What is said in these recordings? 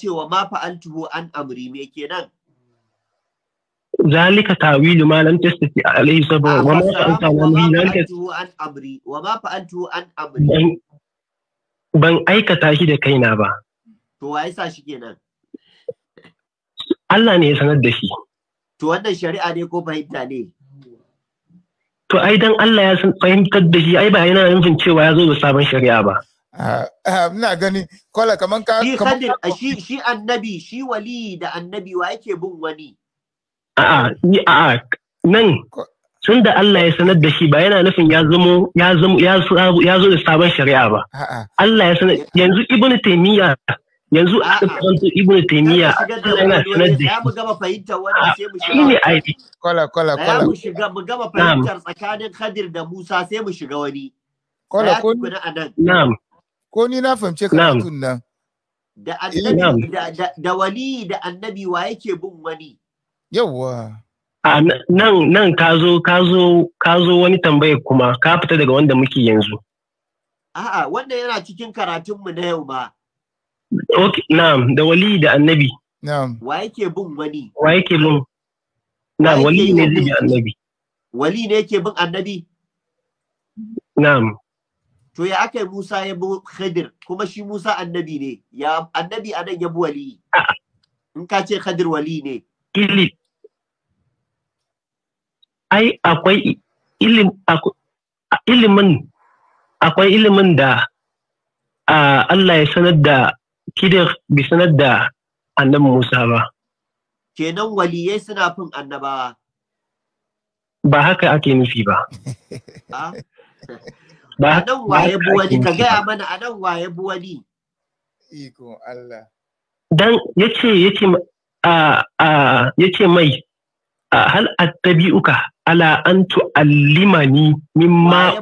cewa ma fa'altuhu an amri me kenan ذلك ما لم تستطع عليه وما فعلت عن وما عن ban aikata shi da kaina ba to shi kenan Allah ne ya sanar da shi to wannan shari'a ne ko fahimta ne to ai dan Allah ya san fahimtar da shi ai ba yana nufin cewa ya zo da sabon shari'a ba Ah, ah, ina gani kola kamar ka shi shi annabi shi wali da annabi wa yake bin wani a'a ni a'a nan tun da Allah ya sanar da shi ba yana nufin ya zamo ya zamo ya zo da sabon shari'a ba Allah ya sanar yanzu ibnu taymiya yanzu a ɗaukanto ibnu taymiya yana sanar da shi mu gaba fahimtar wannan sai mu shiga kola kola kola mu shiga mu gaba fahimtar tsakanin Khadir da Musa sai mu shiga wani kola kun na'am ko ni na fahimce karatun nan da eh, annabi da wali da annabi wa yake bin wani yawwa nan nan ka zo ka zo ka zo wani tambaye kuma ka fita daga wanda muke yanzu a'a wannan yana cikin karatun mu na yau ba okay na'am da wali da annabi na'am wa yake bin wani wa yake bin na'am wali ne da annabi wali ne yake bin annabi na'am to ya aka yi Musa ya bu Khadir kuma shi Musa annabi ne ya annabi anan ya bu wali in ka ce Khadir wali ne ilim ai akwai ilim ilimin akwai ilimin da Allah ya sanar da Khidir bi sanar da annabi Musa ba kenan waliyai suna fin annabawa ba haka ake nufi ba ah. a nan waye bu wani ka gaya mana a nan waye bu wani iko Allah dan a a yace mai hal attabi'uka ala an tu'allimani mimma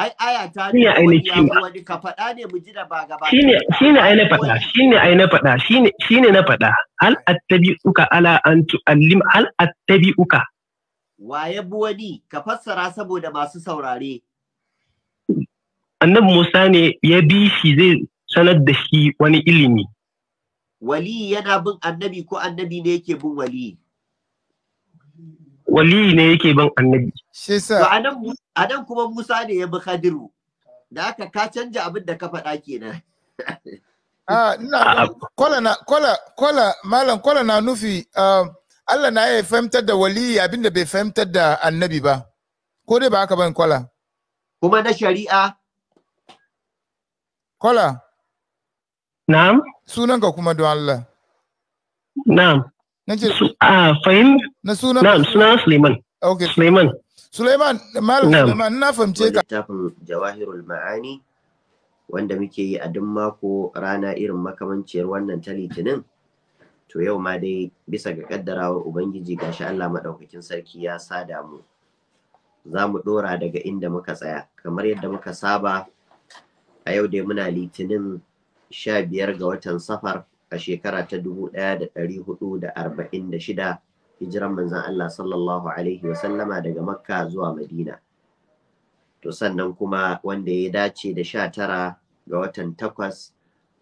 ai aya ta ne wani ka faɗa ne mu ji da ba gaba shine shine ai na faɗa shine ai na faɗa shine shine na faɗa hal attabi'uka ala an tu'allim hal attabi'uka ka fassara saboda masu saurare annab Musa ne ya bi shi zai sanar da shi wani ilimi. Wali yana bin annabi ko annabi ne yake bin wali? Wali ne yake bin annabi. Shi sa. A nan kuma Musa ne ya bi Khadiru. Da aka ka canja abin da ka faɗa kenan. Ah, ina kola na kola kola malam kola na nufi um, Allah na ya fahimtar da wali abinda bai fahimtar da annabi ba. Ko dai ba haka ban kola. Kuma na shari'a Kola. Na'am. Sunanka kuma don Allah. Na'am. Na su a ah, fahim? Na sunan Na'am, sunan Suleiman. Okay. Suleiman. Suleiman, Malam Suleiman, na fahimce ka. Littafin Jawahirul Ma'ani wanda muke yi a duk mako rana irin makamanciyar wannan ta Litinin. To yau ma dai bisa ga kaddarawar Ubangiji gashi Allah maɗaukakin sarki ya sada mu. Za mu ɗora daga inda muka tsaya, kamar yadda muka saba a yau dai muna litinin sha biyar ga watan safar a shekara ta dubu ɗaya da ɗari hudu da arba'in da shida hijiran manzan Allah sallallahu alaihi wasallama daga makka zuwa madina to sannan kuma wanda ya dace da sha tara ga watan takwas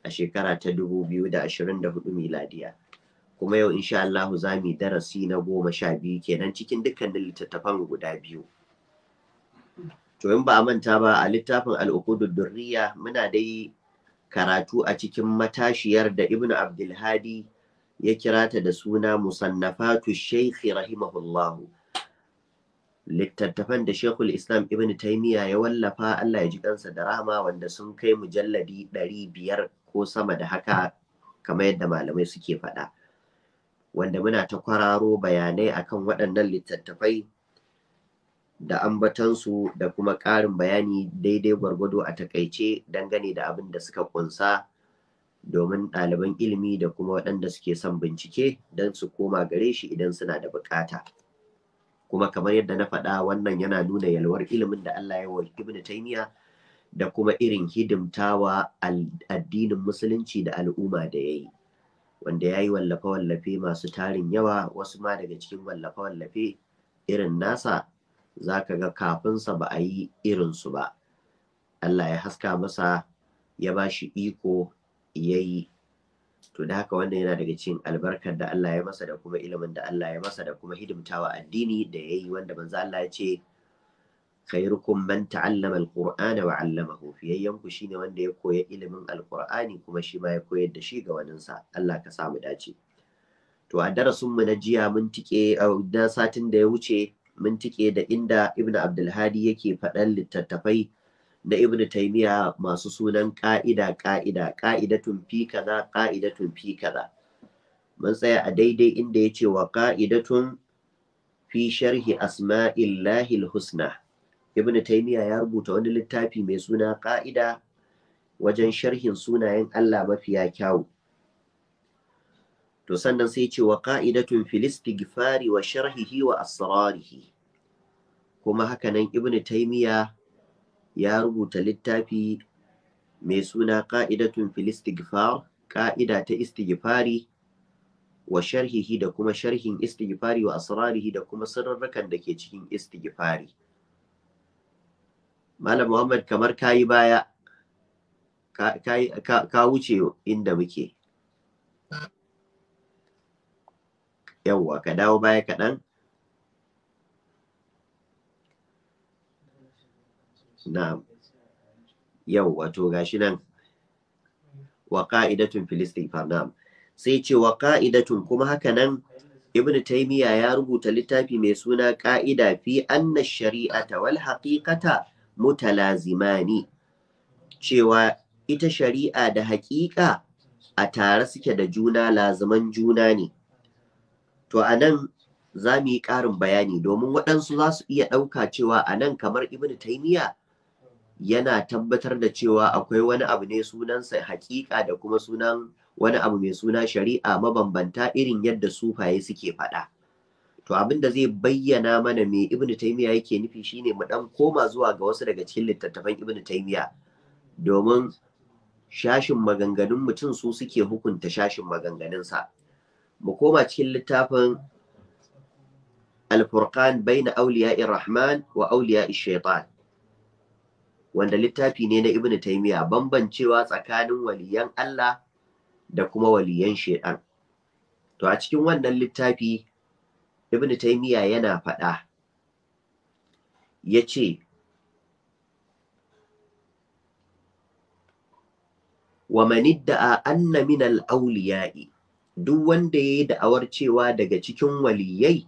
a shekara ta dubu biyu da ashirin da hudu miladiya kuma yau insha Allahu za mu darasi na goma sha biyu kenan cikin dukkanin littattafan guda biyu to in ba a manta ba a littafin al'uqudud durriya muna dai karatu a cikin matashiyar da Ibn abdulhadi ya kira ta da suna musannafatu shaikhi rahimahullahu littattafan da shekul islam ibn taimiyya ya wallafa allah ya ji kansa da rama wanda sun kai mujalladi ɗari biyar ko sama da haka kamar yadda malamai suke faɗa wanda muna ta kwararo bayanai akan waɗannan littattafai da ambatansu da kuma ƙarin bayani daidai gwargwado a takaice dangane da abin da suka kunsa domin ɗaliban ilimi da kuma waɗanda suke son bincike don su koma gare shi idan suna da buƙata. Kuma kamar yadda na faɗa wannan yana nuna yalwar ilimin da Allah ya wa Ibn Taymiyyah da kuma irin hidimtawa addinin musulunci da al'umma da ya yi. Wanda ya yi wallafe-wallafe masu tarin yawa wasu ma daga cikin wallafe-wallafe irin nasa za ka ga kafinsa ba a yi irinsu ba Allah ya haska masa ya ba shi iko ya yi to da haka wannan yana daga cin albarkar da Allah ya masa da kuma ilimin da Allah ya masa da kuma hidimtawa addini da ya yi wanda manzo Allah ya ce khairukum man ta'allama alqur'ana wa 'allamahu fiyayyan ku shine wanda ya koya ilimin alqur'ani kuma shi ma ya koyar da shi ga waninsa Allah ka samu dace to a darasin mu na jiya mun tike na satin da ya wuce mun da inda ibn abdulhadi yake faɗan littattafai na ibn taimiya masu sunan ƙa'ida ƙa'ida ƙa'idatun fi kaza ƙa'idatun fi kaza mun tsaya a daidai inda yace wa ƙa'idatun fi sharhi asma'illahi husna ibn taimiya ya rubuta wani littafi mai suna ƙa'ida wajen sharhin sunayen allah mafiya kyawu to sannan sai ce wa qa'idatun fil wa sharhihi wa asrarihi kuma hakanan Ibn taymiya ya rubuta littafi mai suna ƙa'idatun filistighfar ƙa'ida ta istighfari wa sharhihi da kuma sharhin istighfari wa asrarihi da kuma sirrarrakan da ke cikin istighfari malam muhammad kamar kayi baya ka wuce inda muke yawwa ka dawo baya kaɗan na yawwa to gashi nan wa ka'idatun filistighfar sai ce wa ka'idatun kuma haka nan ibn taymiya ya rubuta littafi mai suna ka'ida fi anna shari'ata wal haqiqata mutalazimani cewa ita shari'a da haƙiƙa a tare suke da juna lazuman juna ne to a nan za mu yi ƙarin bayani domin waɗansu za su iya ɗauka cewa a nan kamar ibn taimiya yana tabbatar da cewa akwai wani abu ne sunansa haƙiƙa da kuma sunan wani abu mai suna shari'a mabambanta irin yadda sufaye suke faɗa. To abin da zai bayyana mana me Ibn Taimiyya yake nufi shine mu ɗan koma zuwa ga wasu daga cikin littattafan Ibn Taimiyya domin shashin maganganun mutum su suke hukunta shashin maganganunsa. mu koma cikin littafin alfurkan baina auliya rahman wa auliya shaitan wanda littafi ne na ibn taimiya bambancewa tsakanin waliyan Allah da kuma waliyan shaitan to a cikin wannan littafi ibn taimiya yana faɗa ya ce wa manidda'a anna min al-auliya'i duk wanda ya yi da'awar cewa daga cikin waliyai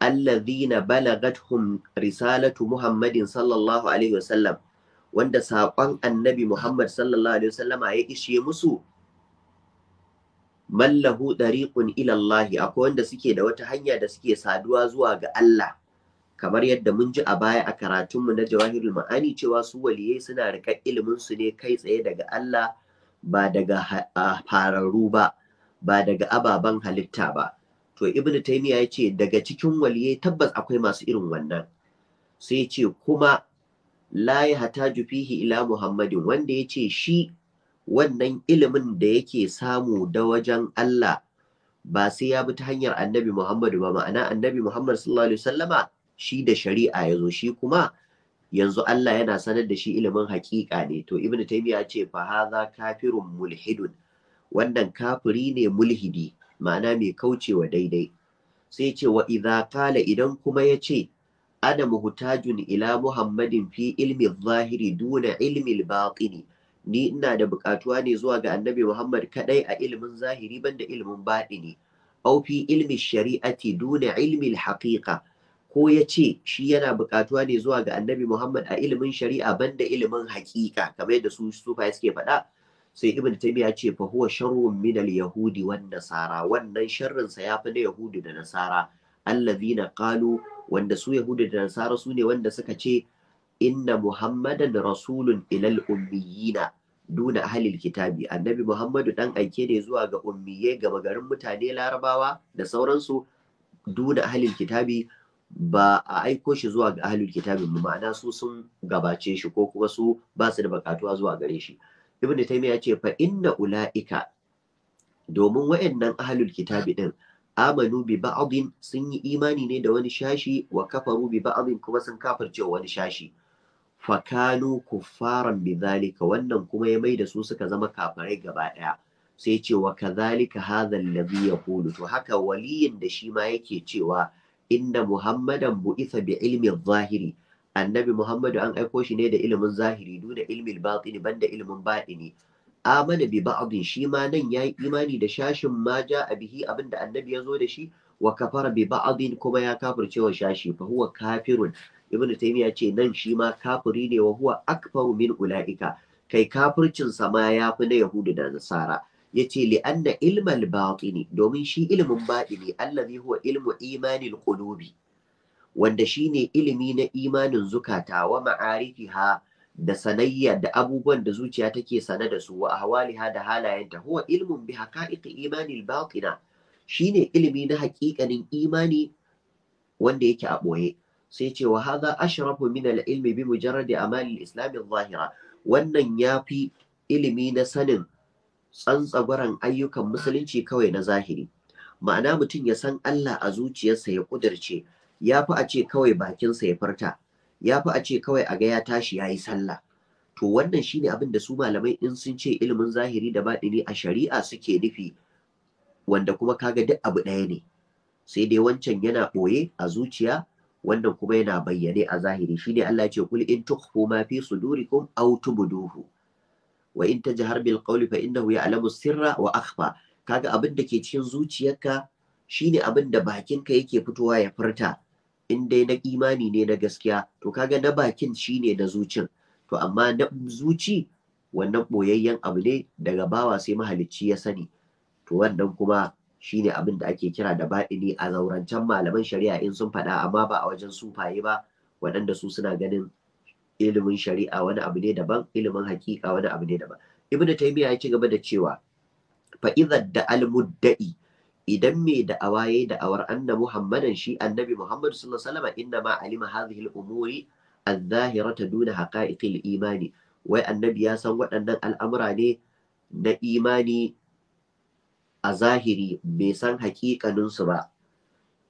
allazina balagathum risalatu Muhammadin sallallahu alaihi wasallam wanda saƙon annabi Muhammad sallallahu alaihi wasallama ya ishe musu mallahu dariqun ilallahi, akwai wanda suke da wata hanya da suke saduwa zuwa ga Allah kamar yadda mun ji a baya a karatunmu na jawahirul ma'ani cewa su waliyai suna rika ilimin su ne kai tsaye daga Allah ba daga fararru ba ba daga ababen halitta ba to ibn taymiya ya ce daga cikin waliyai tabbas akwai masu irin wannan sai ce kuma la ya hataju fihi ila muhammadin wanda ya ce shi wannan ilimin da yake samu da wajen Allah ba sai ya bi ta hanyar annabi Muhammadu ba ma'ana annabi Muhammad sallallahu alaihi wasallama shi da shari'a ya zo shi kuma yanzu Allah yana sanar da shi ilimin haƙiƙa ne to ibnu taymiya ce fa haza kafirun mulhidun wannan kafiri ne mulhidi ma'ana mai kaucewa daidai sai ce wa idza kala idan kuma ya ce ana muhtajun ila muhammadin fi ilmi zahiri duna ilmi batini ni ina da bukatuwa ne zuwa ga annabi muhammad kaɗai a ilimin zahiri banda ilmin batini au fi ilmi shari'ati duna ilmi haqiqa ko ya ce shi yana bukatuwa ne zuwa ga annabi muhammad a ilimin shari'a banda ilimin haqiqa kamar yadda su sufaye suke faɗa sai ibn ya ce fa huwa sharrun min yahudi wan nasara wannan sharrin sa yafi na yahudi da nasara allazina qalu wanda su yahudi da nasara su ne wanda suka ce inna muhammadan rasulun ilal ummiyina duna ahlil kitabi annabi muhammadu dan aike ne zuwa ga ummiye gama garin mutane larabawa da sauransu duna ahlil kitabi ba a aiko shi zuwa ga ahlul kitabi ma'ana su sun gabace shi ko kuma su ba su da bukatuwa zuwa gare shi ibnu ya ce fa inna ulaika domin wayannan ahlul kitabi din amanu bi ba'din sun yi imani ne da wani shashi wa kafaru bi ba'din kuma sun kafirce wani shashi fa kanu kuffaran bi zalika wannan kuma ya mai da su suka zama kafirai gaba daya sai ce wa kazalika hadha alladhi yaqulu to haka waliyin da shi ma yake cewa inna muhammadan bu'itha bi ilmi zahiri annabi Muhammadu an aiko shi ne da ilimin zahiri duna ilmin batini banda ilimin batini amana bi ba'din shi ma nan yi imani da shashin ma ja a bihi abinda annabi ya zo da shi wa kafara bi ba'din kuma ya kafirce wa shashi fa huwa kafirun ibnu ya ce nan shi ma kafiri ne wa huwa akbaru min ulaika kai kafircin sa ma yafi na yahudu da nasara yace li anna ilmal batini domin shi ilimin batini allazi huwa ilmu imanil qulubi wanda shine ilimi na imanin zukata wa ma'arifiha da sanayya da abubuwan da zuciya take sane da su wa hawaliha da halayenta huwa ilmun bi haqa'iqi imanil batina shine ilimi na haƙiƙanin imani wanda yake a ɓoye sai ce wa hadha ashrafu min al-ilmi bi mujarradi amali al-islam zahira wannan yafi ilimi na sanin tsantsagwaran ayyukan musulunci kawai na zahiri ma'ana mutum ya san Allah a zuciyarsa ya kudirce ya fi a ce kawai bakinsa ya furta ya fi a ce kawai a ga ya tashi ya yi sallah to wannan shine abin da su malamai in sun ce ilimin zahiri da baɗini a shari'a suke nufi wanda kuma kaga duk abu ɗaya ne sai dai wancan yana ɓoye a zuciya wannan kuma yana bayyane a zahiri shine Allah ce kul in tukhfu ma fi sudurikum aw tubduhu wa in tajhar bil qawli fa innahu ya'lamu sirra wa akhfa kaga abin da ke cikin zuciyarka shine abin da bakinka yake fitowa ya furta in dai na imani ne na gaskiya to kaga na bakin shine na zucin to amma na zuci wannan boyayyen abu ne daga bawa sai mahalicci ya sani to wannan kuma shine abin da ake kira da baɗini a zaurancen malaman shari'a in sun faɗa amma ba a wajen sufaye ba waɗanda su suna ganin ilimin shari'a wani abu ne daban ilimin hakika wani abu ne daban ibnu taymiya ya ci gaba da cewa fa idza da al mudda'i idan mai da'awa yayi da'awar anna muhammadan shi annabi Muhammadu sallallahu alaihi wasallam inna ma alima hadhihi al-umuri al-zahirata duna haqa'iqil imani wai annabi ya san waɗannan al'amura ne na imani a zahiri bai san haƙiƙaninsu ba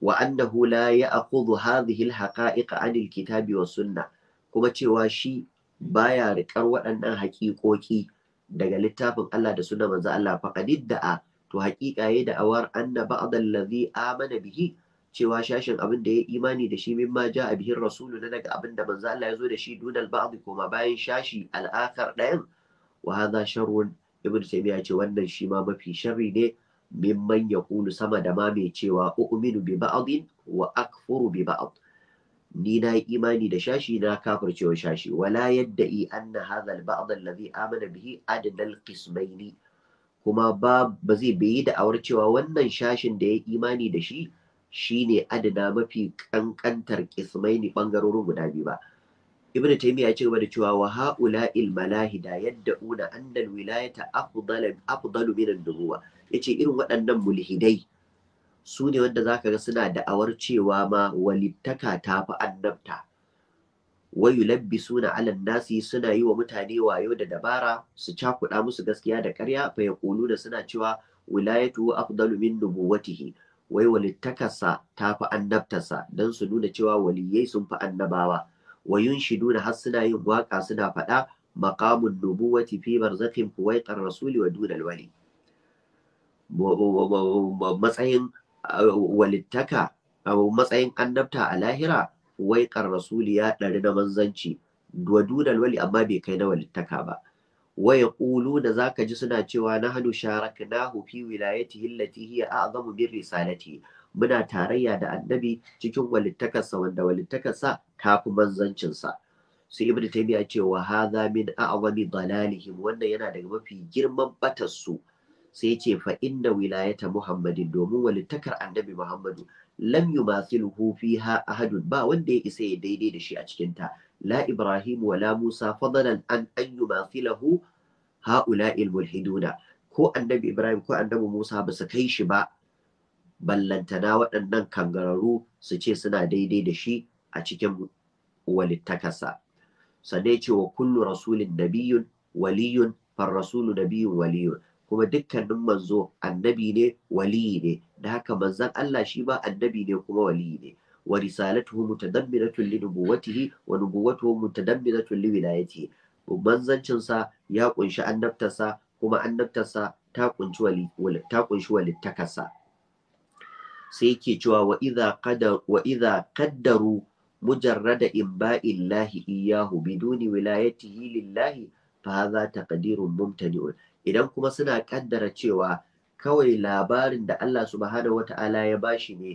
wa annahu la ya'khudhu hadhihi al-haqa'iq 'anil kitabi wa sunna kuma cewa shi baya riƙar waɗannan haƙiƙoƙi daga littafin Allah da suna manzo Allah faqadid da'a to haƙiƙa yayi da awar anna ba'd allazi amana bihi cewa shashin abin da ya imani da shi ma ja a bihin rasulu na daga abin da manzo Allah ya zo da shi dunal ba'd kuma bayan shashi al'akar ɗayan wa hadha sharrun ibn taymiya ce wannan shi ma mafi sharri ne mimman kulu sama da ma mai cewa u'minu bi ba'din wa akfuru bi ba'd ni na yi imani da shashi na kafircewa shashi wala yadda'i anna hadha al-ba'd alladhi amana bihi adna Kismaini. qismaini kuma ba zai bayi da awar cewa wannan shashin da ya yi imani da shi shine adana mafi kankantar ƙismaini bangarorin guda biyu ba ibnu taymiya ya ci da cewa wa haula il malahida yadda una al wilayata afdal afdal min al nubuwa yace irin waɗannan mulhidai su ne wanda zaka ga suna da awar cewa ma walittaka ta fi annabta wa yulabbisuna ala nasi suna yi wa mutane wayo da dabara su cakuɗa musu gaskiya da ƙarya fa ya da suna cewa wilayatu afdalu min nubuwatihi wai walittakarsa ta fi annabtarsa don su nuna cewa waliyyai sun fi annabawa wayun shi nuna har suna yin waƙa suna faɗa maqamun nubuwati fi barzakin fuwaiqar rasuli wa dunal wali matsayin uh, walittaka uh, matsayin annabta a lahira waiƙar rasuli ya ɗari na manzanci wadudal wali amma bai kai na walittaka ba waya ƙulu da zaka ji suna cewa na hannu sharaknahu fi wilayatihi allati hiya a'zamu min risalati muna tarayya da annabi cikin walittakarsa wanda walittakarsa ta fi manzancinsa Su ibn taymiya ce wa hadha min a'zami dalalihim wannan yana daga mafi girman batarsu sai ce fa inna wilayata muhammadin domin walittakar annabi muhammadu lam yumathiluhu fiha ahadun ba wanda ya isa ya daidai da shi a cikin ta la ibrahim wala musa fadlan an an yumathilahu haula'i mulhiduna ko annabi ibrahim ko annabi musa ba su kai shi ba ballantana waɗannan kangararru su ce suna daidai da shi a cikin walittakasa sannan ce wa kullu rasulin nabiyun waliyun far rasulu nabiyun waliyun kuma dukkanin manzo annabi ne waliyi ne da haka manzon Allah shi ba annabi ne kuma wali ne wa risalatuhu mutadamminatun li nubuwatihi wa nubuwatuhu mutadamminatun li wilayatihi manzancin sa ya kunshi annabtarsa kuma annabtarsa ta kunshi wali ta kunshi walittakarsa sai yake cewa wa idza qadar wa idza qaddaru mujarrada imba'illahi iyyahu biduni wilayatihi lillahi fa hadha taqdirun mumtani'un idan kuma suna kaddara cewa kawai labarin da Allah subhanahu ta'ala ya bashi ne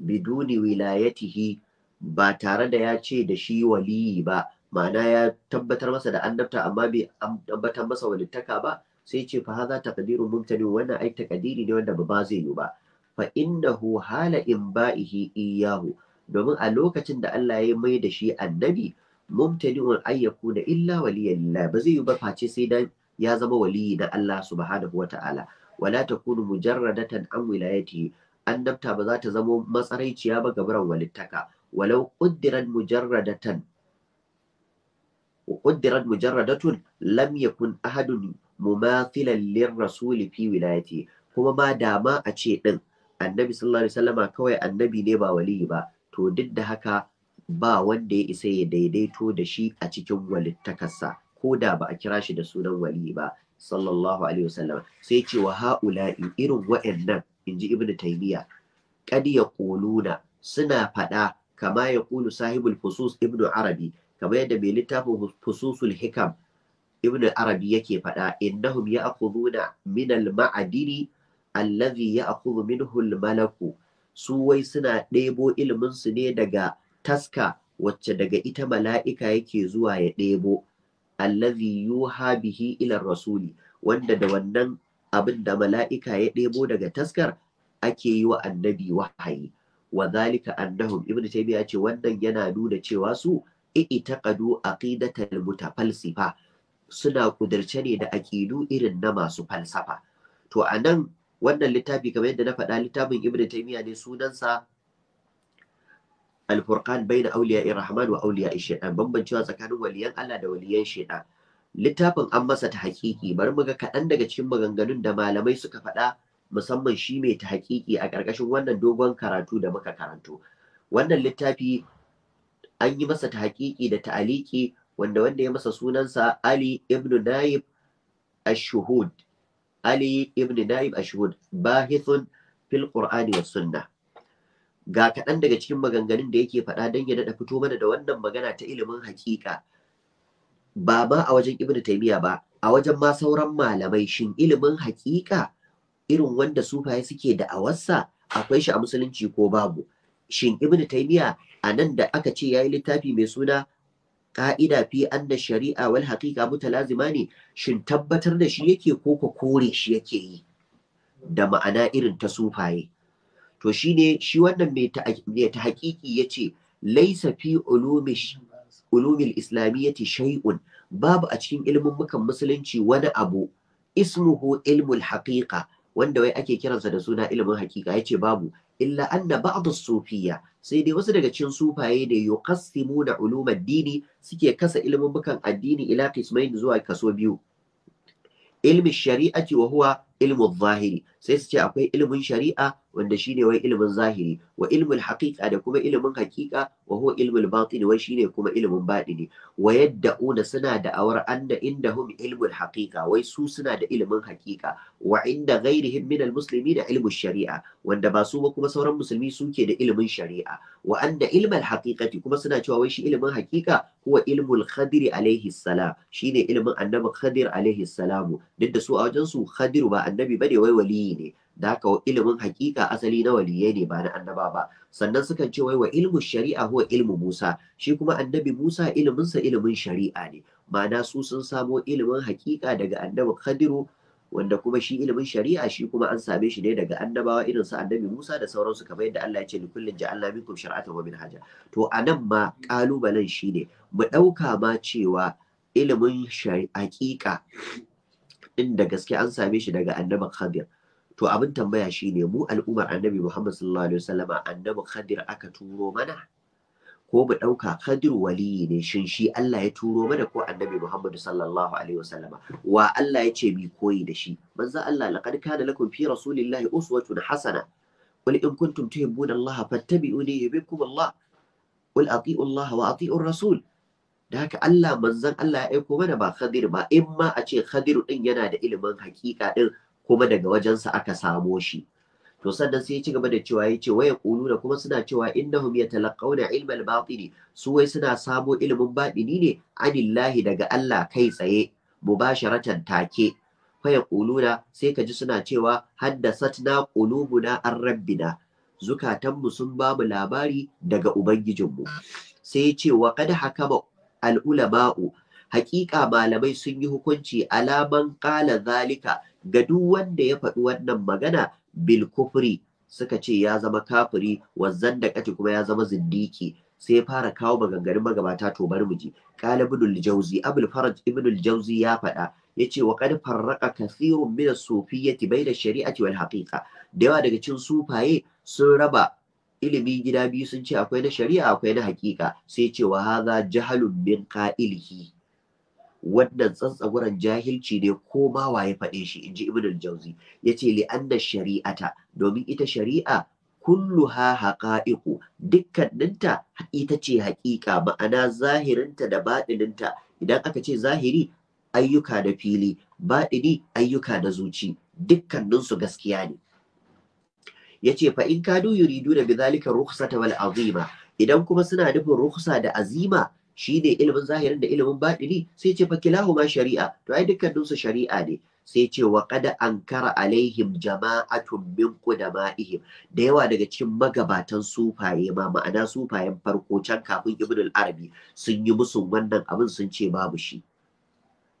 biduni wilayatihi ba tare da ya ce da shi waliyi ba ma'ana ya tabbatar masa da annabta amma bai tabbatar masa walittaka ba sai ce fa haza taqdiru mumtani wannan ai taqdiri ne wanda ba zai yi ba fa innahu hala imba'ihi iyahu domin a lokacin da Allah ya mai da shi annabi wa ayyaku da illa waliyan ba zai yi ba face sai dan ya zama waliyi na Allah subhanahu wa ta'ala wala takunu mujarradatan an an annabta ba za ta zamo matsaraiciya ba ga biran walittaka walau quddiran mujarradatan وقدرت مجردة لم يكن أحد مماثلا للرسول fi ولايته kuma ma da ma a ce ɗin annabi sallallahu alaihi wasallama kawai annabi ne ba waliyi ba to duk da haka ba wanda ya isa ya daidaito da shi a cikin walittakarsa ko da ba a kira shi da sunan waliyi ba sallallahu alaihi wasallam sai ce wa ha'ula'i irin wa'annan inji ibnu taymiya qad yaquluna suna faɗa kama ya kulu sahibul fusus ibnu arabi kamar yadda mai littafin fususul hikam ibnu arabi yake faɗa innahum ya'khuduna min al-ma'adini allazi ya'khudhu minhu al-malaku su wai suna ɗebo ilimin su ne daga taska wacce daga ita mala'ika yake zuwa ya ɗebo allazi yuha bihi ila rasuli wanda da wannan abin da mala'ika ya ɗebo daga taskar ake yi wa annabi wahayi wa zalika annahum ibnu taymiya ce wannan yana nuna cewa su i'taqadu aqidatal mutafalsifa suna kudirce ne da aqidu irin na masu falsafa to anan wannan littafi kamar yadda na faɗa littafin ibnu taymiya ne sunansa Al-Furqan bayna auliya rahman wa auliya shaitan bambancewa tsakanin waliyan Allah da waliyan shaitan littafin an masa ta hakiki bari mu ga kaɗan daga cikin maganganun da malamai suka faɗa musamman shi mai ta hakiki a ƙarƙashin wannan dogon karatu da muka karanto wannan littafi an yi masa ta hakiki da ta'aliki wanda wanda ya masa sunansa Ali ibn Naib Ash-Shuhud Ali ibn Naib Ash-Shuhud bahithun fil Qur'ani was Sunnah ga kaɗan daga cikin maganganun da yake faɗa don ya daɗa fito mana da wannan magana ta ilimin haƙiƙa ba ma a wajen ibnu taimiya ba a wajen ma sauran malamai shin ilimin haƙiƙa irin wanda sufaye suke da a wasa, akwai shi a musulunci ko babu shin ibnu taimiya a nan da aka ce ya yi littafi mai suna ka'ida fi anna shari'a wal haqiqa mutalazima ne shin tabbatar da shi yake ko ko kore shi yake yi da ma'ana irin ta sufaye to shine shi wannan mai ta hakiki ya ce laisa fi ulumil islamiyyati shay'un babu a cikin ilimin mukan musulunci wani abu ismuhu ilmul haqiqa wanda wai ake kiransa da suna ilimin hakika yace babu illa anna ba'd sufiya sai dai wasu daga cikin sufaye da yuqassimuna ulumad dini suke kasa ilimin mukan addini ila qismain zuwa kaso biyu ilmi shari'ati wa huwa ilmu zahiri sai su ce akwai ilimin shari'a wanda shine wai ilimin zahiri wa ilmul haqiqa da kuma ilimin haqiqa wa huwa ilmul batini wai shine kuma ilimin batini wa una suna da awar anna indahum ilmul haqiqa wai su suna da ilimin haqiqa wa inda ghairihim min almuslimi da ilmul shari'a wanda ba su ba kuma sauran musulmi suke da ilimin shari'a wa anna ilmul haqiqati kuma suna cewa wai shi ilimin haqiqa huwa ilmul khadir alaihi salam shine ilimin annabi khadir alaihi salamu duk da su a wajen su khadir ba annabi bane wai waliyi ne da haka ilimin hakika asali na waliyai ne ba na annaba ba sannan sukan ce wai wa ilmu shari'a huwa ilmu Musa shi kuma annabi Musa iliminsa ilimin shari'a ne ma'ana su sun samo ilimin hakika daga annabi Khadiru wanda kuma shi ilimin shari'a shi kuma an same shi ne daga annabawa irin su annabi Musa da sauransu kamar yadda Allah ya ce likullin ja'alna minkum shar'atan wa minhaja to anan ma kalubalen shine mu dauka ma cewa ilimin shari'a hakika da gaske an same shi daga annabi Khadir to abin tambaya shine mu al'ummar annabi Muhammad sallallahu alaihi wasallama annabi Khadir aka turo mana ko mu ɗauka Khadir waliyi ne shin shi Allah ya turo mana ko annabi Muhammad sallallahu alaihi wasallama wa Allah ya ce mi koyi da shi manzo Allah laqad kana lakum fi rasulillahi uswatun hasana قل إن كنتم تحبون الله فاتبعوني يحببكم الله قل أطيعوا الله وأطيعوا rasul? da haka Allah manzon Allah ya aiko mana ba Khadir ba in ma a ce Khadir din yana da ilimin hakika din kuma daga wajen sa aka samo shi to sannan sai ya ci gaba da cewa ya ce waya kulu da kuma suna cewa innahum yatalaqawna ilmal batini su wai suna samo ilimin batini ne anillahi daga Allah kai tsaye mubasharatan take faya kuluna sai ka ji suna cewa haddasatna qulubuna ar rabbina zukatanmu sun babu labari daga ubangijinmu sai ya ce wa kad hakama al ulama'u Hakika malamai sun yi hukunci alaman ƙala zalika ga duk wanda ya faɗi wannan magana bil kufri suka ce ya zama kafiri wazzan da kace kuma ya zama zindiki sai ya fara kawo maganganun magabata to bari mu ji qala jawzi abul faraj al jawzi ya faɗa yace wa qad farraqa kathirun min as-sufiyyati bayna shari'ati wal haqiqa da yawa daga cikin sufaye sun raba ilimi gida biyu sun ce akwai na shari'a akwai na haƙiƙa sai ce wa hadha jahalun min qa'ilihi wannan tsantsaguran jahilci ne ko ma waye faɗe shi in ji ibn al jawzi yace li anna shari'ata domin ita shari'a kulluha haqa'iqu dukkaninta ita ce haƙiƙa ma'ana zahirinta da baɗininta idan aka ce zahiri ayyuka da fili baɗini ayyuka da zuci dukkaninsu gaskiya ne yace fa in kadu yuridu da bizalika rukhsata wal azima idan kuma suna nufin rukhsa da azima shi ne ilimin zahirin da ilimin baɗini sai ce fa ma shari'a to ai dukkan shari'a ne sai ce wa qad ankara alaihim jama'atun min qudama'ihim da yawa daga cikin magabatan sufaye ma ma'ana sufayen farko can kafin ibn al sun yi musu wannan abin sun ce babu shi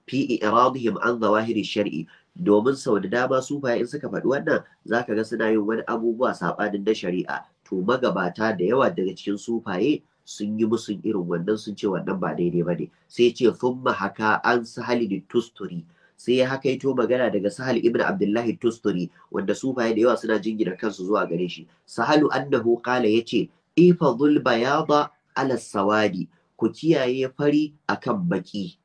fi iradihim an zawahiri shar'i domin sau da dama sufaye in suka faɗi wannan za ka ga suna yin wani abubuwa saɓanin na shari'a to magabata da yawa daga cikin sufaye sun yi musun irin wannan sun ce wannan ba daidai ba ne sai ce thumma haka an sahali da tusturi sai ya haka ito magana daga sahal ibn abdullahi tusturi wanda sufaye da yawa suna jingina kansu zuwa gare shi sahalu annahu qala yace ifadul bayada ala sawadi ku kiyaye fari a kan baki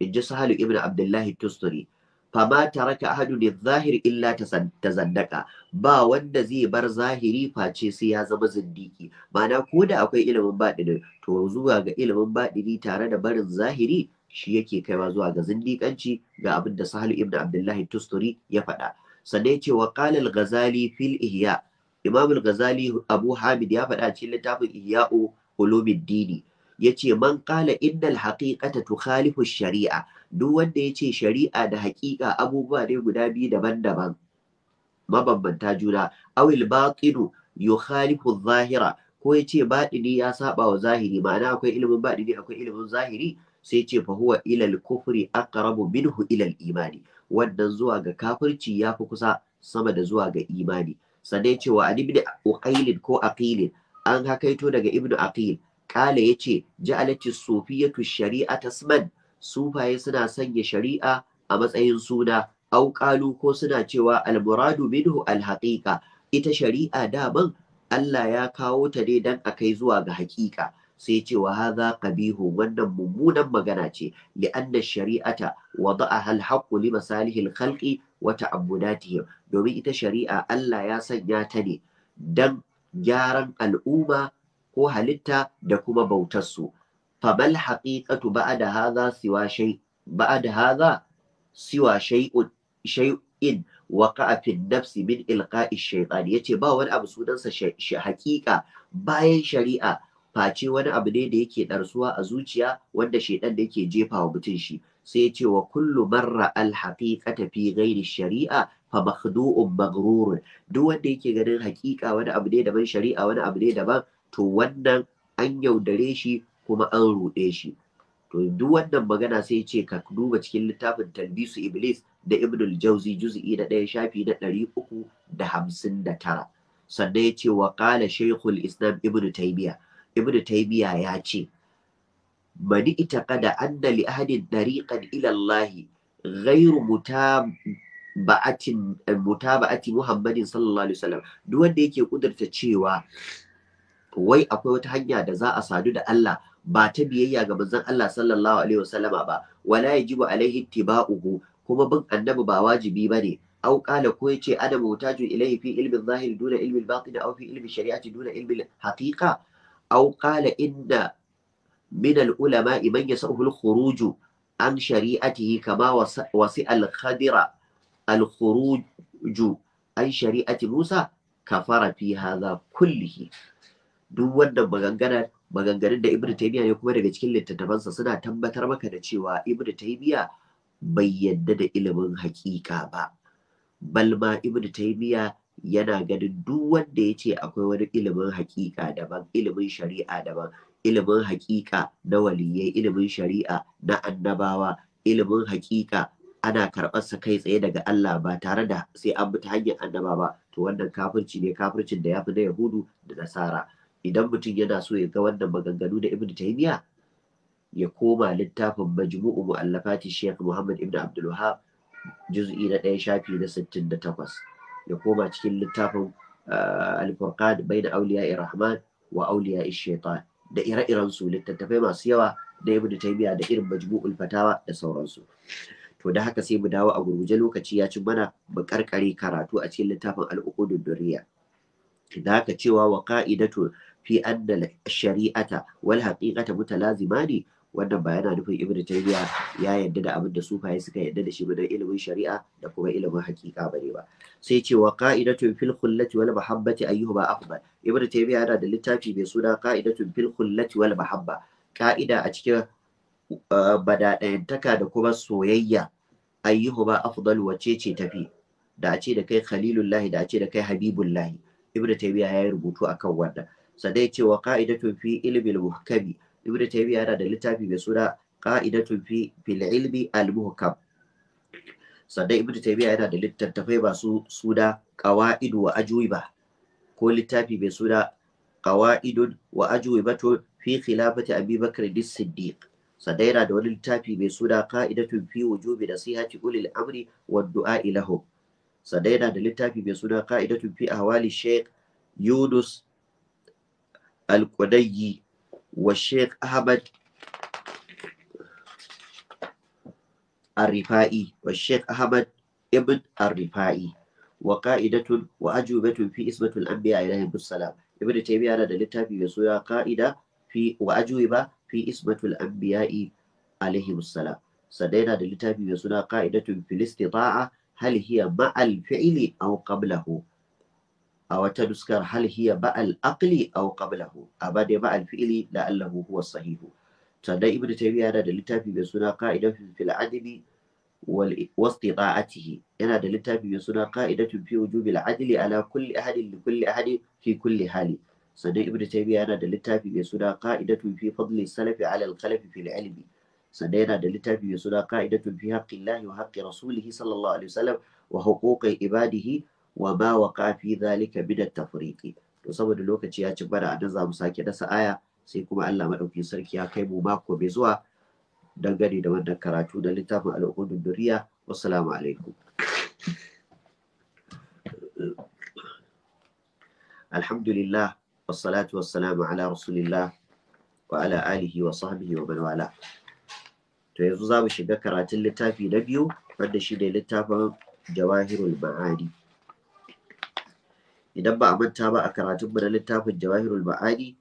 inji sahalu ibn abdullahi tusturi fama taraka ne zahiri illa ta tasaddaka ba wanda zai bar zahiri face sai ya zama zindiki ma'ana ko da akwai ilimin baɗini to zuwa ga ilimin baɗini tare da barin zahiri shi yake kaiwa zuwa ga zindikanci ga abin da Sahal ibn Abdullahi Tusturi ya faɗa sannan ce wa qala Gazali fil Ihya Imam al Abu Hamid ya faɗa cikin littafin Ihya'u Ulumuddini ya ce man qala innal haqiqata tukhalifu shari'a duk wanda ya ce shari'a da haƙiƙa abubuwa ne guda biyu daban-daban mabambanta juna awil batinu yukhalifu zahira ko ya ce baɗini ya saɓa wa zahiri ma'ana akwai ilimin baɗini akwai ilimin zahiri sai ce fa huwa ilal kufri aqrabu minhu ilal imani wannan zuwa ga kafirci fi kusa sama da zuwa ga imani sannan cewa a ibn uqailin ko aqilin an hakaito daga ibnu aqil Kala ya ce, Ja'alati Sufiyatu shari'a tasman, sufaye suna sanya shari'a a matsayin suna, au ko suna cewa almuradu minhu alhaƙiƙa, ita shari'a daman Allah ya kawo ta ne don a kai zuwa ga haƙiƙa. sai ce wa haza qabihu wannan mummunan magana ce li anna shari'ata wada'a hal haqqu li masalihil wata wa ta'abbudatihim domin ita shari'a Allah ya sanya ta ne dan gyaran al'umma ko halitta da kuma bautarsu famal haqiqatu ba'da hadha siwa shay ba'da hadha siwa shay'in waqa'a fi nafsi min ilqa'i shaytan yace ba wani abu sunansa haqiqa bayan shari'a face wani abu ne da yake ɗarsuwa a zuciya wanda shaiɗan da yake jefa wa mutum shi sai yace wa kullu barra al fi ghairi shari'a fa makhdu'un maghrur duk wanda yake ganin haƙiƙa wani abu ne daban shari'a wani abu ne daban to wannan an yaudare shi kuma an ruɗe shi to duk wannan magana sai ce ka duba cikin littafin talbisu iblis da ibnul jauzi juz'i na ɗaya shafi na ɗari uku da hamsin da tara sannan ya ce wa ƙala shaikhul islam ibnu taymiya ibnu taymiya ya ce 'Bani ita kada anna li ahadin dariqan ila allah ghairu mutaba'ati muhammadin sallallahu alaihi wasallam duk wanda yake kudurta cewa wai akwai wata hanya da za a sadu da Allah ba ta biyayya ga manzon Allah sallallahu alaihi wasallama ba wala yajibu alaihi tiba'uhu kuma bin annabi ba wajibi bane aw qala ko yace ana mutajun ilaihi fi ilmi zahiri duna ilmi al-batin aw fi ilmi shari'ati duna ilmi al-haqiqa aw qala inna min al-ulama'i man yasahu al-khuruj an shari'atihi kama wasi al-khadira al-khuruj an shari'ati Musa kafara fi hadha kullihi duk wanda maganganar maganganun da ibnu taymiya ne kuma daga cikin littattafansa suna tabbatar maka da cewa ibnu taymiya bai yadda da ilimin haƙiƙa ba balma ibnu taymiya yana ganin duk wanda ya ce akwai wani ilimin haƙiƙa daban ilimin shari'a daban ilimin haƙiƙa na waliyyai ilimin shari'a na annabawa ilimin haƙiƙa ana karɓar sa kai tsaye daga Allah ba tare da sai an bi ta hanyar annaba ba to wannan kafirci ne kafircin da yafi na yahudu da nasara idan mutum yana so ya ga wannan maganganu da ibn taymiya ya koma littafin majmu'u mu'allafati sheikh muhammad ibn abdul wahhab juz'i na ɗaya shafi na 68 ya koma cikin littafin eh, al-furqan bayna awliya'ir rahman wa awliya'i shaitan da ire-iren su littattafai masu yawa da ibn taymiya da irin majmu'ul fatawa da sauransu to da haka sai mu dawo a gurguje lokaci ya ci mana mu karkare karatu a cikin littafin al-uqudud durriya da haka cewa wa qa'idatu fi anna shari'ata wal haqiqata mutalazimani wannan ba yana nufin ibn taymiya ya yadda da abin da sufaye suka yadda da shi na ilimin shari'a da kuma ilimin haqiqa bane ba sai ce wa qa'idatun fil khullati wal mahabbati ayyuhuma afdal ibn taymiya yana da littafi mai suna qa'idatun fil khullati wal mahabba ka'ida a cikin uh, badadayantaka da kuma soyayya ayyuhuma afdal wace ce tafi da a ce da kai khalilullahi da a ce da kai habibullahi ibn taymiya ya yi rubutu akan wannan sadai cewa qa'idatu fi ilmi al muhkami ibnu taymiya yana da littafi mai suna qa'idatu fi fil ilmi al-muhkam sadai ibnu taymiya yana da littattafai masu suna qawaidu wa ajwiba ko littafi mai suna qawaidun wa ajwibatu fi khilafati abi bakr as-siddiq sadai yana da wani littafi mai suna ka'idatun fi wujubi nasihati ulil amri wa du'a ilahum sadai yana da littafi mai suna ka'idatun fi ahwali sheikh yunus Al-Qudayyi wa Sheikh Ahmad Ar-Rifa'i wa Sheikh Ahmad Ibn Ar-Rifa'i wa qa'idatun wa ajubatun fi ismatul anbiya ilayhi bussalam ibn taymiyyah da littafi mai suna qa'ida fi wa ajuba fi ismatul anbiya alaihi bussalam sada yana da littafi mai suna qa'idatun fi istita'a hal hiya ma'al fi'li aw qablahu a wata duskar hal hiya ba'al aqli aw qablahu aba dai ba'al fi'li la'allahu huwa sahihu sannan ibnu taymiya yana da littafi mai suna qa'idatun fil adli wal wastita'atihi yana da littafi mai suna qa'idatun fi wujubil adli ala kulli ahadin li kulli ahadin fi kulli hali sannan ibnu taymiya yana da littafi mai suna qa'idatun fi fadli salafi ala al khalafi fil ilmi sannan yana da littafi mai suna qa'idatun fi haqqillahi wa haqqi rasulihi sallallahu alaihi wasallam wa huquqi ibadihi wa ba wa kafi zalika bidat tafriqi to saboda lokaci ya ci bara a dan za mu sake dasa aya sai kuma Allah madauki sarki ya kai mu mako bai zuwa dangane da wannan karatu da littafin al'udun duriya wassalamu alaikum alhamdulillah wassalatu wassalamu ala rasulillah wa ala alihi wa sahbihi wa banwala to yanzu za mu shiga karatun littafi na biyu wanda shi ne littafin jawahirul ma'ani idan ba a manta ba a karatun mu na littafin jawahirul ma'ani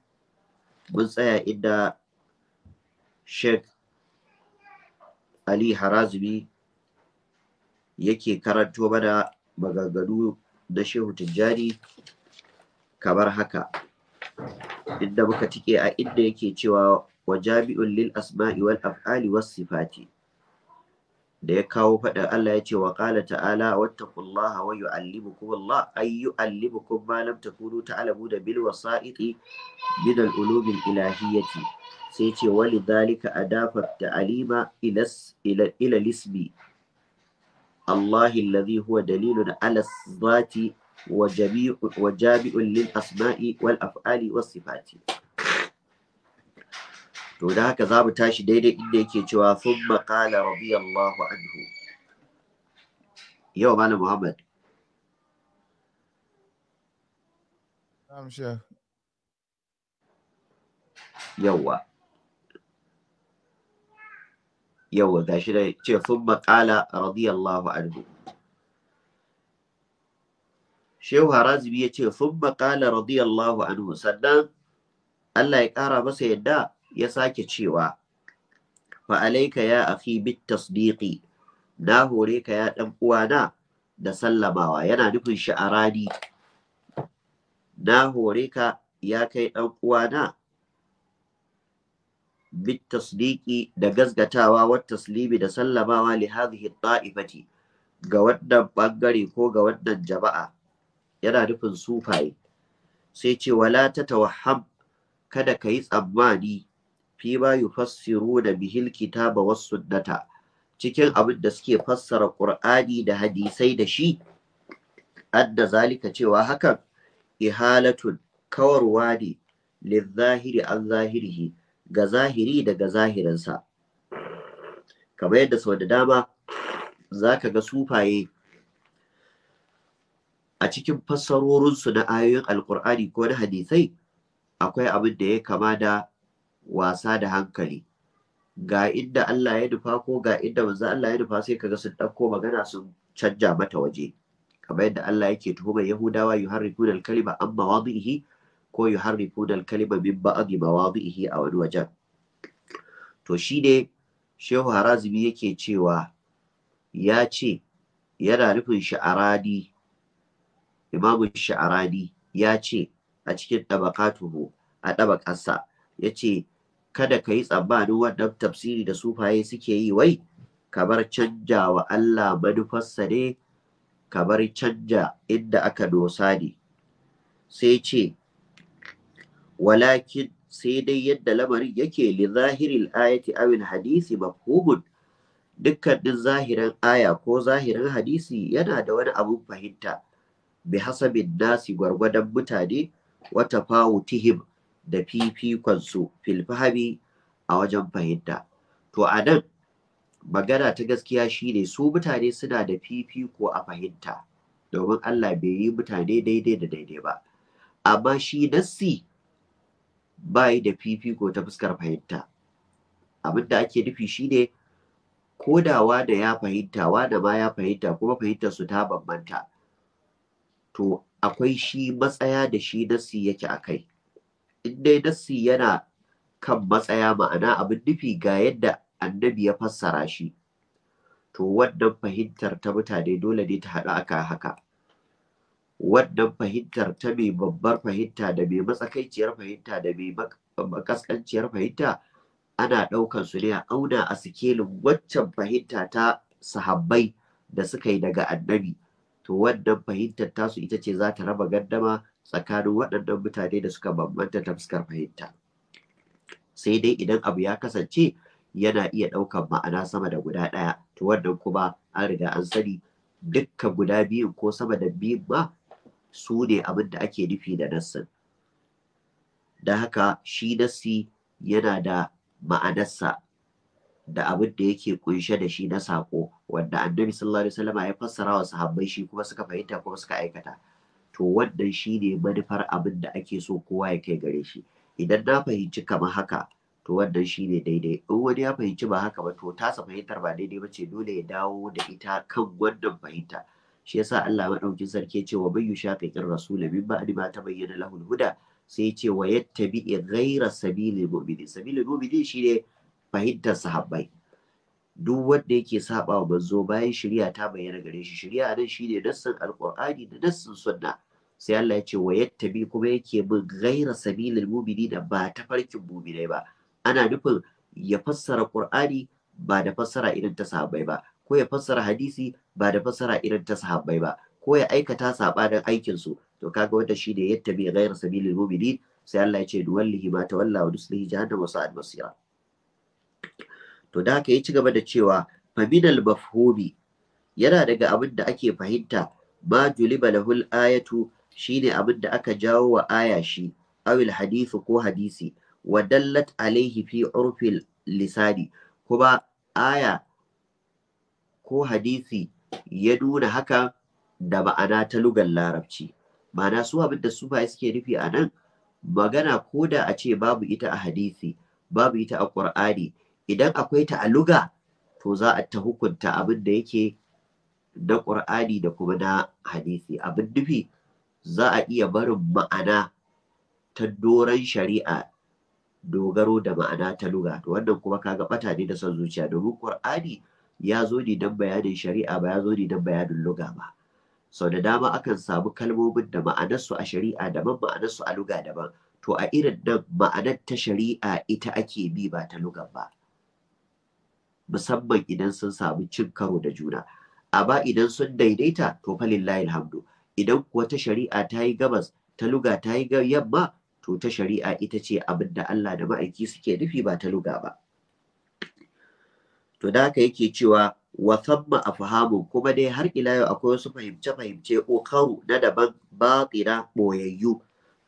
mun tsaya inda sheikh ali harazumi yake karanto mana maganganu na shehu tijjani kamar haka inda muka tike a inda yake cewa wa jami'un lil asma'i wal af'ali was sifati da ya kawo faɗin Allah ya ce wa qala ta'ala wattaqullaha wa yu'allimukum Allah ay yu'allimukum ma lam takunu ta'lamuna bil wasa'iti min al ulumi ilahiyyati sai ce wali dalika adafat da ila ila lisbi Allah alladhi huwa dalilun ala dhati wa jami'u wa jabi'un lil asma'i wal af'ali was sifati to da haka za mu tashi daidai inda yake cewa sun maƙala radiyallahu anhu yau malam muhammad yawwa yawwa ga shi da ce sun maƙala radiyallahu anhu shehu harazibi ya ce sun maƙala radiyallahu anhu sannan Allah ya ƙara masa yadda ya sake cewa fa alaika ya akhi bit tasdiqi na hore ka ya dan uwana da sallamawa yana nufin sha'arani na hore ka ya kai dan uwana bit tasdiqi da gazgatawa wa taslimi da sallamawa li hadhihi ta'ifati ga wannan bangare ko ga wannan jama'a yana nufin sufaye sai ce wala ta tawaham kada ka yi tsammani fima yufassiru da bihil kitaba wasu data cikin abin da suke fassara Qur'ani da hadisai da shi adda zalika cewa hakan ihalatun kawarwa ne lizahiri an zahirihi ga zahiri daga zahirinsa kamar yadda sau da dama za ka ga sufaye a cikin fassarorinsu na ayoyin alkur'ani ko na hadisai akwai abin da ya kama da wasa da hankali ga inda Allah ya dufa ko ga inda manzo Allah ya nufa sai kaga sun ɗauko magana sun canja mata waje kamar yadda Allah yake tuhumar Yahudawa yuharrifu dal kalima an mawadihi ko yuharrifu dal kalima min ba'di mawadihi a wani wajen to shi ne Shehu Harazimi yake cewa ya ce yana nufin sha'arani imamu sha'arani ya ce a cikin tabaqatuhu a tabaqarsa ya ce kada ka yi tsammanin wannan tafsiri da sufaye suke yi wai ka bar canja wa Allah manufarsa ne ka canja inda aka dosa ne sai ce walakin sai dai yadda lamarin yake li zahiril ayati awil hadisi mafhumun dukkanin zahirin aya ko zahirin hadisi yana da wani abun fahimta bi hasabin nasi gwargwadon mutane wata Fawu Tihim. da fifikonsu filfahabi a wajen fahimta to a nan magana ta gaskiya shine su mutane suna da fifiko a fahimta domin Allah bai yi mutane daidai da daidai ba amma shi nassi ba yi da fifiko ta fuskar fahimta abin da ake nufi shine kodawa da ya fahimta wada ma ya fahimta kuma fahimtar su ta bambanta to akwai shi matsaya da shi nassi yake a kai in dai nassi yana kan matsaya ma'ana abin nufi ga yadda annabi ya fassara shi to wannan fahimtar ta mutane dole ne ta haɗu aka haka wannan fahimtar ta mai babbar fahimta da mai matsakaiciyar fahimta da mai makaskanciyar fahimta ana ɗaukan su ne a auna a sikelin waccan fahimta ta sahabbai da suka yi daga annabi to wannan fahimtar tasu ita ce za ta raba gandama? tsakanin waɗannan mutane da suka bambanta ta fuskar fahimta sai dai idan abu ya kasance yana iya ɗaukan ma'ana sama da guda ɗaya to wannan kuma an riga an sani dukka guda biyun ko sama da biyun ma su ne abin da ake nufi da nassin da haka shi nassi yana da ma'anarsa da abin da yake kunshe da shi na saƙo wanda annabi sallallahu alaihi wasallam ya fassara wa sahabbai shi kuma suka fahimta kuma suka aikata to wannan shi ne manufar abin da ake so kowa ya kai gare shi idan na fahimci kama haka to wannan shi ne daidai in wani ya fahimci ba haka ba to tasa fahimtar ba daidai ba ce dole ya dawo da ita kan wannan fahimta shi yasa Allah madaukin sarki ya ce wa bayyu shaqiqir rasul min ba ma bayyana lahu huda sai ce wa yattabi ghayra sabilil mu'minin sabilil mu'minin shi ne fahimtar sahabbai duk wanda yake saba wa manzo bayan shari'a ta bayyana gare shi shari'a nan shine nassin alqur'ani da nassin sunna sai Allah ya ce wa yattabi kuma yake min ghaira sabilil mu'minina ba ta farkin mu'minai ba ana nufin ya fassara qur'ani ba da fassara irin ta sahabbai ba ko ya fassara hadisi ba da fassara irin ta sahabbai ba ko ya aikata saɓa aikin su to kaga wanda shine yattabi ghaira sabilil mu'minin sai Allah ya ce duwallahi ma tawalla wa dusli jahannama sa'ad masira to da haka ya ci gaba da cewa faminal mafhumi yana daga abin da ake fahimta ma juliba lahul ayatu shine abin da aka jawo wa aya shi awil hadithu ko hadisi wa dallat alaihi fi urfil lisani kuma aya ko hadisi ya nuna haka da ma'ana ta lugan larabci ma'ana su abin da sufaye suke nufi a nan magana ko da a ce babu ita a hadisi babu ita a ƙur'ani idan akwai ta a luga to za a ta hukunta abin da yake na ƙur'ani da kuma na hadisi abin nufi za a iya barin ma'ana ta doron shari'a dogaro da ma'ana ta luga to wannan kuma kaga bata ne da son zuciya domin ƙur'ani ya zo ne don bayanin shari'a ba ya zo ne don bayanin luga ba sau da dama akan samu kalmomin da ma'anarsu a shari'a daban ma'anarsu a luga daban to a irin nan ma'anar ta shari'a ita ake bi ba ta lugan ba musamman idan sun samu cin karo da juna amma idan sun daidaita to fa lillahi alhamdu idan kuwa ta shari'a ta yi gabas ta luga ta yi yamma to ta shari'a ita ce abin da Allah da ma'aiki suke nufi ba ta luga ba to da haka yake cewa wa thamma afhamu kuma dai har ila yau akwai wasu fahimce fahimce ukaru na daban batira boyayyu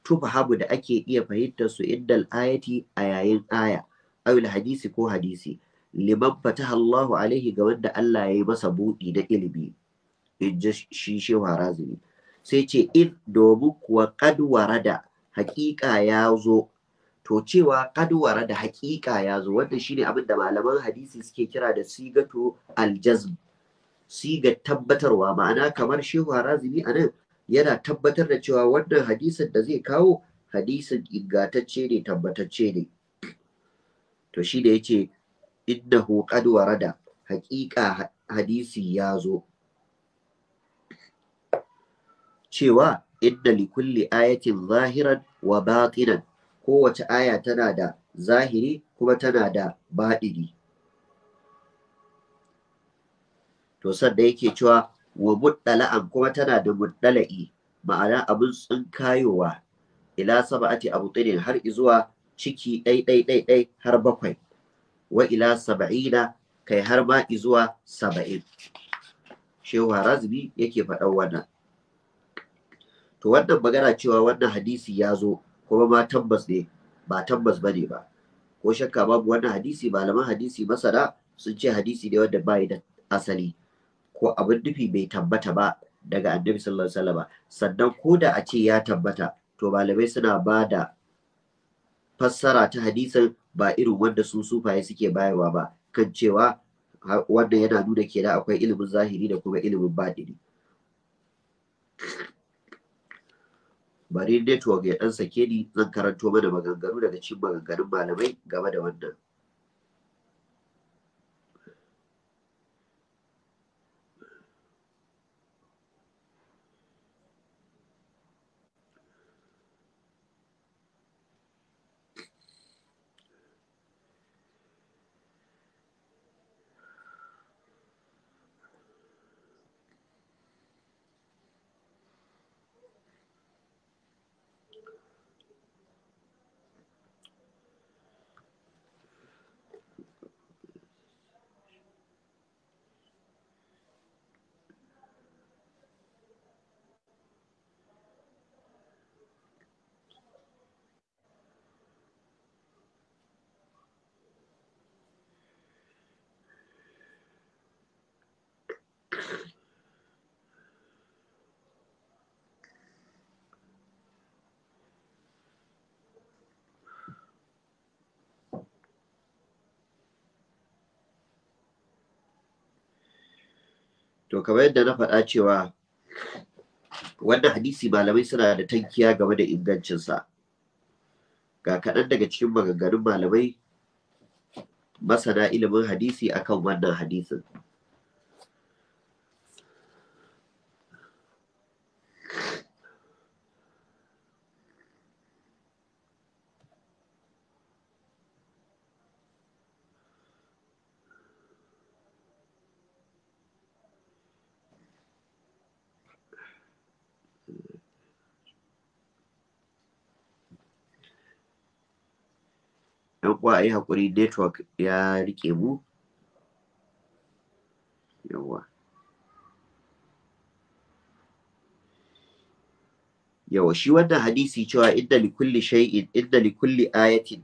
tufhamu da ake iya fahimtar su indal ayati a yayin aya aw hadisi ko hadisi liman fataha Allahu alaihi ga wanda Allah ya yi masa buɗi da ilimi in ji shi shehu razumi sai ce in domin kuwa kad warada haƙiƙa ya zo to cewa kad warada haƙiƙa ya zo wanda shine abin da malaman hadisi suke kira da sigatu aljazm siga tabbatarwa ma'ana kamar shehu razumi a nan yana tabbatar da cewa wannan hadisin da zai kawo hadisin ingantacce ne tabbatacce ne to shi da ya ce iddahu qad warada haƙiƙa hadisi ya zo cewa idda li kulli ayatin zahiran wa batinan kowace aya tana da zahiri kuma tana da baɗini to sanda yake cewa wa muddala'an kuma tana da muddala'i ma'ana abin tsinkayowa ila saba'ati abu har izuwa ciki ɗai ɗai ɗai har bakwai wa ila saba'ina kai har ma zuwa saba'in shehu Harazbi yake faɗan wannan to wannan magana cewa wannan hadisi ya zo kuma ma tabbas ne ba tabbas ba ba ko shakka babu wannan hadisi malaman hadisi masara sun ce hadisi ne wanda bai da asali ko abin dufi bai tabbata ba daga annabi sallallahu alaihi wasallam sannan ko da a ce ya tabbata to malamai suna ba da fassara ta hadisin ba irin wanda su sufaye suke bayarwa ba kan cewa wannan yana nuna kera akwai ilimin zahiri da kuma ilimin batini bari network ya dan sake ni zan karanto mana maganganu daga cikin maganganun malamai game da wannan to kamar yadda na faɗa cewa wannan hadisi malamai suna da tankiya game da ingancinsa ga kaɗan daga cikin maganganun malamai masana ilimin hadisi akan wannan hadisin ayi yi haƙuri network ya rike mu yawa yawa shi wannan hadisi cewa inda li kulli shay'in inda li kulli ayatin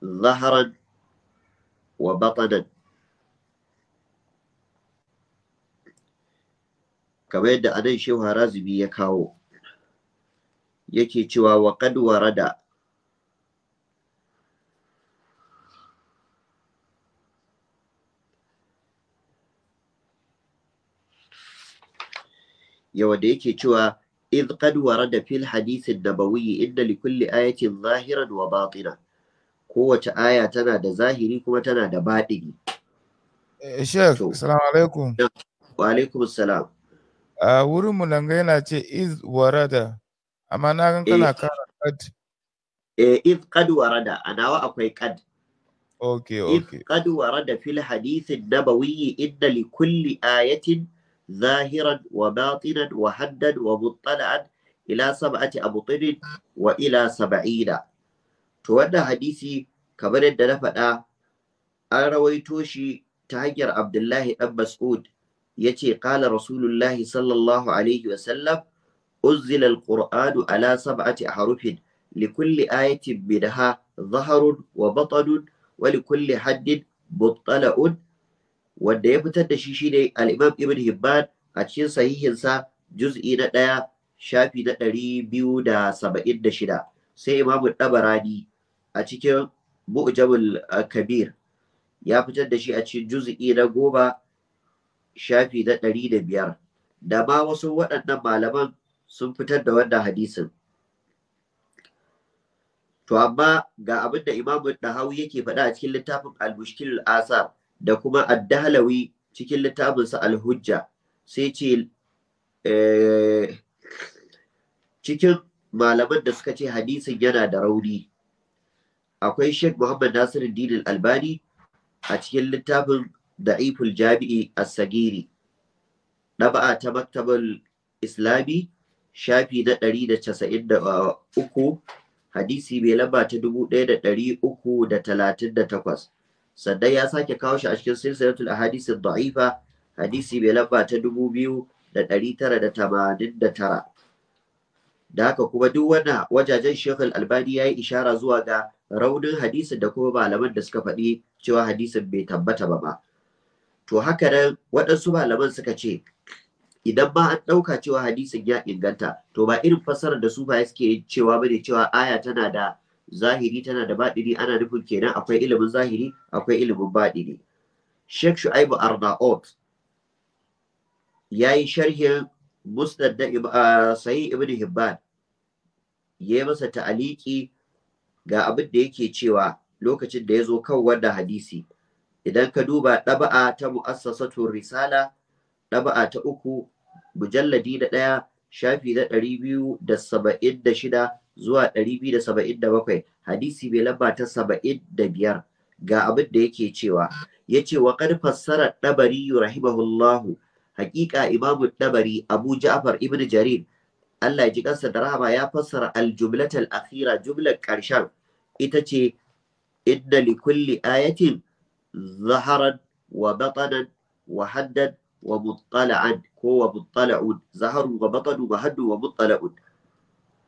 zaharan wa batanan kamar yadda anan shehu harazimi ya kawo yake cewa wa qad warada yawa da yake cewa idh qad warada fil hadith ad-dabawi inda li kulli ayatin zahiran wa batina kowace aya tana da zahiri kuma tana da batini eh sheikh assalamu alaikum wa alaikum assalam a wurin mu nan yana ce iz warada amma na ga kana eh. kara qad eh idh qad warada anawa akwai qad Okay, okay. إذ fil ورد في الحديث النبوي إن لكل آية Zahiran وباطنا وحدا ومطلعا ila sab'ati abutirin wa ila saba'ina to wannan hadisi kamar yadda na faɗa an rawaito shi ta hanyar abdullahi dan mas'ud yace qala rasulullahi sallallahu alaihi wa sallam uzzila alqur'anu ala sab'ati harufin likulli ayatin minha zaharun wa batanun wa likulli haddin muttala'un wanda ya fitar da shi shine al-Imam Ibn Hibban a cikin sahihinsa juz'i na ɗaya shafi na ɗari biyu da saba'in da shida sai Imam Dabarani a cikin Mu'jamul uh, Kabir ya fitar da shi a cikin juz'i na goma shafi na ɗari da biyar da ma wasu waɗannan malaman sun fitar da wannan hadisin To amma ga abin da Imam Dahawi yake faɗa a cikin littafin Al-Mushkil Asar da kuma ad-dahlawi cikin littafinsa al-hujja sai ce eh, cikin malaman da suka ce hadisin yana da rauni akwai Sheikh Muhammad Nasiru Dinil Albani a cikin littafin Da'iful Jami'i As-Sagiri ɗaba'a ta maktabar Islami shafi na ɗari hadisi mai lamba ta dubu ɗaya da ɗari uku da sannan ya sake kawo shi a cikin silsilatul ahadisi da'ifa hadisi mai lamba ta dubu biyu da ɗari tara da tamanin da tara da haka kuma duk wanda wajajen al albani ya yi ishara zuwa ga raunin hadisin da kuma malaman da suka faɗi cewa hadisin bai tabbata ba ba to haka nan waɗansu malaman suka ce idan ba an ɗauka cewa hadisin ya inganta to ba irin fassarar da su ba suke cewa bane cewa aya tana da zahiri tana da baɗini ana nufin kenan akwai ilimin zahiri akwai ilimin baɗini Sheikh Shu'aibu ya yayi sharhin musnad da ah, sahih Ibn Hibban yayi masa ta'aliki ga abin da yake cewa lokacin da ya zo kan wannan hadisi idan ka duba ɗaba'a ta mu'assasatun risala ɗaba'a ta uku mujalladi na ɗaya shafi na ɗari biyu da saba'in da shida zuwa 277 hadisi bai lamba ta 75 ga abin da yake cewa ya ce, wa fassarar fassara yu rahimahullahu Haƙiƙa imamu dabari abu ja'far ibn jarir Allah ji kansa da rahama ya fassara al akhira jumlar ƙarshen. ita ce inna li ayatin zaharan wa batanan wa haddan wa muttala'an ko wa muttala'un zaharu wa batanu wa haddu wa muttala'un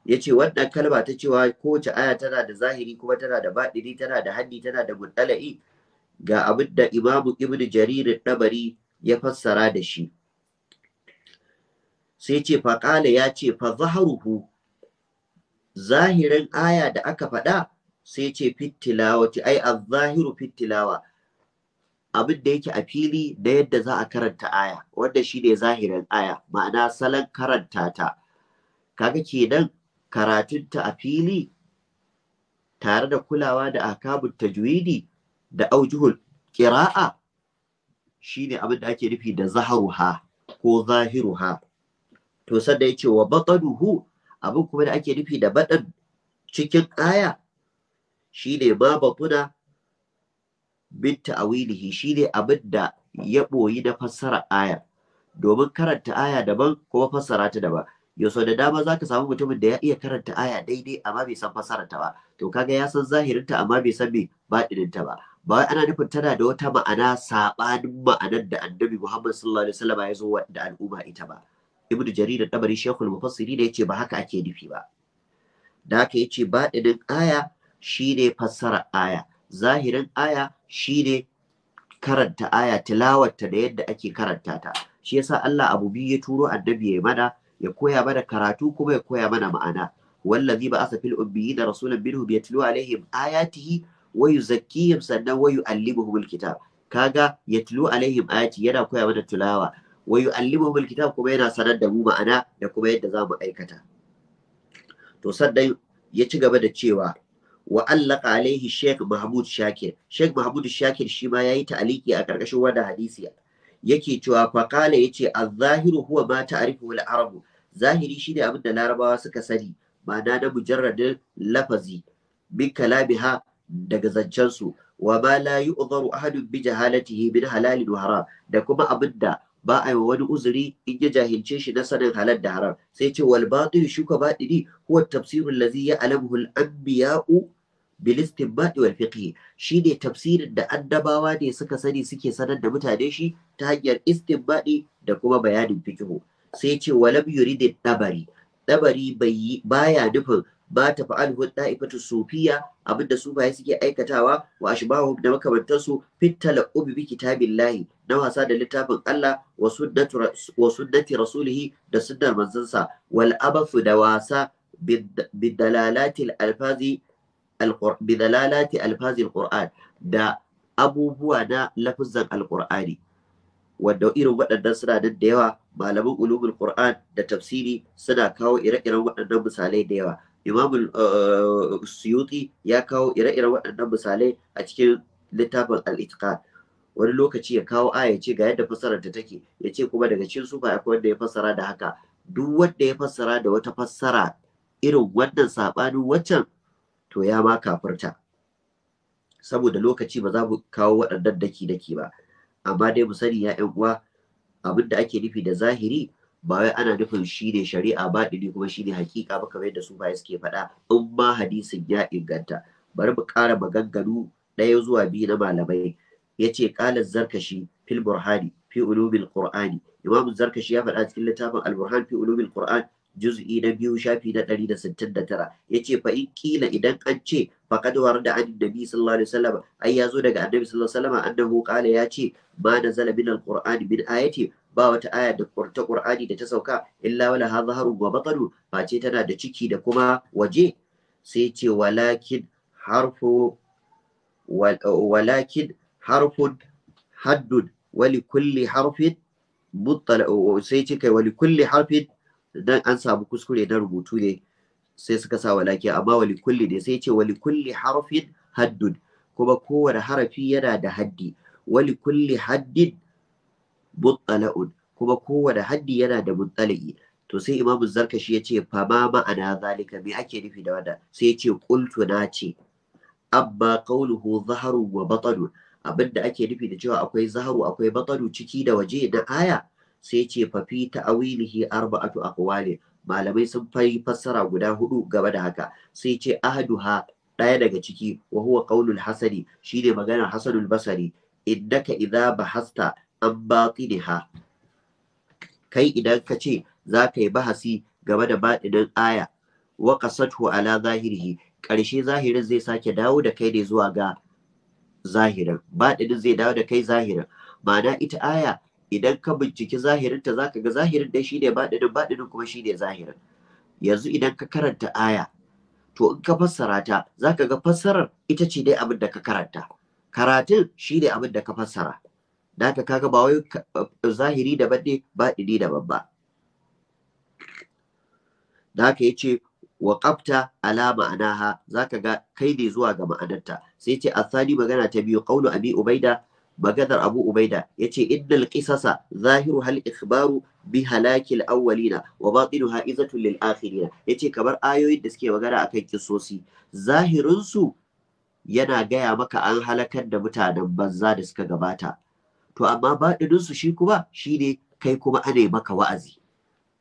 yace wannan kalma ta cewa kowace aya tana da zahiri kuma tana da baɗiri tana da haddi tana da mutala'i ga abin da imamu ibn jarir dabari ya fassara da shi sai ce faƙala ya ce fa zaharuhu zahirin aya da aka faɗa sai ce ce ai a zahiru fitilawa abin da yake a fili da yadda za a karanta aya wanda shi ne zahirin aya ma'ana salon karanta ta kaga kenan karatunta a fili tare da kulawa da akabut tajwidi da aujuhul ƙira'a shine abin da ake nufi da zaharuha ko zahiruha to sanda ya ce wa bataduhu abin kuma da ake nufi da baɗan cikin aya shine ma batuna bin ta'awilihi shine abin da ya ɓoyi na fassara aya domin karanta aya daban kuma fassara ta daban sau da dama za ka samu mutumin da ya iya karanta aya daidai amma bai san fasara ta ba to kaga ya san zahirinta amma bai san me baɗininta ba ba wai ana nufin tana da wata ma'ana saɓanin ma'anar da annabi Muhammad sallallahu alaihi wasallam ya zo da al'umma ita ba ibnu jarir da tabari shaykhul mufassiri da yace ba haka ake nufi ba da haka yace baɗinin aya shine fassara aya zahirin aya shine karanta aya tilawarta da yadda ake karanta ta shi yasa Allah abu biyu ya turo annabi ya yi mana ya koya mana karatu kuma ya koya mana ma'ana wallazi ba asa fil ummiyina rasulan minhum yatlu alaihim ayatihi wa yuzakkihim sannan wa yu'allimuhum alkitab kaga A alaihim ayati yana koya mana tilawa wa yu'allimuhum alkitab kuma yana sanar da mu ma'ana da kuma yadda za mu aikata to sannan ya ci gaba da cewa wa allaka alaihi Sheikh Mahmud Shakir Sheikh Mahmud Shakir shi ma yayi ta'aliki a ƙarƙashin wannan hadisi yake cewa faqala ya ce zahiru huwa ma ta'rifu wani arabu zahiri shine abin da larabawa suka sani ma'ana na mujarradin lafazi min kalabiha daga zancen su wa ma la yu'dharu ahadun bi jahalatihi min halalin haram da kuma abin da ba a yi wani uzuri in ya jahilce shi na sanin halal da haram sai ce wal batil shuka batili huwa tafsirul ladzi ya'lamuhu al-anbiya'u bilistin baɗi wal fiƙi shi ne tafsirin da addabawa ne suka sani suke sanar da mutane shi ta hanyar baɗi da kuma bayanin fiqhu sai ce walam yuridin ɗabari. Ɗabari baya nufin ba ta fa'al hudda ɗa'ifatu sufiya abinda sufaye suke aikatawa wa ashbahu da makamantansu fit ubibi bi lahi na wasa da littafin Allah wa sunnati rasulihi da sunnar manzansa wal abafu da wasa bidalalatil alfazi bidalalati alfazil qur'an da abubuwa na lafizan Alƙur'ani. wanda irin waɗannan suna da yawa malaman ulumul qur'an da tafsiri suna kawo ire-iren waɗannan misalai da yawa imam eh, suyuti ya kawo ire-iren waɗannan misalai a cikin littafin al-itqan wani lokaci ya kawo aya ce ga yadda fassarar ta take ya ce kuma daga cikin sufa akwai wanda ya fassara da haka duk wanda ya fassara da wata fassara irin wannan sabanin waccan to ya ma kafirta saboda lokaci ba za mu kawo waɗannan daki daki ba amma dai mu sani ya ƴan uwa abin da ake nufi da zahiri ba wai ana nufin shi ne shari'a ba ɗini kuma shi ne hakika ba kamar yadda su ba suke faɗa in ma hadisin ya inganta bari mu ƙara maganganu ɗaya zuwa biyu na malamai ya ce ƙalar zarkashi fil burhani fi ulumin qur'ani imam zarkashi ya faɗa cikin littafin al burhan fi ulumin qur'an juz'i na biyu shafi na ɗari da sittin da tara ya ce fa in kila idan an ce fa faƙad warda an nabi sallallahu alaihi wasallam ai ya zo daga annabi sallallahu alaihi wasallam annahu qala ya ce ma nazala min alqur'ani min ayati ba wata aya da ta qur'ani da ta sauka illa wala hadharu wa fa ce tana da ciki da kuma waje sai ce walakin harfu walakin harfun haddun wali kulli harfin mutala. sai ce kai wali kulli harfin dan an samu kuskure na rubutu ne sai suka sa walakiya amma wali kulli ne sai ce wali kulli harfin haddun kuma kowane harafi yana da haddi wali kulli haddin muttala'un kuma kowane haddi yana da muttala'i to sai imamu zarkashi ya ce fama ma'ana zalika me ake nufi da wannan sai ce qultu na ce amma qawluhu zaharu wa batanu abinda ake nufi da cewa akwai zaharu akwai batanu ciki da waje na aya sai ce fafi ta'awilihi arba'atu aqwali malamai sun fari fassara guda hudu gaba da haka sai ce ha ɗaya daga ciki wa huwa qaulul shine maganar hasadul basari innaka idza bahasta an batiniha kai idan ka ce za ka yi bahasi gaba da baɗinin aya wa qasathu ala zahirihi ƙarshe zahirin zai sake dawo da kai ne zuwa ga zahirin baɗinin zai dawo da kai zahirin ma'ana ita aya idan ka binciki zahirinta za ka ga zahirin dai shine baɗinin baɗinin kuma shine zahirin yanzu idan ka karanta aya to in ka fassara ta zaka ga fassarar ita ce dai abin da ka karanta karatun shine ne abin da ka fassara da ka kaga ba wai eh, zahiri daban ne baɗini daban ba da haka ya ce ala ma'anaha za ka ga kai ne zuwa ga ma'anarta sai ce a magana ta biyu ƙaunu abi ubaida Magadar Abu Ubaida yace innal qisasa zahiru hal ikhbaru bi halakil awwalina wa batinuha izatun lil akhirina yace kamar ayoyin da suke magana akan kisosi zahirin su yana gaya maka an halakar da mutanen banza da suka gabata to amma baɗinin su shi kuma shine kai kuma ane maka wa'azi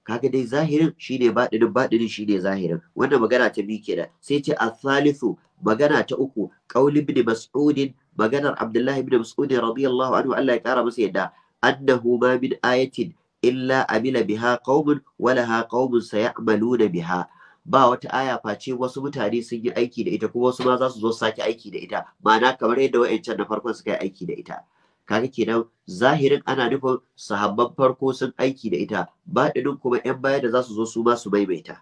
kaga dai zahirin shine baɗinin baɗinin shine zahirin wannan magana ta biyu kenan sai ce asalisu magana ta uku qauli ibn mas'udin maganar Abdullahi ibn mas'udi radiyallahu anhu Allah ya kara masa yadda addahu ma min ayatin illa amila biha qaumun wa laha qaumun sayaqbaluna biha ba wata aya face wasu mutane sun yi aiki da ita kuma wasu ma za su zo sake aiki da ita ma'ana kamar yadda wa'ancan na farkon suka yi aiki da ita kaga kenan zahirin ana nufin sahabban farko sun aiki da ita baɗinin kuma 'yan baya da za su zo su ma su maimaita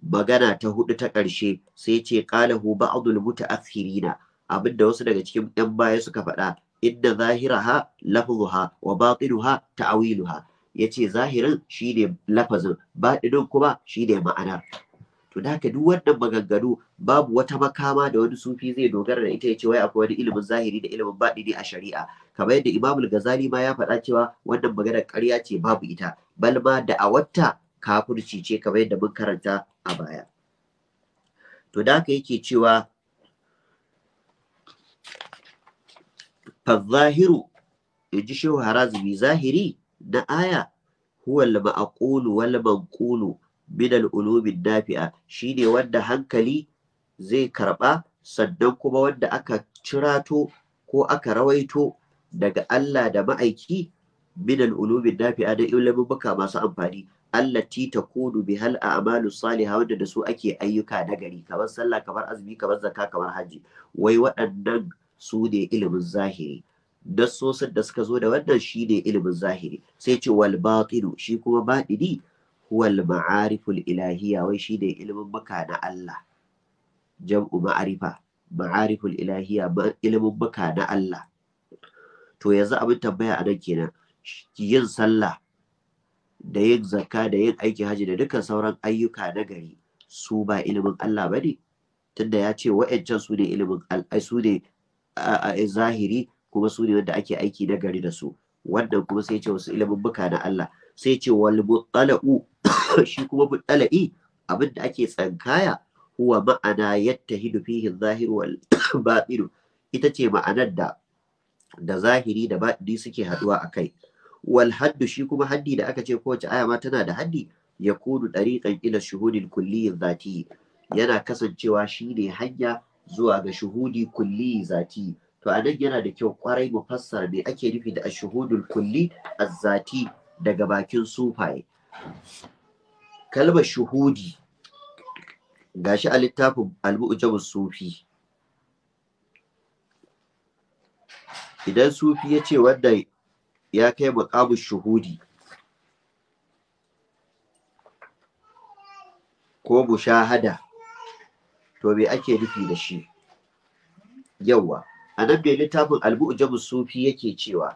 magana ta hudu ta ƙarshe sai ce qalahu ba'dul mutaakhirina abin da wasu daga cikin 'yan baya suka faɗa inda zahiraha lafzuha wa batinuha ta'awiluha yace zahirin shine lafazin batinin kuma shine ma'anar to da haka duk wannan maganganu babu wata makama da wani sufi zai dogara da ita yace wai akwai wani ilimin zahiri da ilimin baɗini a shari'a kamar yadda imamul gazali ma ya faɗa cewa wannan maganar ƙarya ce babu ita bal ma da a wata kafirci ce kamar yadda mun karanta a baya to da haka yake cewa فالظاهر يجيشه هرازمي ظاهري نآية هو المعقول والمنقول من العلوم النافئة شيني ود hankali zai karɓa, sannan kuma wanda aka cirato ko aka rawaito daga Allah da ma'aiki Minan ulumin nafi'a na ilimin baka masu amfani Allah Tita takunu bi hal a'malu salihah wanda da su ake ayyuka na gari kamar sallah kamar azumi kamar zaka, kamar hajji, wai waɗannan su ne ilimin zahiri dassosin da suka zo da wannan shi ne ilimin zahiri sai ce wal batinu shi kuma batini huwal ma'ariful ilahiyya wai shi ne ilimin maka na Allah jam'u ma'arifa ma'ariful ilahiyya ilimin baka na Allah to yanzu abin tambaya a nan kenan yin sallah da yin zakka da yin aiki haji da dukkan sauran ayyuka na gari su ba ilimin Allah ba ne tunda ya ce wa'yancan su ne ilimin su ne zahiri kuma su ne wanda ake aiki na gari da su wannan kuma sai ce wasu ilimubbuka na Allah sai ce wal muttala'u shi kuma muttala'i abin da ake tsankaya huwa ma'ana hidu fihi zahir wal batin ita ce ma'anar da da zahiri da batini suke haduwa akai wal haddu shi kuma haddi da aka ce kowace aya ma tana da haddi yakunu dariqan ila shuhudil kulli zati. yana kasancewa shi ne hanya zuwa ga shuhudi kulli zati to a nan yana da kyau kwarai mu fassara me ake nufi da ashuhudul kulli azzati daga bakin sufaye kalmar shuhudi gashi a littafin almu'jabus sufi idan sufi ya ce wanda ya kai muƙamus shuhudi ko mushahada shahada to me ake nufi da shi yawa a nan mai littafin almu'jamu sufi yake cewa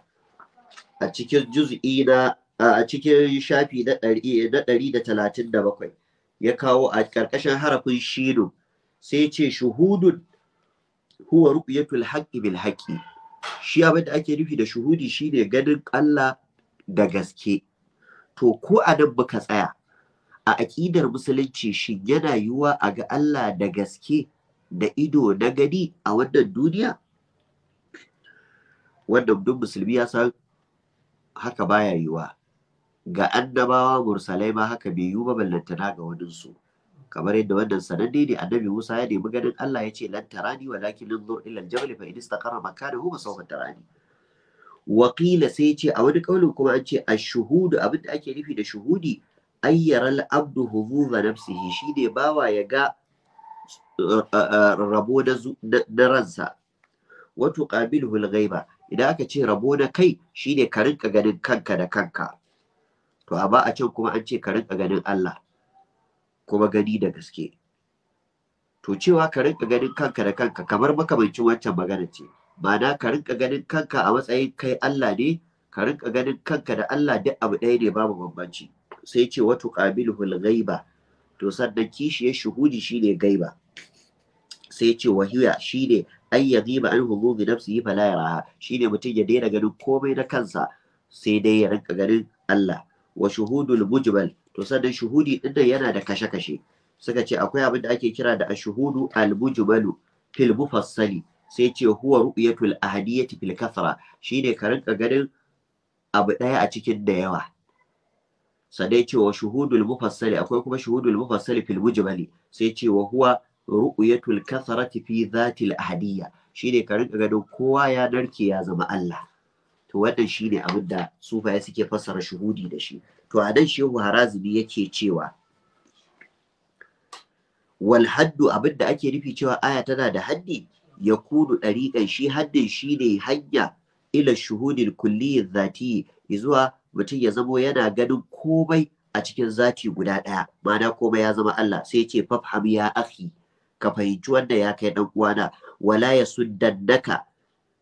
a cikin juz'i na a cikin shafi na ɗari da talatin da bakwai ya kawo a ƙarƙashin harafin shino sai ce shuhudun huwa ru'yatul haqqi bil haqqi shi abin da ake nufi da shuhudi shine ganin Allah da gaske to ko a nan muka tsaya a aƙidar musulunci shi yana yiwuwa a ga Allah da gaske da ido na gani a wannan duniya wannan duk musulmi ya san haka baya yiwa. ga annabawa mursalai ma haka bai yiwu ba ballantana ga waninsu kamar yadda wannan sananne ne annabi Musa ya nemi ganin Allah ya ce lan tarani walakin nur ila al-jabal fa in istaqara makana huwa sawfa tarani wakila sai ce a wani kaulin kuma an ce ashuhudu abin da ake nufi da shuhudi ayyaral abdu huzuza nafsihi shi ne bawa ya ga eh, eh, eh, rabo da ransa wato hulgai ghaiba idan aka ce rabo na kai shi ne ka rinka ganin kanka da kanka to a ba a can kuma an ce ka rinka ganin Allah kuma gani da gaske to cewa ka rinka ganin kanka da kanka kamar makamancin wancan magana ce ma'ana ka rinka ganin kanka a matsayin kai Allah ne ka rinka ganin kanka da Allah duk abu ɗaya ne babu bambanci sai ce wa tuqabiluhul ghaiba to sannan kishiyar shuhudi shine gaiba sai ce wa hiya shine ay yaghiba anhu mu bi nafsihi fala yaraha shine mutum ya daina ganin komai na kansa sai dai ya rinka ganin Allah wa shuhudul mujmal to sannan shuhudi din yana da kashe-kashe suka ce akwai abin da ake kira da ashuhudu al-mujmalu fil mufassali sai ce huwa ru'yatul ahadiyati fil kathra shine ka rinka ganin abu daya a cikin da yawa sadai cewa shuhudul mufassali akwai kuma shuhudul mufassali fil mujmali sai cewa huwa ru'yatul kasarati fi dhatil ahadiyya shine ka rinka gado kowa ya narke ya zama Allah to wannan shine abin da ya suke fassara shuhudi da shi to a dan shehu harazimi yake cewa wal haddu abin da ake nufi cewa aya tana da haddi ya kudu ɗariƙan shi haddin shi ne hanya ila shuhudin kulli zati zuwa mutum ya zamo yana ganin komai a cikin zati guda ɗaya ma'ana komai ya zama Allah sai ce fafham ya akhi ka fahimci wanda ya kai ɗan uwana wala ya suddannaka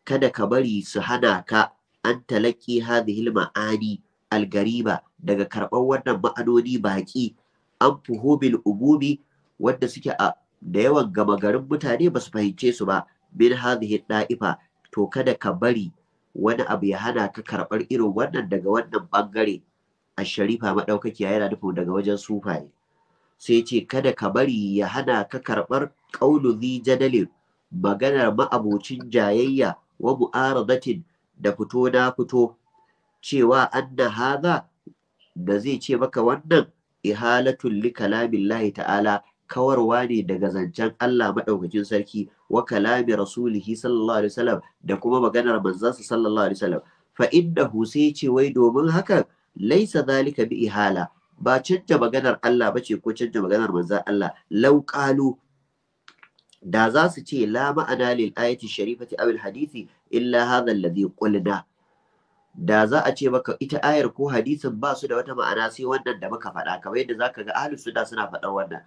kada ka bari su hana ka an talaki hadhihi ma'ani algariba daga karɓar wannan ma'anoni baƙi an fuhubil ububi wanda suke a da yawan gama garin mutane ba su fahimce su ba min hadhihi da'ifa to kada ka bari wani abu ya hana ka karɓar irin wannan daga wannan ɓangare a sharifa maɗaukakiya yana nufin daga wajen sufaye sai ce kada ka bari ya hana ka karɓar ƙaunu zi maganar ma'abocin jayayya wa mu'aradatin da fito na fito cewa anna haza da zai ce maka wannan ihalatun li kalamillahi ta'ala kawarwa ne daga zancen Allah Maɗaukacin sarki wa kalami rasulihi sallallahu alaihi wasallam da kuma maganar manzansa sallallahu alaihi wasallam fa innahu sai ce wai domin haka laisa zalika bi ihala ba canja maganar Allah ba ce ko canja maganar manzan Allah lau da za su ce la ma'ana lil ayati sharifati aw al hadithi illa hadha alladhi qulna da za a ce maka ita ayar ko hadisin ba su da wata ma'ana sai wannan da muka faɗa kamar yadda zaka ga ahlus sunna suna faɗar wannan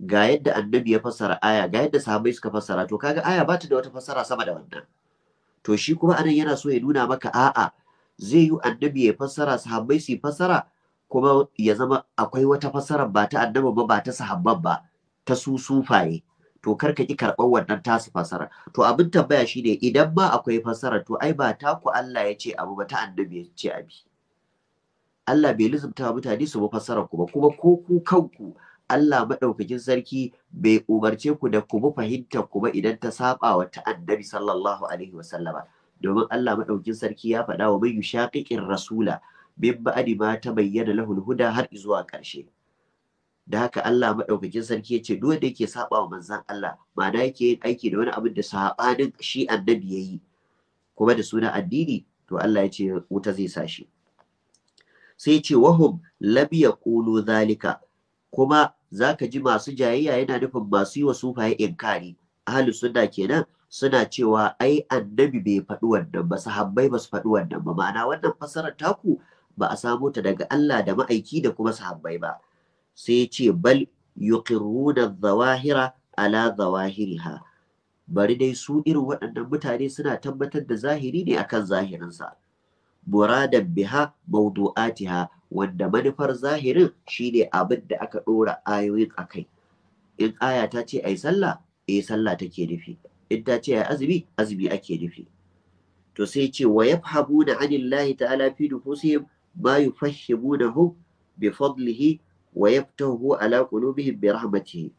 ga yadda annabi ya fassara aya ga yadda sahabbai suka fassara to kaga aya ba ta da wata fassara sama da wannan to shi kuma anan yana so ya nuna maka a'a zai yi annabi ya fassara sahabbai su fassara kuma ya zama akwai wata fassara ba ta annabi ba ba ta sahabban ba ta su sufaye to kar ka ki karɓar wannan tasu fassara to abin tambaya shine idan ba akwai fassara to ai ba ta ku Allah ya ce abu ba ta annabi ya ce abi Allah bai lizumta mutane su ba fassara ku ba kuma ko ku kanku Allah maɗaukakin sarki bai umarce ku da ku bi fahimtar ku ba idan ta saba wa ta annabi sallallahu alaihi wa sallama domin Allah maɗaukakin sarki ya faɗa wa mai yushaqiqir rasula bin ba'di ma ta bayyana lahul huda har zuwa ƙarshe da haka Allah maɗaukakin sarki ya ce duk wanda yake saba wa manzan Allah ma'ana yake yin aiki da wani abin da sabanin shi annabi yayi kuma da sunan addini to Allah ya ce wuta zai sa shi sai ya ce wahum lam yaqulu zalika kuma za ka ji masu jayayya yana nufin masu yi wa sufaye inkari ahalus sunna kenan suna cewa ai annabi bai faɗi wannan ba sahabbai ba su faɗi wannan ba ma'ana wannan fassarar taku ba a samo ta daga Allah da ma'aiki da kuma sahabbai ba sai ce bal yuqirruna zawahira ala zawahiriha bari dai su irin waɗannan mutane suna tabbatar da zahiri ne akan zahirinsa muradan biha mawdu'atiha wanda manufar zahirin shine abin da aka ɗora ayoyin a kai in aya ta ce a yi sallah e sallah take nufi in ta ce a azumi azumi ake nufi to sai ce wa yafhamuna anillahi ta'ala fi nufusihim ma hu bi fadlihi wa yaftahu ala qulubihim bi rahmatihi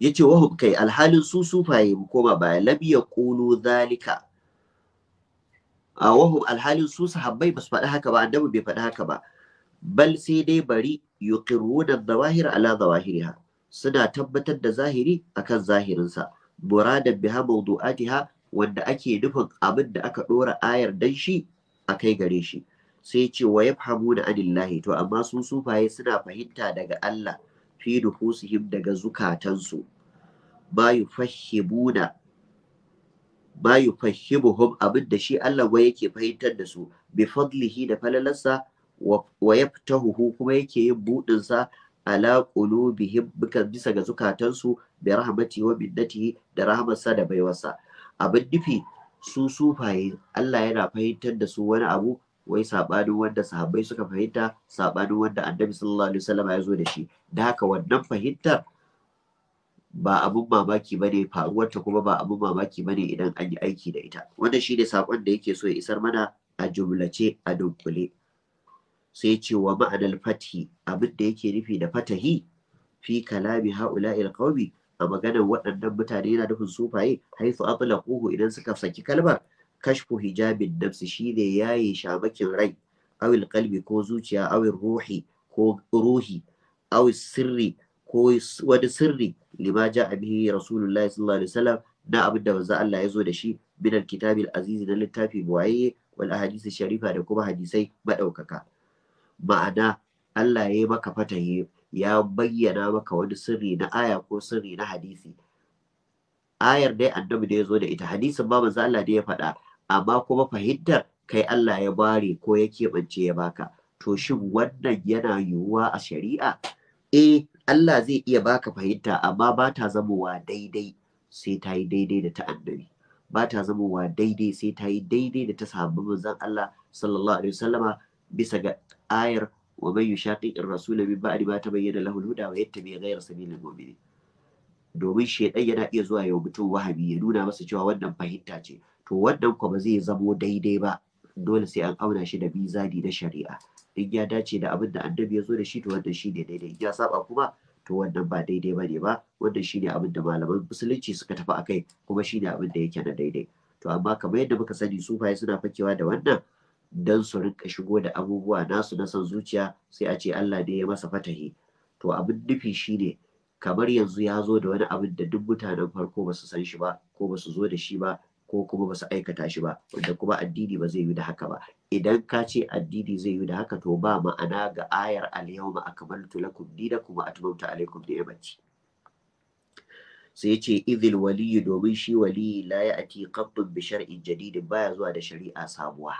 yace wa kai alhalin su sufaye mu koma baya lam yaqulu zalika A wahum alhalin su sahabbai su faɗi haka ba annabi bai faɗi haka ba bal sai dai bari yuqirruna zawahir ala zawahiriha suna tabbatar da zahiri akan zahirinsa muradan biha mawdu'atiha wanda ake nufin abin da aka ɗora ayar dan shi akai gare shi sai ce wa da anillahi to amma su sufaye suna fahimta daga Allah fi nufusihim daga zukatansu bayu fahibuna ba yufahimuhum abin da shi Allah wai yake fahimtar da su bi fadlihi da falalarsa wa huhu kuma yake yin budin sa ala qulubihim bisa ga zukatansu bi rahmati wa biddati da rahmarsa da baiwarsa abin dufi su sufaye Allah yana fahimtar da su wani abu wai sabanin wanda sahabbai suka fahimta sabanin wanda annabi sallallahu alaihi wasallam ya zo da shi da haka wannan fahimtar ba abun mamaki ba ne faruwarta kuma ba abun mamaki ba ne idan an yi aiki da ita wannan shi ne saƙon da yake so ya isar mana a jumlace a dunkule sai ce wa ma'anar fathi abin da yake nufi da fatahi fi kalami ha'ula qaumi a maganar waɗannan mutane yana nufin sufaye haifu kuhu idan suka saki kalmar kashfu hijabin nafsi shi shine yayi shamakin rai awil kalbi ko zuciya awil ruhi ko ruhi awil sirri ko wani sirri lima ja'a bihi rasulullahi sallallahu alaihi wasallam na abin da manzo Allah ya zo da shi bin kitabin azizi na littafi buwaye wal ahadith sharifa da kuma hadisai madaukaka ma'ana Allah ya maka fatahi ya bayyana maka wani sirri na aya ko sirri na hadisi ayar dai annabi da ya zo da ita hadisin ba manzo Allah dai ya faɗa amma kuma fahimtar kai Allah ya bare ko ya keɓance ya baka to shin wannan yana yiwuwa a shari'a eh Allah zai iya baka fahimta amma ba ta zamowa daidai sai ta yi daidai da ta annabi ba ta zamowa daidai sai ta yi daidai da ta samu manzon Allah sallallahu alaihi wasallama bisa ga ayar wa man yushaqiqir rasul min ba'di ma tabayyana lahu al-huda wa yattabi ghayra sabilil mu'minin domin shedan yana iya zuwa ya mutum wahabi ya nuna masa cewa wannan fahimta ce to wannan kuma zai zamo daidai ba dole sai an auna shi da mizani na shari'a in ya dace da abin da annabi ya zo da shi to wannan shi ne daidai ya saba kuma to wannan ba daidai ba ne ba wannan shi ne abin da malaman musulunci suka tafi a kai kuma shi ne abin da yake na daidai to amma kamar yadda muka sani sufaye suna fakewa da wannan dan su rinka shigo da abubuwa nasu na son zuciya sai a ce Allah ne ya masa fatahi to abin nufi shi ne kamar yanzu ya zo da wani abin da duk mutanen farko ba su san shi ba ko ba su zo da shi ba ko kuma ba su aikata shi ba wanda kuma addini ba zai yi da haka ba idan ka ce addini zai yi da haka to ba ma'ana ga ayar al kamar akmaltu lakum dinakum wa atmamtu alaykum ni'mati sai yace idhil wali domin shi waliyi la ya'ti qattun bi shar'in jadidin baya zuwa da shari'a sabuwa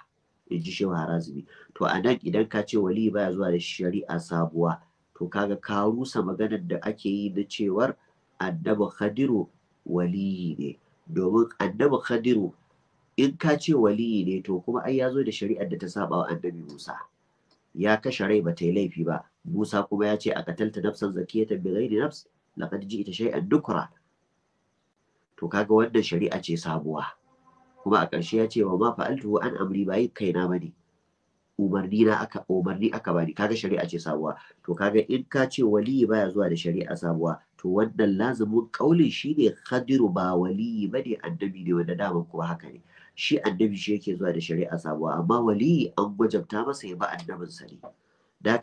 inji shi harazimi to anan idan ka ce waliyi baya zuwa da shari'a sabuwa to kaga ka rusa maganar da ake yi na cewar annabi khadiru waliyi ne domin annabi khadiru in ka ce waliyi ne to kuma ai ya zo da shari'ar da ta saba wa annabi Musa ya kashe rai ba ta yi laifi ba Musa kuma ya ce a katalta nafsan zakiyatan bi ghairi nafs laqad ji'ta shay'an dukra to kaga wannan shari'a ce sabuwa kuma a ƙarshe ya ce wa ma fa'altu an amri ba kaina bane umarni na aka umarni aka bani kaga shari'a ce sabuwa to kaga in ka ce waliyi baya zuwa da shari'a sabuwa to wannan lazumin kaulin shine khadiru ba waliyi bane annabi ne wanda ku kuma haka ne shi annabi shi yake zuwa da shari'a sabuwa amma wali an gwajabta masa ya ba annabin sa ne da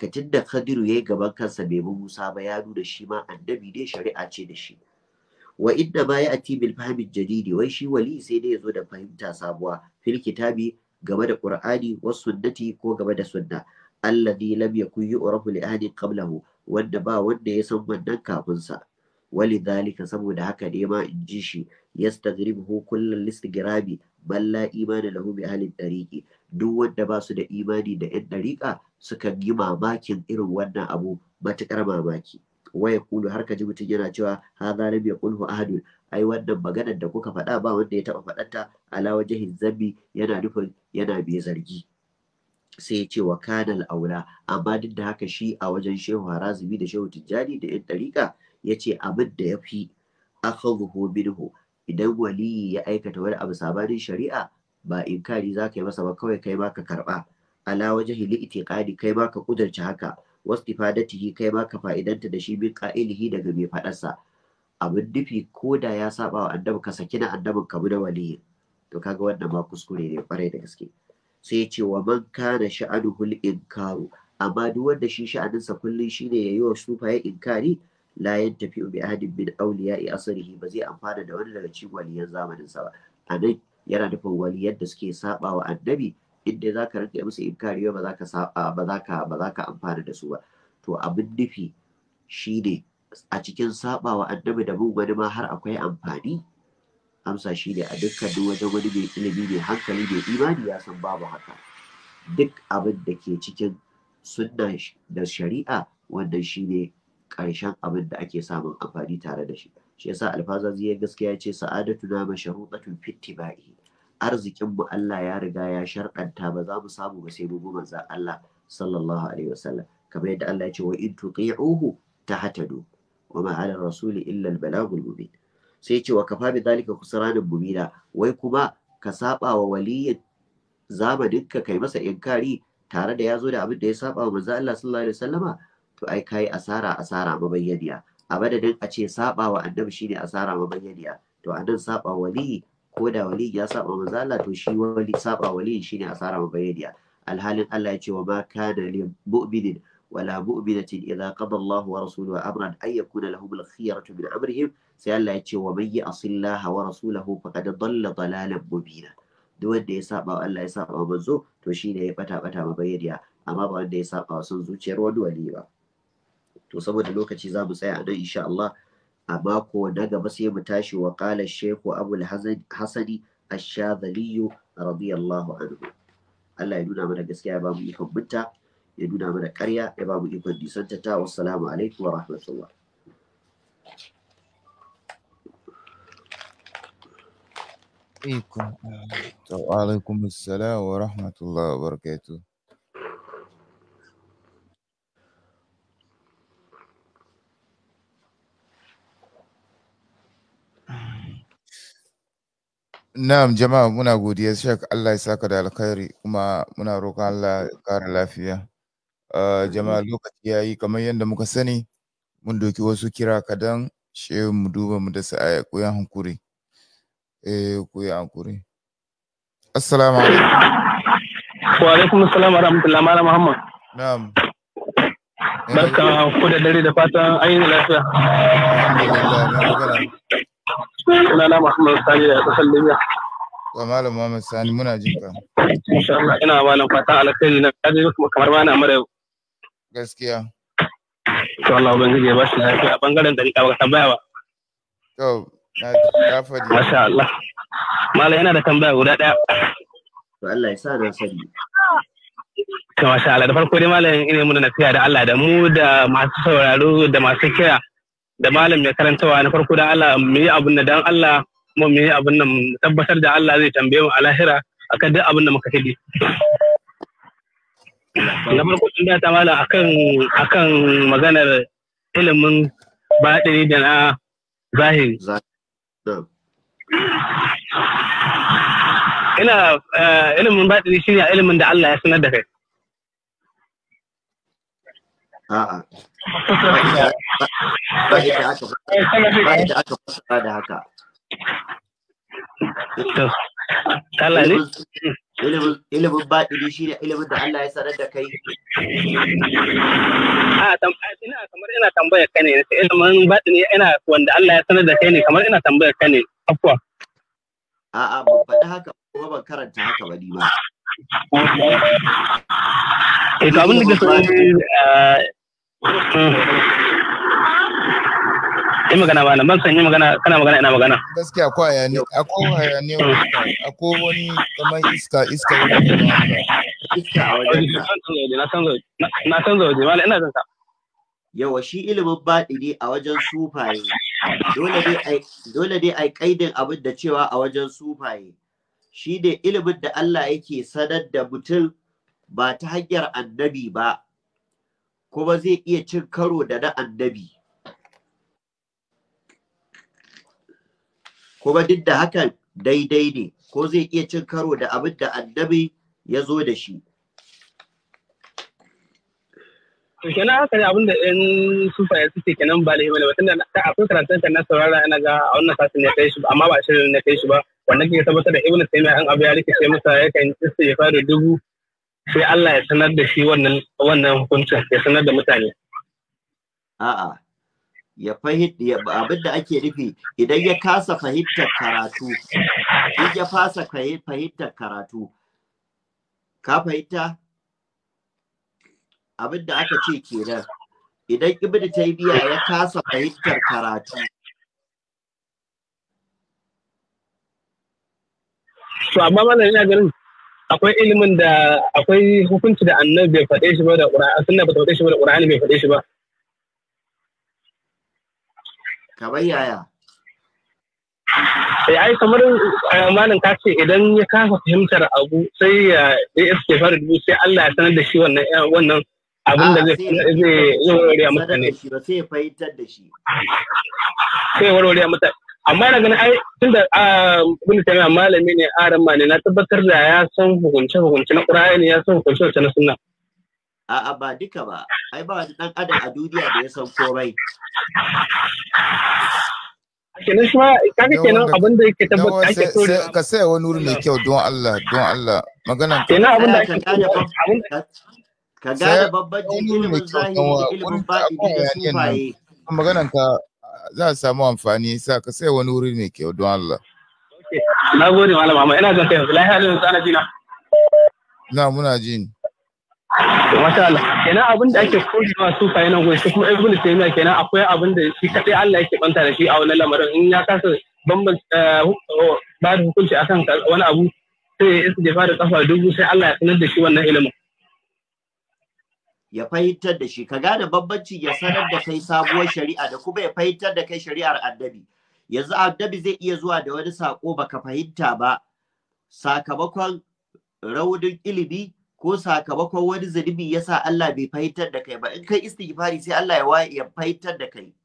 Kadiru ya yi gaban kansa bai bi musa ba ya nuna shi ma annabi ne shari'a ce da shi wa inda ma ya ati bil fahmi jadidi wai shi wali sai dai ya zo da fahimta sabuwa fil kitabi game da qur'ani wa sunnati ko game da sunna alladhi lam yakun yu'rafu li ahadin qablahu wanda ba wanda ya san wannan kafin sa walidhalika saboda haka ne ma in ji shi yastaghribuhu kullal istighrabi balla imani lahu bi ahli dariqi duk wanda ba su da imani da yan dariqa suka yi mamakin irin wannan abu matukar mamaki waya kulu har kaji mutun yana cewa hadha lam yaqulhu ahadun ai wannan maganar da kuka faɗa ba wanda ya taɓa faɗanta ala wajahin zambi yana nufin yana mai zargi sai ya ce wa kanal aula amma duk da haka shi a wajen shehu harazumi da shehu tijjani da yan dariqa ya ce abin da yafi fi akhadhuhu minhu idan waliyi ya aikata wani abu sabanin shari'a ba inkari za ka yi masa ba kawai kai ma ka karɓa ala hili itiƙadi kai ma ka ƙudurci haka Wasu tifadatihi kai ma ka fa'idanta da shi bi ƙa'ilihi daga mai faɗarsa. abin dufi ko da ya saba wa annabi ka saki na annabin ka bi na waliyi to kaga wannan ma kuskure ne ƙwarai da gaske sai ya ce wa man kana sha'anuhul inkaru amma duk wanda shi sha'aninsa kullum shine ya yi wa sufaye inkari la yattafi'u bi ahadin min awliya'i asrihi ba zai amfana da wani daga cikin waliyan zamanin sa ba anan yana nufin waliyan da suke saba wa annabi inda za ka rinka musu inkari ba ba za ka amfana da su ba to abin nufi shine a cikin saba wa annabi da bin wani ma har akwai amfani amsa shine a dukkan wajen wani mai ilimi mai hankali mai imani ya san babu haka duk abin da ke cikin sunna da shari'a wannan shine ƙarshen abin da ake samun amfani tare da shi shi yasa alfazazi ya gaskiya ce sa'adatu na mashrutatun fitti ba'i arzikin mu Allah ya riga ya sharɗanta ba za mu samu ba sai mu bi manzon Allah sallallahu alaihi wasallam kamar yadda Allah ya ce wa in tuqi'uhu tahtadu wa ma 'ala rasuli illa al-balagul mubin sai ce wa kafa bi dalika kusranan mubina wai kuma ka saba wa waliyin zamaninka kai masa inkari tare da ya zo da abin da ya saba wa manzon Allah sallallahu alaihi wasallama to ai kai asara asara mabayyaniya a madadin a ce saba wa annabi shine asara mabayyaniya to a nan saba wali ko da wali ya saba manzala to shi wali saba wali shine asara mabayyaniya alhalin Allah ya ce wa ma kana li mu'minin wala mu'minatin idza qada Allah wa rasuluhu amran ay yakuna lahum al-khiyaratu min amrihim sai Allah ya ce wa man ya'sil Allah wa rasulahu faqad dalla dalalan mubina duk wanda ya saba wa Allah ya saba manzo to shine ya bata bata mabayyaniya amma ba wanda ya saba wa son zuciyar wani wali ba to saboda lokaci zamu tsaya a nan insha Allah a mako na gaba sai mu tashi wa qala shaykhu abul hasani ash-shadhali radiyallahu anhu Allah ya duna mana gaskiya ya ba mu ikon binta ya duna mana ƙarya ya ba mu ikon ta wassalamu alaikum wa rahmatullah عليكم السلام ورحمة الله وبركاته Na'am jama'a muna godiya Sheikh Allah ya saka da alkhairi kuma muna roƙon Allah ya ƙara lafiya. Ah, jama'a lokaci ya yi kamar yadda muka sani mun doki wasu kira kadan shehu mu duba mu da sa'aya ku ya hankuri. Eh ku ya hankuri. Assalamu alaikum. Wa alaikum assalam wa rahmatullahi malam Muhammad. Na'am. Barka ku da dare da fatan ayyuka lafiya. Alhamdulillah na na Muhammad Sani da kasar Libya. Wa Malam Muhammad Sani muna jin ka. Insha Allah ina nan fata alkhairi na kaje kuma kamar ba na mara yau. Gaskiya. To Allah ubangiji ya ba shi lafiya a bangaren dariƙa ba ka tambaya ba. To na ka Masha Allah. Malam yana da tambaya guda ɗaya. To Allah ya sa da sani. To masha Allah da farko dai malam ina muna nasiha da Allah da mu da masu sauraro da masu kira da malam mai karantawa na farko da Allah mu yi abin da dan Allah mu mu yi abin nan tabbatar da Allah zai tambaye mu a lahira akan duk abin da muka tabi na farko tun ta malam akan akan maganar ilimin baɗini da na zahiri ina eh, ilimin baɗini shine ilimin da Allah ya sanar da kai a'a ba yadda aka da shi ne ilimin da Allah ya sanar da kai. ina kamar ina tambayar ka ne, ilimin ina wanda Allah ya sanar da kai ne kamar ina tambayar ka ne, afuwa. A'a ban faɗi haka kuma ban karanta haka ba ni ba. Eh to abin da so yi magana ba ban san yi magana kana magana ina magana gaskiya akwai hayani akwai ne akwai wani kamar iska iska iska a na san zauje mala ina zan sa yawa shi ilimin ne a wajen sufaye dole dai ai kaidin abin da cewa a wajen sufaye shi ne ilimin da Allah yake sanar da mutum ba ta hanyar annabi ba kuma zai iya cin karo da na annabi kuma duk da hakan daidai ne ko zai iya cin karo da abin da annabi ya zo da shi to kenan haka ne abinda sufa ya suke kenan ba lahimai ba tunda akwai karatun kan na saurara ina ga a wannan sasin ya kai shi ba amma ba shirin na kai shi ba wanda ke tabbatar da ibnu taymiya an abu ya rike sai masa yakan fara dubu sai Allah ya sanar da shi wannan wannan hukuncin ya sanar da mutane a'a ya fahimta abin da ake nufi idan ya kasa fahimtar karatu in ya fasa fahimtar karatu ka fahimta abin da aka ce kenan idan ibnu taymiya ya kasa fahimtar karatu to amma mana ina ganin akwai ilimin da akwai hukunci da annabi bai faɗe shi ba da ƙura'a sunna ba ta faɗe shi ba da ƙur'ani bai faɗe shi ba kamar yaya eh, ai kamar eh, malam ka ce idan ya kafa fahimtar abu sai ya ya iske fara dubu sai Allah ya sanar da shi wannan eh, wannan abin da zai warware mutane sai ya fahimtar da shi sai warware mutane amma da ganin ai tunda wani ah, tana malami ne aran ne na tabbatar da ya san hukunce hukunce na ne ya san hukunce hukunce na suna. a'a ba duka ba ai ba wani dan adam a duniya da ya san komai kenan shi ma kaga kenan abin da yake tabbata ake so ka sai wani wuri mai kyau don Allah don Allah magana kenan abin da ake ka gane babban ilimin zahiri da ilimin baɗi da faye. maganan ka za a samu amfani sa ka sai wani wuri mai kyau don Allah. Na gode malama amma ina zan kai lahi halin sana jina. Na muna ji. Masha Allah. Kenan abin da ake ma su fa yana goyi kuma Ibn Taymiyyah kenan akwai abin da shi kadai Allah yake banta da shi a wannan lamarin in ya kasa bamban eh, ba da hukunci akan wani abu sai ya isa jefa da kafa dubu sai Allah ya sanar da shi wannan ilimin. ya fahimtar da shi ka gane bambanci ya sanar da kai sabuwar shari'a da kuma ya fahimtar da kai shari'ar addabi yanzu addabi zai iya zuwa da wani sako baka fahimta ba sakamakon raunin ilimi ko sakamakon wani zunubi yasa Allah bai fahimtar da kai ba in kai istighfari sai Allah ya waye ya fahimtar da kai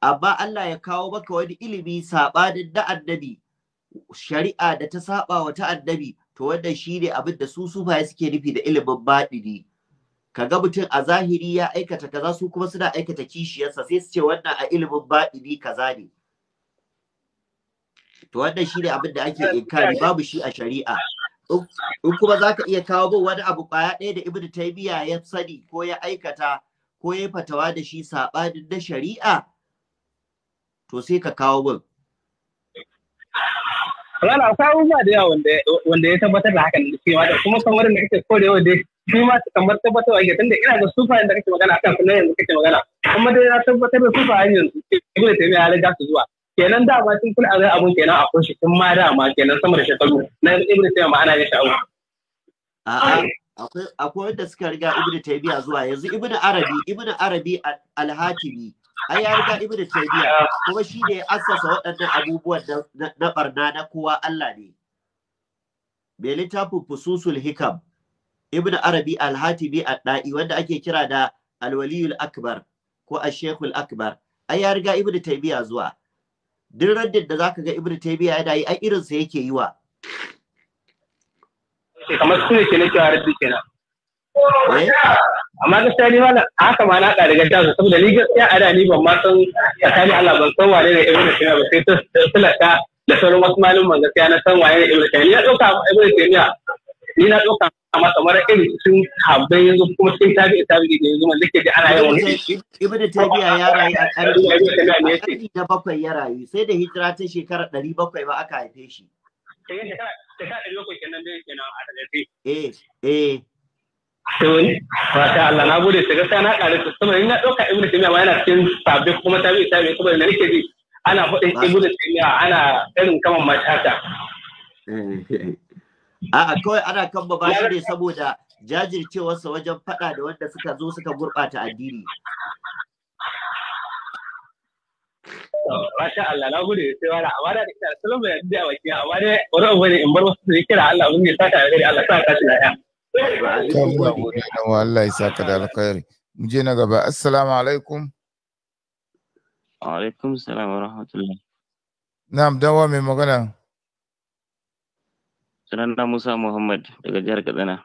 amma Allah ya kawo maka wani ilimi saɓanin na annabi shari'a da ta saba wa ta annabi to wannan shine abin da su sufaye suke nufi da ilimin baɗini kaga mutum a zahiri ya aikata kaza su kuma suna aikata kishiyarsa sai su ce wannan a ilimin baɗini kaza ne to wannan shine abin da ake inkari babu shi a shari'a in kuma za ka iya kawo min wani abu ƙwaya ɗaya da ibnu taymiya ya sani ko ya aikata ko ya fatawa da shi saɓanin na shari'a to sai ka kawo min Rana akwai abubuwa da yawa wanda ya tabbatar da hakan da cewa da kuma kamar da kake korewa dai shi ma su kamar tabbatarwa yake tunda ina da sufayen da kake magana akan kullum yanzu kake magana amma dai na tabbatar da sufayen yanzu ta taymiya ya riga su zuwa kenan da ma tun kun azai abun kenan a kunshi tun ma da ma kenan sama da shekaru na ibnu taymiya ma ana yin sha'awa a'a akwai akwai wanda suka riga ibnu taymiya zuwa yanzu ibnu arabi ibnu arabi al-hatimi ai ya riga ibnu taymiya kuma shi ne ya assasa waɗannan abubuwan na barna na kowa Allah ne bai littafin fususul hikam ibn arabi al-hatibi ad-da'i wanda ake kira da al-waliyul akbar ko ash-shaykhul akbar ai ya riga ibn taymiya zuwa duk raddin da zaka ga ibn taymiya yana yi ai irin sa yake yi wa kamar su ne ke nake raddi kenan eh? amma gaskiya ni malam haka ma na haɗa daga jihar saboda ni gaskiya a da ni ban ma san tsakanin Allah ban san wane ne Ibn Taymiyyah ba sai ta sulata da sauran wasu malaman gaskiya na san wane ne Ibn Taymiyyah ya ɗauka Ibn Taymiyyah ni na ɗauka amma kamar irin sun habbai yanzu kuma cikin tabi da tabi da yanzu mallake da ana yawan da ta biya ya rayu a ƙarni da bakwai ya rayu sai da hijira ta shekara ɗari bakwai ba aka haife shi eh eh to fata Allah na gode ta gaskiya na ƙare ta saboda in na ɗauka ibnu tabiya ma yana cikin sabbi kuma ta biyu da tabi saboda na nake ji ana faɗin ibnu tabiya ana irin kaman matata eh, eh, eh. A'a kawai ana kan ba ne saboda jajircewarsa wajen faɗa da wanda suka zo suka gurɓata addini. Masha Allah, na gode sai wani amma da ita salon bai yadda a wakil amma dai wani abu ne in bar wasu su kira Allah mun yi abin ya saka alheri Allah sa ka tunaya. Allah ya sa ka da alkhairi. Mu je na gaba. Assalamu alaikum. Wa alaikum salam wa rahmatullah. Na'am, dawa mai magana. sunana Musa Muhammad daga jihar Katsina.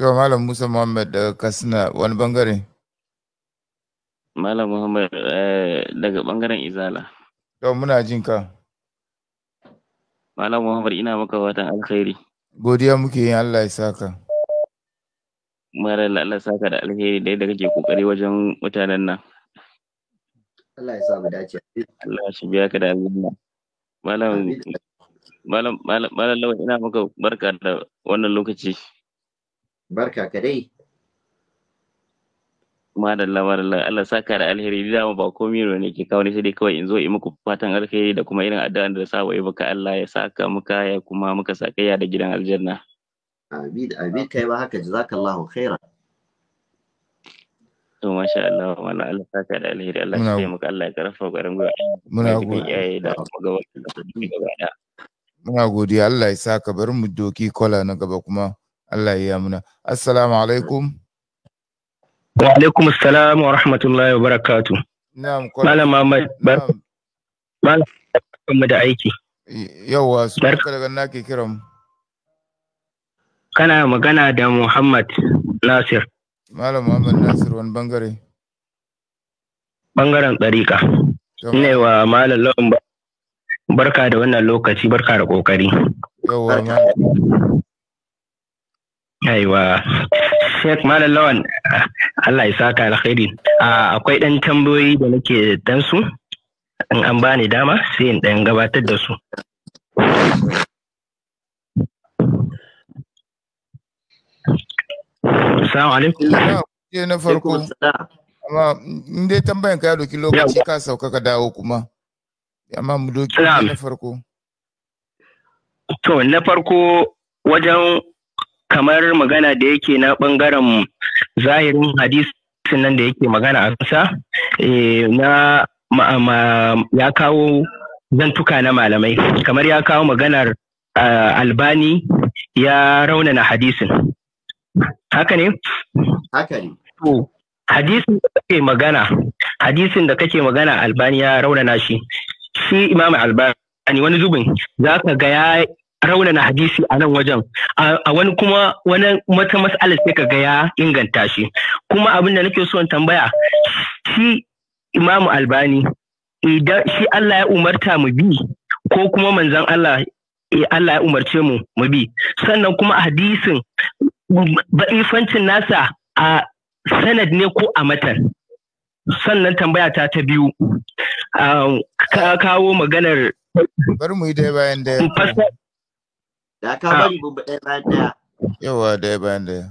To Malam Musa Muhammad daga Katsina wani bangare? Malam Muhammad eh, daga bangaren Izala. To muna jin ka. Malam Muhammad ina maka watan alkhairi. Godiya muke yin Allah ya saka. Mara Allah saka da alheri da kake kokari wajen mutanen nan. Allah ya sa mu dace. Allah ya shi biya ka da alheri. Malam malam malam ina maka barka da wannan lokaci barka ka dai madalla madalla Allah saka da alheri da ba komai ne ke kawo ne sai dai kawai in zo in muku fatan alheri da kuma irin addu'an da saba yi baka Allah ya saka muka ya kuma muka saka ya da gidan aljanna amin amin kai ba haka jazakallahu khaira. to masha Allah wannan Allah saka da alheri Allah ya muka Allah ya karfa garin gwiwa muna gode da gaba da muna godiya Allah ya saka bari mu doki kola na gaba kuma Allah ya muna assalamu alaikum wa alaikum assalam wa rahmatullahi wa barakatu na'am kola malam Muhammad malam da aiki yawa su barka daga nake kiran kana magana da Muhammad Nasir malam Muhammad Nasir wani bangare bangaren tsarika ne wa malam lawan Barka da wannan lokaci, barka da ƙoƙari. Yawwa ma. Aiwa, Sheikh Malam Lawan, Allah ya saka alkhairi. Akwai ɗan tambayoyi da nake dan su, in an bani dama sai in ɗan gabatar da su. Assalamu alaikum. Ya na farko. Amma in dai tambayan ka ya doki lokaci ka sauka ka dawo kuma. amma mu doki na farko to na farko wajen kamar magana da yake na bangaren zahirin hadisi nan da yake magana a kansa eh, na ya kawo zantuka na malamai kamar ya kawo maganar ah, albani ya raunana hadisin haka ne? haka ne hadisin da kake magana hadisin da kake magana albani ya raunana shi shi Imam Albani wani zubin za ka ga ya raunana hadisi a nan wajen a wani kuma wani wata mas'ala sai ka ga ya inganta shi kuma abin da nake so in tambaya shi Imam Albani idan shi Allah ya umarta mu bi ko kuma manzon Allah eh, Allah ya umarce mu mu bi sannan kuma a hadisin ba'ifancin nasa a sanad ne ko a matan sannan tambaya ta ta biyu um, ka kawo maganar bari mu yi daya bayan daya da ka bari mu daya bayan daya yawa daya bayan daya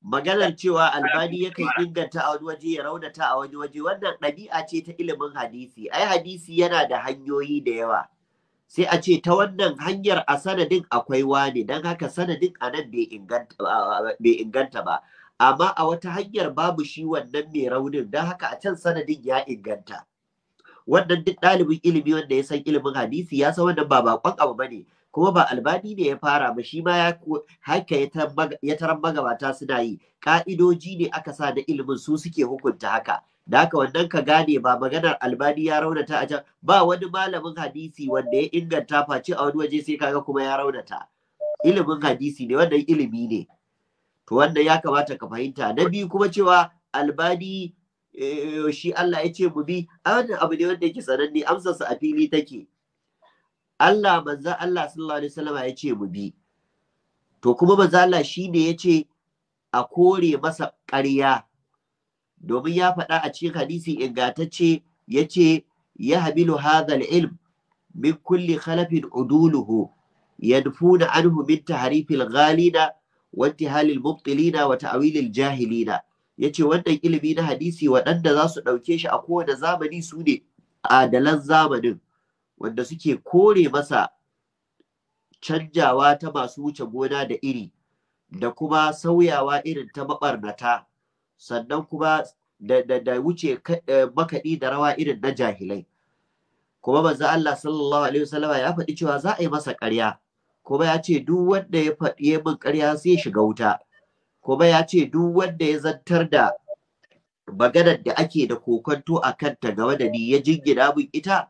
maganar cewa albani yakan inganta a wani waje ya raunata a wani waje wannan ɗabi'a ce ta ilimin hadisi ai hadisi yana da hanyoyi da yawa sai a ce ta wannan hanyar a sanadin akwai wane don haka sanadin a nan bai inganta ba amma a wata hanyar babu shi wannan mai raunin don haka a can sanadin ya inganta wannan duk ɗalibin ilimi wanda ya san ilimin hadisi ya san wannan ba bakon abu bane kuma ba albani ne ya fara ba shi ma haka ya taran magabata suna yi ka'idoji ne aka sa da ilimin su suke hukunta haka da haka wannan ka gane ba maganar albani ya raunata a can ba wani malamin hadisi wanda ya inganta face a wani waje sai kaga kuma ya raunata ilimin hadisi ne wannan ilimi ne to wanda ya kamata ka fahimta na biyu kuma cewa albadi, eh, shi Allah ya ce mu bi a wannan abu ne wanda yake sananne sa a fili take Allah manzo Allah sallallahu alaihi wasallam ya ce mu bi to kuma manzo Allah shi ne ya ce a kore masa ƙarya domin ya faɗa a cikin hadisi ingantacce ya ce ya habilu hadhal ilm min kulli khalafin uduluhu yadfuna anhu min tahrifil ghalina Wanti halil mubtilina wa ta'wilil jahilina yace wannan ilimi na hadisi waɗanda za su ɗauke shi a kowane zamani su ne adalan zamanin wanda suke kore masa canjawa ta masu wuce gona da iri da kuma sauyawa irin ta maɓarnata sannan kuma da, wuce eh, makaɗi da rawa irin na jahilai kuma manzo Allah sallallahu alaihi wasallama ya faɗi cewa za a yi masa ƙarya kuma ya ce duk wanda ya faɗi min ƙarya sai shiga wuta kuma ya ce duk wanda ya zantar da maganar da ake da kokonto a kanta game da ni ya jingina mun ita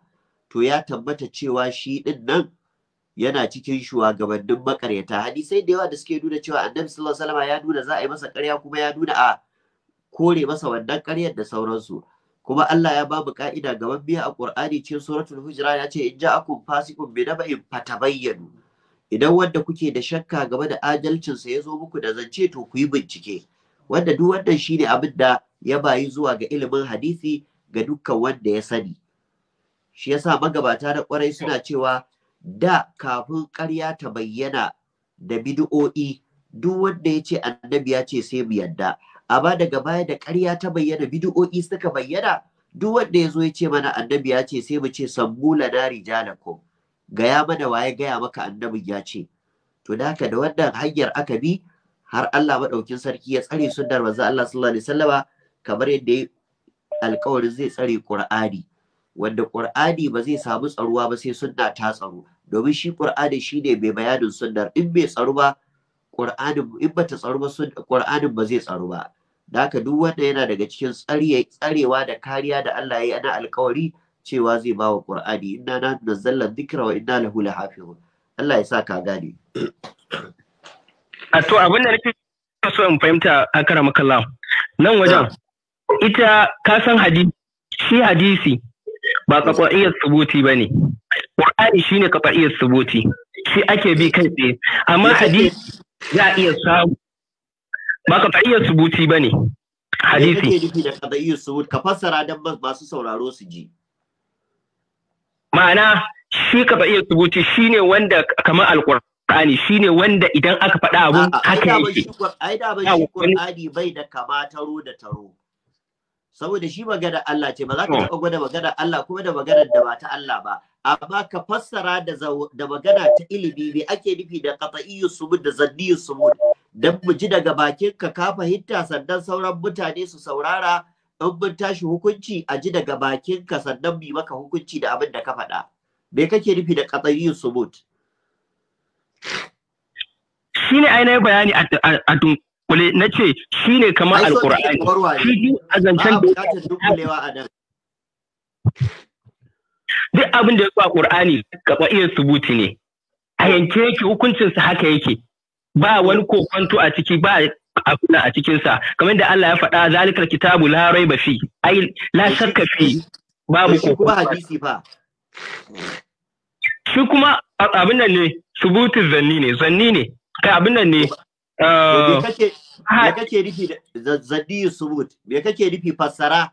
to ya tabbata cewa shi ɗin nan yana cikin shugabannin makaryata hadisai da yawa da suke nuna cewa annabi sallallahu alaihi ya nuna za a yi masa ƙarya kuma ya nuna a kore masa wannan ƙaryar da sauransu kuma Allah ya babu ka'ida gaban biya a Qur'ani cikin suratul hujra ya ce in ja'akum fasiqun bi naba'in fatabayyanu idan wanda kuke da shakka game da adalcinsa ya zo muku da zance to ku yi bincike wanda duk wannan ne abin da ya bayi zuwa ga ilimin hadisi ga dukkan wanda ya sani shi yasa magabata da kwarai suna cewa da kafin ƙarya ta bayyana da bid'o'i duk wanda ya ce annabi ya ce sai mu yadda ba daga baya da ƙarya ta bayyana bid'o'i suka bayyana duk wanda ya zo ya ce mana annabi ya ce sai mu ce sambula na rijalakum gaya mana waye gaya maka annabin ya ce to da haka da wannan hanyar aka bi har Allah maɗaukin sarki ya tsare sunnar manzo Allah sallallahu alaihi wasallama kamar yadda alƙawarin zai tsare Qur'ani wanda Qur'ani ba zai samu tsaruwa ba sai sunna ta tsaro domin shi Qur'ani shine mai bayanin sunnar in bai tsaro ba Qur'anin in bata tsaro ba Qur'ani ba zai tsaro ba da haka duk wanda yana daga cikin tsarewa da kariya da Allah ya yi na alkawari cewa zai ba wa ƙur'ani inna na nazzalna dhikra wa inna lahu lahafizun Allah ya sa ka gane a to abin da nake so in fahimta a akara makalla nan wajen ita ka san hadisi shi hadisi ba kafaiyar subuti ba ne shi ne kafaiyar subuti shi ake bi kai tsaye amma hadisi za a iya samu ba kafaiyar subuti ba ne hadisi ka fassara don masu sauraro su ji ma'ana shi ka iya shi ne wanda kamar shi ne wanda idan aka faɗa abun haka yake ai da ba shi qur'ani bai da kama taro da taro saboda shi magana Allah ce ba za ka oh. taɓa gwada magana Allah kuma da maganar da ba ta Allah ba amma ka fassara da da magana ta ilimi me ake nufi da qat'iyyu subud da zaddiyyu subud dan mu ji daga bakin ka ka fahimta sannan sauran mutane su saurara in mun tashi hukunci a ji daga bakin ka sannan bi maka hukunci da abin da ka faɗa me kake nufi da qatariyus subut shine ainihin bayani a dunkule na ce shine kamar alqur'ani shi duk a zancen da duk abin da ya zuwa qur'ani iya subuti ne a yanke yake hukuncinsa haka yake ba wani kokonto a ciki ba abuna a cikinsa kamar da Allah ya faɗa zalikar kitabu la raiba fi ai la shakka fi babu ko kuma hadisi fa shi kuma abin nan ne subutu zanni ne zanni ne kai abin nan ne ah, me kake rufi zaddi subut me kake rufi fassara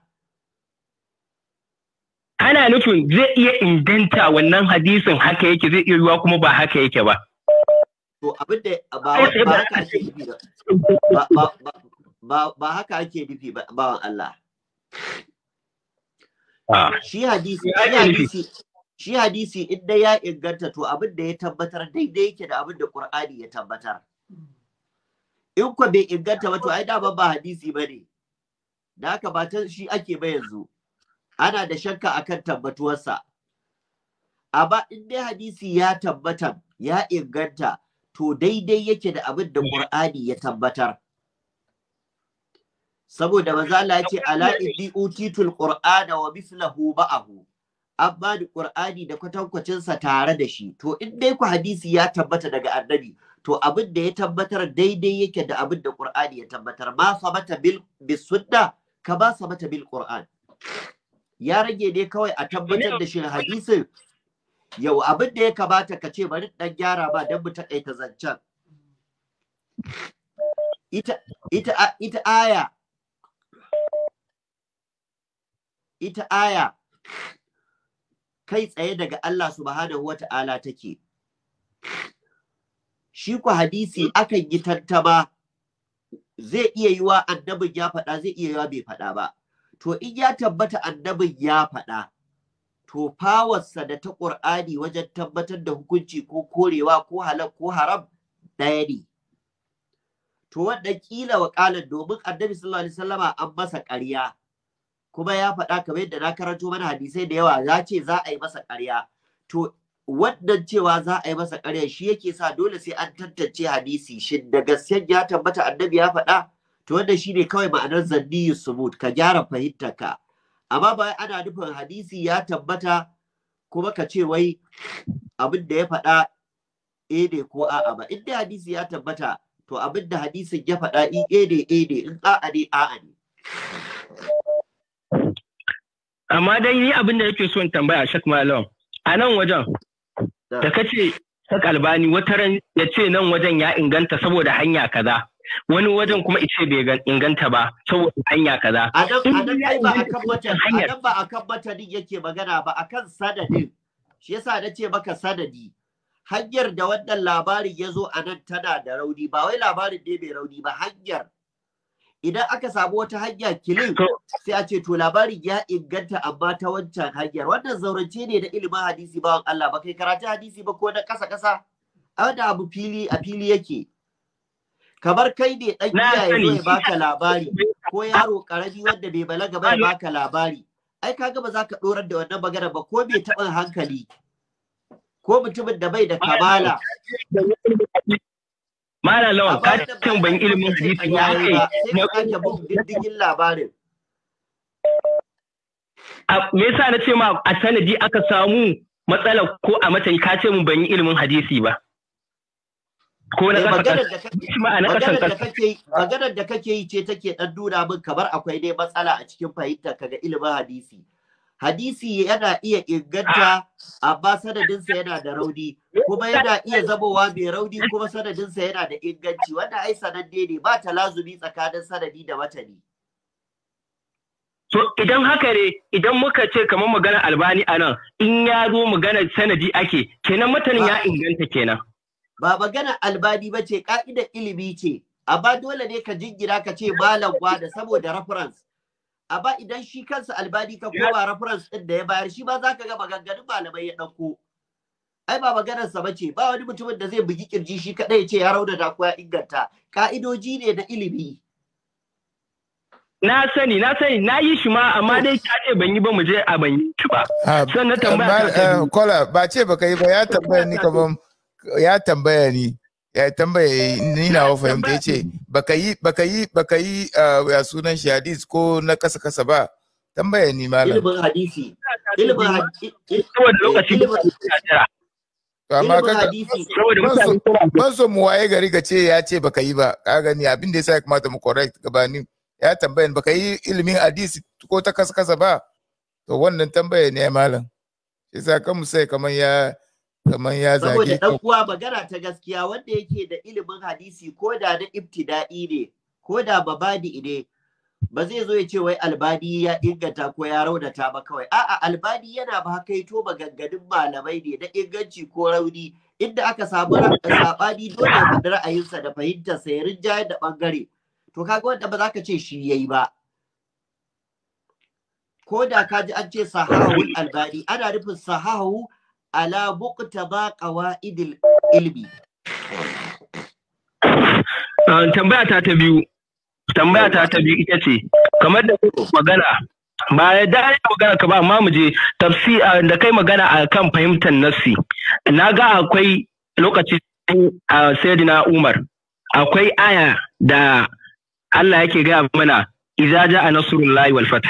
ana nufin zai iya inganta wannan hadisin haka yake zai iya yiwa kuma ba haka yake ba To abin da ba haka ake nufi ba. Ba haka ake nufi ba bawan Allah. Ah. Shi hadisi, shi hadisi, shi hadisi in dai ya inganta to abin da ya tabbatar daidai yake da abin da Qur'ani ya tabbatar. In ko bai inganta ba to ai da ba hadisi ba ne. Da haka ba ta shi ake ba yanzu. Ana da shakka akan tabbatuwarsa. Amma in dai hadisi ya tabbata, ya inganta, to daidai yake da abin da Qur'ani ya tabbatar saboda manzo Allah ce ala idi utitul qur'ana wa mislahu ba'ahu an ba da Qur'ani da kwatankwacinsa tare da shi to in dai ku hadisi ya tabbata daga annabi to abin da ya tabbatar daidai yake da abin da Qur'ani ya tabbatar ma sabata bil bisunna ka ba sabata bil Qur'an ya rage ne kawai a tabbatar da shi hadisin yau abin da ya kamata ka ce bari dan gyara ba dan mu takaita zancen ita ita ita aya ita aya kai tsaye daga Allah subhanahu wata'ala take shi ku hadisi akan yi tantama zai iya yiwa annabin ya faɗa zai iya yiwa bai faɗa ba to in ya tabbata annabin ya faɗa to fawarsa da ta ƙur'ani wajen tabbatar da hukunci ko korewa ko halal ko haram ɗaya ne to wanda ƙila wa ƙalar domin annabi sallallahu alaihi wasallama an masa ƙarya kuma ya faɗa kamar yadda na karanto mana hadisai da yawa ya ce za a yi masa ƙarya to wannan cewa za a yi masa ƙarya shi yake sa dole sai an tantance hadisi shin da gaskiyan ya tabbata annabi ya faɗa to wanda shine kawai ma'anar zanniyu subut ka gyara fahimtarka amma ba ana nufin hadisi ya tabbata kuma ka ce wai abin da ya faɗa A ne ko a'a ba inda hadisi ya tabbata to abin da hadisin ya faɗa in e ne A ne in a'a ne a'a ne amma dai ni abin da yake so in tambaya shak malam a nan wajen da ka ce shak albani wataran ya ce nan wajen ya inganta saboda hanya kaza wani wajen kuma ice bai inganta ba saboda hanya kaza a ba akan wata din yake magana ba akan sadadin shi yasa na ce maka sadadi hanyar da wannan labarin ya zo a nan tana da rauni ba wai labarin ne mai rauni ba hanyar idan aka samu wata hanya kilin sai a ce to labarin ya inganta amma ta wancan hanyar wannan zaurance ne da ilimin hadisi ba, Allah ba kai karatu hadisi ba ko na kasa kasa a wanda abu fili a fili yake kamar kai ne ɗan iyaye ne ya baka labari ko yaro karami wanda bai balaga ba ya baka labari ai kaga ba za ka ɗorar da wannan magana ba ko bai taɓin hankali ko mutumin da bai da kamala Mala lawa, ka ban ilimin hadisi ya kai ka kake bin diddigin labarin me yasa na ce ma a sanadi aka samu matsala ko a matan ka ce mun ban yi ilimin hadisi ba ko na maganar da kake yi ce take dan nuna min kamar akwai dai matsala a cikin fahimta kaga ilimin hadisi hadisi yana iya inganta ah. amma sanadinsa yana da rauni kuma yana iya zamowa mai rauni kuma sanadinsa yana da inganci wanda ai sananne ne ba ta lazumi tsakanin sanadi da matani. So idan haka ne idan muka ce kamar maganar albani anan in ya zo maganar sanadi ake kenan matanin ya ah. inganta kenan ba magana albadi ba ce ka'idar ilimi ce amma dole ne ka jingira ka ce malam da saboda reference amma idan shi kansa albadi ka koma reference ɗin da ya bayar shi ba za ka ga maganganun malamai ya ɗauko ai ba maganar sa bace ba wani mutumin da zai bugi kirji shi kadai ya ce ya rauna da ya inganta ka'idoji ne na ilimi Na sani, na sani, na yi shi ma, amma dai ta ce ban yi ba mu je a ban yi shi ba. Ah, Sannan tambaya ta eh, Kola, ba ce ba ka yi ba, ya tambaya ni ka mu. ya tambaya ni ya tambaya ni eh, na fahimta ya ce baka yi baka yi baka yi a sunan shi hadis ko na kasa kasa ba tambaya ni malam ilimin hadisi ilimin hadisi lokaci amma kaga ban so mu waye gari ga ce ya ce baka yi ba ka gani abin da yasa ya kamata mu correct gabanin ya tambaya baka yi ilimin hadisi ko ta kasa kasa ba to wannan tambaya ne malam yasa kan mu sai kamar ya kamar ya zage saboda dan uwa magana ta gaskiya wanda yake da ilimin hadisi ko da na ibtida'i ne ko da babadi ne ba zai zo ya ce wai albadi ya inganta ko ya raunata ba kawai a'a albadi yana ba kai to maganganun malamai ne na inganci ko rauni inda aka samu sabani dole da ra'ayinsa da fahimtar sa ya rinjaye da bangare to kaga wanda ba za ka ce shi yayi ba ko da ka ji an ce sahahul albani ana nufin sahahu ala kawa idil ilmi ah, tambaya ta ta biyu tambaya ta ta biyu ita ce kamar da magana ba ya da magana ka ba amma mu je tafsi ah, da kai magana a kan fahimtar nafsi. na ga akwai lokaci a ah, sayyidina Umar akwai aya da Allah yake gaya mana idza ja'a nasrullahi wal fath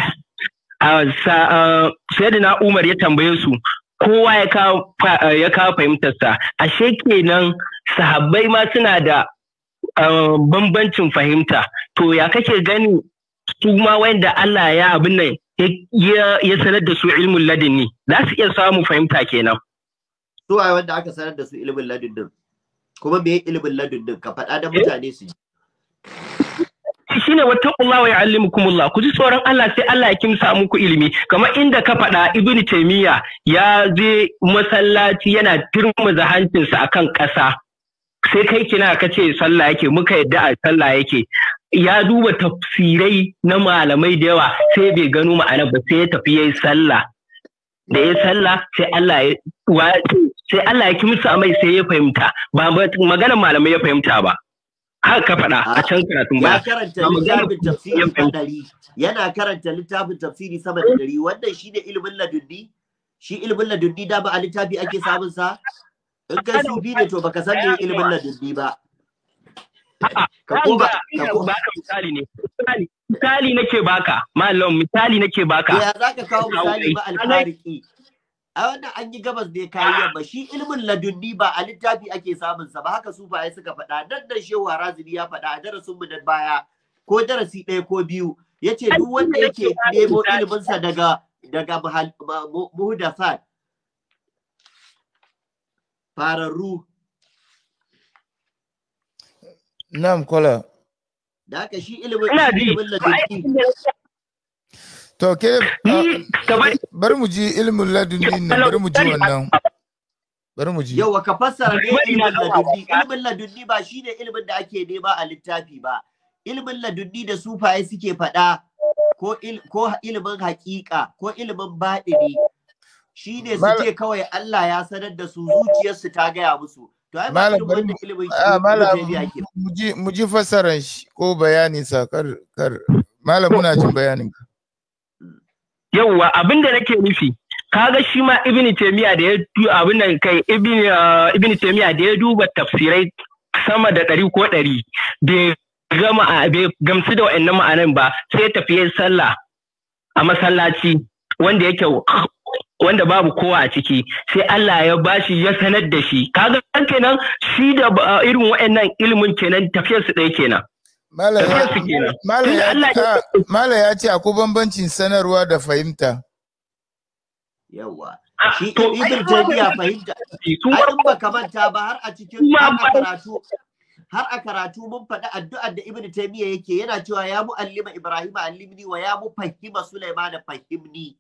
sayyidina Umar ya tambaye su kowa eh, ya kawo fahimtarsa ashe kenan sahabbai ma suna da eh, bambancin fahimta to ya kake gani su ma wanda Allah ya abin nan ya sanar da su ilmin ladini za su iya samun fahimta kenan su waye wanda aka sanar da su ilmin ladin din kuma me ilmin ladin din ka faɗa da mutane su shine wattaqullaha wa yu'allimukumullah ku ji tsoron Allah sai Allah ya kimsa muku ilimi kamar inda ka faɗa Ibn Taymiyyah ya je masallaci yana turmuza hancinsa akan ƙasa sai kai kina ka ce sallah yake muka yadda a sallah yake ya duba tafsirai na malamai da yawa sai bai gano ma'ana ba sai ya tafi yayi sallah da ya sallah sai Allah ya sai Allah ya kimsa mai sai ya fahimta ba maganar malamai ya fahimta ba haka faɗa a can karatun ba. Ya karanta littafin tafsiri sama ɗari. Yana karanta littafin tafsiri sama da ɗari. Wannan shi ne ilimin ladunni? Shi ilimin ladunni da ba a littafi ake samun sa? In kai sufi ne to baka san me ilimin ladunni ba. Ka ba ka ka misali ne. Misali nake baka. Malam misali nake baka. Ya za ka kawo misali ba alfariki. a wanda an yi gabas ne kayi yamma shi ilmin ladunni ba a littafi ake samun sa ba haka su ba suka faɗa nan da shehu harazini ya faɗa a darasin mu na baya ko darasi ɗaya ko biyu yace duk wanda yake nemo ilimin sa daga daga muhdasat fararru Na'am kola. Da haka shi ilmin ilimin ladunni To ke ah, bari mu ji ilmin ladunni nan bari mu ji wannan. Bari mu ji. Yawa ka fassara ne ilmin ladunni. Ilmin ladunni ba shi ne ilmin da ake nema a littafi ba. Ilmin ladunni da sufaye suke faɗa ko ilimin haƙiƙa ko ilimin baɗini shi ne suke kawai Allah ya sanar da su zuciyarsu ta gaya musu. Malam ah, mu ji fasaran shi ko bayani sa kar kar malam muna jin bayanin ka. yauwa abin da nake nufi kaga shi ma ibn taymiya da ya abin nan kai ibn uh, ibn da ya duba tafsirai sama da ɗari ko ɗari bai gama bai gamsu da wa'annan ma'anan ba sai ya tafi sallah a masallaci wanda yake wanda babu kowa a ciki sai Allah ya bashi ya sanar da shi kaga kenan shi da uh, irin wa'annan ilimin kenan tafiyarsu ɗaya kenan Mala ya ce akwai bambancin sanarwa da fahimta. Yawwa. Ah, Shi Ibn ba har a cikin karatu a karatu mun faɗi addu'ar da Ibn Taymiyyah yake yana cewa ya mu'allima Ibrahim allimni wa ya mu fahima Sulaiman fahimni.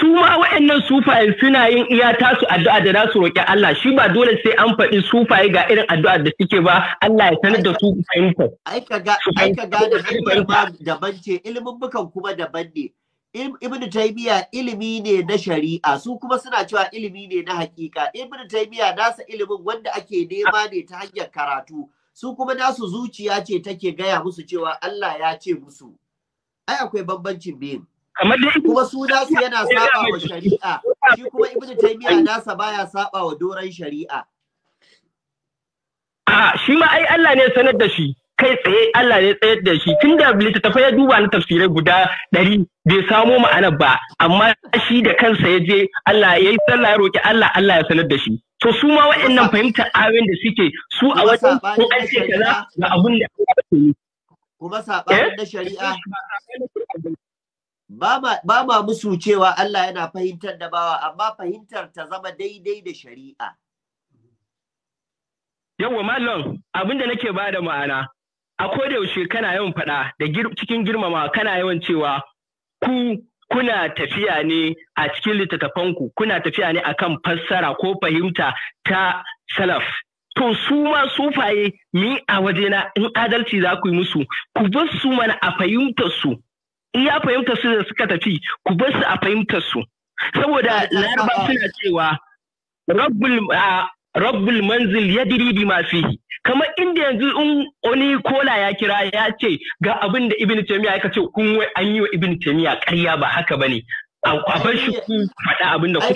su ma wa'annan sufaye suna yin iya tasu addu'a da za su roƙi Allah shi ba dole sai an faɗi sufaye ga irin addu'a da suke ba Allah ya sanar da su fahimta. Ai ka ga da hanyar ba daban ce ilimin bukan kuma daban ne. Ibn Taymiyyah ilimi ne na shari'a su kuma suna cewa ilimi ne na hakika Ibn Taymiyyah nasa ilimin wanda ake nema ne ta hanyar karatu su kuma nasu zuciya ce take gaya musu cewa Allah ya ce musu ai akwai bambancin biyu. kuma su nasu yana saba wa shari'a shi kuma ibn taymiya nasa baya saba wa doran shari'a a shi ma ai Allah ne sanar da shi kai tsaye Allah ne tsayar da shi tun da littattafai ya duba na tafsirai guda ɗari bai samo ma'ana ba amma shi da kansa ya je Allah ya yi sallah ya roƙi Allah Allah ya sanar da shi to su ma waɗannan fahimtar awen da suke su a wajen ko an ce kaza ga abun da Allah ya kuma sabanin da shari'a eh? ba ma musu cewa Allah yana fahimtar da bawa amma fahimtar ta zama daidai da shari'a. Yawwa Mallam abin da nake ba da ma'ana a yaushe kana yawan faɗa da cikin girmama kana yawan cewa ku kuna tafiya ne a cikin littattafanku kuna tafiya ne akan fassara ko fahimta ta salaf to su ma sufaye ni a wajena in adalci za ku yi musu ku bar su mana a fahimtar su ya fahimta su da suka tafi ku bar su a fahimta su saboda laraba suna cewa rabbul rabbul manzil yadri ma fihi kamar inda yanzu in wani kola ya kira ya ce ga abin da ibnu taymiya ya ce kun wai an yi wa ibnu taymiya ƙarya ba haka bane a bar shi ku faɗa abin da ku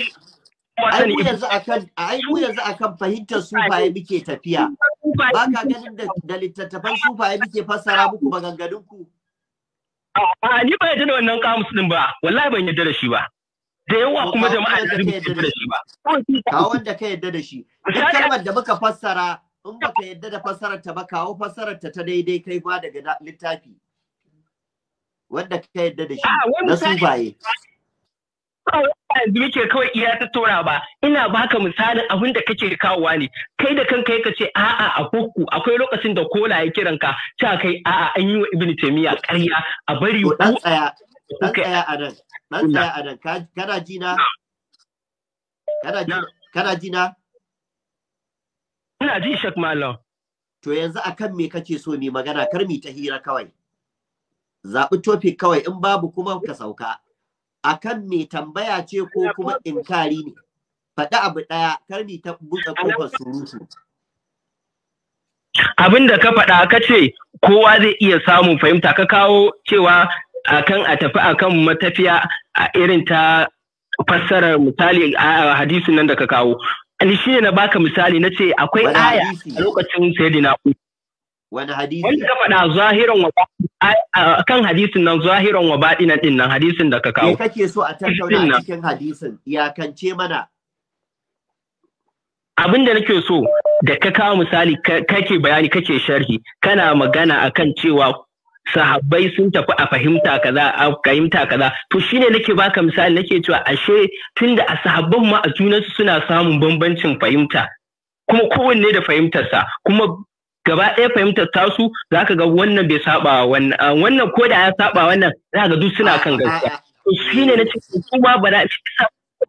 ai yanzu akan ai yanzu akan fahimtar sufaye muke tafiya ba ka ganin da littattafan sufaye muke fassara muku maganganun ku A ni ban yadda da wannan kamus din ba, wallahi ban yadda da shi ba. Da yawa kuma jama'a da ban yadda da shi ba. Kawo wanda ka yadda da shi. Duk kalmar da muka fassara in baka yadda da fassarar ta ba kawo fassarar ta ta daidai kai ba daga littafi. Wanda ka yadda da shi na sufaye. yanzu muke kawai iya ta tora ba ina baka misalin abin da kake kawowa ne kai da kanka yake ce a'a a kokku akwai lokacin da kola ya kiran ka ta kai a'a an yi wa ibnu taymiya ƙarya a bari ku dan tsaya dan tsaya a nan dan tsaya a nan kana ji na kana ji kana ji na ina ji shak mallam to yanzu akan me kake so ne magana kar mi ta hira kawai zaɓi topic kawai in babu kuma ka sauka akan mai tambaya ce ko kuma inkari ne faɗi abu ɗaya kar ni ta buɗe kofar surutu abin da ka faɗa ka ce kowa zai iya samun fahimta ka kawo cewa akan a tafi akan matafiya a irin ta fassarar misali a hadisin nan da ka kawo ni shi ne na baka misali na ce akwai aya a lokacin sayyidina wani hadisi wani ka faɗa zahiran wa kan hadisin nan zahiran wa baɗinan din nan hadisin da ka kawo me kake so a tattauna cikin hadisin Ya kance mana abin da nake so da ka kawo misali kake bayani kake sharhi kana magana akan cewa sahabbai sun tafi a fahimta kaza a fahimta kaza to shine nake baka misali nake cewa ashe tunda a sahabban ma a junansu suna samun bambancin fahimta kuma kowanne da fahimtarsa kuma gaba ɗaya fahimtar tasu za ka ga wannan bai saba wannan wannan ko da ya saba wannan za ka ga duk suna kan gaskiya to shi ne na cikin su ba ba su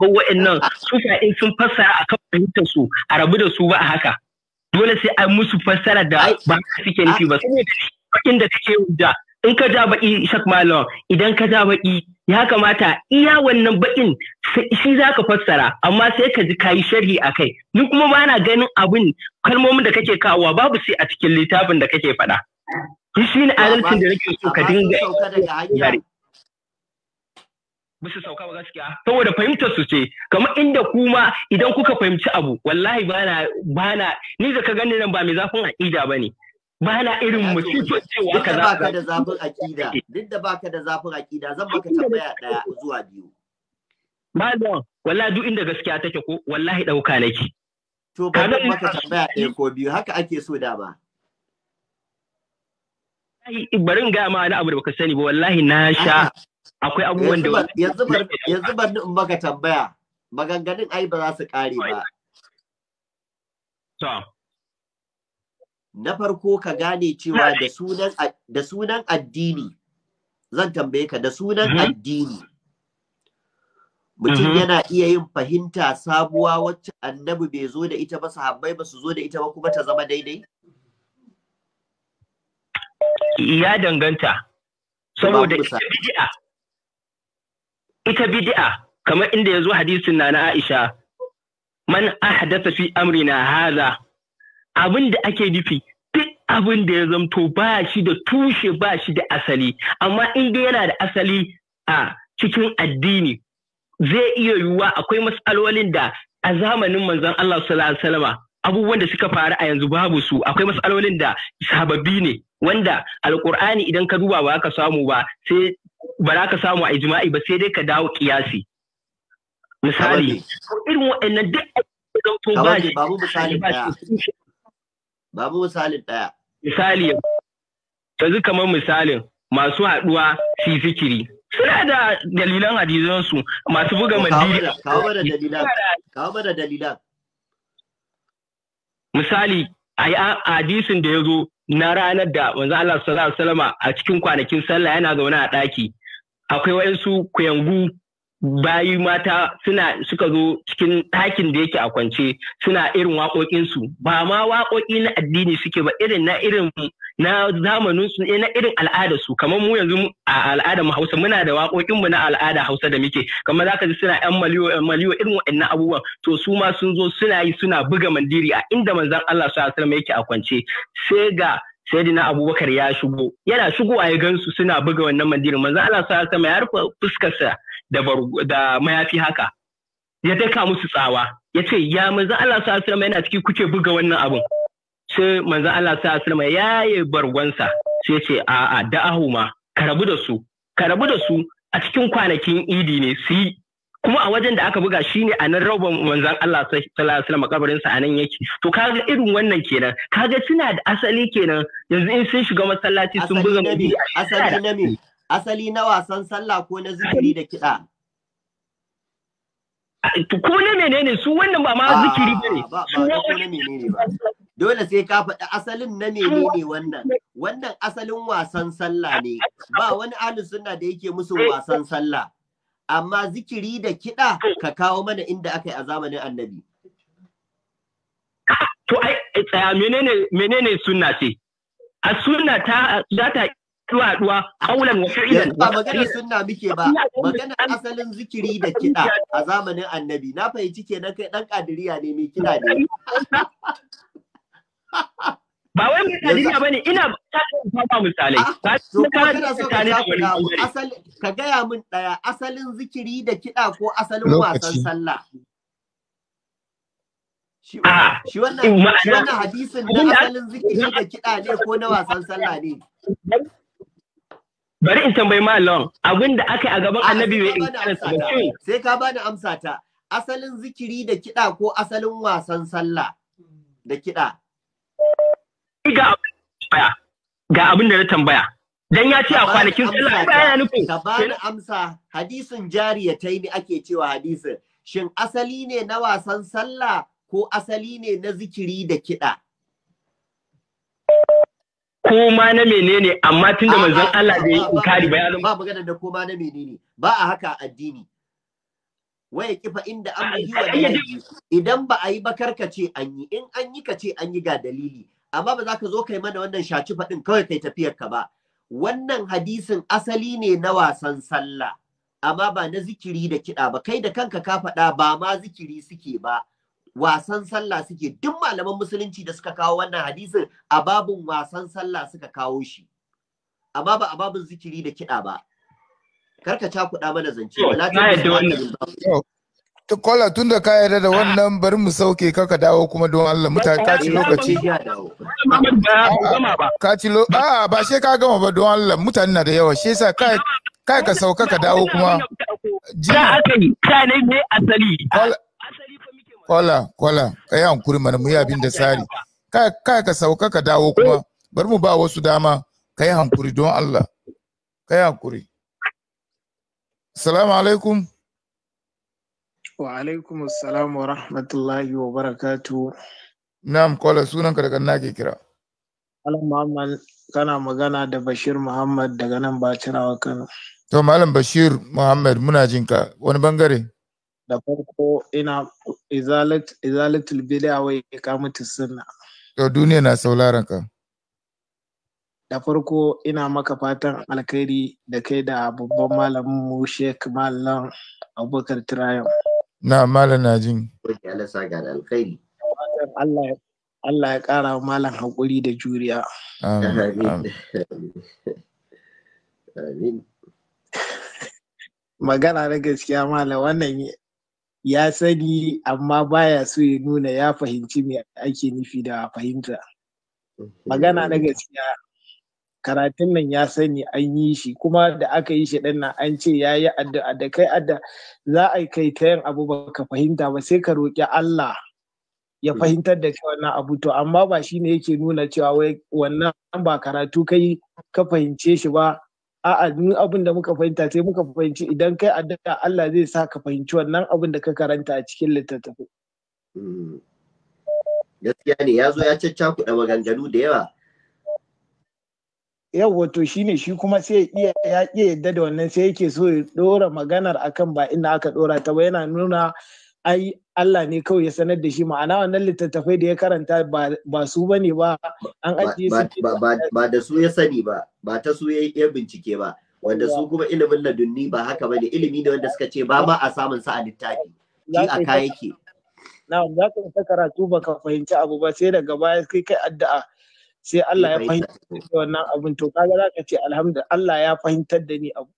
shi wa'annan su in sun fassara kan fahimtar su a rabu da su ba a haka dole sai an musu fassara da ba suke nufi ba saboda inda kake da in ka ja baki shak Malon idan ka ja baki ya kamata iya wannan bakin shi za ka fassara amma sai ka ji kayi sharhi a kai ni kuma ba na ganin abin kalmomin da kake kawo babu sai a cikin littafin da kake faɗa shi ne adalcin da nake so ka dinga bisa sauka ba gaskiya saboda fahimtar su ce kamar inda kuma idan kuka fahimci abu wallahi bana bana ni da ka gani nan ba mai zafin aƙida bane ba na irin musifar cewa ka za ka da zafin akida duk da baka da zafin akida zan maka tambaya daya zuwa biyu malam wallahi duk inda gaskiya take ko wallahi dauka nake to ba zan maka tambaya ɗaya ko biyu haka ake so da ba bari in ga ma wani abu da baka sani ba wallahi na sha akwai abubuwan da yanzu bar yanzu bar in maka tambaya maganganun ai ba za su kare ba to na farko ka gane cewa da sunan addini zan tambaye ka da sunan mhm. addini mutum mhm. yana iya yin fahimta sabuwa wacce annabi bai zo da ita ba sahabbai ba su zo da ita ba kuma ta zama daidai ya danganta saboda ita bidi'a ita bidi'a kamar inda yazo hadisin na na Aisha man ahdatha fi amrina haza. abin da ake nufi duk abin da ya zamto ba shi da tushe ba shi da asali amma in dai yana da asali a cikin addini zai iya yiwuwa akwai matsalolin da a zamanin manzon Allah sallallahu alaihi abubuwan da suka faru a yanzu babu su akwai matsalolin da sababbi ne wanda alkur'ani idan ka duba ba ka samu ba sai ba za ka samu a ijma'i ba sai dai ka dawo kiyasi misali irin waɗannan duk misali babu misali ɗaya. Misali yanzu kamar misalin masu haɗuwa su fikiri. Suna da dalilan hadisansu masu buga mandiri. Kawo mana dalilan. Kawo dalilan. Misali a hadisin da ya zo na ranar da manzo Allah sallallahu alaihi a cikin kwanakin sallah yana zaune a ɗaki. Akwai waɗansu kuyangu bayi mata suna suka zo cikin ɗakin da yake a kwance suna irin waƙoƙinsu ba ma waƙoƙi na addini suke ba irin na irin na zamanin su na irin al'ada su kamar mu yanzu a al'ada mu Hausa muna da waƙoƙin mu na al'ada Hausa da muke kamar zaka ji suna ƴan maliyo ƴan maliyo irin waɗannan abubuwan to su ma sun zo suna yi suna buga mandiri a inda manzon Allah sallallahu alaihi wasallam yake a kwance sai ga sayyidina abubakar ya shigo yana shigowa ya su suna buga wannan mandirin manzon Allah sallallahu alaihi wasallam ya rufe fuskar sa da mayafi haka ya daka musu tsawa ya ce ya manzan Allah su asirama yana ciki kuke buga wannan abin sai manzan Allah su asirama ya yi bargonsa sai ya ce a'a da'ahu ma ka rabu da su ka rabu da su a cikin kwanakin idi ne su yi kuma a wajen da aka buga shi ne a nan rauban manzan Allah sallallahu kabarin kabarinsa a nan yake to kaga irin wannan kenan kaga suna da asali kenan yanzu in sun shiga masallaci sun buga asali na asali na wasan sallah ko na zikiri da kiɗa? Ko na menene su wannan ba ma zikiri ba ne. Ba ko na menene ba. Dole sai ka faɗi asalin na menene wannan. Wannan asalin wasan sallah ne. Ba wani ahlus sunna da yake musu wasan sallah. Amma zikiri da kiɗa ka kawo mana inda aka yi a zamanin annabi. To ai tsaya menene menene sunna ce? A sunna ta za ta tuwaduwa haulan wa fi'ilan ba magana sunna muke ba magana asalin zikiri da kiɗa a zamanin annabi na fahimci kenan kai dan kadiriya ne mai kiɗa ne ba wai mai kadiriya bane ina ba ba misalai ba ah, ka ka gaya min daya asalin zikiri da kiɗa ko asalin wasan sallah ah, Shi wannan hadisin na asalin zikiri da kiɗa ne ko na wasan sallah ne? bari in tambayi malam abin da aka yi a gaban ah, annabi bai inganta ba sai ka bani amsa ta asalin zikiri da kiɗa ko asalin wasan sallah da kiɗa ga abin da na tambaya dan ya ce a kwanakin sallah ba ya nufi ka bani amsa hadisin jariya ta ne ake cewa hadisin shin asali ne na wasan sallah ko asali ne na zikiri da kiɗa ko ma na menene amma tunda manzon Allah bai yi inkari ba ya ba magana da ko ma na menene ba a haka addini waye kifa inda an yi wa idan ba a yi ba karkace an yi in an yi kace an yi ga dalili amma ba za ka zo kai mana wannan shaci faɗin kawai kai tafiyar ka ba wannan hadisin asali ne na wasan sallah amma ba na zikiri da kiɗa ba kai da kanka ka faɗa ba ma zikiri suke ba wasan sallah suke duk malaman musulunci da suka kawo wannan hadisin a wasan sallah suka kawo shi amma ba a zikiri da kiɗa ba karka ca kuɗa mana zance wala ta kola tun da ka yarda da wannan bari mu sauke kaka dawo kuma don Allah mutane ka ci lokaci ka ci lo a ba she ka gama ba don Allah mutane na da yawa she yasa kai kai ka sauka ka dawo kuma ji aka yi kai ne asali Kwala, kwala, ka yi hankuri mana mu yi abin da tsari ka ka sauka ka dawo kuma bari mu ba wasu dama ka yi hankuri don Allah ka yi hankuri salamu alaikum wa alaikum assalam wa rahmatullahi wa barakatu na'am sunan sunanka daga ke kira Malam Muhammad kana magana da Bashir Muhammad daga nan Bacirawa Kano. To Malam Bashir Muhammad muna jinka wani bangare? da farko ina izalat izalatul bid'a wa iqamatus sunna to duniya na sauraron ka da farko ina maka fatan alkhairi da kai da babban malamin mu Sheikh Mallam Abubakar Tirayon na malam najin Allah sa ga alkhairi Allah Allah ya kara wa malam haƙuri da juriya. Amin. Magana na gaskiya malam wannan ya sani amma baya so ya nuna ya fahimci me ake nufi da fahimta magana na gaskiya karatun nan ya sani an yi shi kuma da aka yi shi din nan an ce ya yi addu'a da kai adda za a kai ta yin abu ba ka fahimta ba sai ka roƙi Allah ya hmm. fahimtar da kai wannan abu to amma ba shi ne yake nuna cewa wannan ba karatu kai ka fahimce shi ba a'a mu abin da muka fahimta sai muka fahimci idan kai addu'a Allah zai sa ka fahimci wannan abin da ka karanta a cikin littattafai hmm. gaskiya ne ya zo ya da maganganu da yawa Yau wato shi ne shi kuma sai ya iya yadda da wannan sai yake so ya ɗora maganar akan ba inda aka ɗora, ta ba yana nuna ai Allah ne kawai ya sanar da shi ma'ana wannan littattafai da ya karanta ba su ba ne ba an ajiye su ba da su ya sani ba ba ta su ya bincike ba wanda su kuma ilimin ladunni ba haka ba ne ilimi ne wanda suka ce ba ma a samun sa a littafi shi a kaya ke. na za ka ta karatu ba ka fahimci abu ba sai daga baya kai kai addu'a sai Allah ya fahimci wannan abin to kaga za ka ce alhamdulillah Allah ya fahimtar da ni abu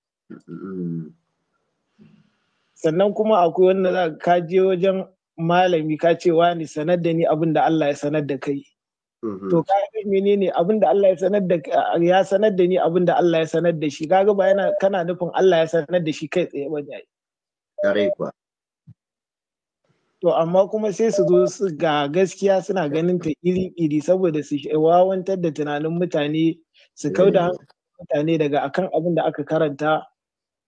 sannan kuma akwai wanda za ka je wajen malami ka ce wani sanar da ni abin da Allah ya sanar da kai mm-hmm. to ka yi menene abin da Allah ya sanar da ya sanar da ni abin da Allah ya sanar da shi kaga ba yana kana nufin Allah ya sanar da shi kai tsaye ba ne kare kuwa to amma kuma sai su zo su ga gaskiya suna ganin ta iri iri saboda su wawantar da tunanin mutane su kauda hankalin mm. mutane daga akan abin da aka karanta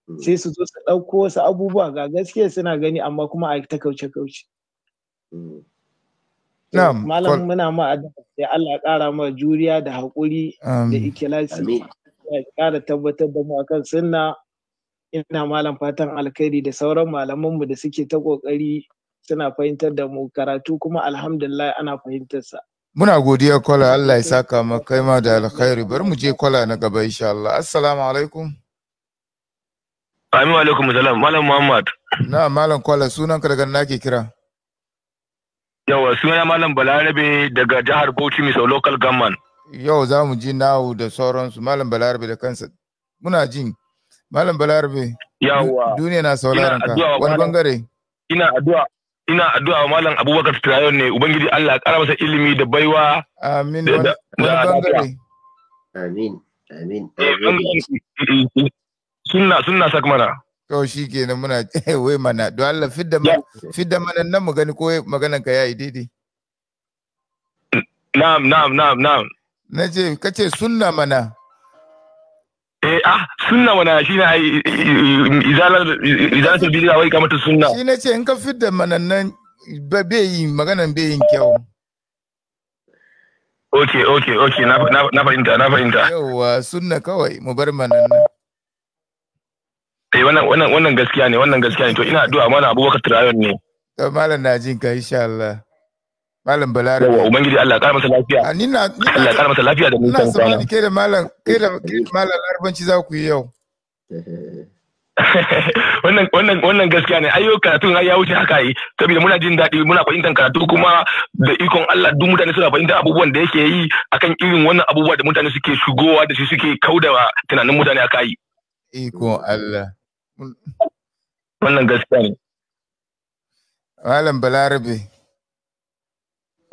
sai mm. su zo su ɗauko wasu abubuwa ga gaskiya suna gani amma kuma a ta kauce kauce mm. malam muna ma da Allah ƙara ma juriya da haƙuri da ikilasi ya ƙara tabbatar da mu akan sunna ina malam fatan alkhairi da sauran malamanmu da suke ta ƙoƙari suna fahimtar da mu karatu kuma alhamdulillah ana fahimtarsa. Muna godiya kwala Allah ya saka maka ma da alkhairi bari mu je kwala na gaba insha Allah. Assalamu alaikum. Amin alaikum salam Malam Muhammad. Na Malam Kwala sunan ka daga nake kira. Yawa sunan Malam Balarabe daga jihar Bauchi Miso Local Government. Yau za mu ji nawu da sauransu Malam Balarabe da kansa. Muna jin Malam Balarabe. Yawa. Duniya na sauraron ka. Wani bangare. Ina addu'a ina addu'a wa malam abubakar trayon ne ubangiji allah ƙara masa ilimi da baiwa amin wani bangare amin amin eh, sunna sunna sak mana to shi kenan muna eh, wai mana don Allah fidda fidda mana nan mu gani ko maganan ka yayi daidai na'am na'am na'am na'am nace kace sunna mana eh ah sunna mana shine ai izalar izalatul bid'a wai kamata sunna shi nace in ka fidda mana nan ba yi maganan bai yin kyau Okay, okay, okay, na fahimta, na fahimta. Yawwa, sunna kawai, mu bar mana nan. eh wannan wannan wannan gaskiya ne wannan gaskiya ne to ina addu'a mana Abubakar Trayon ne to malam na jin ka insha Allah malam balare yawa ubangiji Allah ƙara masa lafiya ah, ni na Allah ƙara masa lafiya da mutum sana ni ke da malam ke da malam Larabanci za ku yi yau wannan wannan wannan gaskiya ne ayyo karatun har ya wuce haka yi saboda muna jin daɗi muna fahimtar karatu kuma da ikon Allah duk mutane suna fahimtar abubuwan da yake yi akan irin wannan abubuwa da mutane suke shigowa da shi suke kaudawa tunanin mutane aka yi ikon Allah Wannan gaskiya ne. Malam Balarabe.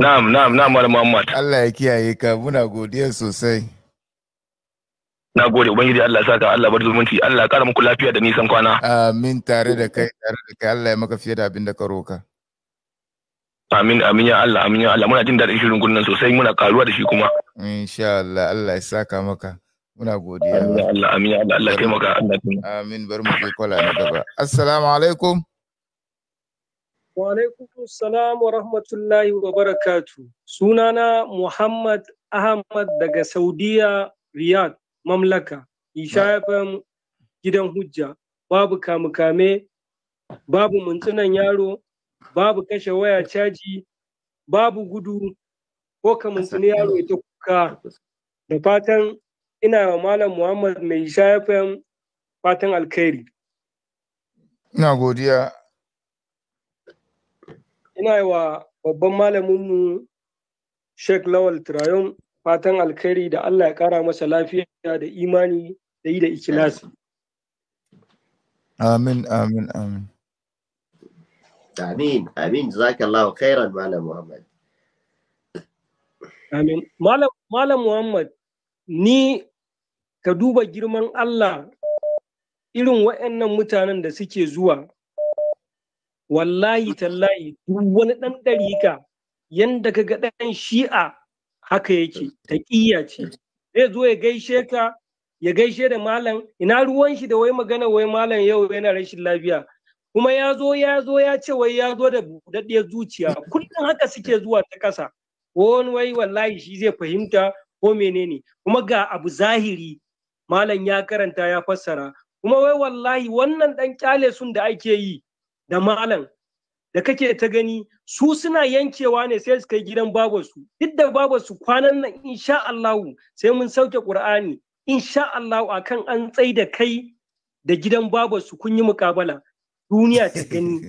Na'am, na'am, na'am Malam Muhammad. Allah ya kiyaye ka, muna godiya sosai. Na gode Ubangiji Allah sa ka, Allah bar zumunci Allah kara muku lafiya da nisan kwana. Amin tare da kai tare da kai Allah ya maka fiye da abin da ka roka. Amin amin ya Allah amin ya Allah muna jin daɗin shirin kunnen sosai muna karuwa da shi kuma. Insha Allah Allah ya saka maka. Muna godiya. Allah amin Allah maka Allah Amin bari mu je kwala na gaba. Assalamu alaikum. Wa alaikum salam wa rahmatullahi wa barakatu. Sunana Muhammad Ahmad daga Saudiya Riyadh mamlaka. Isha fahim gidan hujja. Babu kamukame, babu muntunan yaro, babu kashe waya caji, babu gudu, ko ka muntuni yaro ita kuka. Da fatan ina wa Malam Muhammad mai shafin fatan alkhairi. Ina godiya. Ina wa babban malaminmu Sheikh Lawal Turayon fatan alkhairi da Allah ya kara masa lafiya da imani da yi da ikilasi. Amin, amin, amin. Amin, amin, jazakallahu khairan Malam Muhammad. Amin. Malam Muhammad, ni ka duba girman Allah irin waɗannan mutanen da suke zuwa wallahi tallahi duk wani ɗan ɗarika yadda ka ga ɗan shi'a haka yake taƙiyya ce zai zo ya gaishe ka ya gaishe da malam ina ruwan shi da wai magana wai malam yau yana rashin lafiya kuma ya zo ya zo ya ce wai ya zo da buɗaɗɗiyar zuciya kullum haka suke zuwa ta ƙasa wani wai wallahi shi zai fahimta ko menene kuma ga abu zahiri malam ya karanta ya fassara kuma wai wallahi wannan dan kyale sun da ake yi da malam da kake ta gani su suna yankewa ne sai su kai gidan babarsu duk da babarsu kwanan nan insha Allahu sai mun sauke Qur'ani insha Allahu akan an tsai da kai da gidan babarsu kun yi mukabala duniya ta gani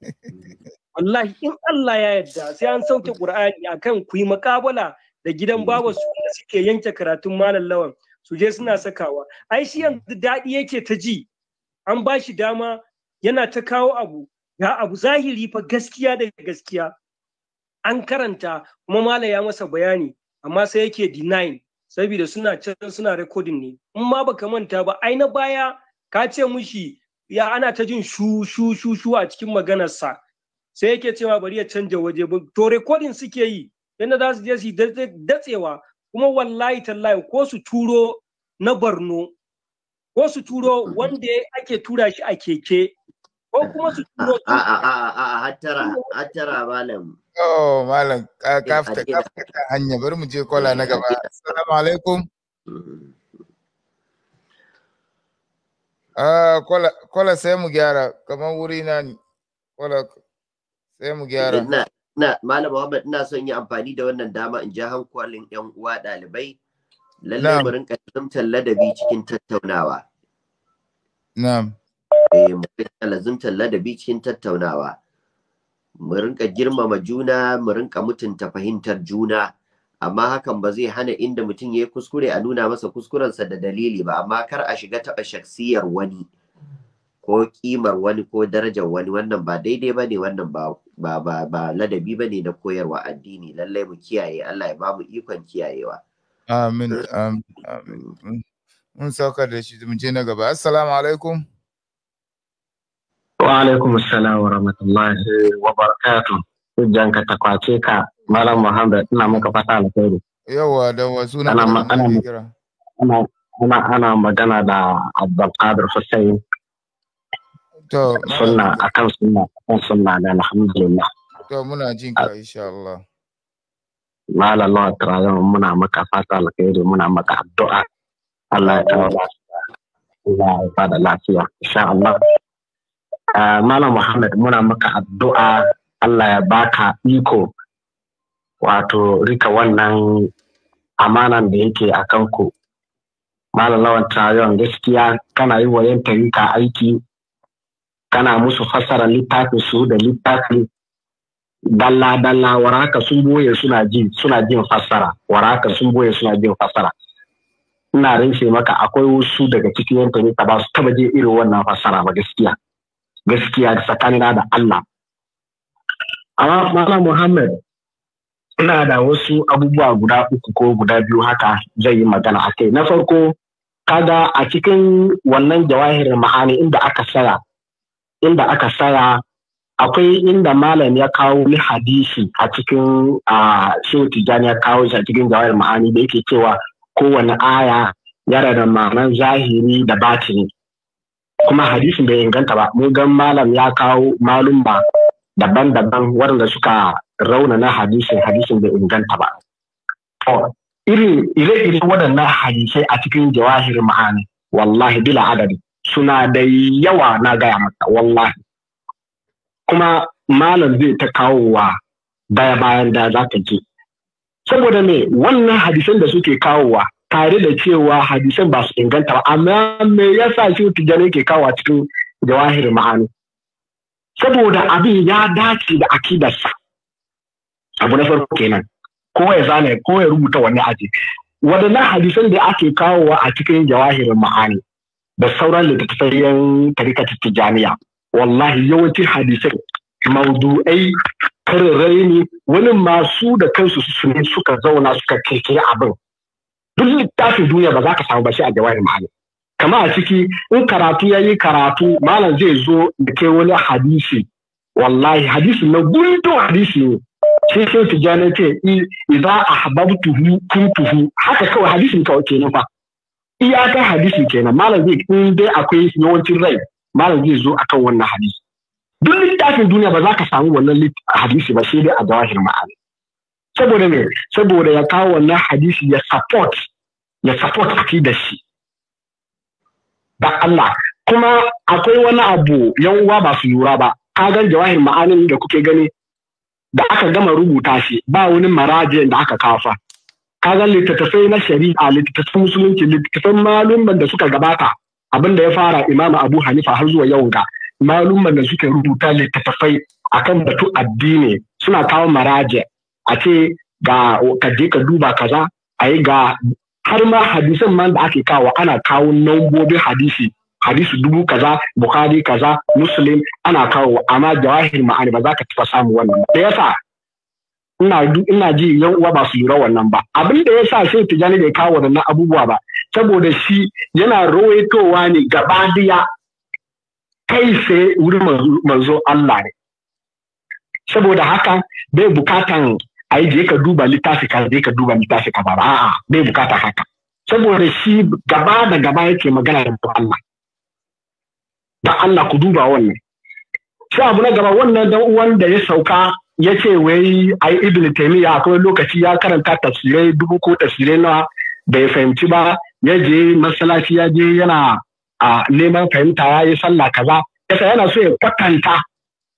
wallahi in Allah ya yarda sai an sauke Qur'ani akan ku yi mukabala da gidan babarsu da suke yanke karatun malam lawan su je suna mm. sakawa ai shi mm. yanzu daɗi yake ta ji an ba shi dama yana ta kawo abu ya abu zahiri fa gaskiya da gaskiya an karanta kuma mala ya masa bayani amma sai yake deny, saboda suna can suna recording ne in ma baka manta ba ai na baya ka ce mushi ya ana ta jin shu shu shu shu a cikin maganarsa sai yake cewa bari ya canja waje to recording suke yi yadda za su je su datsewa kuma wallahi tallahi ko su turo na Borno ko su turo wanda ake tura shi a keke ko kuma su turo a a a a hattara hattara malam oh malam ka kafta kafta hanya bari mu je kola na gaba assalamu alaikum mm-hmm. Ah, kola, kola sai mu gyara, kamar wuri na kola sai mu gyara. na malam Muhammad ina son yi amfani da wannan dama in ji hankalin yan uwa ɗalibai lallai mu rinka lazumtar ladabi cikin tattaunawa na'am eh mu rinka lazumtar ladabi cikin tattaunawa mu rinka girmama juna mu rinka mutunta fahimtar juna amma hakan ba zai hana inda mutum ya yi kuskure a nuna masa kuskurensa da dalili ba amma kar a shiga taɓa shaksiyar wani ko kimar wani ko darajar wani wannan ba daidai ba ne wannan ba ba ba ba ladabi bane na koyarwa addini lallai mu kiyaye Allah ya ba mu ikon kiyayewa amin eh. amin mun sauka da shi mu je na gaba assalamu alaikum wa alaikum assalam wa rahmatullahi wa barakatuh hujjan ka takwace ka malam muhammad ina maka fata alheri yawa da wasu na ana ana ana magana da abdul qadir hussein To sunna akan sunna akan sunna da alhamdulillah. To muna jin ka insha Allah. Malam Allah ta'ala muna maka fata alkhairi muna maka addu'a. Allah ya kawo Allah ya bada lafiya insha Allah. Ah, Malam Muhammad muna maka addu'a Allah ya baka iko wato rika wannan amanan da yake a kanku. Malam Lawan Trayon gaskiya kana yi wa yantarinka aiki kana musu fassara littafin su da littafin dalla dalla waraka sun boye suna ji suna jin fassara waraka sun boye suna jin fassara ina rinse maka akwai wasu daga cikin yan tarika ba su taba je irin wannan fassara ba gaskiya gaskiya tsakanin da Allah amma Malam Muhammad ina da wasu abubuwa guda uku ko guda biyu haka zai yi magana akai na farko kaga a cikin wannan jawahirin ma'ani inda aka saya inda aka saya akwai inda malam ya kawo ni hadisi a cikin shehu tijjani ya kawo shi a cikin jawar ma'ani da yake cewa kowane aya yana da ma'anar zahiri da batini kuma hadisin bai inganta ba mu gan malam ya kawo malum ba daban-daban waɗanda suka rauna na hadisin hadisin bai inganta ba irin ire-ire waɗannan hadisai a cikin jawahir ma'ani wallahi bila adadi suna da yawa na gaya maka wallahi kuma malam zai ta kawowa baya bayan da za ka je saboda me wannan hadisan da suke kawowa tare da cewa hadisan ba su inganta ba amma me yasa shi tijjani ke kawo cikin jawahir ma'ani saboda abin ya dace da akidarsa abu na farko kenan ko ya zane ko ya rubuta wani aji wadannan hadisan da ake kawowa a cikin jawahirin ma'ani da sauran littattafai yan tarikat tijaniya wallahi yawanci hadisai maudu'ai kararrai ne wani masu da kansu su ne suka zauna suka keke abin duk littafin duniya ba za ka samu ba shi a jawahir ma'ani kama a ciki in karatu ya yi karatu malam zai zo da ke wani hadisi wallahi hadisi na gundun hadisi ne sai sai tijjani ce idza ahbabtuhu kuntuhu haka kawai hadisin kawai kenan fa iyakar hadisi kenan malam zai in dai akwai yawancin rai malam zai zo akan wannan hadisi duk littafin duniya ba za ka samu wannan hadisi ba sai dai a zawahir ma'ana saboda me saboda ya kawo wannan hadisi ya support ya support akidar shi da Allah kuma akwai wani abu yan uwa ba su lura ba ka gan jawahir ma'anin da kuke gani da aka gama rubuta shi ba wani marajin da aka kafa Ka ga littattafai na shari'a littattafan musulunci littattafan malumman da suka gabata abin da ya fara imam abu hanifa har zuwa yau ga malumman da suke rubuta littattafai akan batu addini suna kawo maraje a ce ga ka je ka duba kaza a yi ga har ma hadisan ma da ake kawo ana kawo nambobin hadisi hadisi dubu kaza bukhari kaza muslim ana kawo amma jawahir ma'ani ba za ka tafa samu wannan da yasa ina ji yan uwa ba su lura wannan ba abin da ya sa sai tijani bai kawo wannan abubuwa ba saboda shi yana rawaitowa ne gaba daya kai sai wurin manzo Allah ne saboda haka bai bukatan a yi je ka duba littafi ka je ka duba littafi ka ba a'a bai bukata haka saboda shi gaba da gaba yake magana da Allah da Allah ku duba wannan sai abu na gaba wannan dan uwan da ya sauka ya ce wai ai ibn taymiya akwai lokaci ya karanta tafsirai dubu ko tafsirai nawa bai fahimci ba ya je masallaci ya je yana a neman fahimta ya yi sallah kaza yasa yana so ya kwatanta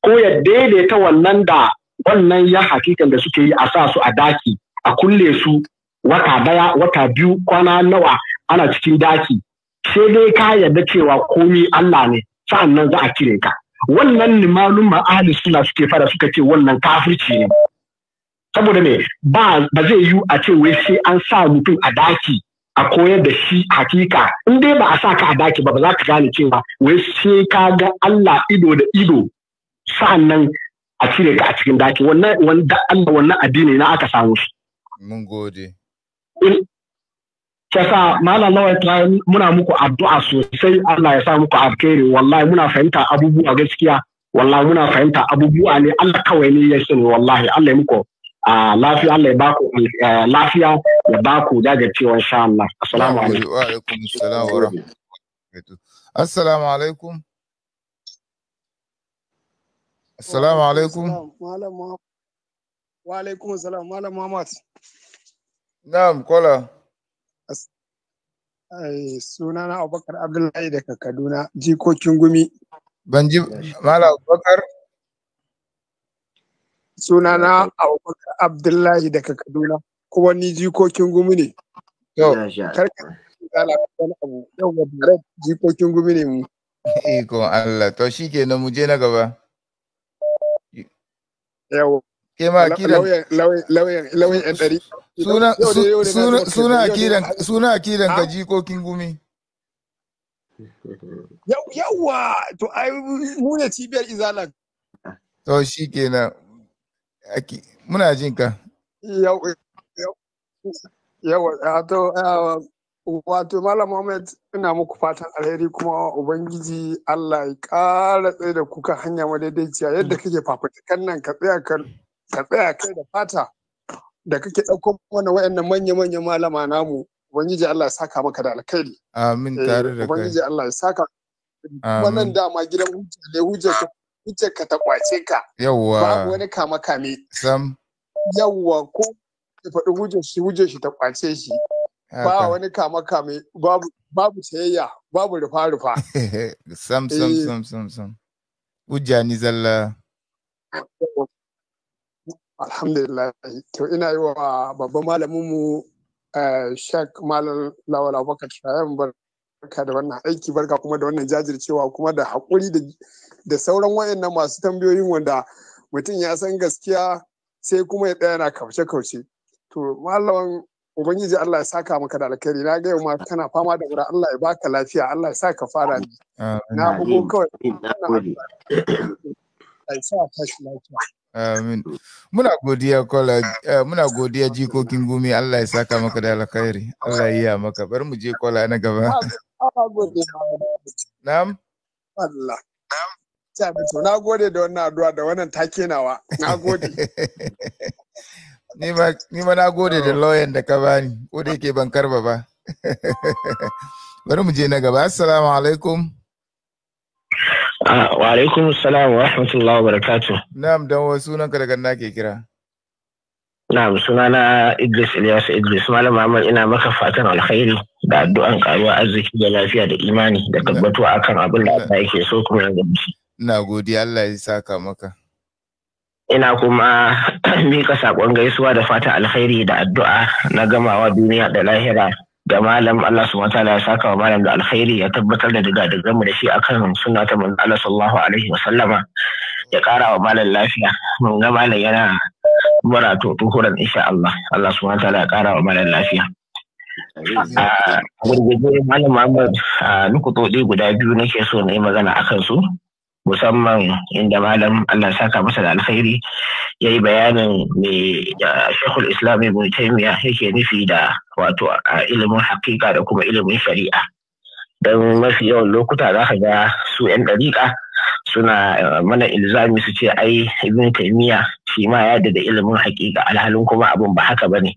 ko ya daidaita wannan da wannan ya hakikan da suke yi a sa su a daki a kulle su wata daya wata biyu kwana nawa ana cikin daki sai dai ka yarda cewa komi Allah ne sa'an nan za a cire ka wannan limanun ma ahli suna suke fara suka ce wannan kafirci ne saboda me ba ba zai yiwu a ce wai sai an sa mutum a daki a koyar da shi hakika in dai ba a sa ka a daki ba ba za ka gane cewa wai sai ka ga Allah ido da ido sa'annan a cire ka a cikin daki wannan wanda Allah wannan addini na aka samu shi mun gode Kasa malam lawan ta muna muku addu'a sosai Allah ya sa muku alkhairi wallahi muna fahimta abubuwa gaskiya wallahi muna fahimta abubuwa ne Allah kawai ne ya sani wallahi Allah ya muku lafiya Allah ya baku lafiya ya baku dagacewa insha Allah assalamu alaikum wa alaikum assalam wa rahmatullahi assalamu alaikum assalamu alaikum wa alaikum assalam malam Muhammad na'am kola sunana abubakar abdullahi daga kaduna jikokin gumi ban ji mala abubakar sunana abubakar abdullahi daga kaduna kuma ni jikokin gumi ne yau jikokin gumi ne mu iko allah to shi ke na je na gaba yau ke ma akidan lauyan yan ɗari suna akidan ka jikokin gumi yawwa to ai mu ne cibiyar izalan to shi kenan muna jin ka yawa to wato malam Muhammad ina muku fatan alheri kuma ubangiji Allah ya ƙara tsaye da kuka hanya madaidaiciya yadda kake fafutukan nan ka tsaya kan ka tsaya kai da fata da kake ɗauko wani wayannan manya-manya malama namu ubangiji Allah ya saka maka da alkhairi amin eh, tare da kai ubangiji Allah ya saka wannan dama gidan hujja ne hujja ka hujja ka ta kwace ka yawwa ba wani kama kame sam yawwa ko ya faɗi hujjar shi hujjar shi ta kwace shi ba wani kama kame babu babu tayayya babu rufa rufa sam sam eh. sam sam sam hujja ni zalla Alhamdulillah. To ina yi wa babban mu eh, Shek Malam Lawal Abubakar Shayan barka da wannan aiki barka kuma da wannan jajircewa kuma da haƙuri da sauran wayannan masu tambayoyin wanda mutum ya san gaskiya sai kuma ya ɗaya na kauce-kauce. To malamin Ubangiji Allah ya saka maka da alkhairi na ga ma kana fama da wurin Allah ya baka lafiya Allah ya saka fara ni. Na bugo kawai. Na gode. Ai lafiya. Amin. Muna godiya kola, eh, muna godiya jikokin gumi Allah ya saka maka da alkhairi. Allah ya yi maka. Bar mu je kola na gaba. Na'am. Allah. Na gode da wannan addu'a da wannan take nawa. Na gode. Ni ma na gode da oh. lawyer da ka bani, ko da yake ban karba ba. Bari mu je na gaba. Assalamu alaikum. Wa alaikum salam wa rahmatullahi wa barakatu. Na'am dan wa sunan ka daga na ke kira. Na'am sunana Idris Ilyas Idris Malam Muhammad ina maka fatan alkhairi da addu'an karuwa arziki da lafiya da imani da tabbatu akan abin da Allah yake so kuma ya gamsu. Na gode Allah ya saka maka. ina kuma mika saƙon gaisuwa da fatan alkhairi da addu'a na gamawa duniya da lahira da malam Allah subhanahu Taala ya saka wa malam da alkhairi ya tabbatar da daga daga mu da shi akan sunna ta manzo Allah sallallahu alaihi wasallama ya kara wa malam lafiya mun ga malam yana mura to tuhuran insha Allah Allah subhanahu wataala ya kara wa malam lafiya a gurgurje malam Muhammad nukuto guda biyu nake so na yi magana akan su musamman inda malam Allah saka masa da alkhairi ya yi bayanin me shekul islam ibn taimiya yake nufi da wato ilimin hakika da kuma ilimin shari'a don mafi yawan lokuta za ka ga su 'yan ɗariƙa suna eh, mana ilzami su ce ai ibn taimiya shi ma ya da ilimin hakika alhalin kuma abin ba haka ba ne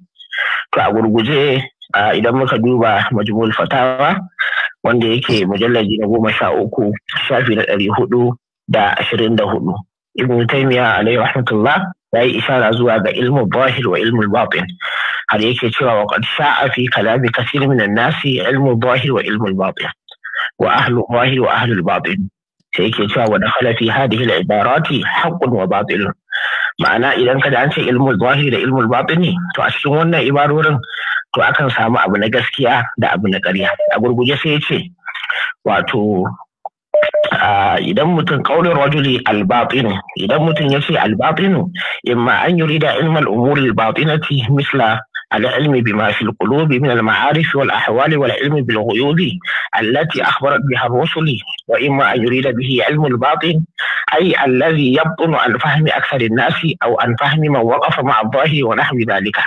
to a gurguje idan muka duba majmul fatawa wanda yake mujallaji na goma sha uku shafi na ɗari hudu da ashirin da hudu ibn taymiya alaihi rahmatullah ya yi ishara zuwa ga ilmu bahir wa ilmu batin har yake cewa wa sha'afi sha'a fi kalami kasir min nasi ilmu bahir wa ilmu batin wa ahlu zahir wa ahlu batin sai yake cewa wa dakhala fi hadhihi al-ibarati haqqun wa batilun ma'ana idan ka da an ce ilmul zahiri da ilmul ne to a cikin wannan ibarorin to akan samu abu na gaskiya da abu na ƙarya a gurguje sai ya ce wato idan mutum kaulin rajuli albatin idan mutum ya ce albatin imma an yurida ilmal umuri albatinati misla العلم بما في القلوب من المعارف والأحوال والعلم بالغيوب التي أخبرت بها الرسل وإما أن يريد به علم الباطن أي الذي يبطن عن فهم أكثر الناس أو عن فهم من وقف مع الله ونحو ذلك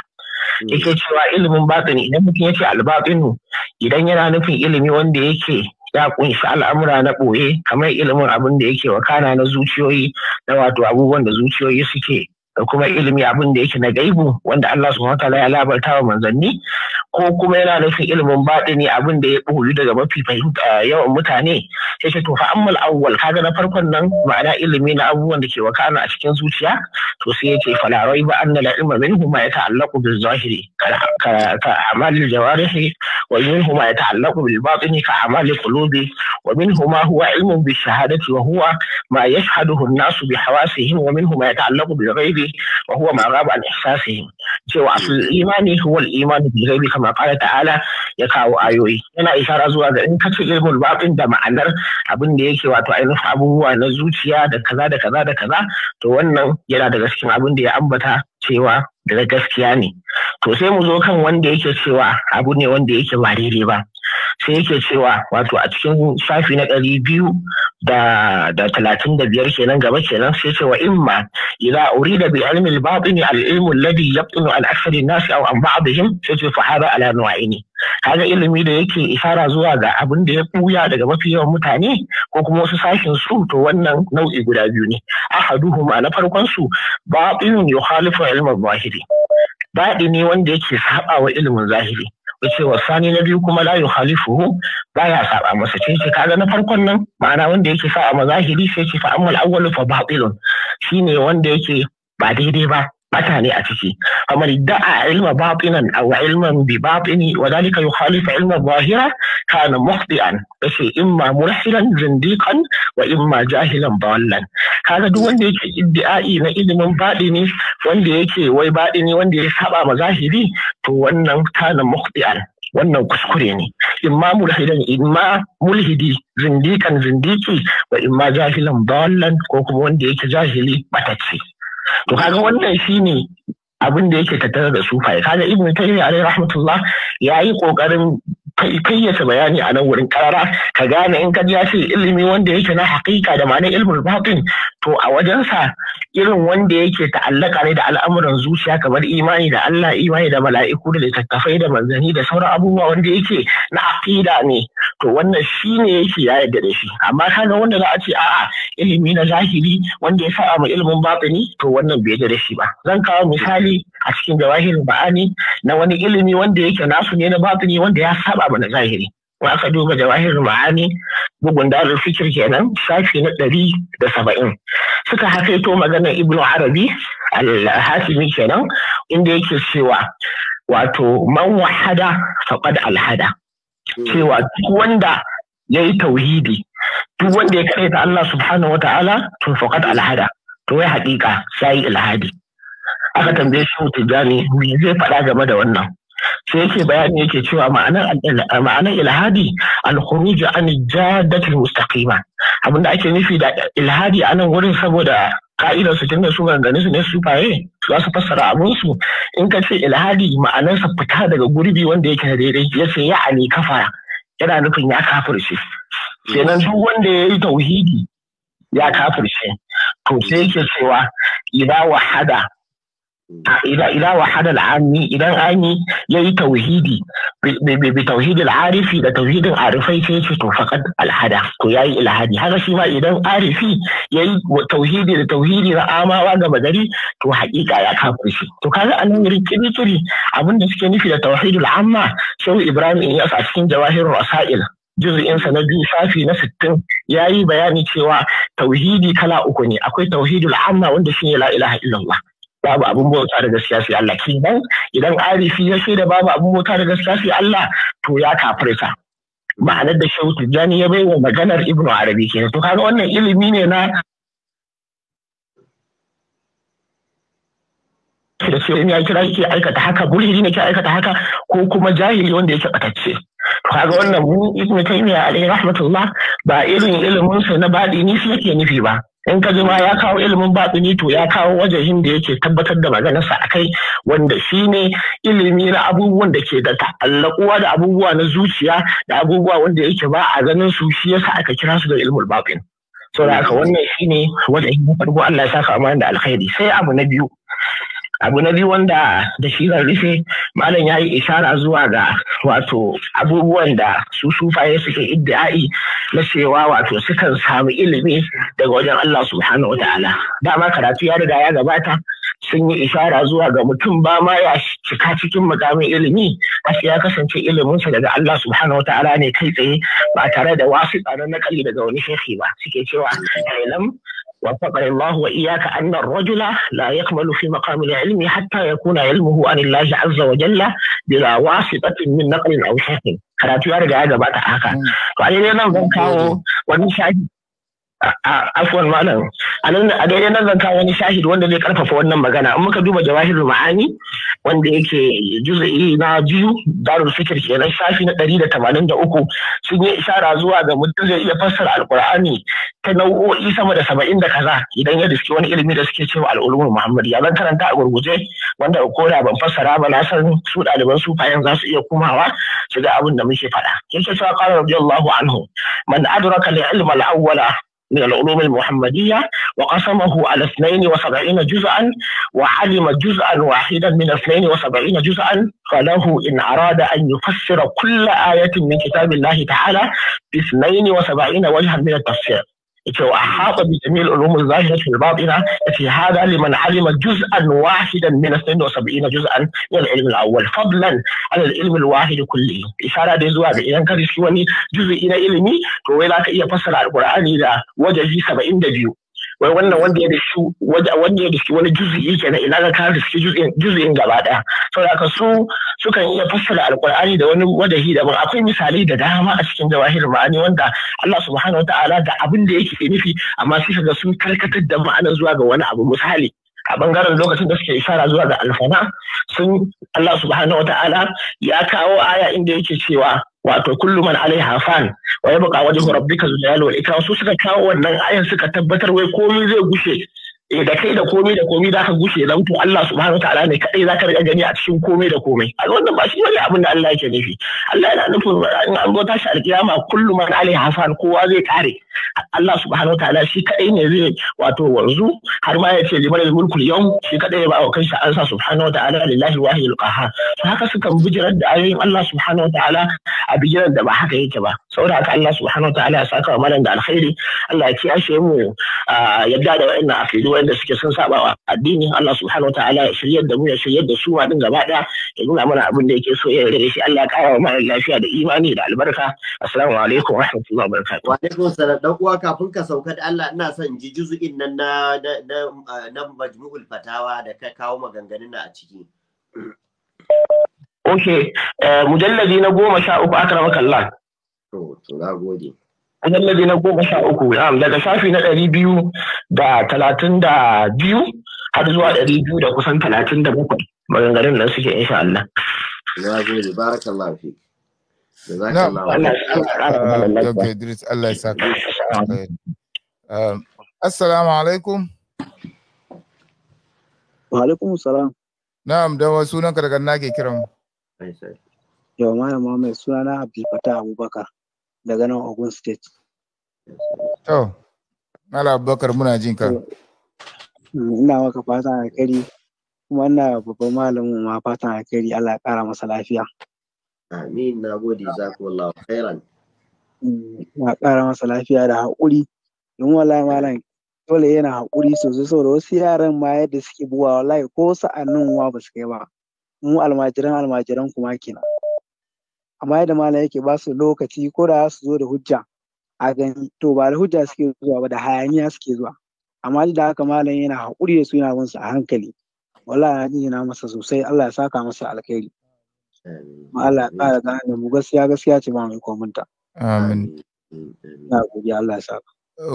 yake cewa ilimin batini idan mutum yake albatinu idan yana nufin ilimi wanda yake ya kunshi al'amura na ɓoye kamar ilimin abin da yake wakana na zuciyoyi na wato abubuwan da zuciyoyi suke da kuma ilimi abin da yake na gaibu wanda Allah subhanahu wataala ya labarta wa manzanni ko kuma yana nufin ilimin baɗini abin da ya ɓoyi daga mafi eh, yawan mutane sai ce to fa ammal awwal kaga na farkon nan ma'ana ilimi na abubuwan da ke wakana a cikin zuciya to sai yace fala raiba anna la ilma minhu ma yata'allaqu bil zahiri ka amalil jawarihi wa minhu ma yata'allaqu bil batini ka amalil qulubi wa minhu ma huwa ilmun bi shahadati wa huwa ma yashhaduhu an-nasu bi hawasihim wa minhu ma yata'allaqu bil ghaibi al-ghaibi wa huwa ma'rab al-ihsasihim cewa asul imani huwa al-imani bil ghaibi kama qala ta'ala ya kawo ayoyi yana isara zuwa ga in kace ilmul batin da ma'anar abin da yake wato ainihin abubuwa na zuciya da kaza da kaza da kaza to wannan yana daga cikin abin da ya ambata cewa da gaskiya ne to sai mu zo kan wanda yake cewa abu ne wanda yake ba daidai ba sai yake cewa wato a cikin shafi na ɗari biyu da da talatin da biyar kenan gaba kenan sai ce wa imma idza urida bi ilmi al-batini al-ilmu alladhi yaqtinu an akthari an-nas aw an ba'dihim sai ce fa hada ala nu'aini kaga ilimi da yake isara zuwa ga abin da ya buya daga mafi yawan mutane ko kuma wasu sashin su to wannan nau'i guda biyu ne ahaduhum na farkon su batinun yukhalifu ilmi al-zahiri baɗi ne wanda yake saba wa ilimin zahiri yace wa sani na biyu kuma la ba ya saba masa ce ce kaga na farkon nan ma'ana wanda yake a mazahiri sai ce fa ammal awwalu fa batilun shine wanda yake ba daidai ba bata ne a ciki kamar da'a ilma batinan aw ilman bi batini wa dalika yukhalifu ilma zahira kana mukhti'an yace imma murhilan zindiqan wa imma jahilan bawallan kaga duk wanda yake iddi'ai na ilimin ni wanda yake wai baɗi batini wanda ya saɓa ma zahiri to wannan kana mukhti'an wannan kuskure ne imma mulhidan mulhidi zindikan zindiki wa imma jahilan bawallan ko kuma wanda yake jahili batacce to kaga wannan shine abin da yake tattare da sufaye kaga ibnu taymiya alaihi rahmatullah yayi kokarin kai kayyace bayani a nan wurin karara ka gane in ka ji ilimi wanda yake na hakika da ma'anar ilmin batin to a wajensa irin wanda yake ta'allaka ne da al'amuran zuciya kamar imani da Allah imani da mala'iku da littattafai da manzani da sauran abubuwa wanda yake na aqida ne to wannan ne yake ya yarda da shi amma kaga wanda za a ce a'a ilimi na zahiri wanda ya sa mu ilimin batini to wannan bai yarda da shi ba zan kawo misali a cikin jawahirin ba'ani na wani ilimi wanda yake nasu ne na batini wanda ya saba abu na zahiri wa aka duba jawahir ma'ani bugun darar fikir kenan shafi na ɗari da saba'in suka haifeto maganar ibnu arabi al-hasimi kenan inda yake cewa wato man wahada faqad alhada cewa duk wanda ya yi tauhidi duk wanda ya kaɗaita Allah subhanahu wa ta'ala to faqad alhada to wai haƙiƙa sai ilhadi aka tambaye shi tijani me zai faɗa game da wannan sai yake bayani yake cewa ma'anar ilhadi al-khuruj an jaddatul mustaqima da ake nufi da ilhadi a nan wurin saboda ka'idar su tunda su gangane su ne su faye su za su fassara abin su in ka ce ilhadi ma'anarsa fita daga gurbi wanda yake da daidai ya ce ya ani kafa yana nufin ya kafirce kenan duk wanda ya yi tauhidi ya kafirce to sai yake cewa idan wahada ila ila wahada al'ami idan ani yayi tauhidi bi tauhidi al'arifi da tauhidin arifai sai su to faqad al'hada to yayi ilahadi haka shima idan arifi yayi tauhidi da tauhidi na amawa ga gari to haqiqa ya kafu shi to kaga anan yiri kiri kiri abinda suke nufi da tauhidul al'amma sai ibrahim in yasa cikin jawahirul wasa'il juz'in sa na biyu safi na sittin yayi bayani cewa tauhidi kala uku ne akwai tauhidil'amma wanda shine ne la ilaha illallah babu abin bauta da gaskiya sai Allah kenan idan arifi ya shaida babu abin bauta da gaskiya sai Allah to ya kafirta ma'anar da Shehu Tijjani ya baiwa maganar Ibn Arabi kenan to kaga wannan ilimi ne na da sai ya kira ke aikata haka bulhidi ne ke aikata haka ko kuma jahili wanda yake batacce kaga wannan mu ibnu taymiya alaihi rahmatullah ba irin ilimin sa na baɗi ni shi yake nufi ba in ka ma ya kawo ilimin batsini to ya kawo wajen da yake tabbatar da maganarsa a kai wanda shi ne ilimi na abubuwan da ke da ta'allakuwa da abubuwa na zuciya da abubuwa wanda yake ba a ganin su shi yasa aka kira su da ilmul batin da aka wannan shine wajahin na farko Allah ya saka amana da alkhairi sai abu na biyu abu na biyu wanda da shi zan rufe malam ya yi ishara zuwa ga wato abubuwan da su sufaye suke iddi'ai na cewa wato sukan samu ilimi daga wajen Allah subhanahu wa ta'ala dama karatu ya riga ya gabata sun yi ishara zuwa ga mutum ba ma ya cika cikin mukamin ilimi wasu ya kasance iliminsa daga Allah subhanahu wa ta'ala ne kai tsaye ba tare da wasu tsaron nakali daga wani shehi ba suke cewa ilam وفقني الله وإياك أن الرجل لا يقبل في مقام العلم حتى يكون علمه عن الله عز وجل بلا واسطة من نقل أو شك karatu ya riga ya gabata a haka to a dai nan zan kawo wani shafi afwan malam a a daidai nan zan kawo wani shahid wanda zai karfafa wannan magana in muka duba jawahir ma'ani wanda yake juz'i na biyu darul fikir kenan shafi na ɗari da tamanin da uku sun yi ishara zuwa ga mutum zai iya fassara alkur'ani ta nau'o'i sama da saba'in da kaza idan ya riski wani ilimi da suke cewa al'ulumar muhammad ya zan karanta a gurguje wanda ko da ban fassara ba na san su ɗaliban su fayan za su iya kumawa su ga abin da muke faɗa yake cewa qala radiyallahu anhu man adraka li ilma al-awwala من العلوم المحمدية وقسمه على 72 جزءا وعلم جزءا واحدا من 72 جزءا فله إن أراد أن يفسر كل آية من كتاب الله تعالى ب 72 وجها من التفسير yace wa ahata bi jami'il ulum zahirah wal batina yace hada liman alima juz'an wahidan min 72 juz'an min al-ilm al-awwal fadlan ala al-ilm al-wahid kulli isara dai zuwa ga idan ka rishi wani juz'i na ilimi to wai zaka iya fassara al-qur'ani da wajahi 72 wai wannan wanda ya riski wanda ya dashi wani juzu'i kenan ina ga ka riski juzu'in gaba daya saboda haka su sukan iya fassara alkur'ani da wani wadahi ban akwai misali da dama a cikin jawahir ma'ani wanda Allah subhanahu wa ta'ala da abin da yake nufi amma sai kaga sun karkatar da ma'anar zuwa ga wani abu misali a bangaren lokacin da suke isara zuwa ga alfana sun Allah subhanahu wa ta'ala ya kawo aya inda yake cewa wato kullu man alaiha fan wa yabqa wajhu rabbika zul jalali wal ikram su suka kawo wannan ayan suka tabbatar wai komai zai gushe eh da kai da komai da komai zaka gushe dan to Allah subhanahu wataala ne kadai zaka riga gani a cikin komai da komai a wannan ba shi bane abin da Allah yake nufi Allah yana nufin in an zo tashi alkiyama kullu man alai hasan kowa zai kare Allah subhanahu wataala shi kadai ne zai wato wanzu har ma yace liman mulkul yawm shi kadai ya ba wa kansa ansa subhanahu wataala lillahi wahidul qahhar to haka suka bijirar da ayoyin Allah subhanahu a bijirar da ba haka yake ba saboda haka Allah subhanahu wataala ya saka wa malam da alkhairi Allah ya kiyashe mu yadda da wa'annan aqidu da suke sun saba wa addini Allah subhanahu wataala ya shiryar da mu ya shiryar da su ma din gaba daya ya nuna mana abin da yake so ya yarda da shi Allah ya kawo mana lafiya da imani da albarka assalamu alaikum wa rahmatullahi wa barakatuh wa alaikum salam dan uwa kafin ka sauka da Allah ina son ji juzu'in nan na na majmu'ul fatawa da ka kawo maganganun a ciki Okay, eh, mujalladi na goma sha uku aka rama kallon. to, na gode. mujallabi na goma sha uku daga shafi na ɗari biyu da talatin da biyu har zuwa ɗari biyu da kusan talatin da bakwai maganganun nan suke insha Allah. Na gode, barakallahu fi. Allah ya saka. Um, assalamu alaikum. Wa alaikum salam. Na'am, dan wasu sunan daga nake kiran. Yau mai suna na Abdul Fatah Abubakar. daga nan Ogun State. To, Mala Abubakar muna jin ka. Mm, ina maka fatan alkhairi kuma ina babban malamin ma fatan alkhairi Allah kara masa lafiya. Amin, na gode zakullahu khairan. Ina mm, kara masa lafiya da haƙuri. Don wala malam dole yana haƙuri sosai saboda wasu yaran ma yadda suke buwa wallahi ko sa'annin wa ba su kai ba. Mu almajiran almajiran kuma kenan. amma yadda malam yake ba su lokaci ko da su zo da hujja a gani to ba da hujja suke zuwa ba da hayaniya suke zuwa amma da haka malam yana haƙuri da su yana bin su a hankali wallahi na jina masa sosai Allah ya saka masa alkhairi Allah ya ƙara gane mu gaskiya gaskiya ce ba mai komunta amin na gode Allah ya saka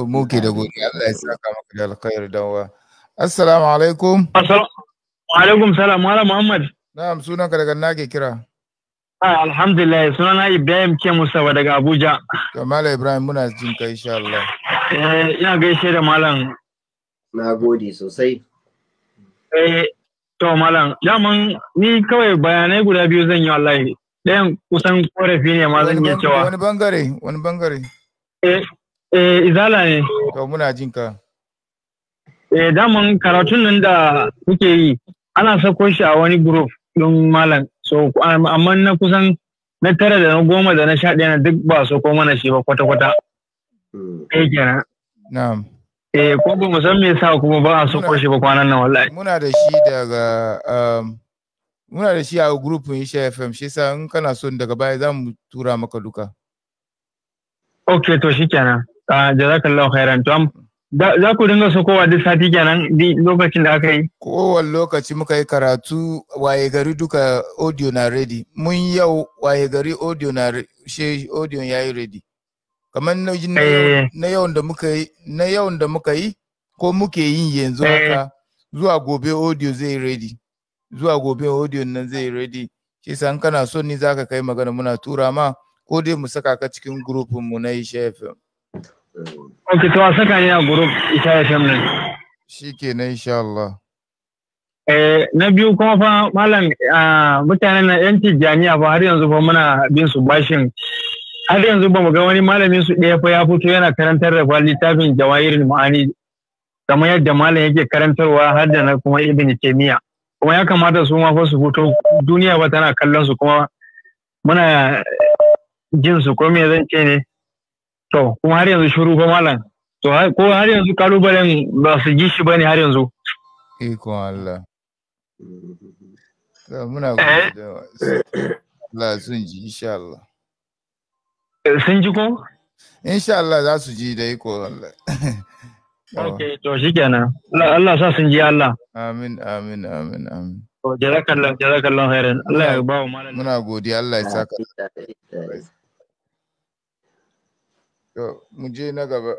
mu ke da godiya Allah ya saka maka da alkhairi dawa assalamu alaikum assalamu alaikum salam malam muhammad na'am sunanka daga nake kira Ah, alhamdulillah sunana Ibrahim ke Mustapha daga Abuja. To Malam Ibrahim muna jin kai insha Allah. Eh ina gaishe da malam. Na gode sosai. Eh to malam daman ni kawai bayanai guda biyu zan yi wallahi. Ɗayan kusan korafi ne ma zan iya cewa. Wani bangare wani bangare. Eh eh izala ne. To muna jin ka. Eh daman karatun nan da kuke yi ana sako shi a wani group don malam so amma na kusan na tara da na goma da na sha ɗaya duk ba su ko mana shi ba kwata-kwata eh kenan na'am eh ko ba mu san me yasa kuma ba a so ko shi ba kwanan nan wallahi muna da shi daga um, muna da shi a grupin Isha FM shi yasa in kana son daga baya za mu tura maka duka okay to shikenan ah, jazakallahu khairan to Za ku dinga sokowa duk sati kenan lokacin da aka yi? Kowane lokaci muka yi karatu waye gari duka audio na ready. Mun yau waye gari audio na she audio ya yi ready. Kamar eh. na yawan da muka yi, na yawan da muka yi ko muke yin yanzu eh. haka zuwa gobe audio zai ready. Zuwa gobe audio nan zai ready. Shi san kana so ni zaka kai magana muna tura ma ko dai mu saka ka cikin grupin mu na Isha FM. Ok, saka e, ne a Isha FM nan. Shi ke na insha biyu kuma fa malam mutanen e, na yan tijjaniya fa har yanzu fa muna bin su bashin har yanzu ba mu ga wani malamin su ɗaya fa ya fito yana karantar da littafin jawahirin ma'ani kamar yadda malam yake karantarwa har da na kuma ibn taymiya kuma ya kamata su ma fa su fito duniya ba tana kallon su kuma muna jin su ko me zan ce ne To, kuma har yanzu shuru ko malam. To, ko har yanzu kalubalen ba su ji shi ba ne har yanzu. Iko Allah. Muna eh? da Allah sun ji, insha Allah. Eh, sun ji ko? Insha Allah za su ji da iko Allah. Ok, to shi kenan. Allah sa sun ji Allah. Amin, amin, amin, amin. To, jarakallah, hairan. Allah ya ba wa malam. Muna godiya Allah ya saka. To, mu je na gaba.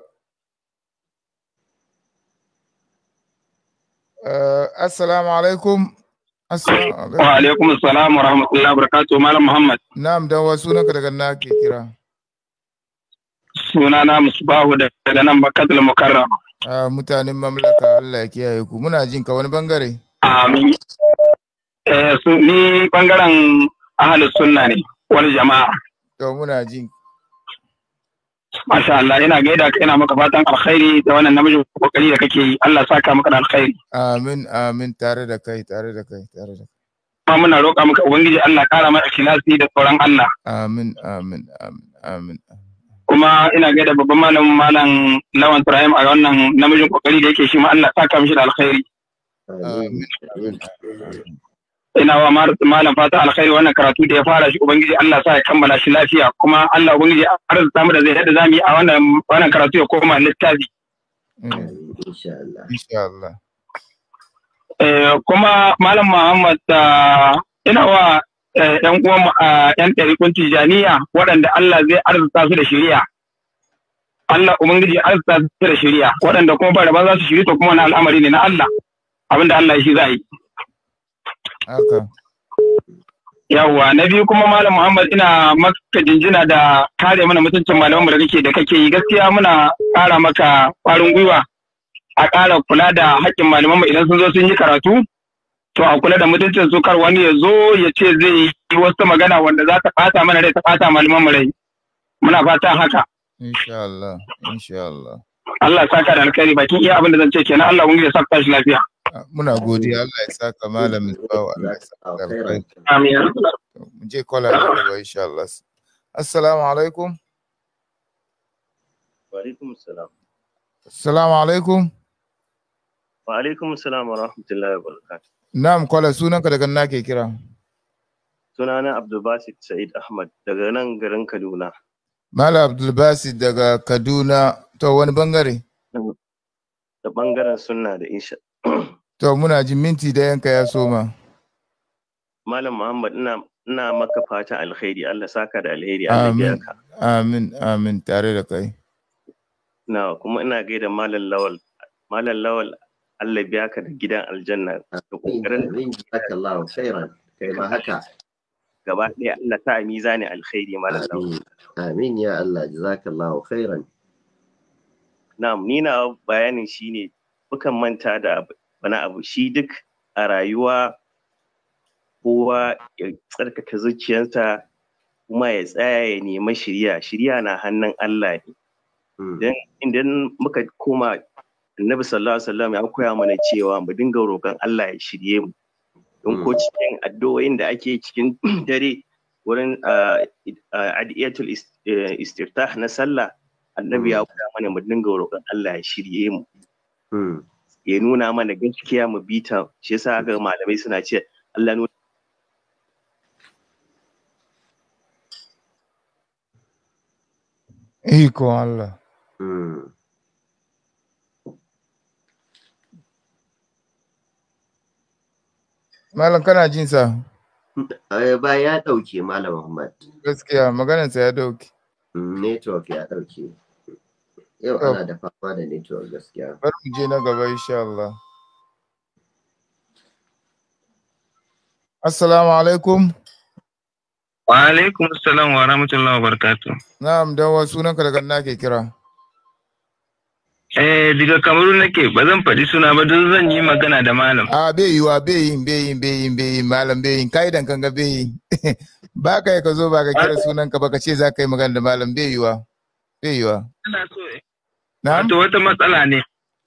Uh, assalamu alaikum. Assalamu alaikum. Wa alaikum assalam wa rahmatullahi wa barakatuh Malam Muhammad. Na'am dan na sunanka daga na ke kira. Suna na Musbahu daga nan Bakatul Mukarrama. Ah mutanen mamlaka Allah ya kiyaye ku. Muna jin ka wani bangare. Amin. Eh su ni bangaren Ahlus Sunna ne wal jama'a. To muna jin Masha Allah ina gaida ka ina maka fatan alkhairi da wannan namiji kokari da kake yi Allah saka maka da alkhairi. Amin amin tare da kai tare da kai tare da kai. Kuma muna roƙa maka Ubangiji Allah ƙara maka kilasi da tsoron Allah. Amin amin amin amin. Kuma ina gaida babban malamin malam Lawan Ibrahim a wannan namijin kokari da yake shi ma Allah saka mishi da alkhairi. Amin amin. ina wa malam fata alkhairi wannan karatu da ya fara shi ubangiji Allah sa ya kammala shi lafiya kuma Allah ubangiji arzuta mu da zai yadda zamu yi a wannan wannan karatu ya koma littafi insha Allah insha Allah eh kuma malam Muhammad eh, ina wa eh, a uwan eh, ɗari kun Tijaniya waɗanda Allah zai arzuta su da shari'a Allah ubangiji arzuta su da shari'a waɗanda kuma ba da ba za su shiri to kuma wani al'amari ne na Allah abinda Allah shi za yi yawwa na biyu kuma malam muhammad ina maka jinjina da kare mana mutuncin malaman da kake da kake yi gaskiya muna kara maka kwarin gwiwa a kara kula da haƙƙin malaman mu idan sun zo sun yi karatu to a kula da mutuncin su kar wani ya zo ya ce zai yi wasu magana wanda za ta ɓata mana rai ta ɓata malaman mu rai muna fata haka insha Allah insha Allah Allah saka da alkhairi bakin iya abin da zan ce kenan Allah wani ya saka shi lafiya muna godiya Allah ya saka malam Zubawa Allah ya saka Amin. Mu je kola da gaba insha Allah. Assalamu alaikum. Wa alaikum salam. Assalamu alaikum. Wa alaikum salam wa rahmatullahi wa barakatuh. Na'am kola sunanka daga nan ke kira. Sunana Abdulbasit Sa'id Ahmad daga nan garin Kaduna. Malam Abdulbasit daga Kaduna to wani bangare? Da bangaren sunna da insha To muna jin minti da yanka ya soma. Malam Muhammad ina ina maka fata alheri, Allah saka da alheri Allah ka. Amin amin tare da kai. Na kuma ina gaida Malam Lawal Malam Lawal Allah biya ka da gidan aljanna da kokarin Allah khairan kai ma haka. Gaba ɗaya Allah ta mizani alkhairi Malam Lawal. Amin ya Allah jazakallahu khairan. Na'am ni na bayanin shine bukan manta da wani abu shi duk a rayuwa kowa ya tsarkaka zuciyarsa kuma ya tsaya ya nema shirya shirya na hannun Allah ne hmm. idan muka koma annabi sallallahu alaihi wasallam ya koya mana cewa mu dinga roƙon Allah ya shirye mu don ko hmm. cikin addu'o'in da ake cikin dare wurin adiyatul e, istirtah na sallah annabi ya hmm. koya mana mu dinga roƙon Allah ya shirye mu ya nuna mana gaskiya mu bi ta shi yasa aka malamai suna ce Allah nuna Iko Allah. Hmm. Malam kana jin sa? Eh, ba ya dauke Malam Muhammad. Gaskiya maganarsa ya Ne hmm, Network ya dauke. yau ana da fama da network gaskiya bari mu je na gaba insha Allah assalamu alaikum wa alaikum assalam wa rahmatullahi wa barakatuh na'am dawa sunanka daga na ke kira Eh, daga kamaru nake ba zan faɗi suna ba don zan yi magana da malam. A ah, bai yi wa bai yi bai yi bai yi bai yin malam bai yi? kai dan kanga bai yi? ba ka ka zo ba ka kira sunan ka ba ka ce za ka yi magana da malam bai yi wa. Bai yi wa. Ina so Wato wata matsala ne.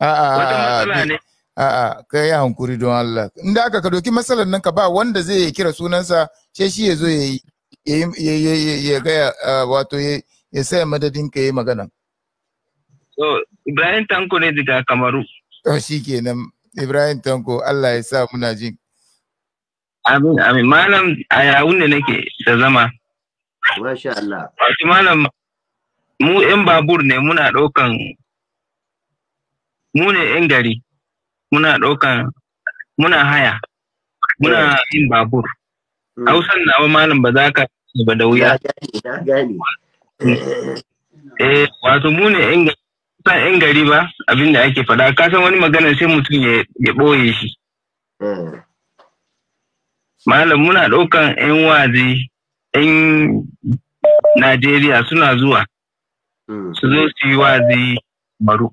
A'a. Wata matsala ne. A'a, kai ya hankuri don Allah. Inda aka ka doki matsalar nan ka ba wanda zai kira sunansa, sai shi ya zo ya yi ya gaya wato ya saya madadin ka yi magana. So, Ibrahim Tanko ne daga Kamaru. To shi kenan Ibrahim Tanko Allah ya sa muna jin. Amin, amin. Malam a yawun ne nake da zama. Masha Allah. Wato malam mu 'yan babur ne muna ɗaukan mu ne 'yan gari muna ɗaukan muna haya muna eh. yin babur hmm. hausan wa malam ba za ka ba da wuya hmm. eh wato mu ne 'yan gari ba abin da ake faɗa ka san wani magana sai mutum ya ɓoye shi hmm. malam muna ɗaukan 'yan wazi 'yan Najeriya suna zuwa su zo su yi wazi maru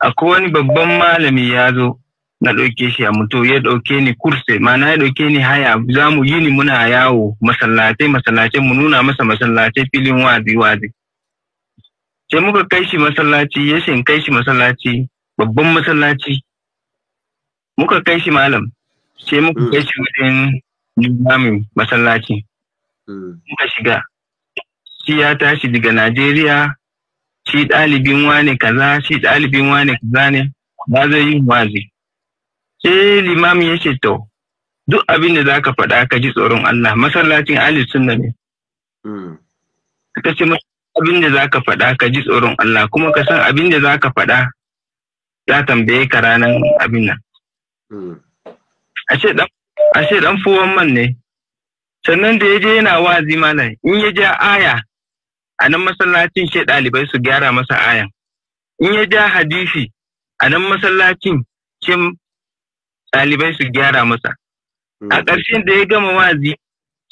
akwai wani babban malami ya zo na ɗauke shi a mutu ya ɗauke ni kurse mana ya ɗauke ni haya za mu yi ni muna yawo masallatai masallatai mu nuna masa masallatai filin wazi wazi sai muka kai shi masallaci ya shin kai shi masallaci babban masallaci muka kai shi malam sai muka kai shi wajen limamin masallaci hmm. muka shiga shi ya tashi daga Najeriya shi ɗalibin wane kaza shi ɗalibin wane kaza ne ba zai yi wazi sai limami ya ce to duk abin da zaka faɗa ka ji tsoron Allah masallacin ahli sunna ne hmm. ka ce abin da zaka faɗa ka ji tsoron Allah kuma ka san abin da zaka faɗa ya tambaye ka ranan abin nan hmm. ashe dan ashe dan fuwan man ne sannan da ya je yana wazi mana in ya ja aya a nan masallacin shi ɗalibai su gyara masa ayan in ya ja hadisi a nan masallacin shi ɗalibai su gyara masa a mm. ƙarshen da ya gama wazi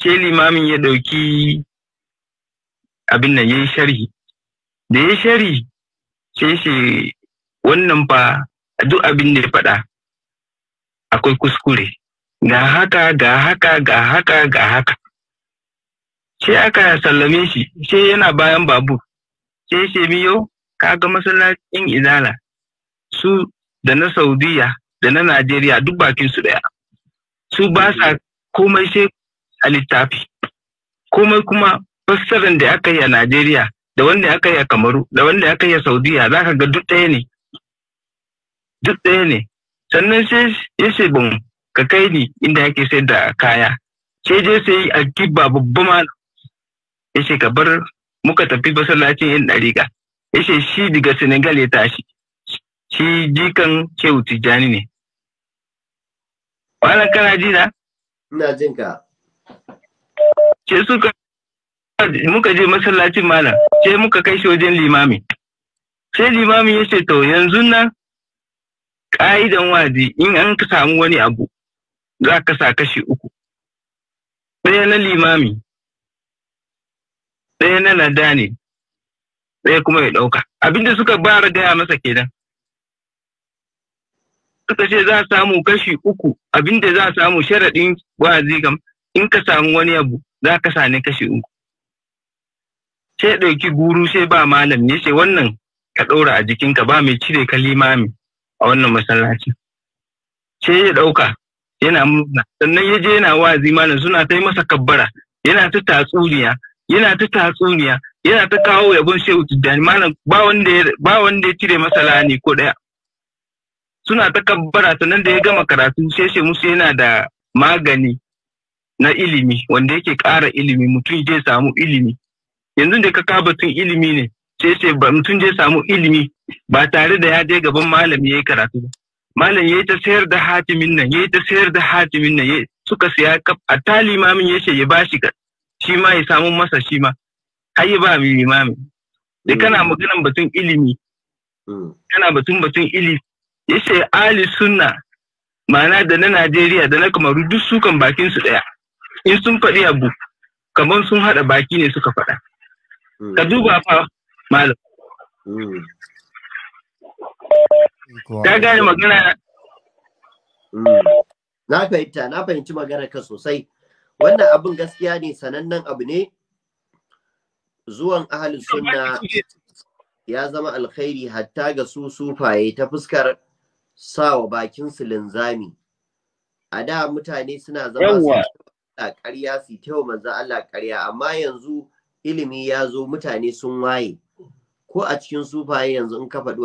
ce limamin ya ɗauki abin nan ya yi sharhi da ya sharhi ce shi wannan fa duk abin da ya faɗa akwai kuskure ga haka ga haka ga haka ga haka sai aka sallame shi sai yana bayan babur. sai ce miyo kaga masallacin izala su da na saudiya da na najeriya duk bakin su daya su ba sa komai sai a littafi komai kuma fassarar da aka yi a najeriya da wanda aka yi a kamaru da wanda aka yi a saudiya za ka ga duk ɗaya ne duk ɗaya ne sannan sai ya ce ban ka kai ni inda yake sayar da kaya sai je sai a kibba babba ma Ya ce ka bar muka tafi masallacin ɗariƙa. Ya ce shi daga Senegal ya tashi shi jikan Shehu Tijjani ne wannan kana ji na ina jin ka ce ka muka je masallacin malam sai muka kai shi wajen limami sai limami ya ce to yanzu nan ka'idan wazi in an ka samu wani abu za ka sa kashi uku ɗaya na limami ɗaya na lada ne ɗaya kuma ya ɗauka abinda suka bara gaya masa kenan suka ce za a samu kashi uku abinda za a samu sharaɗin wa'azi kam in ka samu wani abu za ka sani kashi uku sai ɗauki guru sai ba malam ne sai wannan ka ɗora a jikinka ba mai cire kalimami a wannan masallaci sai ya ɗauka yana murna sannan ya je yana wa'azi malam suna ta yi masa kabbara yana ta tatsuniya yana ta tatsuniya yana ta kawo yabon shehu tijjani malam ba wanda ya cire masa lani ko daya suna ta kabbara sannan da ya gama karatu sheshe musu yana da magani na ilimi wanda yake ƙara ilimi mutum je samu ilimi yanzu da ka kaba tun ilimi ne sheshe mutum je samu ilimi ba tare da ya je gaban malami ya yi karatu ba malam ya yi ta sayar da hatimin nan ya yi ta sayar da hatimin nan suka siya a talimamin ya ce ya bashi shi ma ya samu masa shi ma har yi ba mu limami da mm. kana maganan batun ilimi mm. kana batun batun ilimi ya ce ali sunna ma'ana da na najeriya da na kamaru duk sukan bakin su daya in sun faɗi abu kamar sun haɗa baki ne suka faɗa mm. ka duba fa malam Ta gane magana na fahimta na fahimci magana ka sosai wannan abin gaskiya ne sanannen abu ne zuwan ahalin sunna ya zama alkhairi hatta ga su sufaye ta fuskar sawa bakin su linzami a da mutane suna zama su ƙarya su ta manzan Allah ƙarya amma yanzu ilimi ya zo mutane sun waye ko a cikin sufaye yanzu in ka faɗi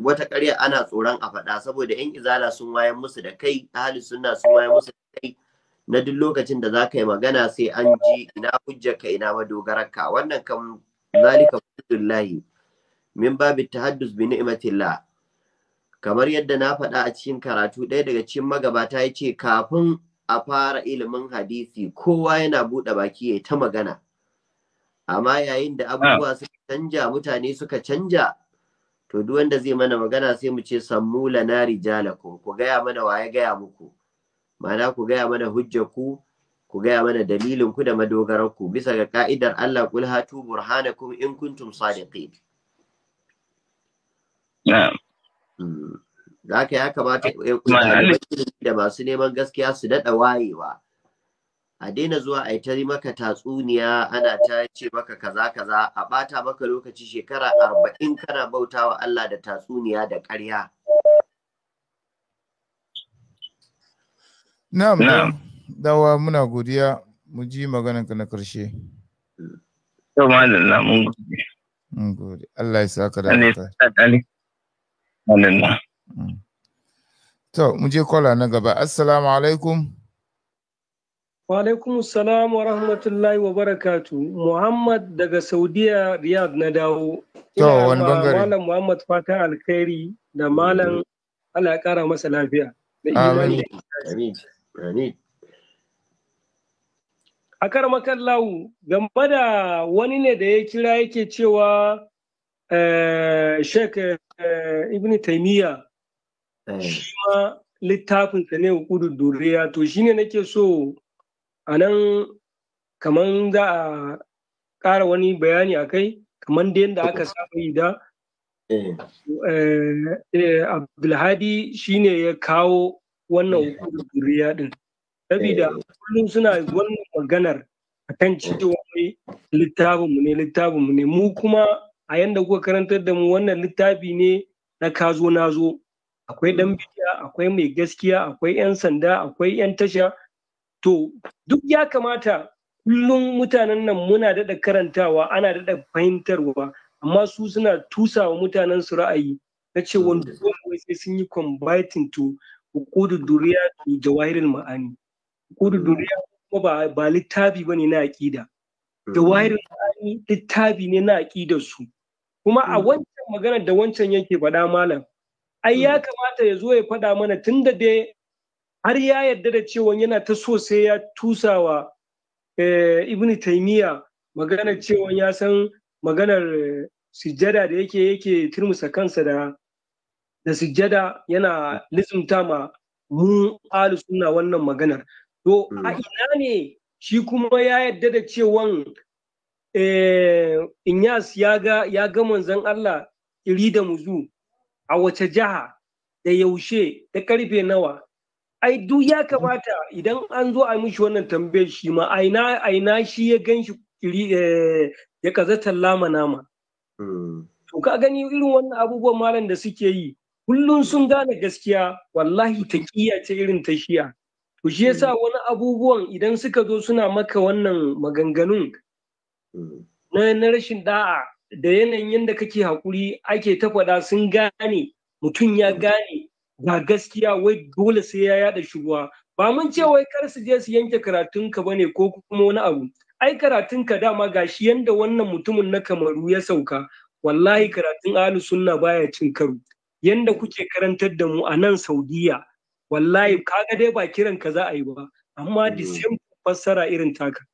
wata ƙarya ana tsoron a faɗa saboda 'yan izala sun wayan musu da kai ahalin sunna sun wayan musu da kai na duk lokacin da za ka yi magana sai an ji ina ka ina ka wannan kam zalika fadlullahi min babu tahaddus bi ni'matillah kamar yadda na faɗa a cikin karatu ɗaya daga cikin magabata ya ce kafin a fara ilimin hadisi kowa yana buɗe baki ya ta magana amma yayin da abubuwa suka canja mutane suka canja to duk wanda zai mana magana sai mu ce sammu lana rijalakum ku gaya mana waye gaya muku ma'ana ku gaya mana hujjaku ku gaya mana dalilin ku da madogaran ku bisa ga ka'idar Allah kul hatu burhanakum in kuntum sadiqin Zaka ya kamata da masu neman gaskiya su daɗa wayewa. A daina zuwa a ta maka tatsuniya ana ta ce maka kaza kaza a ɓata maka lokaci shekara arba'in kana bautawa Allah da tatsuniya da ƙarya. Na'am. Na'am. Dawa muna godiya mu ji maganar ka na karshe. Yau malam na mun gode. Mun gode. Allah ya saka da alheri. Malam na. Mm. To mu je kwala na gaba. Assalamu alaikum. Wa alaikum salam wa rahmatullahi wa barakatu. Muhammad daga Saudiya Riyadh na dawo. To wani bangare. Malam Muhammad fata alkhairi da malam mm. Allah ya kara masa lafiya. Amin. Amin. A karmakan lawu, game da wani ne da ya kira yake cewa eh, Sheikh eh, Ibn Taimiyya eh. shi ma littafinsa ne hukudun duriya to shine nake so a nan kaman za a ƙara wani bayani a kai kaman da yadda aka saba yi da Abdulhadi shine ya kawo wannan eh. hukumar din Sabida eh. kullum suna wannan maganar a kan cewa wai littafin mu ne littafin mu ne mu kuma a yanda kuka karantar da mu wannan littafi ne na kazo na zo akwai dan mm. bidiya akwai mai gaskiya akwai yan sanda akwai yan tasha to duk ya kamata kullum mutanen nan muna daɗa karantawa ana daɗa fahimtarwa amma su suna tusawa mutanen su ra'ayi na cewa mm. wai sai sun yi combating to uqudud duniya bi jawahirul ma'ani uqudud hmm. duniya kuma ba littafi bane na aqida hmm. jawahirul ma'ani littafi ne na aqidar su kuma a hmm. wancan magana da wancan yake faɗa malam ai ya kamata ya zo ya faɗa mana tunda dai har ya yarda da cewa yana ta so sai ya tusawa eh, ibn taimiya maganar cewa ya san maganar eh, sujada da yake yake turmusa kansa da da sujjada yana hmm. lizumta ma mu ahlu sunna wannan maganar to a hmm. ina ne shi kuma ya yadda da cewan eh, inyas ya ga ya ga manzon Allah iri da muzu a wace jiha da yaushe da karfe nawa ai duk ya kamata idan an zo a mishi wannan tambayar shi ma aina shi ya gan shi eh, ya kaza talla nama hmm. to ka gani irin wannan abubuwan malam da suke yi Kullum sun gane gaskiya wallahi taƙiyyace ce irin ta shiya to shi yasa hmm. wani abubuwan idan suka zo suna maka wannan maganganun hmm. na rashin da'a da yanayin yadda kake hakuri ake ta faɗa sun gane mutum ya hmm. gane ga gaskiya wai dole sai ya yada shubuwa ba mun ce wai kar su je su yanke karatun ka bane ko kuma wani abu ai karatunka dama shi yanda wannan mutumin na kamaru ya sauka wallahi karatun ahlus sunna baya cin karo yanda kuke karantar da mu a nan saudiya wallahi mm. kaga dai ba kiran ka za a yi ba amma the mm. same fassara irin taka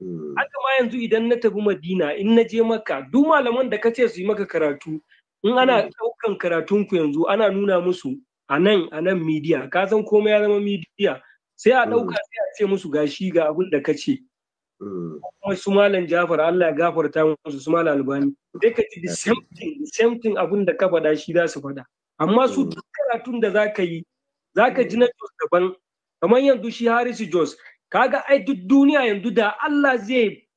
mm. haka ma yanzu idan na tafi madina in na je maka duk malaman da kace su yi maka karatu in ana ɗaukan karatun ku yanzu ana nuna musu a nan a nan midiya ka san komai ya zama midiya sai a ɗauka sai a ce musu gashi ga abin da kace Kawai su malam Jafar Allah ya gafarta musu su malam Albani. Sai ka ji the same thing abin da ka faɗa shi za su faɗa. Amma su mm. duk karatun da za ka yi za ka ji na Jos daban kamar yanzu shi Harisu Jos kaga ai duk duniya yanzu da Allah zai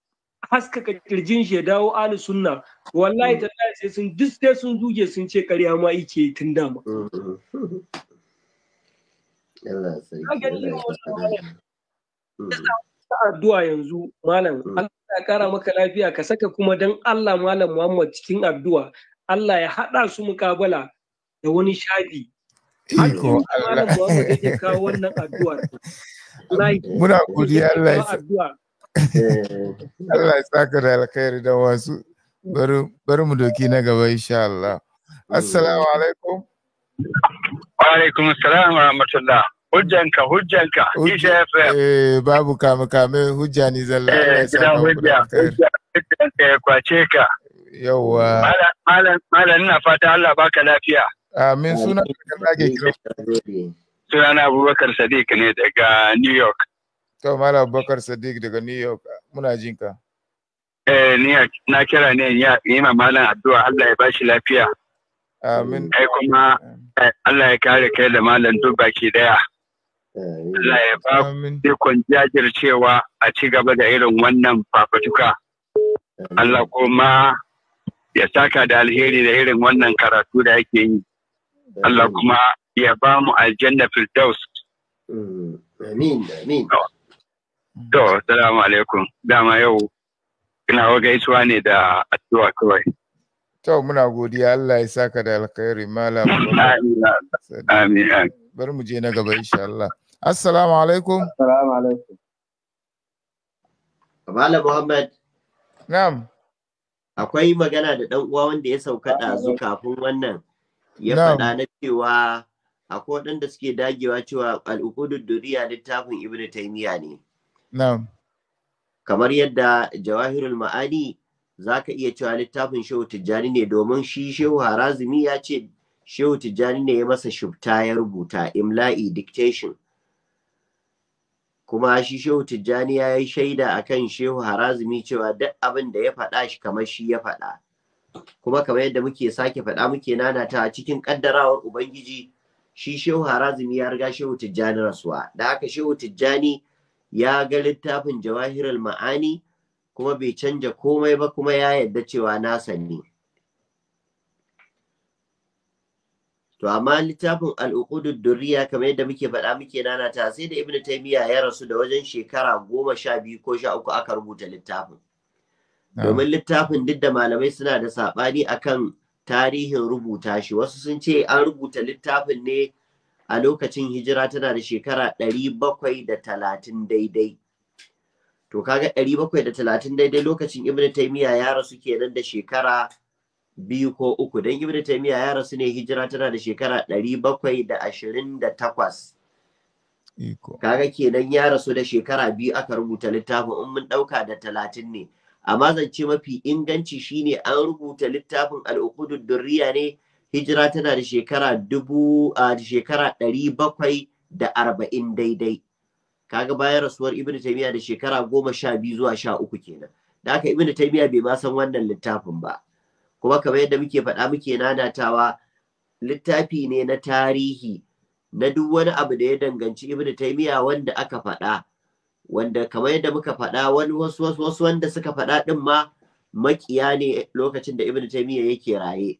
haskaka kirjin shi ya dawo ahli sunna wallahi mm. Allah sai sun duk sai sun zuge sun ce ƙarya ma yake tun dama. Mm. Allah sai. addu'a yanzu malam hmm. Allah ya kara maka lafiya ka saka kuma dan Allah malam Muhammad cikin addu'a Allah ya haɗa su mukabala da wani shafi Iko Allah. kawo wannan addu'a. Muna godiya Allah ya Allah ya saka da alkhairi da wasu. Bari mu doki na gaba insha Allah. Hmm. Assalamu alaikum. Wa alaikum assalam wa rahmatullah. hujjanka hujjanka isha fm eh babu kame kame hujja ni zalla eh gidan hujja hujjanka ya kwace ka yawa malam malam ina fata Allah baka lafiya amin suna ka zage kiro na Abubakar Sadiq ne daga New York to malam Abubakar Sadiq daga New York muna jin ka eh ni na kira ne ya yi ma malam addu'a Allah ya bashi lafiya amin kai kuma Allah ya kare kai da malam duk baki daya Allah ya ba ku ikon jajircewa a ci gaba da irin wannan fafatuka. Allah kuma ya saka da alheri da irin wannan karatu da yake yi. Allah kuma ya ba mu aljanna firdaus. Mm, amin, amin. To, salamu alaikum. Dama yau ina gaisuwa ne da addu'a kawai. To, muna godiya Allah ya saka da alkhairi malam. Amin, amin. Bari mu je na gaba insha Allah. Assalamu alaikum. Assalamu alaikum. Kamala Muhammad. Na'am. Akwai magana da ɗan uwa wanda ya sauka ɗazu kafin wannan ya faɗa na cewa akwai waɗanda suke dagewa cewa al'ukudud duriya littafin Ibn Taymiyyah ne. Na'am. Kamar yadda Jawahirul Ma'ani zaka iya cewa littafin Shehu Tijjani ne domin shi Shehu Harazimi ya ce Shehu Tijjani ne ya masa shubta ya rubuta imla'i dictation. kuma shi shehu tijjani ya yi shaida a kan shehu harazumi cewa duk abin da ya faɗa shi kamar shi ya faɗa kuma kamar yadda muke sake faɗa muke nana nanata cikin ƙaddarawar ubangiji shi shehu harazumi ya riga shehu tijjani rasuwa da haka shehu tijjani ya ga littafin jawahirul ma'ani kuma bai canja komai ba kuma ya yadda cewa na ne to amma littafin al'uqudud duriya, kamar yadda muke faɗa muke nana ta sai da ibnu taymiya ya rasu da wajen shekara goma sha biyu ko sha uku aka rubuta littafin domin littafin duk da malamai suna da saɓani a kan tarihin rubuta shi wasu sun ce an rubuta littafin ne a lokacin hijira tana da shekara ɗari bakwai da talatin daidai to kaga ɗari bakwai da talatin daidai lokacin ibnu taymiya ya rasu kenan da shekara biyu ko uku don ibn taimiyya ya rasu ne hijira tana da shekara ɗari bakwai da ashirin da takwas kaga kenan ya rasu da shekara biyu aka rubuta littafin in mun ɗauka da talatin ne amma zance mafi inganci shine an rubuta littafin al'uqudud durriya ne hijira tana da shekara dubu a shekara ɗari bakwai da arba'in daidai kaga bayan rasuwar ibn taimiyya da shekara goma sha biyu zuwa sha uku kenan da haka ibn taymiya bai ma san wannan littafin ba kuma kamar yadda muke faɗa muke nanatawa littafi ne na tarihi na duk wani abu da ya danganci ibnu taymiya wanda aka faɗa wanda kamar yadda muka faɗa wani wasu wasu wasu wanda suka faɗa ɗin ma makiya ne lokacin da ibnu taymiya yake raye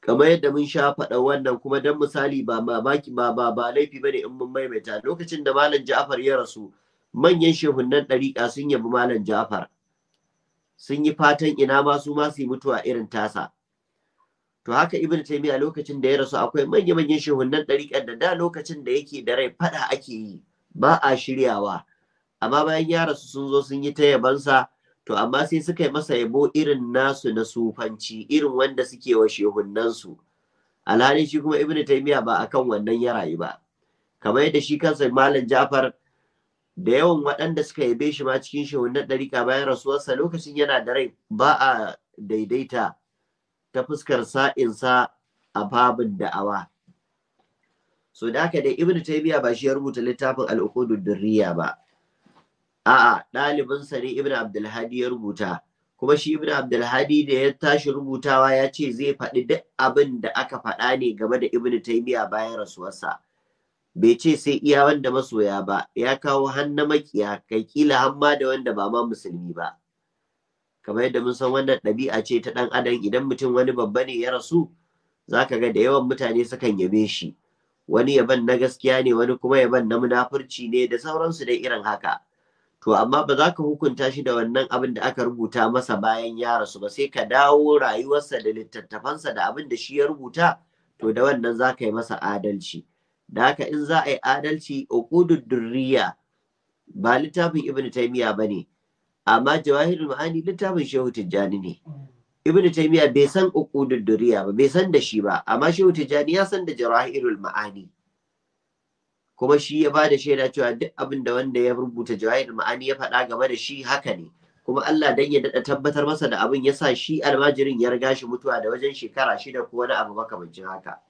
kamar yadda mun sha faɗa wannan kuma dan misali ba mamaki ba ba ba laifi bane in mun maimaita lokacin da malam Ja'far ya rasu manyan shehunnan ɗariƙa sun yabi malam Ja'far sun yi fatan ina ma su ma su yi mutuwa irin tasa to haka ibn a lokacin da ya rasu akwai manya manyan shehunnan ɗariƙar da da lokacin da yake da rai faɗa ake yi ba a shiryawa amma bayan ya rasu sun zo sun yi ta yabansa to amma sai suka yi masa yabo irin nasu na sufanci irin wanda suke wa shehunnansu alhali shi kuma ibn taymiya ba akan wannan ya rayu ba kamar yadda shi kansa malam ja'far da yawan waɗanda suka yabe shi ma cikin shehunan ɗariƙa bayan rasuwarsa lokacin yana da rai ba a daidaita ta fuskar sa'insa a babin da'awa. So da aka dai Ibn Taymiyyah ba shi ya rubuta littafin al'ukudu durriya ba. A'a ɗalibinsa ne Ibn Abdulhadi ya rubuta. Kuma shi Ibn Abdulhadi da ya tashi rubutawa ya ce zai faɗi duk abin da aka faɗa ne game da Ibn Taymiyyah bayan rasuwarsa. bai ce sai iya wanda masoya ba ya kawo hanna makiya kai kila hamma da wanda ba ma musulmi ba kamar yadda mun san wannan ɗabi'a ce ta ɗan adam idan mutum wani babba ne ya rasu zaka ga da yawan mutane sukan yabe shi wani yaban na gaskiya ne wani kuma yaban na munafurci ne da sauransu dai irin haka to amma ba za ka hukunta shi da wannan abin da aka rubuta masa bayan ya rasu ba sai ka dawo rayuwarsa da littattafansa da abin da shi ya rubuta to da wannan za ka yi masa adalci da haka in za a yi adalci uqudud durriya ba littafin ibnu taymiya bane amma jawahirul ma'ani littafin shehu tijjani ne ibnu taymiya bai san uqudud durriya ba bai san da shi ba amma shehu tijjani ya san da jawahirul ma'ani kuma shi ya bada shaida cewa duk abin da wanda ya rubuta jawahirul ma'ani ya faɗa game da shi haka ne kuma Allah dan ya dada tabbatar masa da abin ya sa shi almajirin ya riga shi mutuwa da wajen shekara shida ko wani abu makamancin haka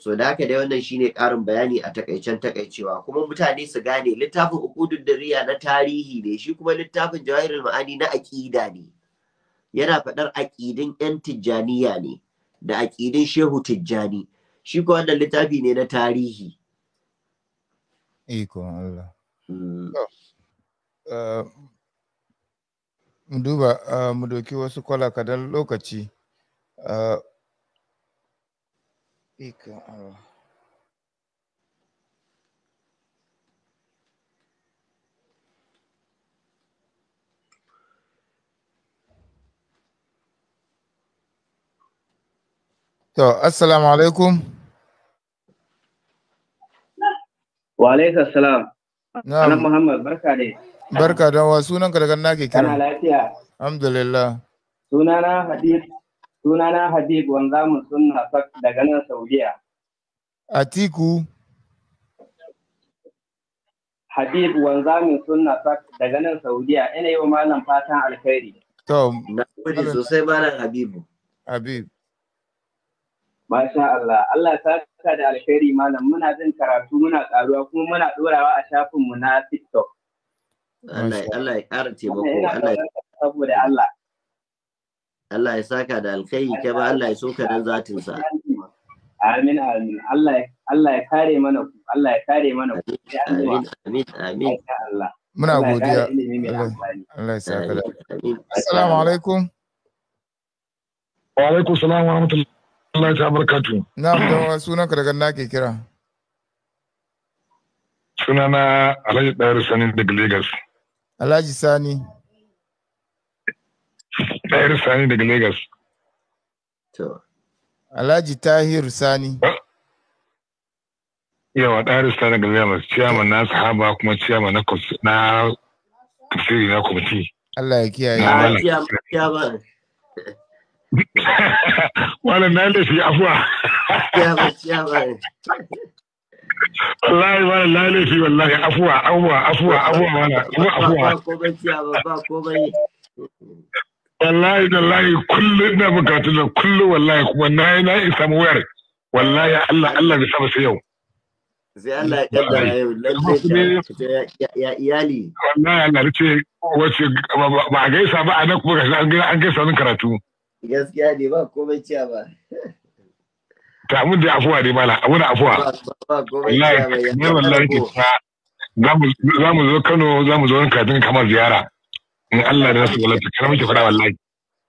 so da haka dai wannan shine karin bayani a takaicen takaicewa kuma mutane su gane littafin uqudud dariya na tarihi ne shi kuma littafin jawahirul ma'ani na aqida ne yana faɗar aqidin yan tijjaniya ne da aqidin shehu tijjani shi kuma wannan littafi ne na tarihi iko Allah hmm. eh, mu duba eh, mu doki wasu kwala kadan lokaci eh, Tiga Allah. So, assalamualaikum. Waalaikumsalam. Nah. Anak salam. Muhammad, Berkah deh. Berkah. da wa sunanka daga Alhamdulillah. Sunana hadir. Sunana Habib suna fak daga nan Saudiya. Atiku. Habib suna fak daga nan Saudiya ina yi wa malam fatan alkhairi. To, na gode sosai malam Habibu. Habib. Masha Allah, Allah ta saka da alkhairi malam muna jin karatu muna karuwa kuma muna dorawa a shafinmu na TikTok. Allah ya ƙara taimako. Saboda Allah. Allah ya saka da alkhairi ke ba Allah ya soka dan zatin sa amin amin Allah Allah ya kare mana ku Allah ya kare mana ku amin amin amin muna godiya Allah ya saka da assalamu alaikum wa alaikum salam wa rahmatullahi ta barakatu na da sunan ka daga nake kira sunana Alhaji Dairu Sani daga Lagos Alhaji Sani Tahir Sani daga Lagos. To. Alhaji Tahir Sani. Yawa Tahir Sani daga Lagos, ciyaman na sahaba kuma ciyaman na na tafsiri na kwamiti. Allah ya kiyaye. Na ciyaman. Wannan na da shi afuwa. Ciyaman, ciyaman. wallahi wala lafi wallahi afuwa afuwa afuwa afuwa wala afuwa ba komai ba komai wallahi da layi kullu na bukatu da kullu wallahi kuma na yi na isa mu wayar wallahi Allah Allah bi saba sai yau sai Allah ya kaddara yau lalle ya iyali wallahi Allah ce wace ba a gaisa ba a nan kuma gashi an gaisa nan karatu gaskiya ne ba komai ciya ba ta mun da afuwa ne mala wani afuwa wallahi ne wallahi ke ta za mu zo Kano za mu zo nan kajin kamar ziyara in Allah da su wala ta kana muke faɗa wallahi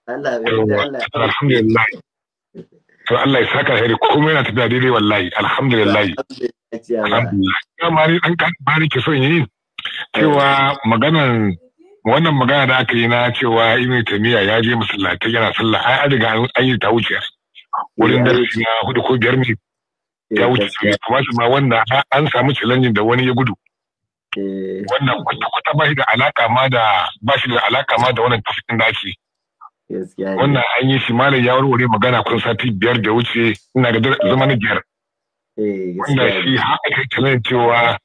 Allah ya alhamdulillah to Allah ya saka hari komai yana tafiya daidai wallahi alhamdulillah alhamdulillah ma ni dan kan bari ke so yi cewa maganan wannan magana da aka yi na cewa Ibn Taymiyyah ya je masallatai yana sallah ai an riga an yi ta wuce wurin darasi na hudu ko biyar ne ya wuce kamar ma wanda an samu challenge da wani ya gudu Eh. Wannan kwata-kwata ba shi da alaka ma da ba shi da alaka ma da wannan tafikin da ake. Wannan an yi shi malam ya warware magana kun sati biyar da wuce ina ga zama na biyar. Eh, Wanda shi haka kai tunanin cewa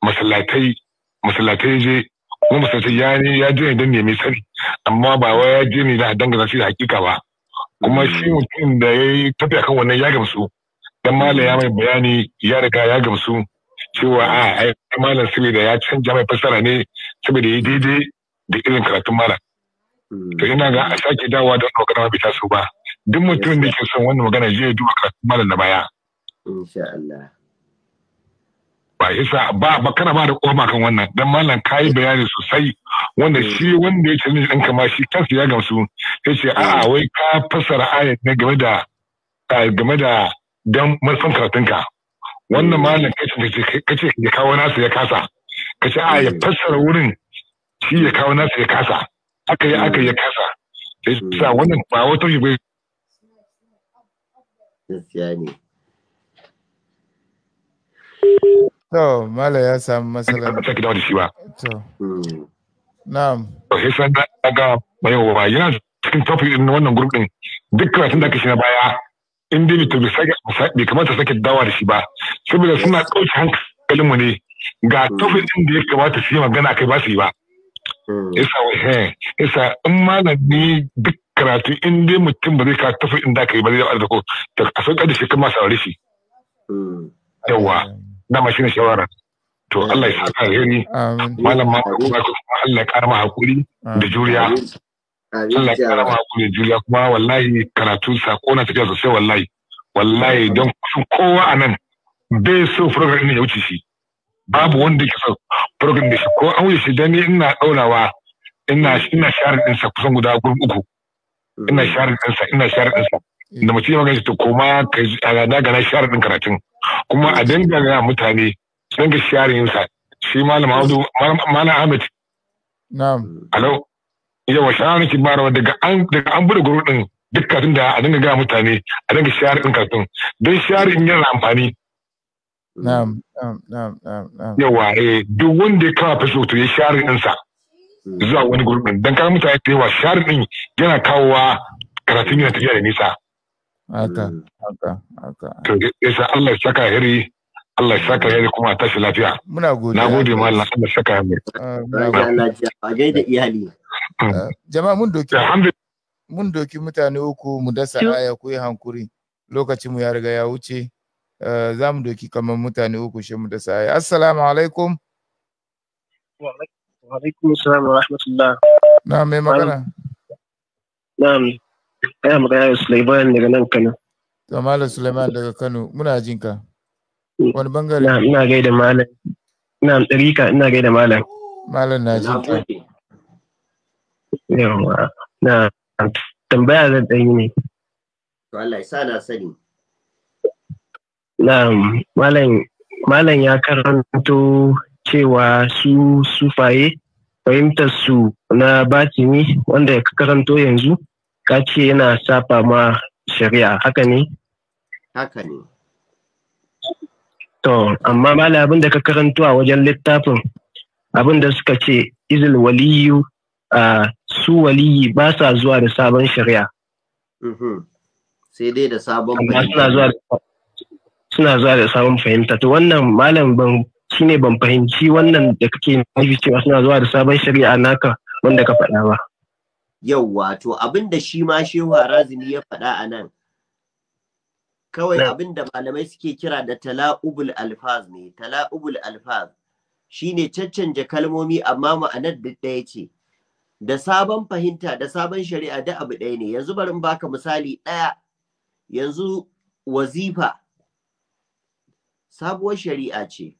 masallatai masallatai je kuma masallatai ya ne ya je ne don nemi sani amma ba wai ya je ne da dangana shi da hakika ba. Kuma mm. shi mutum da ya yi tafiya kan wannan ya gamsu. Dan malam ya mai bayani ya riga ya gamsu. cewa a ai malam saboda ya canja mai fasara ne saboda ya daidai da irin karatun malam hmm. to ina ga a sake dawowa da wannan magana bai taso ba duk mutumin da ke son wannan magana zai duba karatun malam na baya insha Allah ba isa ba ba kana ba da koma kan wannan dan malam kai bayani sosai wanda hmm. shi wanda ya canza dan kama shi kansa ya gamsu yace a hmm. wai ka fassara ayat ne game da eh, game da dan manufan karatunka wannan malam kace ya kawo nasu ya kasa kace a ya hmm. fassara wurin shi ya kawo nasu ya kasa aka yi aka ya hmm. kasa sai hmm. sa wannan ba wata yi bai gaskiya to mala ya samu matsala ba take da shi ba to na'am to sai san ga mai wa yana cikin tafi din wannan group din duk karatun da kashi shi na baya in dai to bai kamata sake dawa da shi ba saboda suna ɗauki hankalin mu ne ga mm. tofin din da ya kamata su yi magana kai ba su yi ba mm. isa wahe isa in malami duk karatu in dai mutum ba zai ka tofin inda kai ba zai da arziko ta a sauƙa da shi kuma saurari shi mm. yawa dama shi ne shawara to Allah ya saka alheri malam ma Allah ya kara ma hakuri da juriya Allah ya kara ma ku juriya kuma wallahi karatu sako na tafiya sosai wallahi wallahi don kowa a nan bai so program ne ya wuce shi babu wanda ke so program da shi ko an wuce shi dan ina daurawa ina ina share din sa kusan guda gurin uku ina mm. share din sa ina share din sa da mace ya magana to koma ka na ga na share din karatun kuma a danga ga mutane dan ga share yin sa shi malam Audu malam Ahmed na'am alo mm. ya wa shara nake barawa daga an daga an bude guru din duk kafin da a dinga ga mutane a dinga share din kafin don share in yana amfani na'am na'am na'am na'am yawa eh duk wanda ya kawo faso to ya share din sa zuwa wani guru din dan kan mutane da yawa share din yana kawowa karatun yana tafiya da nisa haka mm. haka haka to yasa Allah ya saka hiri Allah ya saka yayi kuma tashi lafiya. Muna gode. Na gode mallam Allah ya saka ya mu. Ah, muna godiya. A gaida iyali. Eh, jama'a mun doki mun doki mutane uku mu dasa aya ku yi hankuri lokacin mu ya riga ya wuce eh, za mu doki kamar mutane uku shi mu dasa aya assalamu alaikum wa alaikum assalamu rahmatullah na mai magana na'am ya magana Sulaiman daga nan Kano to malam Sulaiman daga Kano muna jinka. Mm. wani bangare ina gaida malam ina tsarika ina gaida malam malam na jinka yawa na tambaya zan yi ne to Allah ya sa na sani na malam malam ya karanto cewa su sufaye fahimtar su na batini wanda ya karanto yanzu ka ce yana safa ma shari'a haka ne? Haka ne. To, amma mala abin da ka karanto a wajen littafin abin da suka ce izil waliyu a ah, su waliyi ba sa zuwa da sabon shari'a sai dai da sabon fahimta suna zuwa da sabon fahimta to wannan malam ban ne ban fahimci wannan da kake nufi cewa suna zuwa da sabon shari'a naka wanda ka faɗa ba Yau, to abin da shi ma shehu razumi ya faɗa a nan kawai abin da malamai suke kira da tala'ubul alfaz ne tala'ubul alfaz shi ne caccanja kalmomi amma ma'anar duk ɗaya ce da sabon fahimta da sabon shari'a da abu ɗaya ne yanzu bari in baka misali ɗaya yanzu wazifa sabuwar shari'a ce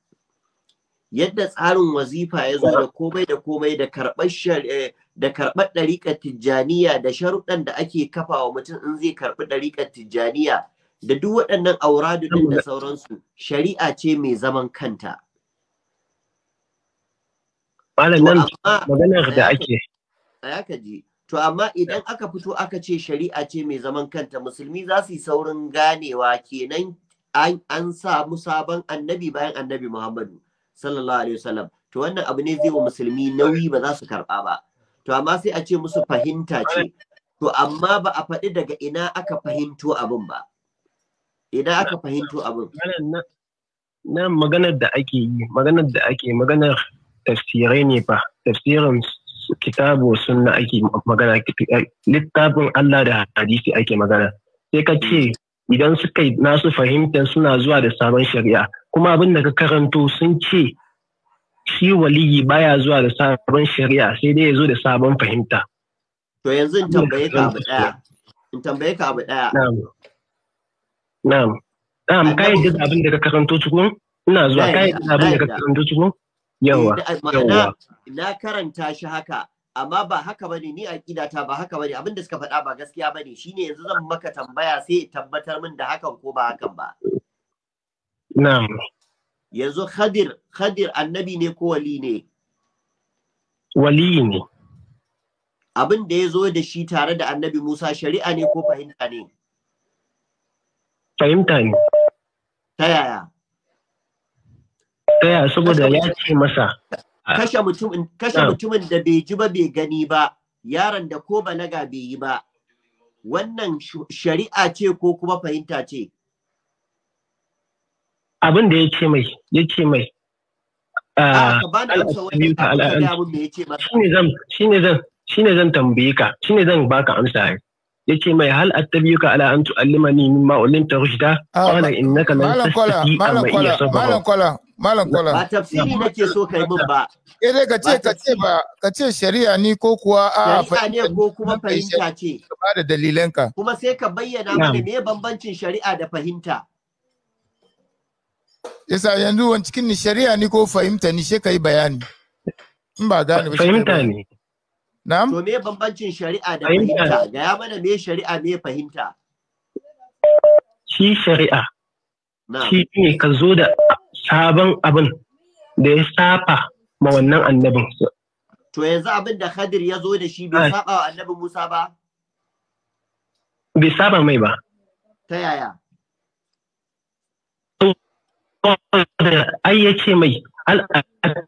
yadda tsarin wazifa ya zo da komai da komai da karɓar eh, da karɓar ɗariƙar tijjaniya da sharuɗan da ake kafa wa mutum in zai karɓi ɗariƙar tijjaniya da duk waɗannan auradu ɗin da sauransu shari'a ce mai zaman kanta. Malam nan maganar da ake ya ka ji to amma idan aka fito aka ce shari'a ce mai zaman kanta musulmi za su yi saurin ganewa kenan an sa sabon annabi bayan annabi muhammadu sallallahu alaihi wasallam to wannan abu ne zai wa musulmi nauyi ba za su karba ba to amma sai a ce musu fahimta ce to amma ba a faɗi daga ina aka fahimto abin ba ina aka fahimto abin Na maganar da ake yi maganar da ake maganar tafsirai ne fa tafsirin kitabu sunna ake magana littafin Allah da hadisi ake magana sai ka ce idan suka yi nasu fahimtar suna zuwa da sabon shari'a kuma abin da ka karanto sun ce shi waliyi baya zuwa da sabon shari'a sai dai ya zo da sabon fahimta to yanzu in tambaye ka abu daya in tambaye ka abu daya na'am na'am na'am kai da abin da ka karanto tukun ina zuwa kai da abin da ka karanto tukun yawa eh, na karanta shi haka amma ba haka bane ni a ta ba haka bane abinda suka faɗa ba gaskiya bane shine yanzu zan maka tambaya sai tabbatar min da hakan ko ba hakan ba na'am yanzu khadir khadir annabi ne ko wali ne wali ne abin da ya zo da shi tare da annabi musa shari'a ne ko fahimta ne fahimta ne ta yaya tsaya saboda ya ce masa kashe mutumin kashe mutumin da bai ji ba bai gani ba yaron da ko balaga bai yi ba wannan shari'a ce ko kuma fahimta ce abin da ya ce mai ya ce mai ah, shine zan shine zan shine zan tambaye ka shine zan baka amsa ce mai hal attabiyuka ala an tu'allimani mimma ulimta rushda qala innaka lan tastati amma iya sabra malam kwala malam kwala ba tafsiri nake so kai min ba eh dai ka ce ka ce ba ka ce shari'a ni ko kuwa a shari'a ne ko kuma fahimta ce ba da dalilanka kuma sai ka bayyana mana me bambancin shari'a da fahimta yasa yanzu wani cikin ni shari'a ni ko fahimta ni sai yi bayani in ba gane ba fahimta ne Na'am. To me bambancin shari'a da fahimta? Ga ya mana me shari'a me fahimta? Shi shari'a. Shi ne ka zo da sabon abin da ya safa ma wannan annabin. To yanzu abin da Khadir ya zo da shi bai saba wa annabin Musa ba? Bai saba mai ba. Ta yaya? Ai ya ce mai al'adar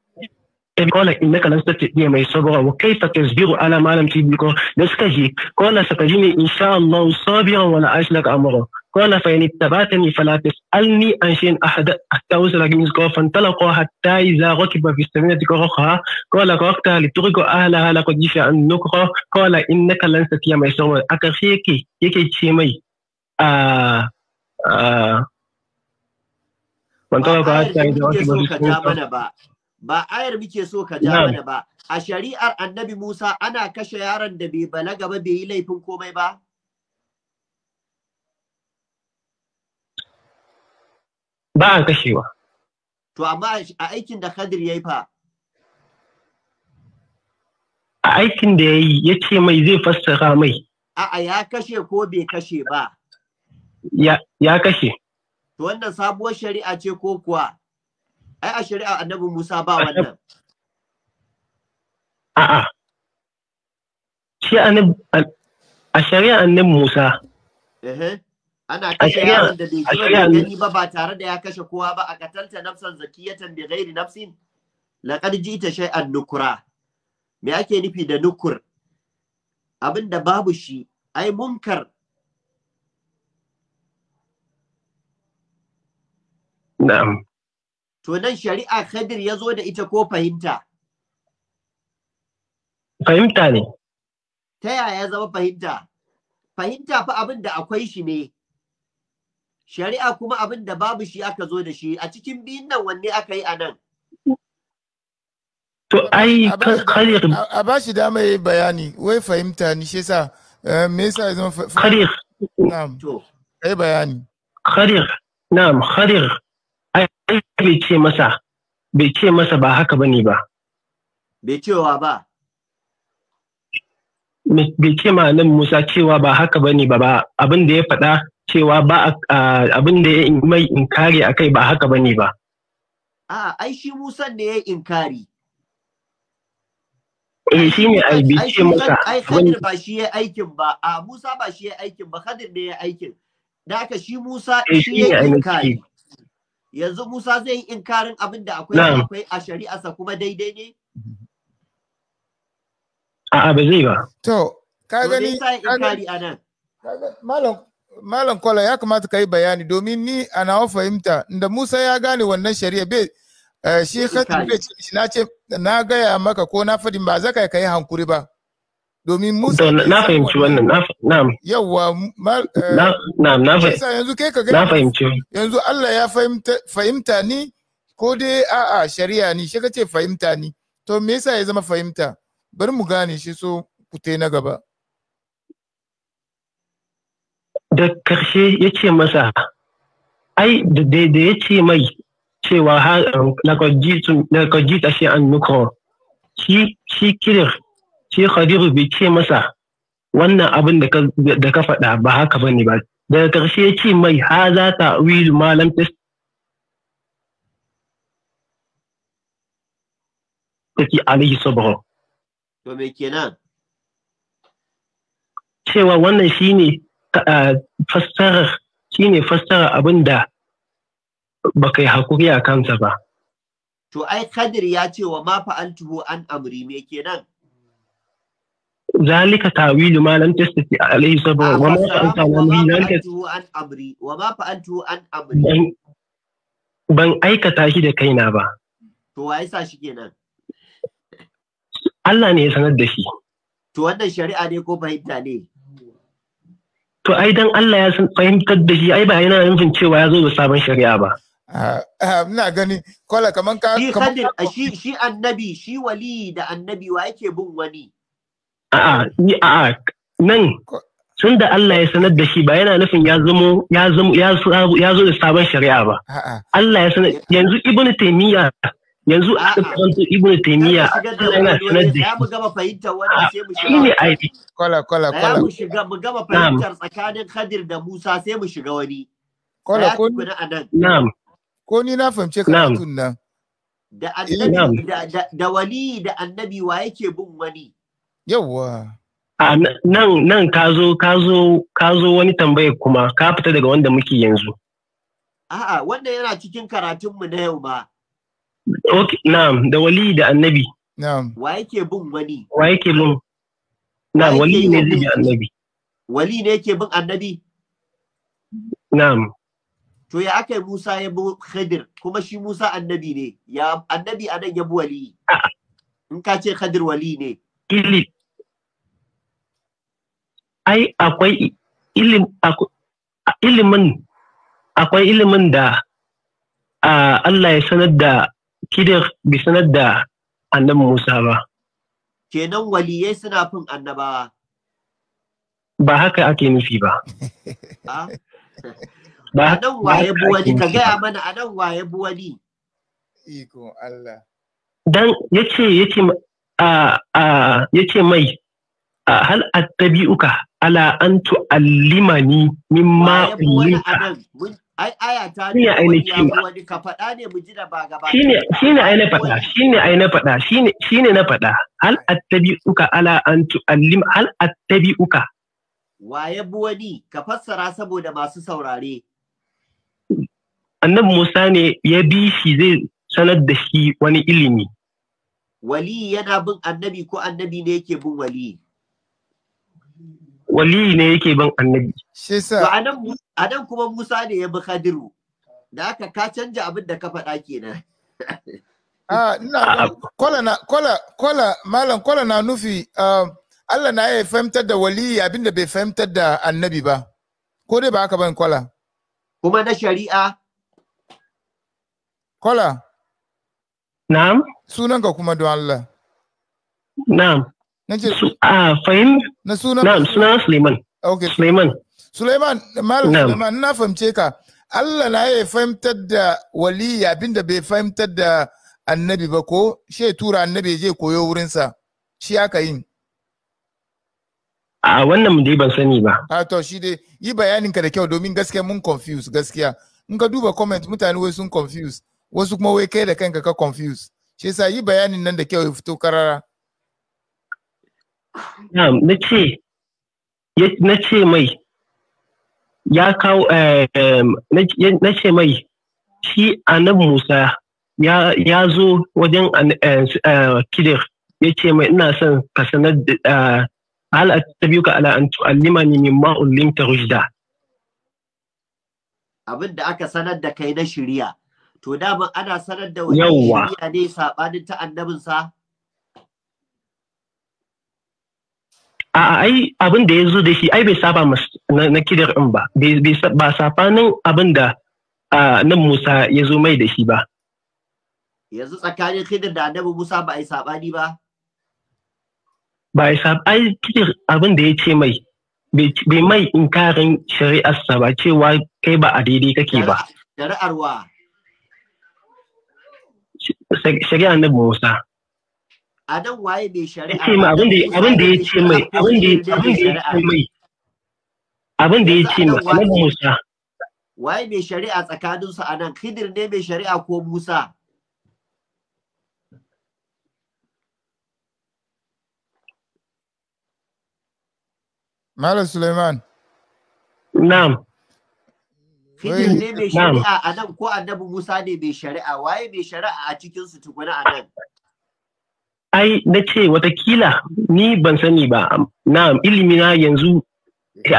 قال إنك لن تستطيع معي صبرا وكيف تصبر على ما لم تدرك نستهيك قال ستجدني إن شاء الله صابرا ولا أشلك أمرا قال فإن اتبعتني فلا تسألني عن شيء أحد حتى أوصل منك فانطلقوا حتى إذا ركب في السفينة غرقها قال غرقتها لتغرق أهلها لقد جشع النكرة قال إنك لن تستطيع معي صبرا أكرشيكي يكي شيمي آه آه وانطلقوا آه، حتى إذا ركب في آه، السفينة ba ayar muke so ka ja mana ba a shari'ar annabi Musa ana kashe yaron da bai balaga ba bai yi laifin komai ba ba a kashewa to amma a aikin da Khadir yayi fa a aikin da yayi yace mai zai fassara mai a'a ya kashe ko bai kashe ba ya kashe to wannan sabuwar shari'a ce ko kuwa ai a shari'a annabi Musa ba wannan a'a shi annabi a shari'a annabi Musa eh ana kashe yaron da bai gani ba ba tare da ya kashe kowa ba a katalta nafsan zakiyatan bi ghairi nafsin laqad jita shay'an nukura me ake nufi da nukur abinda babu shi ai munkar na'am to nan shari'a Khadir ya zo da ita ko fahimta? Fahimta ne. Ta yaya zama fahimta? Fahimta fa abin da akwai shi ne, shari'a kuma abin da babu shi aka zo da shi a cikin biyun nan wanne aka yi a nan. To ai Khadir. A ba shi dama ya bayani, wai fahimta ni shi sa, eh, me yasa ya zama fahimta? Khadir. Na'am. To. ai bayani. Khadir. Na'am, Khadir. bai ce masa bai ce masa ba haka bane ba bai cewa ba bai ce ma nan Musa cewa ba haka bane ba ba abin da ya faɗa cewa ba abin da ya mai inkari a kai ba haka bane ba a ai shi Musa da ya inkari eh shi ne ai bai ce masa ai Khadir ba shi ya aikin ba a Musa ba shi ya aikin ba Khadir da ya aikin da aka shi Musa eh, shi ya inkari yanzu Musa zai yi inkarin abin da akwai akwai a shari'arsa kuma daidai ne? A'a ba zai ba. To, ka gani Malam Kola ya kamata ka yi bayani domin ni a nawa fahimta da Musa ya gane wannan shari'a eh, bai shi shi na ce na gaya maka ko na fadin ba zaka kai hankuri ba. domin musa na fahimci wannan na'am yawa eh, na'am na fahimci yanzu kai ka na fahimci yanzu Allah ya fahimta ni ko dai a a shari'a ni shi kace fahimta ni to me yasa ya zama fahimta bari mu gane shi so kute na gaba da karshe ya ce masa ai da ya ce mai cewa har um, jita shi an nukro shi kirir shi khadiru bai ce masa wannan abin da ka faɗa ba haka bane ba daga ƙarshe ya ce mai ha za ta wili malam ta take alihi sabra to me kenan cewa wannan shine fassarar shine fassara abin da ba kai hakuri a kansa ba to ai kadir ya ce wa ma fa'altuhu an amri me kenan ذلك تاويل ما لم تستطع عليه صبر وما فعلت عن ذلك وما فعلته عن امري ban aikata shi da kaina ba to wa yasa shi kenan Allah ne ya sanar da shi to wannan shari'a ne ko fahimta ne to ai dan Allah ya fahimtar da shi ai ba yana nufin cewa ya zo da sabon shari'a ba ina gani kola ka shi shi annabi shi wali da annabi wa yake bin wani a'a ni a'a nan tun da Allah ya sanar da shi ba yana nufin ya zamo ya zamo ya zo da sabon shari'a ba Allah ya sanar yanzu Ibn taymiya yanzu a kwanto Ibn taymiya yana sanar da shi mu gama fahimtar wannan sai mu shiga ai kola kola kola mu shiga mu gama fahimtar tsakanin Khadir da Musa sai mu shiga wani kola ko na'am ko ni na fahimce ka tun nan da annabi eh. da wali da annabi wa yake bin wani Yawwa. A nan nan ka zo ka zo ka zo wani tambaya kuma ka fita daga wanda muke yanzu. A'a wanda yana cikin karatunmu na yau ba. Okay, na'am da wali da annabi. Na'am. Wa yake bin wani? Wa yake bin? Na'am wali ne zai bi annabi. Wali ne yake bin annabi? Na'am. To ya aka Musa ya bi Khadir kuma shi Musa annabi ne. Ya annabi anan ya bi wali. In ka ce Khadir wali ne. Kilit ai akwai ilimin akwai ilimin da Allah ya sanar da kidir bi sanar da annabi Musa ba. Kenan waliyai suna fin annabawa. Ba haka ake nufi ba. Ah. Ba nan waye buwani ka gaya mana a nan waye buwani. Iko Allah. Dan yace yace a a yace mai hal attabi'uka ala an tu'allimani mimma ulita ai aya ta ne ainihin ka ne mu ji da ba gaba shine shine ai na faɗa shine ai na faɗa shine shine na fada hal attabi'uka ala an tu'allim hal attabi'uka waye buwadi ka fassara saboda masu saurare annabi Musa ne ya bi shi zai sanar da shi wani ilimi wali yana bin annabi ko annabi ne yake bin wali waliyi ne yake ban annabi shi a nan kuma Musa ne ya bi Khadiru da aka ka canja abin da ka faɗa kenan Ah, ina ah, ah. kola na kola kola malam kola na nufi um, Allah na ya fahimtar da waliyi abin da bai fahimtar da annabi ba ko dai ba haka ban kola kuma na shari'a kola na'am sunanka kuma don Allah na'am Ah, fahim na sunan Suleiman. Okay. Suleiman. Suleiman malam Suleiman na fahimce ka. Allah na ya fahimtar da wali da bai fahimtar da annabi ba ko shi tura annabi je koyo wurinsa shi aka yin. A wannan mu dai ban sani ba. A to shi dai yi bayanin ka da kyau domin gaskiya mun confuse gaskiya. In ka duba comment mutane wai sun confuse wasu kuma wai kai da kanka ka confuse. Shi yasa yi bayanin nan da kyau ya fito karara. na ce mai ya kawo eh, na shi annabi Musa ya zo wajen eh, eh, kidir ya ce mai ina son ka sanar da hal ta biyu ka ala an min ma'ullin ta rushda. Abin da aka sanar da kai na shirya, to daman ana sanar da wani shirya ne saɓanin ta annabinsa? a ai abin da ya zo da shi ai bai saba na kidar in ba ba safanin abin da nan Musa ya zo mai da shi ba yanzu tsakanin kidar da annabi Musa ba a yi sabani ba ba ya sab ai kidar abin da ya ce mai bai mai inkarin sa ba cewa kai ba a daidai kake ba shari'ar wa shari'ar annabi Musa a nan waye mai shari'a ce abin da abin da ya ce mai abin da abin da ya ce mai abin da ya ce mai annabi Musa waye mai shari'a tsakanin su anan Khidir ne mai shari'a ko Musa Malam Suleiman Na'am Khidir ne mai shari'a anan ko Annabi Musa ne mai shari'a waye mai shari'a a cikin su tukuna anan ai na ce watakila ni ban sani ba na ilimi na yanzu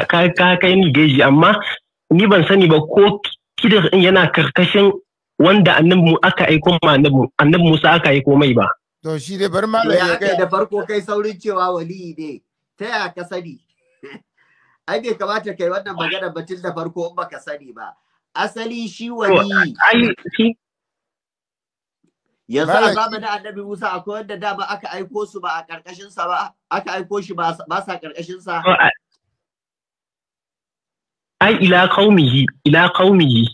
ka kai ni geji amma ni ban sani ba ko kidar in yana karkashin wanda annabmu aka aiko ma annabi Musa aka aiko mai ba to shi dai bar ma ya kai da farko kai saurin cewa wali ne ta ya ka sani ai bai kamata kai wannan magana batun da farko in baka sani ba asali shi wali yanzu a zamanin annabi Musa akwai wanda da ba aka aiko su ba a karkashin sa ba aka aiko shi ba sa karkashin sa oh, ai ila qaumihi ila qaumihi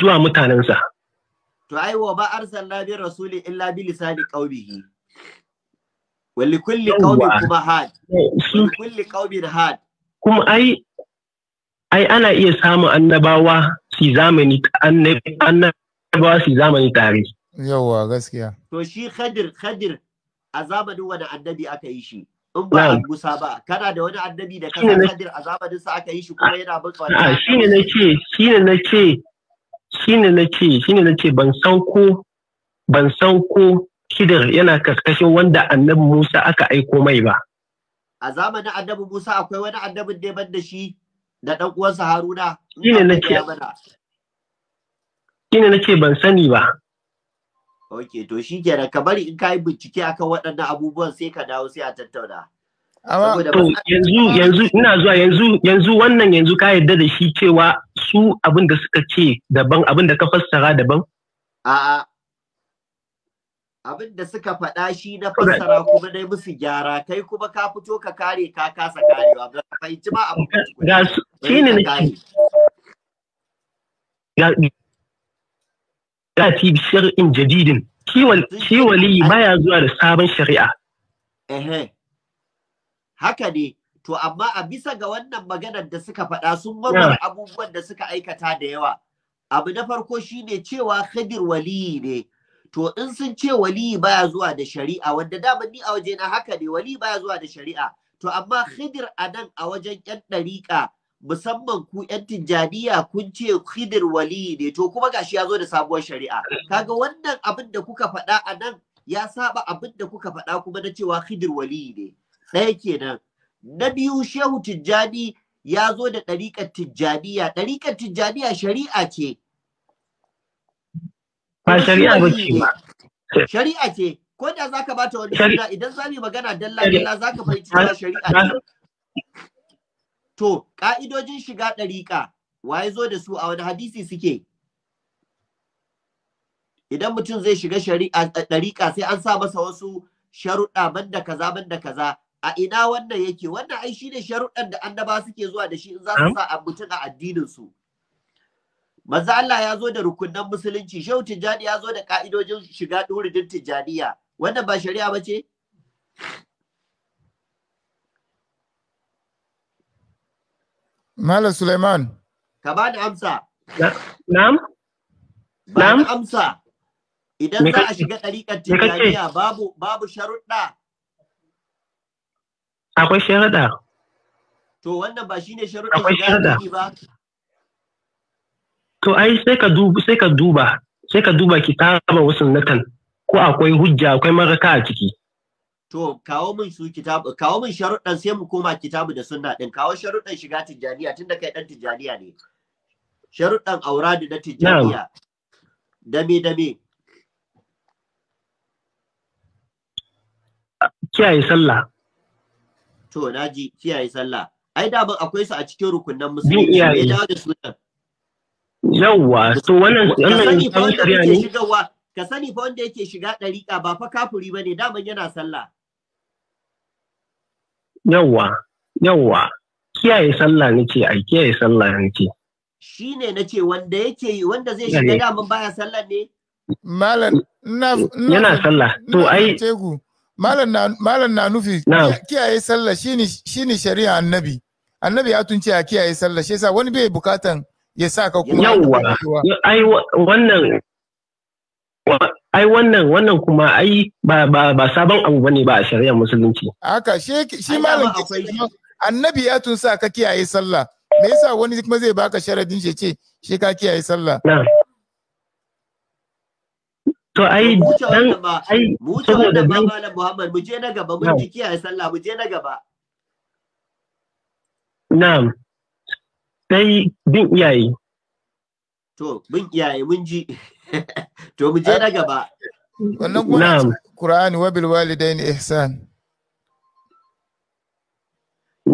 zuwa mutanensa to ai wa ba arsalna bi rasuli illa bi lisani qaumihi wa li kulli qaumin kuma had wa kulli qaumin had kuma ai ai ana iya samun annabawa si zamani annabawa si zamani tare Yawwa gaskiya. To shi Khadir Khadir a zamanin wani annabi aka yi shi. In ba a Musa ba, kana da wani annabi da kana Khadir a zamanin sa aka yi shi kuma yana bin wani. Shi ne nace, shi ne nace, shi ne nace, shi ne nace ban san ko ban san ko Khidir yana karkashin wanda annabi Musa aka aiko mai ba. A zamanin annabi Musa akwai wani annabin da ban da shi da ɗan uwansa Haruna. Shi ne nace. Shi ne nace ban sani ba. Ok, to shi kenan ka bari in ka yi bincike akan waɗannan abubuwan sai ka dawo sai a tattauna. yanzu yanzu ina zuwa yanzu yanzu wannan yanzu ka yarda da shi cewa su abin da suka ce daban abin da ka fassara daban? A'a. Abin da suka faɗa shi na fassara kuma dai musu gyara kai kuma ka fito ka kare ka kasa karewa ba ka fahimci ba abin da shi ne na yati bi shar'in jadidin shi baya zuwa da sabon shari'a haka ne to amma a bisa ga wannan maganar da suka faɗa sun mamar abubuwan da suka aikata da yawa abu na farko shine cewa khadir wali ne to in sun ce wali baya zuwa da shari'a wanda ban ni a wajena haka ne wali baya zuwa da shari'a to amma khidir a nan a wajen yan ɗariƙa musamman ku yan tijjaniya kun ce khidir wali ne to kuma gashi ya zo da sabuwar shari'a kaga wannan abin da kuka faɗa a nan ya saba abin da kuka faɗa kuma na cewa khidir wali ne ɗaya kenan na biyu shehu tijjani ya zo da ɗariƙar tijjaniya ɗariƙar tijjaniya shari'a ce shari'a ce ko da zaka bata wani idan za mu magana dalla dalla ka fahimci shari'a ce To, ƙa'idojin shiga ɗariƙa, waye zo da su a wani hadisi suke? Idan mutum zai shiga ɗariƙa sai an sa masa wasu sharuɗa da kaza da kaza, a ina wannan yake, wannan ai shi ne sharuɗan da annaba suke zuwa da shi in za su sa a mutum a addininsu. Manzo Allah ya zo da rukunan musulunci, Shehu Tijjani ya zo da ƙa'idojin shiga ɗuridin Tijjaniya, wannan ba shari'a ba ce? Mala Suleiman. Ka ba da amsa. Na'am? Ba da amsa. Idan za a shiga ɗariƙar tijjaniya babu babu sharuɗa. Akwai sharuɗa. To wannan ba shi ne sharuɗa shiga ɗariƙi ba. To ai sai ka duba sai ka duba sai ka duba kitabun wasu natan ko akwai hujja akwai maraka a ciki. to kawo min su kitabu kawo min sharuɗan sai mu koma kitabu da sunna ɗin, kawo sharuɗan shiga tijjaniya tunda kai ɗan tijjaniya ne sharuɗan auradu na tijjaniya dame dame kiyaye sallah to naji kiyaye sallah ai da ban akwai su a cikin rukunan Musulmi, me dawo da sunan yawwa to wannan wannan ka sani fa wanda yake shiga ɗariƙa ba fa kafuri ba ne daman yana sallah yawwa yawwa kiyaye sallah nake a kiyaye sallah nake shi ne na ce wanda yake yi wanda zai shiga daman baya sallah ne malam na yana sallah to ai malam na nufi kiyaye sallah shine shine shari'a annabi annabi ya tunce a kiyaye sallah shi yasa wani bai bukatan ya sa ka kuma yawwa ai wannan ai wannan wannan kuma ai ba ba ba sabon abu bane ba a shari'ar musulunci haka shi malam malam annabi ya tun sa ka kiyaye sallah me yasa wani kuma zai baka sharadin shi ce shi ka kiyaye sallah Na, To ai dan ai saboda ba malam Muhammad mu je na gaba mun ji kiyaye sallah mu je na gaba. Na'am. Sai bin iyaye. To bin iyaye mun ji. to mu je na gaba wannan kuma wa bil ihsan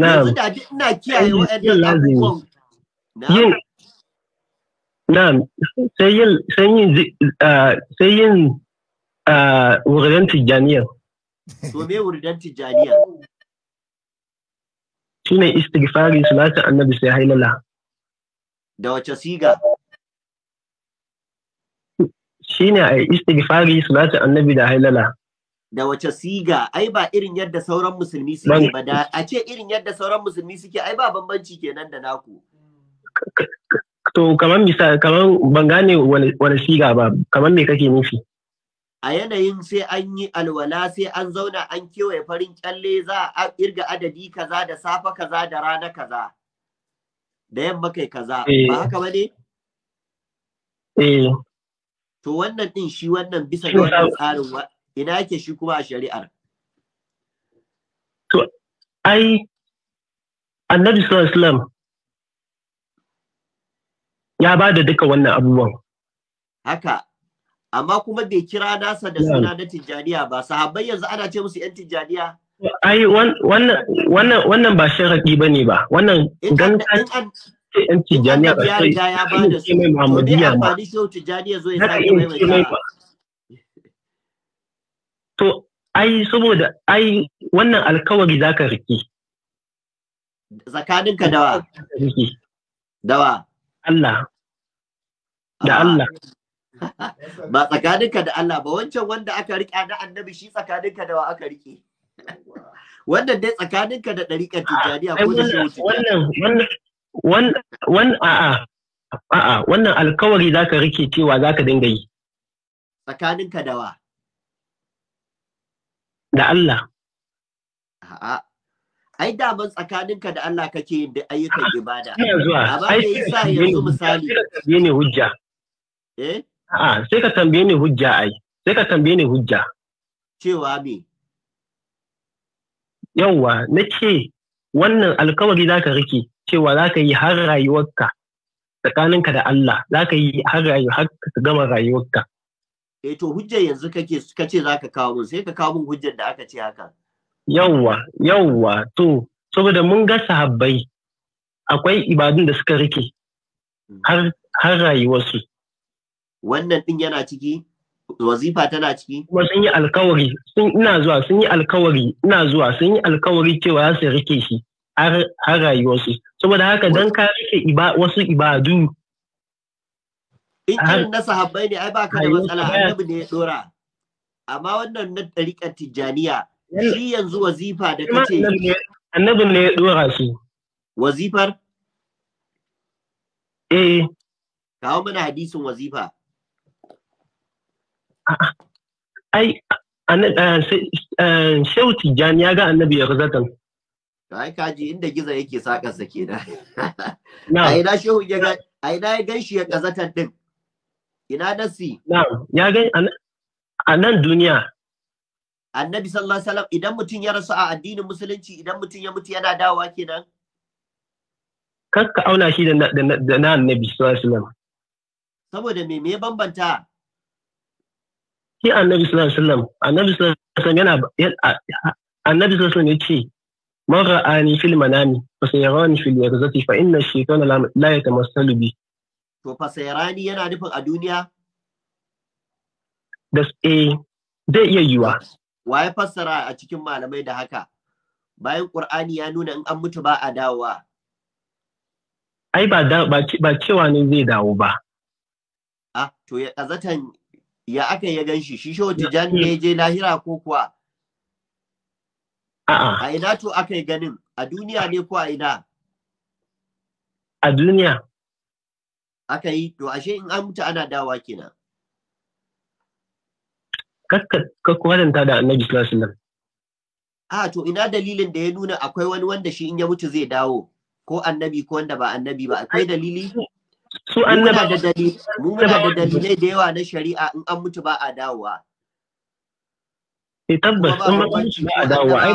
na'am ina kiyaye wa'annan abubuwan na'am na'am sai yin sai yin sai yin wurdan tijaniya to me wurdan tijaniya shine istighfari salatin annabi sai hailala da wace siga shine a istighfari salatu annabi da hailala da wace siga ai ba irin yadda sauran musulmi suke ba da a ce irin yadda sauran musulmi suke ai ba bambanci kenan da naku to kamar misal kamar ban gane wani siga ba kamar me kake nufi a yanayin sai an yi alwala sai an zauna an kewaye farin kyalle za a irga adadi kaza da safa kaza da rana kaza da yamma kai kaza ba eh. haka ba ne? Eh. to wannan din shi wannan bisa ga wannan tsarin ina yake shi kuma a shari'ar to ai annabi sallallahu alaihi wasallam ya ba da duka wannan abubuwan haka amma kuma bai kira nasa da suna na tijjaniya ba sahabbai yanzu ana ce musu yan tijjaniya ai wannan wannan wannan ba sharadi bane ba wannan gangan yan tijjaniya ba sai ya ba da su mai muhammadiya ba, haka in ce mai ba to ai saboda ai wannan alkawari zaka riki tsakaninka dawa dawa Allah da ah. Allah ba tsakaninka da Allah ba wancan wanda aka riƙe na annabi shi tsakaninka da wa aka riƙe wannan dai tsakaninka da ɗariƙar tijjaniya ko da shi wannan wannan alkawari za ka rike cewa za ka dinga yi tsakaninka da wa da Allah a'a ai daman tsakaninka da Allah kake yin da ayyukan ibada amma yi sa yanzu misali ne hujja eh a'a sai ka tambaye ni hujja ai sai ka tambaye ni hujja cewa me yawwa nake wannan alkawari za ka rike cewa za ka yi har rayuwarka tsakaninka da Allah za ka yi har rayu har ka gama rayuwarka. Eh to hujjar yanzu kake ka ce za ka kawo mun sai ka kawo mun hujjar da aka ce haka. Yawwa yawwa to saboda mun ga sahabbai akwai ibadun da suka rike hmm. har har rayuwarsu. Wannan din yana ciki wazifa tana ciki? Kuma sun yi alkawari sun ina zuwa sun yi alkawari ina zuwa sun yi alkawari cewa za su rike shi har rayuwarsu saboda haka don ka rike wasu ibadu in kan na sahabbai ne ai ba ka da matsala annabi ne ya dora amma wannan na tariƙar tijjaniya shi yanzu wazifa da kace annabi ne ya dora su wazifar eh kawo mana hadisin wazifa ai eh, eh, shehu tijjani ya ga annabi ya rizatan To ai kaji inda giza yake sa kenan. A ina shehu ya ga a ina ya ganshi ya kazatar din. Ina nasi. Na'am, ya gan a nan duniya. Annabi sallallahu alaihi wasallam idan mutum ya rasu a addinin musulunci idan mutum ya mutu yana dawowa kenan. Kakka auna shi da na annabi sallallahu alaihi wasallam. Saboda me me bambanta? Shi annabi sallallahu alaihi wasallam, annabi sallallahu alaihi wasallam yana annabi sallallahu alaihi wasallam ya ce man ra'ani fil manami fa sayarani fil yarzati fa inna ash-shaytana la yatamassalu bi to fa sayarani yana nufin a duniya da eh zai iya yiwa waye fassara a cikin malamai da haka bayan qur'ani ya nuna in an mutu ba a dawowa ai ba ba cewa ne zai dawo ba ah to ya kazatan ya aka ya ganshi shi shi shawar tijani ne je lahira ko kuwa A ina to aka yi ganin, a duniya ne ko a ina? A duniya. Aka yi, to ashe in an mutu ana dawa kenan. Kakka ka kwaranta da Annabi sallallahu alaihi wasallam. A to ina dalilin da ya nuna akwai wani wanda shi in ya mutu zai dawo ko annabi ko wanda ba annabi ba akwai dalili? Su muna da dalilai da yawa na shari'a in an mutu ba a dawowa. eh tabbas in matsalanci ba a dawo ai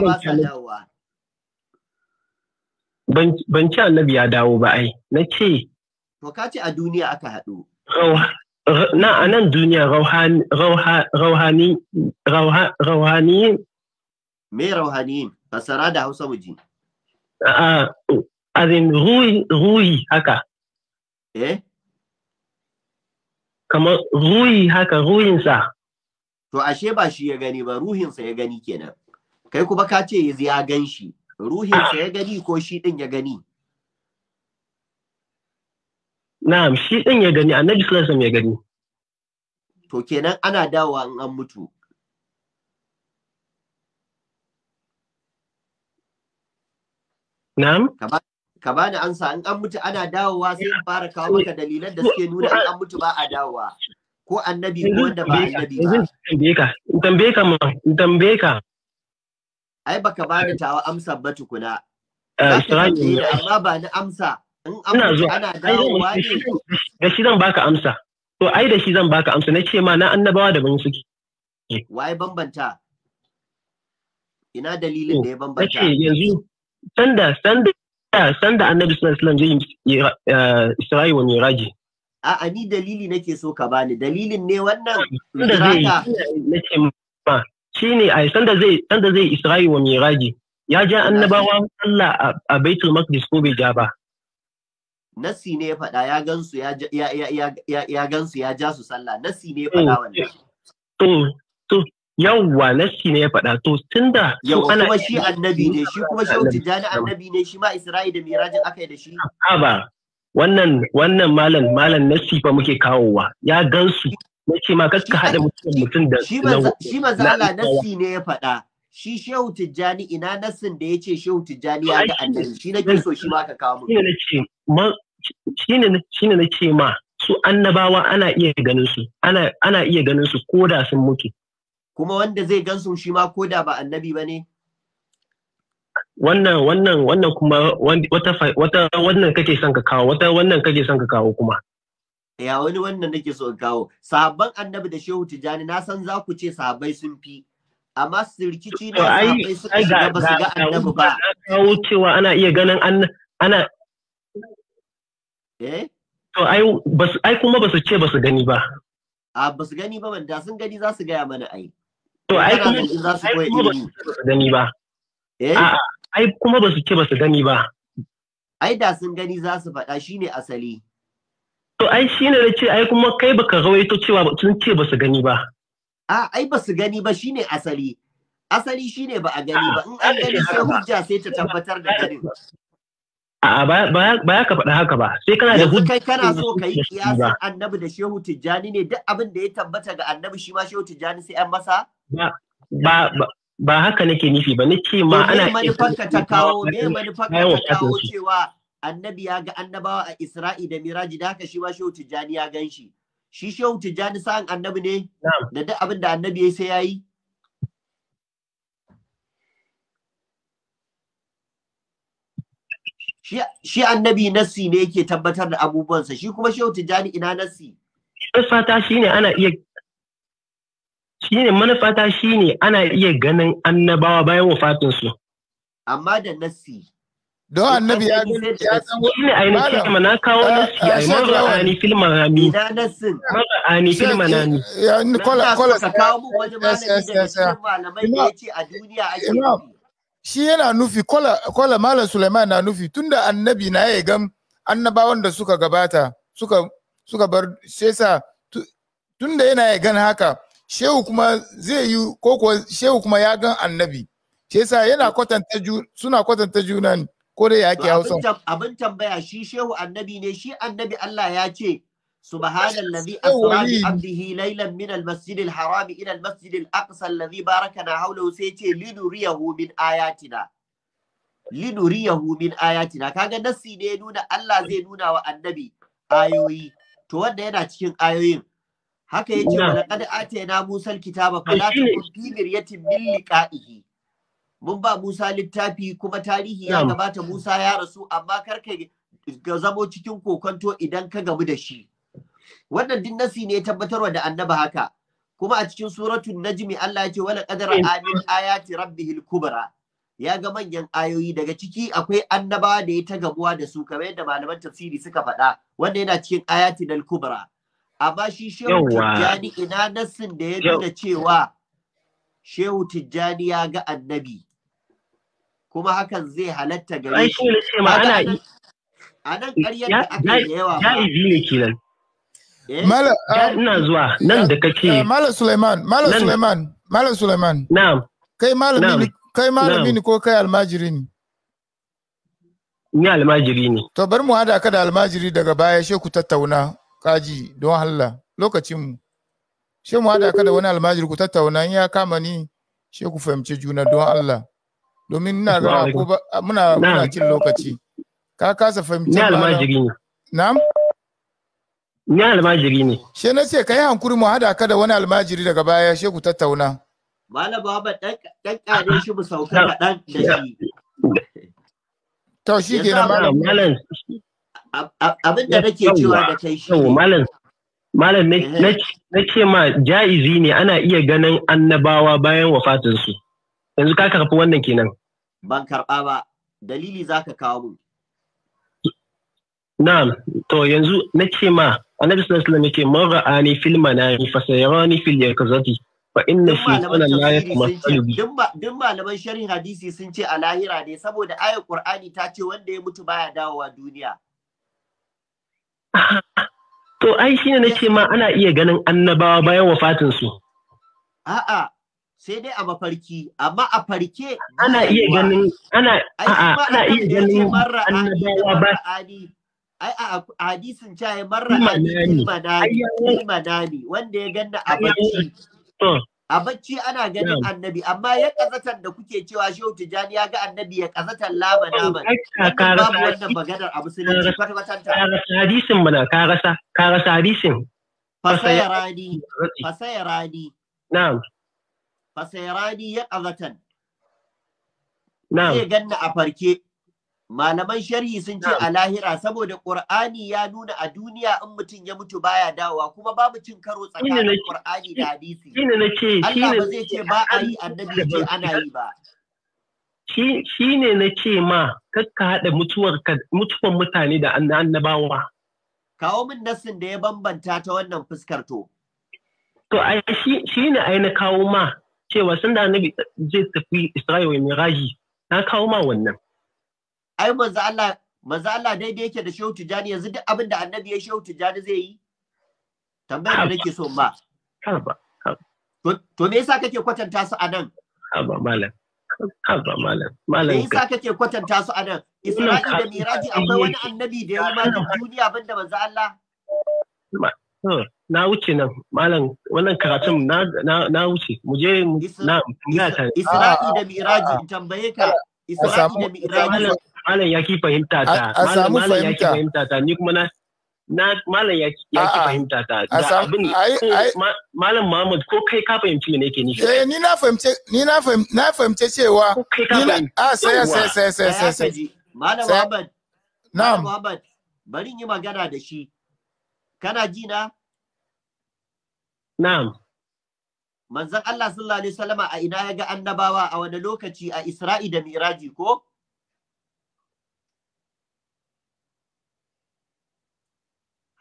ban ci ban ci annabi ya dawo ba ai na ce to ka ce a duniya aka haɗu na a nan duniya rauhani rauhani me rauhaniyin fasara da hausa muji a azin ruhi ruhi haka eh kamar ruhi haka ruhinsa to ashe ba shi ya gani ba ruhinsa ya gani kenan kai kuma ka ce ya gan shi ruhinsa ya gani ko shi din ya gani na'am shi din ya gani annabi sallallahu alaihi ya gani to kenan ana dawowa in an mutu na'am ka bani ansa in an mutu ana dawowa sai in fara kawo maka dalilan da suke nuna in an mutu ba a dawowa ko annabi ko wanda ba annabi ba tambaye ka tambaye ka mun tambaye ka ai baka ba da tawa amsa ba tukuna eh, amma ba ni amsa in amsa ana dawowa ne da shi zan baka amsa to ai da shi zan baka amsa na ce ma na annabawa da ban suke waye bambanta ina dalilin da ya bambanta yanzu sanda sanda sanda annabi sallallahu alaihi wasallam zai eh, Isra'i wa Miraji a'a ni dalili nake so ka bani dalilin ne wannan da zai nace ma shine ai sanda zai sanda zai Isra'i wa Miraji ya ja annabawa Allah a Baitul Maqdis ko bai ja ba Nasi ne ya faɗa ya gansu ya ya ya ya gansu ya ja su sallah Nasi ne ya faɗa wannan oh, to to yawwa Nasi ne ya faɗa to tunda yawwa kuma shi annabi ne shi kuma shi jani annabi ne shi ma Isra'i da Mirajin aka yi da shi ba wannan wannan malam malam na sifa muke kawowa ya gansu na ce ma kaska haɗa mutum mutum da shi maza Allah nasi ne ya faɗa shi shehu tijjani ina nasin da ya ce shehu tijjani ya ga annabi shi ke so shi ma ka kawo mu shi ne na ce ma su annabawa ana iya ganin su ana iya ganin su sun mutu kuma wanda zai gansu shi ma ko da ba annabi ba ne wannan wannan wannan kuma wata wata wannan kake son ka kawo wata wannan kake son ka kawo kuma ya wani wannan nake so kawo sahabban annabi da shehu tijani na san za ku ce sahabbai sun fi amma sirkici ne sahabbai suka shiga ba su ga annabi ba kawo cewa ana iya ganin ana eh to ai bas ai kuma ba su ce ba su gani ba a ba su gani ba wanda sun gani za su gaya mana ai to ai kuma ba su gani ba eh a'a ai kuma ba su ce ba su gani ba ai da sun gani za su faɗa shine asali to ai shine da ce ai kuma kai baka rawaito cewa sun ce ba su gani ba a ai ba su gani ba shine asali asali shine ba a gani ba in an gani sai hujja sai ta tabbatar da ba. A'a ba ya ka faɗa haka ba, sai kana da hujja. kai kana so ka yi kiyasin annabi da Shehu Tijjani ne duk abin da ya tabbata ga annabi shi ma Shehu Tijjani sai an masa? Ba, ba, ba haka nake nufi ba nake ma ana manufarka ta kawo me manufarka ta kawo cewa annabi ya ga annabawa a Isra'i da Miraji da haka shi ma Shehu Tijjani ya gan shi shi Shehu Tijjani sa'an annabi ne da duk abin da annabi ya sai yayi shi annabi nassi ne yake tabbatar da abubuwansa shi kuma Shehu Tijjani ina nassi fata shine ana iya shi ne manufata shi ne ana iya ganin annabawa bayan wafatinsu. amma da nasi don annabi ya san wani ainihin kalma na kawo ah, nasi a ah, marra'ani fil marami marra'ani fil eh, manami ya ni kola kola ka kawo mu wani malami da cikin malamai da yace a duniya ake shi yana nufi kola kola malam Sulaiman na nufi tunda annabi na ya gam annabawan da suka gabata suka suka bar shesa tunda yana ya gan haka shehu kuma zai yi ko kuwa shehu kuma ya gan annabi shi yasa yana kwatanta suna kwatanta juna ne ko da yake Hausa abin tambaya shi shehu annabi ne shi annabi Allah ya ce subhanallazi asra bi abdihi laylan min almasjid alharam ila almasjid alaqsa alladhi barakana hawlahu sai ce linuriyahu min ayatina linuriyahu min ayatina kaga nasi ne nuna Allah zai nuna wa annabi ayoyi to wanda yana cikin ayoyin haka yake wa laqad atayna musal kitaba fala eh, tukun bi miryatin min liqa'ihi mun ba Musa littafi kuma tarihi ya gabata Musa ya rasu amma kar ka ga zamo cikin kokonto idan ka gamu da shi wannan din nasi ne tabbatarwa da annaba haka kuma a cikin suratul najmi Allah ya ce wala qadara amin eh. ayati rabbihil kubra ya ga manyan ayoyi daga ciki akwai annabawa da ya ta gabuwa da su kamar yadda malaman tafsiri suka faɗa wanda yana cikin ayatin al-kubra amma shi shehu tijjani ina nassin da ya nuna cewa shehu tijjani ya ga annabi kuma hakan zai halatta gare shi a nan ƙaryar da aka yi yawa ba ne kenan Mala, ah, ina zuwa nan da kake. Eh, Mala Suleiman, Mala Suleiman, Mala Suleiman. Na'am. Kai malami ne, kai malami ne ko kai almajiri ne? Ni almajiri ne. To bari mu hada ka da almajiri daga baya sai ku tattauna. kaji don Allah lokacinmu she mu haɗa ka da wani almajiri ku tattauna in ya kama ni she ku fahimci juna don Allah domin ina ga ko muna muna cin lokaci ka kasa fahimci ni almajiri ne na'am ni almajiri ne she na ce kai hankuri mu haɗa ka da wani almajiri daga baya she ku tattauna Malam baba dan kare shi bu sauka kaɗan da shi. To shi ke na malam. abin da nake cewa da kai shi malam malam eh. na ce ma ja'izi ne ana iya ganin annabawa bayan wafatinsu yanzu ka karɓi wannan kenan ban karɓa ba dalili za ka kawo mun na'am to yanzu na ce ma annabi sallallahu alaihi wasallam yake man ra'ani fil manami fa sayarani fil yakzati fa inna shaytana la yatamassalu bi duk malaman sharhin hadisi sun ce a lahira ne saboda ayar qur'ani ta ce wanda ya mutu baya dawowa duniya To ai shine ce ma ana iya ganin annabawa bayan wafatin su. A'a sai dai a mafarki amma a farke ana iya ganin ana a'a ana iya ganin annabawa ba ai a hadisin cewa ya barra manani manani wanda ya ganna a bacci. a bacci ana ganin annabi amma ya kazatar da kuke cewa shehu tijani ya ga annabi ya kazatar laba naman babu wannan maganar a musulunci kwata hadisin mana ya kazatan zai ganna a farke malaman sharhi sun ce a lahira saboda qur'ani ya nuna a duniya in mutum ya mutu baya dawowa kuma babu cin karo tsakanin qur'ani da hadisi Allah ba zai ce ba a yi annabi ce ana yi ba shi ne na ce ma kakka haɗa mutuwar mutane da annabawa kawo min nassin da ya bambanta ta wannan fuskar to to ai shi ne ai na kawo ma cewa sun da annabi zai tafi Isra'il mai raji na kawo ma wannan ai manzo Allah manzo Allah daidai yake da Shehu Tijani yanzu duk abin da annabi ya Shehu Tijani zai yi tambayar da nake so ba to me yasa kake kwatanta su anan haba malam haba malam malam me yasa kake kwatanta su anan Isra'ila da Miraji akwai wani annabi da ya yi malam duniya banda manzo Allah na wuce nan malam wannan karatun na wuce mu je na Isra'i da Miraji tambaye ka Isra'i da Miraji malam ya ki fahimta ta malam ya ki fahimta ta ni kuma na na malam ya ki fahimta ta A samu. malam Muhammad ko kai ka fahimci me nake nufi eh ni na fahimce ni na fahimce na fahimce cewa ko kai ka fahimci a sai sai sai sai sai sai malam Muhammad na'am Muhammad bari yi magana da shi kana ji na na'am manzon Allah sallallahu alaihi wasallama a ina ya ga annabawa a wani lokaci a Isra'i da Miraji ko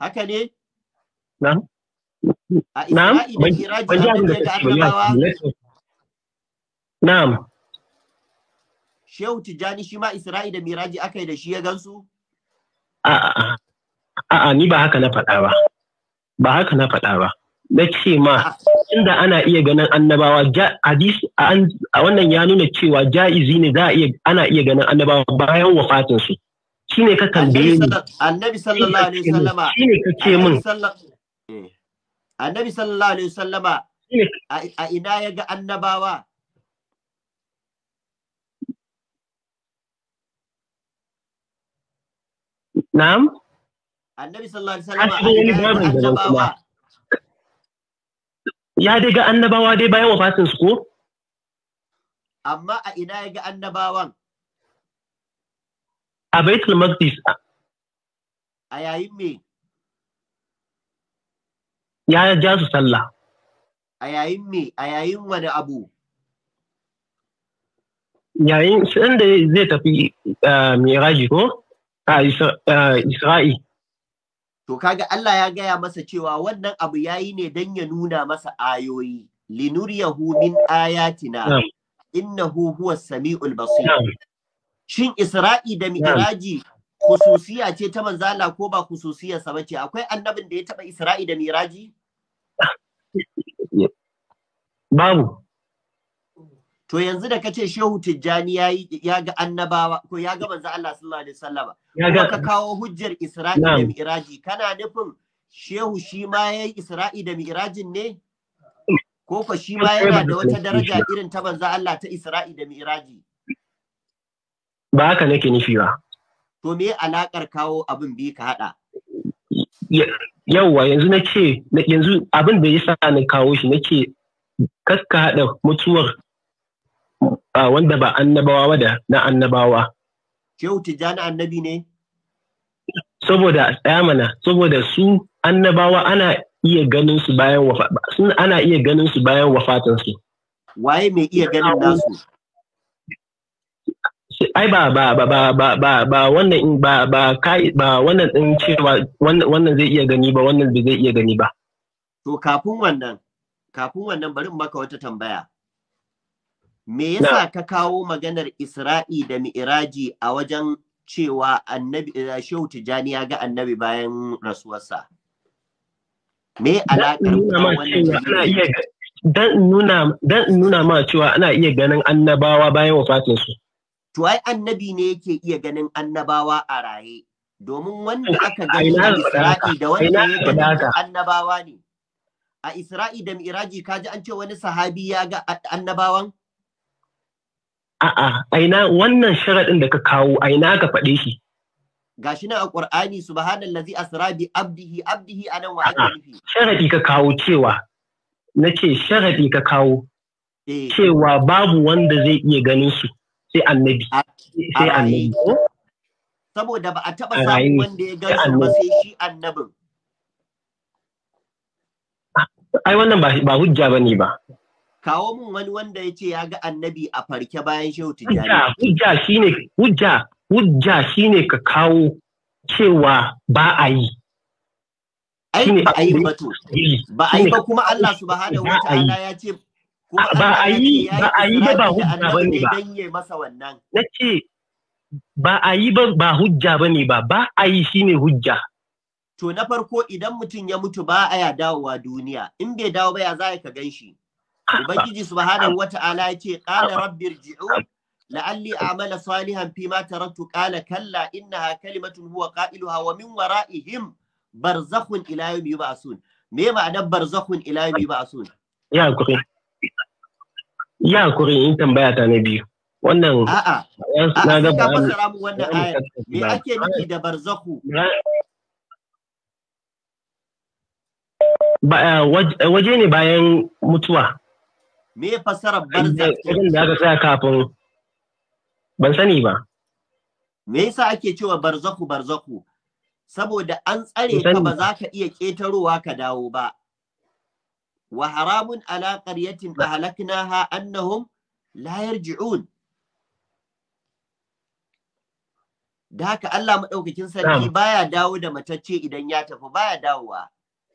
haka ne Na? na'am ban ji da ka Na? na'am Shehu Tijjani shi ma Isra'i da Miraji aka yi da shi ya gansu? A'a, a'a, ni ba haka na faɗa ba. Ba haka na faɗa ba. Na ce ma, inda ana iya ganin annabawa, hadisi a wannan ya nuna cewa ja'izi ne za a iya ana iya ganin annabawa bayan wafatinsu. shine ka tambaye ni annabi sallallahu alaihi wasallama shine ka ce min annabi sallallahu alaihi wasallama a ina ya ga annabawa Na'am? Annabi sallallahu alaihi wasallam annabawa. Ya dai ga annabawa dai bayan wafatin su ko? Amma a ina ya ga annabawan? a baitul maqdis a yayin me ya ja su sallah a yayin me a yayin wani abu yayin inda zai tafi eh, miraji ko a isra'i to kaga Allah ya gaya masa cewa wannan abu yayi ne don ya nuna masa ayoyi linuriyahu min ayatina innahu huwa sami'ul basir shin Isra'i da Mi'raji khususiya ce ta manzala ko ba khususiyar ba ce? akwai annabin da ya taba Isra'i da Mi'raji babu to yanzu da kace Shehu Tijjani ya ga annabawa ko ya ga manzo Allah sallallahu alaihi wasallam kuma ka kawo hujjar Isra'i da Mi'raji kana nufin Shehu shi ma yayi Isra'i da Mi'rajin ne hmm. ko fa shi ma yana da wata daraja irin ta manzo Allah ta Isra'i da Mi'raji ba haka nake nufi ba to me alakar kawo abin bi ka hada yawwa yanzu nake yanzu abin da yasa na kawo shi nake kaska hada mutuwar wanda ba annabawa da na annabawa shehu tijjani annabi ne saboda mana saboda su annabawa ana iya ganin su bayan wafa ana iya ganin su bayan waye mai iya ganin nasu ai ba ba ba ba ba ba ba wannan in ba ba kai ba wannan din cewa wannan zai iya gani ba wannan bai zai iya gani ba to kafin wannan kafin wannan bari maka wata tambaya me yasa ka kawo maganar Isra'i da Mi'raji a wajen cewa annabi eh, Shehu Tijani ya ga annabi bayan rasuwarsa me alaƙar wannan dan nuna ma cewa ana iya ganin annabawa bayan wafatinsu. to ai annabi ne yake iya ganin annabawa a raye domin wanda aka gani a Isra'i da wanda ya gani annabawa ne a Isra'i da Miraji kaji an ce wani sahabi ya ga annabawan A'a, aina wannan sharaɗin da ka kawo aina ka faɗe shi. Gashi nan a Ƙur'ani subhanallazi asra bi abdihi abdihi anan wa ake sharadi Sharaɗi ka kawo cewa nace sharaɗi ka kawo eh. cewa babu wanda zai iya ganin su. sai annabi sai annabi saboda ba a taba samun wanda ya gansu ba sai shi annabin ai wannan ba hujja bane ba kawo mun wani wanda ya ce ya ga annabi a farke bayan shehu tijjani hujja shine hujja hujja shine ka kawo cewa ba a yi ai ba a yi ba to ba a yi ba kuma Allah subhanahu wa ta'ala ya ce ba a yi ba a yi ba ba hujja bane ba nace ba a yi ba ba hujja bane ba ba a yi shine hujja to na farko idan mutum ya mutu ba a ya dawowa duniya in bai dawo ba ya za ka ganshi ubangiji subhanahu wata'ala yace qala rabbir ji'un la'alli a'mala salihan fi ma taraktu qala kalla innaha kalimatun huwa qailuha wa min wara'ihim barzakhun ila yawmi yub'asun me ma'anar barzakhun ila yawmi yub'asun ya hakuri Ya kuri in tambaya ta na biyu. Wannan a'a na ga ba fasara mu wannan ayar me ake nufi da Ba eh, eh, waje ne bayan mutuwa me fasarar barzakh irin da aka tsaya kafin ban sani ba me yasa ake cewa Barzaku barzaku? saboda an tsare ka ba za ka iya ketarowa ka dawo ba wa haramun ala qaryatin ahlaknaha annahum la da haka Allah maɗaukakin sarki baya dawo da matacce idan ya tafi baya dawowa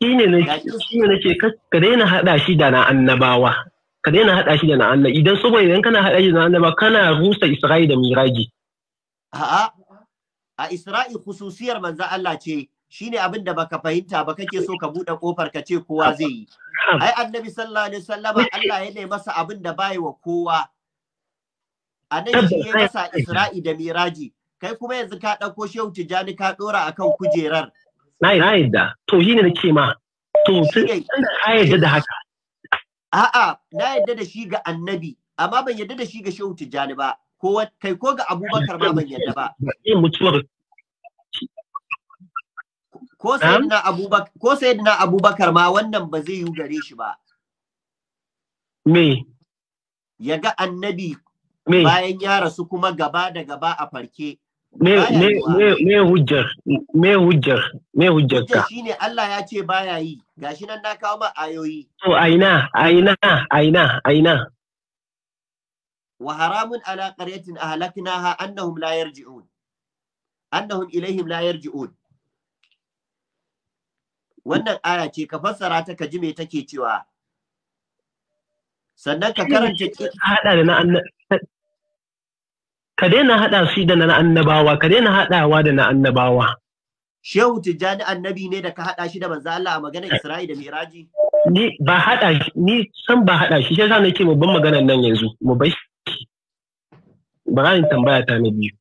shine ne shine nake ka daina hada shi da na annabawa ka daina hada shi da na annabawa idan saboda idan kana hada shi da na annabawa kana rusa Isra'i da Miraji a'a a Isra'i khususiyar manzo Allah ce shine abin da baka fahimta ba kake so ka bude kofar ka ce kowa zai yi ai annabi sallallahu alaihi wasallama Allah ya nemi masa abin da bai wa kowa anan shi ya masa Isra'i da Miraji kai kuma yanzu ka ɗauko Shehu Jani, ka ɗora akan kujerar na nai da, to shine nake ma to sai ka yadda da haka a'a na yadda da shi ga annabi amma ban yadda da shi ga Shehu Jani ba ko kai ko ga Abubakar ba ban yadda ba mutuwar ko sayyidina abubakar ko sayyidina abubakar ma wannan ba zai yi gare shi ba me ya ga annabi bayan ya rasu kuma gaba da gaba a farke me hujjar me hujjar me hujjar ka shine Allah ya ce baya yi gashi nan na kawo ma ayoyi to aina aina aina aina wa haramun ala qaryatin ahlaknaha annahum la yarji'un annahum ilaihim la yarji'un wannan aya ce ka fassara ta ka ji me take cewa sannan ka karanta hada da na ka daina hada shi da na annabawa ka daina hadawa da na annabawa Shehu tijani annabi ne da ka hada shi da manzo Allah a maganar Isra'i da Miraji ni ba hada ni san ba hada shi sai na nake mu ban maganar nan yanzu mu bai ba ran tambaya ta na biyu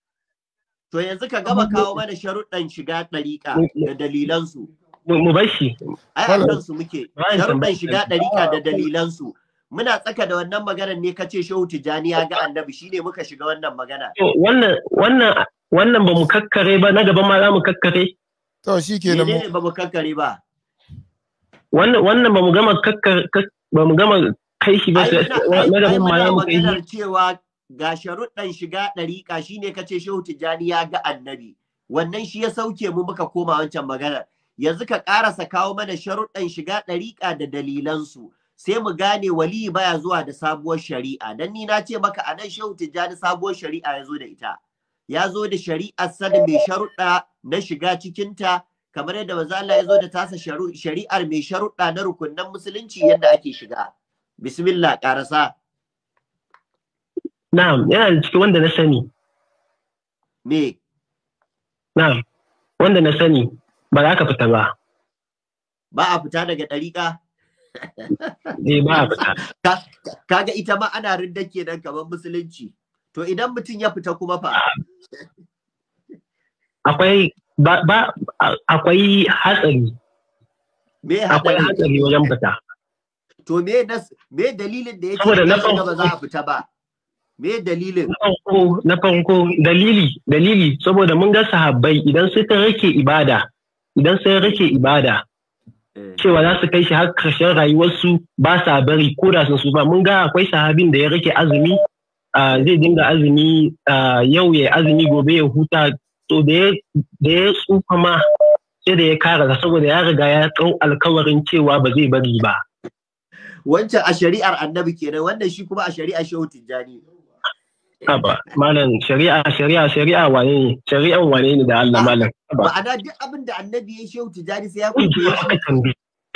to yanzu ka gaba kawo mana sharuɗan shiga ɗariƙa da dalilansu mu bar shi ai a kansu muke sharuɗan shiga ɗarika da dalilansu muna tsaka da wannan maganar ne kace shehu tijani ya ga annabi shine muka shiga wannan magana wannan wannan wannan ba mu kakkare ba na gaban ma za mu kakkare to shikenan mu ba mu kakkare ba wannan wannan ba mu gama kakkar ba mu gama kai shi ba na gaban ma za mu kai shi cewa ga sharuɗan shiga ɗariƙa shine kace shehu tijani ya ga annabi wannan shi ya sauke mu muka koma wancan maganar yanzu ka ƙarasa kawo mana sharuɗan shiga ɗariƙa da dalilansu sai mu gane wali baya zuwa da sabuwar shari'a dan ni na ce maka anan shehu tijjani sabuwar shari'a ya zo da ita ya zo da shari'ar sa mai sharuɗa na shiga cikinta kamar yadda maza Allah ya zo da tasa shari'ar mai sharuɗa na rukunnan musulunci yadda ake shiga bismillah ƙarasa na'am yana da cikin wanda na sani me na'am wanda na sani ba za ka fita ba ba a fita daga ɗariƙa ne eh, ba a fita kaga ita ma ana rinda kenan kamar musulunci to idan mutum ya fita kuma fa akwai ba akwai hatsari me akwai hatsari wajen fita to me me dalilin da yake saboda na farko ba za a fita ba me dalilin na farko dalili dalili saboda mun ga sahabbai idan suka rike ibada idan sai rake ibada eh. cewa za su kai shi har karshen rayuwarsu ba sa bari ko da sun ba, mun ga akwai sahabin da ya rake azumi zai dinga azumi yau ya azumi gobe ya huta to da ya tsufa ma sai da ya kara saboda ya riga ya tsau alkawarin cewa ba zai bari ba wancan a shari'ar annabi kenan wannan shi kuma a shari'ar shehu tijjani Haba, malam shari'a shari'a shari'a wane ne? Shari'an wane ne da Allah malam? a duk abin da annabi ya shehu tijari sai ya kuke ya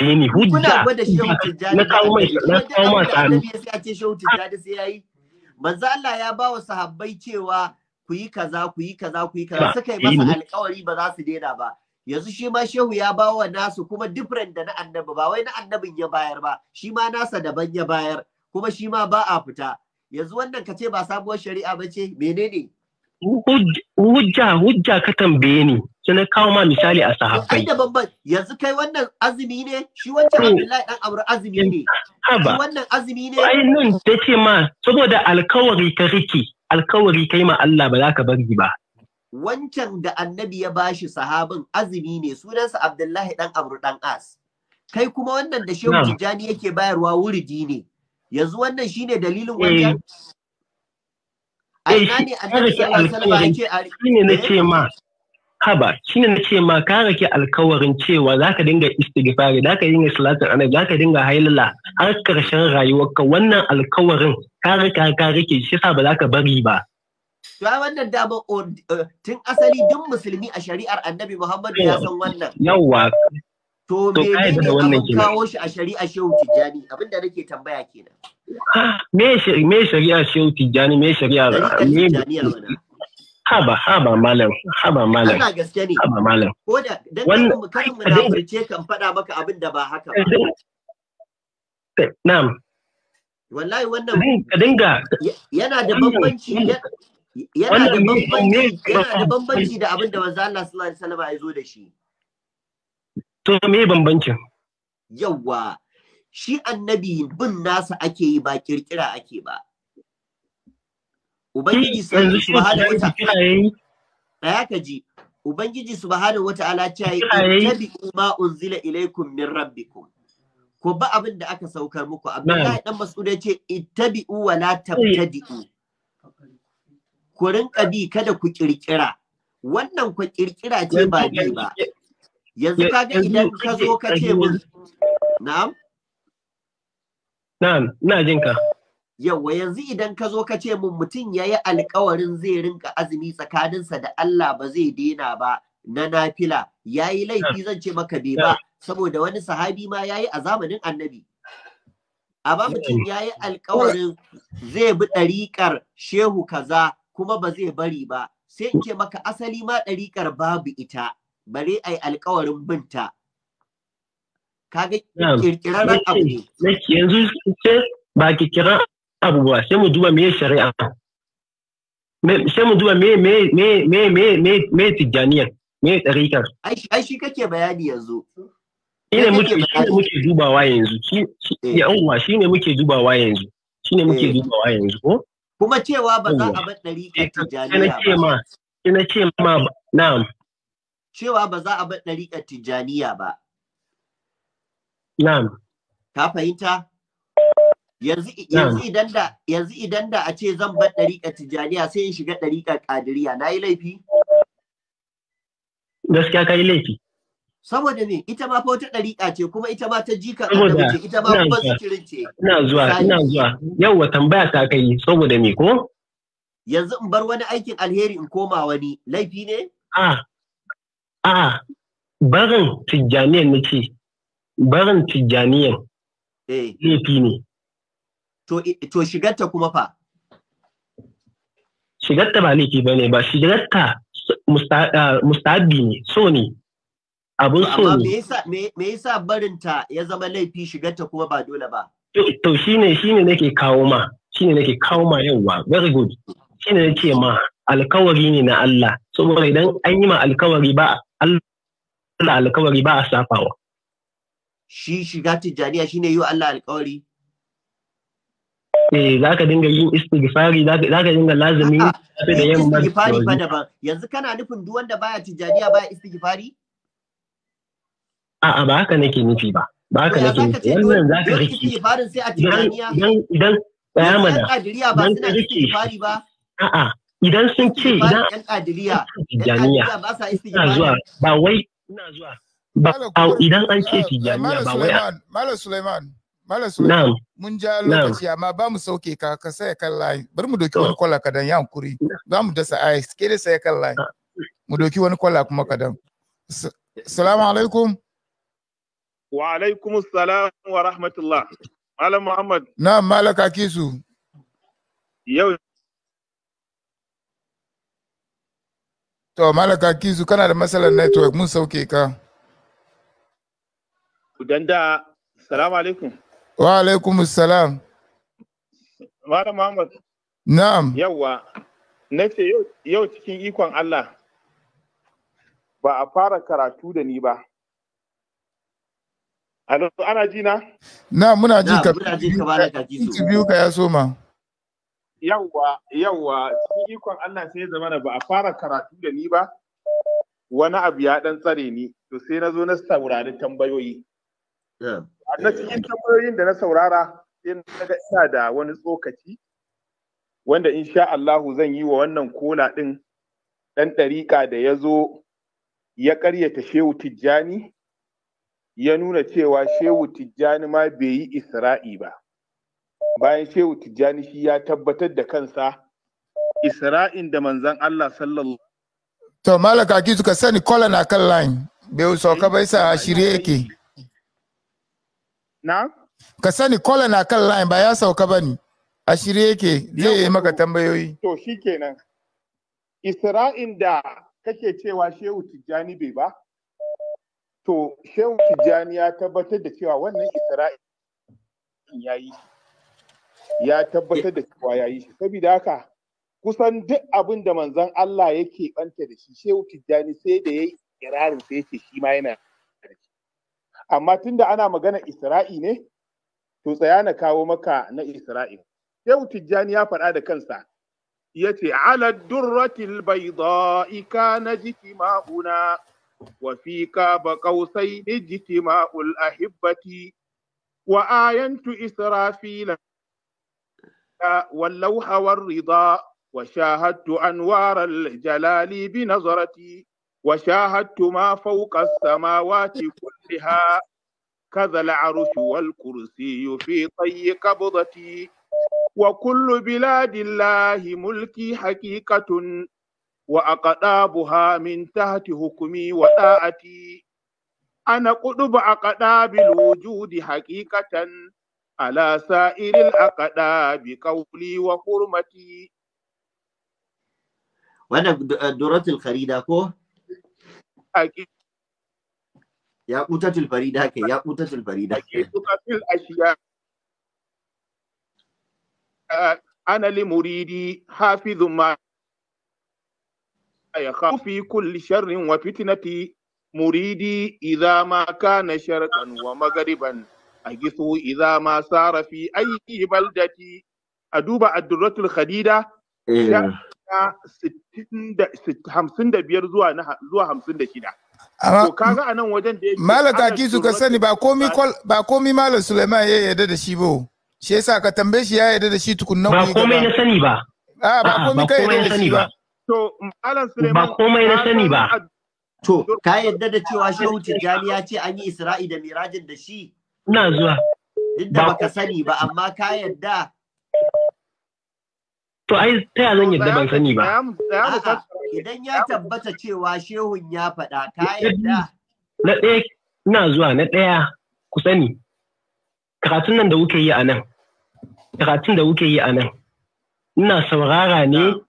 Kuna gwada shehu tijari. Na kawo mai na kawo ma tsaro. Annabi sai ya ce shehu tijari sai Manzo Allah ya ba wa sahabbai cewa ku yi kaza ku yi kaza ku yi kaza suka yi eh, masa alƙawari ba za su daina ba. Yanzu shi ma shehu ya ba wa nasu kuma different da na annabi ba wai na annabin ya bayar ba shi ma nasa daban ya bayar kuma shi ma ba a fita. yanzu wannan ka ce ba sabuwar shari'a ba ce menene hujja hujja ka tambaye ni sai kawo ma misali a sahabbai da babban yanzu kai wannan azumi ne shi wancan Abdullahi dan Amr azumi ne haba wannan azumi ne ai nan tace ma saboda alkawari ta riki alkawari kai ma Allah ba za ka bari ba wancan da annabi ya bashi sahabin azumi ne sunansa Abdullahi dan Amr dan As kai kuma wannan da Shehu Tijjani yake bayarwa wuridi ne yanzu wannan shine dalilin wajen? a ina ne annabi sallallahu alaihi wasallam shine nace ma haba shine nace ma ka rake alkawarin cewa ka dinga istighfari zaka dinga salatin annabi zaka dinga hailala har karshen rayuwarka wannan alkawarin ka rika ka rike shi sa ba za ka bari ba To wannan dama eh, tun asali duk musulmi a shari'ar Annabi Muhammadu ya eh, san wannan. Yawwa To me ne abin kawo shi a shari'a shehu tijjani abinda nake tambaya kenan. Me me shari'a shehu tijjani me shari'a ne haba haba malam haba malam ana gaske ne haba malam ko da dan kan mu na furce kan faɗa maka abin da ba haka ba na'am wallahi wannan ka dinga yana da bambanci yana da bambanci da abin da manzo Allah sallallahu alaihi wasallam ya zo da shi to me bambancin yawa shi annabi bin nasa ake yi ba kirkira ake ba ubangiji subhanahu wa kaji ubangiji subhanahu wa ta'ala ta yi tabi'u ma unzila ilaikum min rabbikum ko ba abin da aka saukar muku abdullahi dan mas'ud ya ce ittabi'u wa la tabtadi'u ku rinka bi kada ku kirkira wannan ku kirkira ce ba bi ba yanzu ka idan ka zo ka ce mun na'am na'am ina jin ka yawa yanzu idan ka zo ka ce mun mutum yayi yi alkawarin zai rinka azumi tsakaninsa da Allah ba zai daina ba na nafila ya laifi ah. zan ce maka bai ba ah. saboda wani sahabi ma yayi yi a zamanin annabi amma hmm. mutum ya yi alkawarin zai bi ɗariƙar shehu kaza kuma ba zai bari ba sai in ce maka asali ma ɗariƙar babu ita bari ai alkawarin binta kaga kirkirarren abu yanzu ba kirkirar abu ba sai mu duba me shari'a sai mu duba me me me me me me me tijjaniyar me tsarikar ai shi kake bayani yanzu shine muke muke dubawa yanzu shi eh. yawwa shine muke dubawa yanzu shine muke eh. dubawa yanzu ko kuma cewa ba za a bar ɗariƙar eh, tijjaniya ba. Na ce ma, na'am, cewa ba za a bar ɗariƙar tijjaniya ba. Na'am. Ka fahimta? Yanzu idan da yanzu idan da a ce zan bar ɗariƙar tijjaniya sai in shiga ɗariƙar ƙadiriya na yi laifi? Gaskiya ka yi laifi. Saboda me ita ma fa wata ɗariƙa ce kuma ita ma ta jika annabi ce ita ma kuma zikirin ce. Ina zuwa ina zuwa yawwa tambaya ta kai saboda me ko? Yanzu in bar wani aikin alheri in koma wani laifi ne? Ah A'a, barin Tijjaniyar na ce, barin Tijjaniyar eh. laifi ne. To shigarta kuma fa? Shigarta ba laifi ba ne ba, shigarta mustahabi ne, so ne, abun so ne. Me yasa barinta ya zama laifi shigarta kuma ba dole ba? To shi ne shi ne nake kawo ma, shi ne nake kawo ma yauwa, very good. Shi ne nake ma, alkawari ne na Allah, saboda idan an yi ma alkawari ba Allah alkawari ba a safawa. Shi shiga tijjaniya shi ne yi Allah alkawari? Eh, za ka dinga yin istighfari, za ka dinga lazumi da yamma. Istighfari ba daban. Yanzu kana nufin duk wanda baya tijjaniya baya istighfari? A'a ba haka nake nufi ba. Ba haka nake nufi. Wannan za ka riki. Istighfarin sai a tijjaniya. Idan idan tsaya mana. A'a idan sun ce idan yan adiliya tijaniya ina zuwa ba wai ina zuwa ba idan an ce eh, tijaniya ba wai Malam Suleiman Malam Suleiman mun ja lokaci amma ba mu sauke ka ka saya kan line bar mu doki wani kwalla kadan ya hankuri za mu dasa ai ke da saya kan line mu doki wani kwalla kuma kadan Assalamu alaikum Wa alaikum assalam wa rahmatullah Malam Muhammad Na'am Malaka Kisu Yau To, Malaka Kizu, kana da matsalar network mun sauke ka. Kudan da, salamu alaikum. Wa alaikum salam. Malam Muhammad. Na'am. Yawwa, na ce yau cikin ikon Allah ba a fara karatu da ni ba. Alo, ana ji na? Na, muna ji ka. Muna ji ka ba da ka Kisu. Biyu ka ya yawwa yawwa cikin ikon Allah sai ya zama ba a fara karatu da ni ba wani abu ya dan tsare ni to sai na zo na saurari tambayoyi na cikin tambayoyin da na saurara sai na ga ina da wani tsokaci wanda insha Allahu zan yi wa wannan kola din dan ɗariƙa da ya zo ya ƙaryata shehu tijjani ya nuna cewa shehu tijjani ma bai yi isra'i ba bayan shehu tijjani shi ya tabbatar da kansa isra'in da manzan Allah sallallahu to malaka ki suka sani kola na kan line bai sauka bai sa shirye yake na ka sani kola na kan line ba ya sauka ba ne a shirye yake zai yi maka tambayoyi to shikenan isra'in da kake cewa shehu tijjani bai ba to shehu tijjani ya tabbatar da cewa wannan isra'in ya yi shi ya tabbatar da cewa ya yi shi saboda haka kusan duk abin da manzon Allah yake banta da shi shehu tijjani sai da ya yi ikirarin sai ce shi ma yana amma tunda ana magana isra'i ne to tsaya na kawo maka na isra'i shehu tijjani ya faɗa da kansa ya ce ala durratil baydai kana jitima'una wa ka ba kausai jitima'ul ahibbati wa ayantu israfila واللوح والرضا وشاهدت أنوار الجلال بنظرتي وشاهدت ما فوق السماوات كلها كذا العرش والكرسي في طي قبضتي وكل بلاد الله ملكي حقيقة واقطابها من تحت حكمي وطاعتي أنا قطب اقطاب الوجود حقيقة ala sa'iril aqada bi qawli wa hurmati wannan eh, duratul kharida ko ya kutatul farida ke ya kutatul farida ke kutatul ashiya eh, ana li muridi hafidh ma ay khafi kull sharrin wa fitnati muridi idha ma kana sharqan wa magariban. a giso iza ma sara fi ayi baldati a duba addurratul khadida eh. hamsin da biyar zuwa zuwa hamsin da shida. To kaga a nan wajen da yake. Malam Takisu ka sani ba komi ba komai Malam Suleiman ya yarda da shi ba. Shi yasa ka tambaye shi ya yarda da shi tukunna. Ba komai na sani ba. A ba komai ka yarda da shi ba. To Malam Suleiman. Ba komai na sani ba. To ka yarda da cewa Shehu Tijjani ya ce an yi Isra'i da Mirajin da shi. Ina zuwa. Duk da baka sani ba amma ka yadda. To ai ta ya zan yadda ban sani ba. Idan ya tabbata cewa shehun ya faɗa ka yadda. Na ɗaya ina zuwa na ɗaya ku sani. Karatun nan da kuke yi a nan. Karatun da kuke yi a nan. Ina saurara ne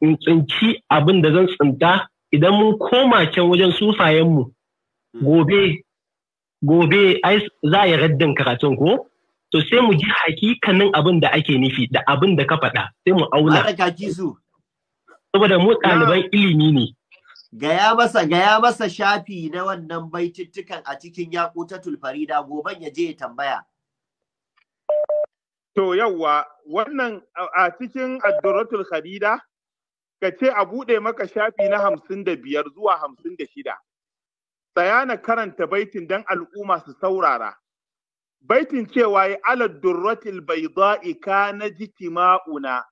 in tsinci abin da zan tsinta idan mun koma can wajen sufayenmu hmm. gobe gobe ai za a yi raddin karatun ko to sai mu ji hakikanin abin da ake nufi da abin da ka faɗa sai mu auna saboda mu ɗaliban ilimi ne gaya masa gaya masa shafi na wannan baitittukan a cikin yakutatul farida goban ya je ya tambaya to yawwa wannan a cikin addoratul farida ka ce a buɗe maka shafi na hamsin da biyar zuwa hamsin da shida tsaya na karanta baitin dan al'umma su saurara baitin cewa ya ala durratil bayda'i kana jitima'una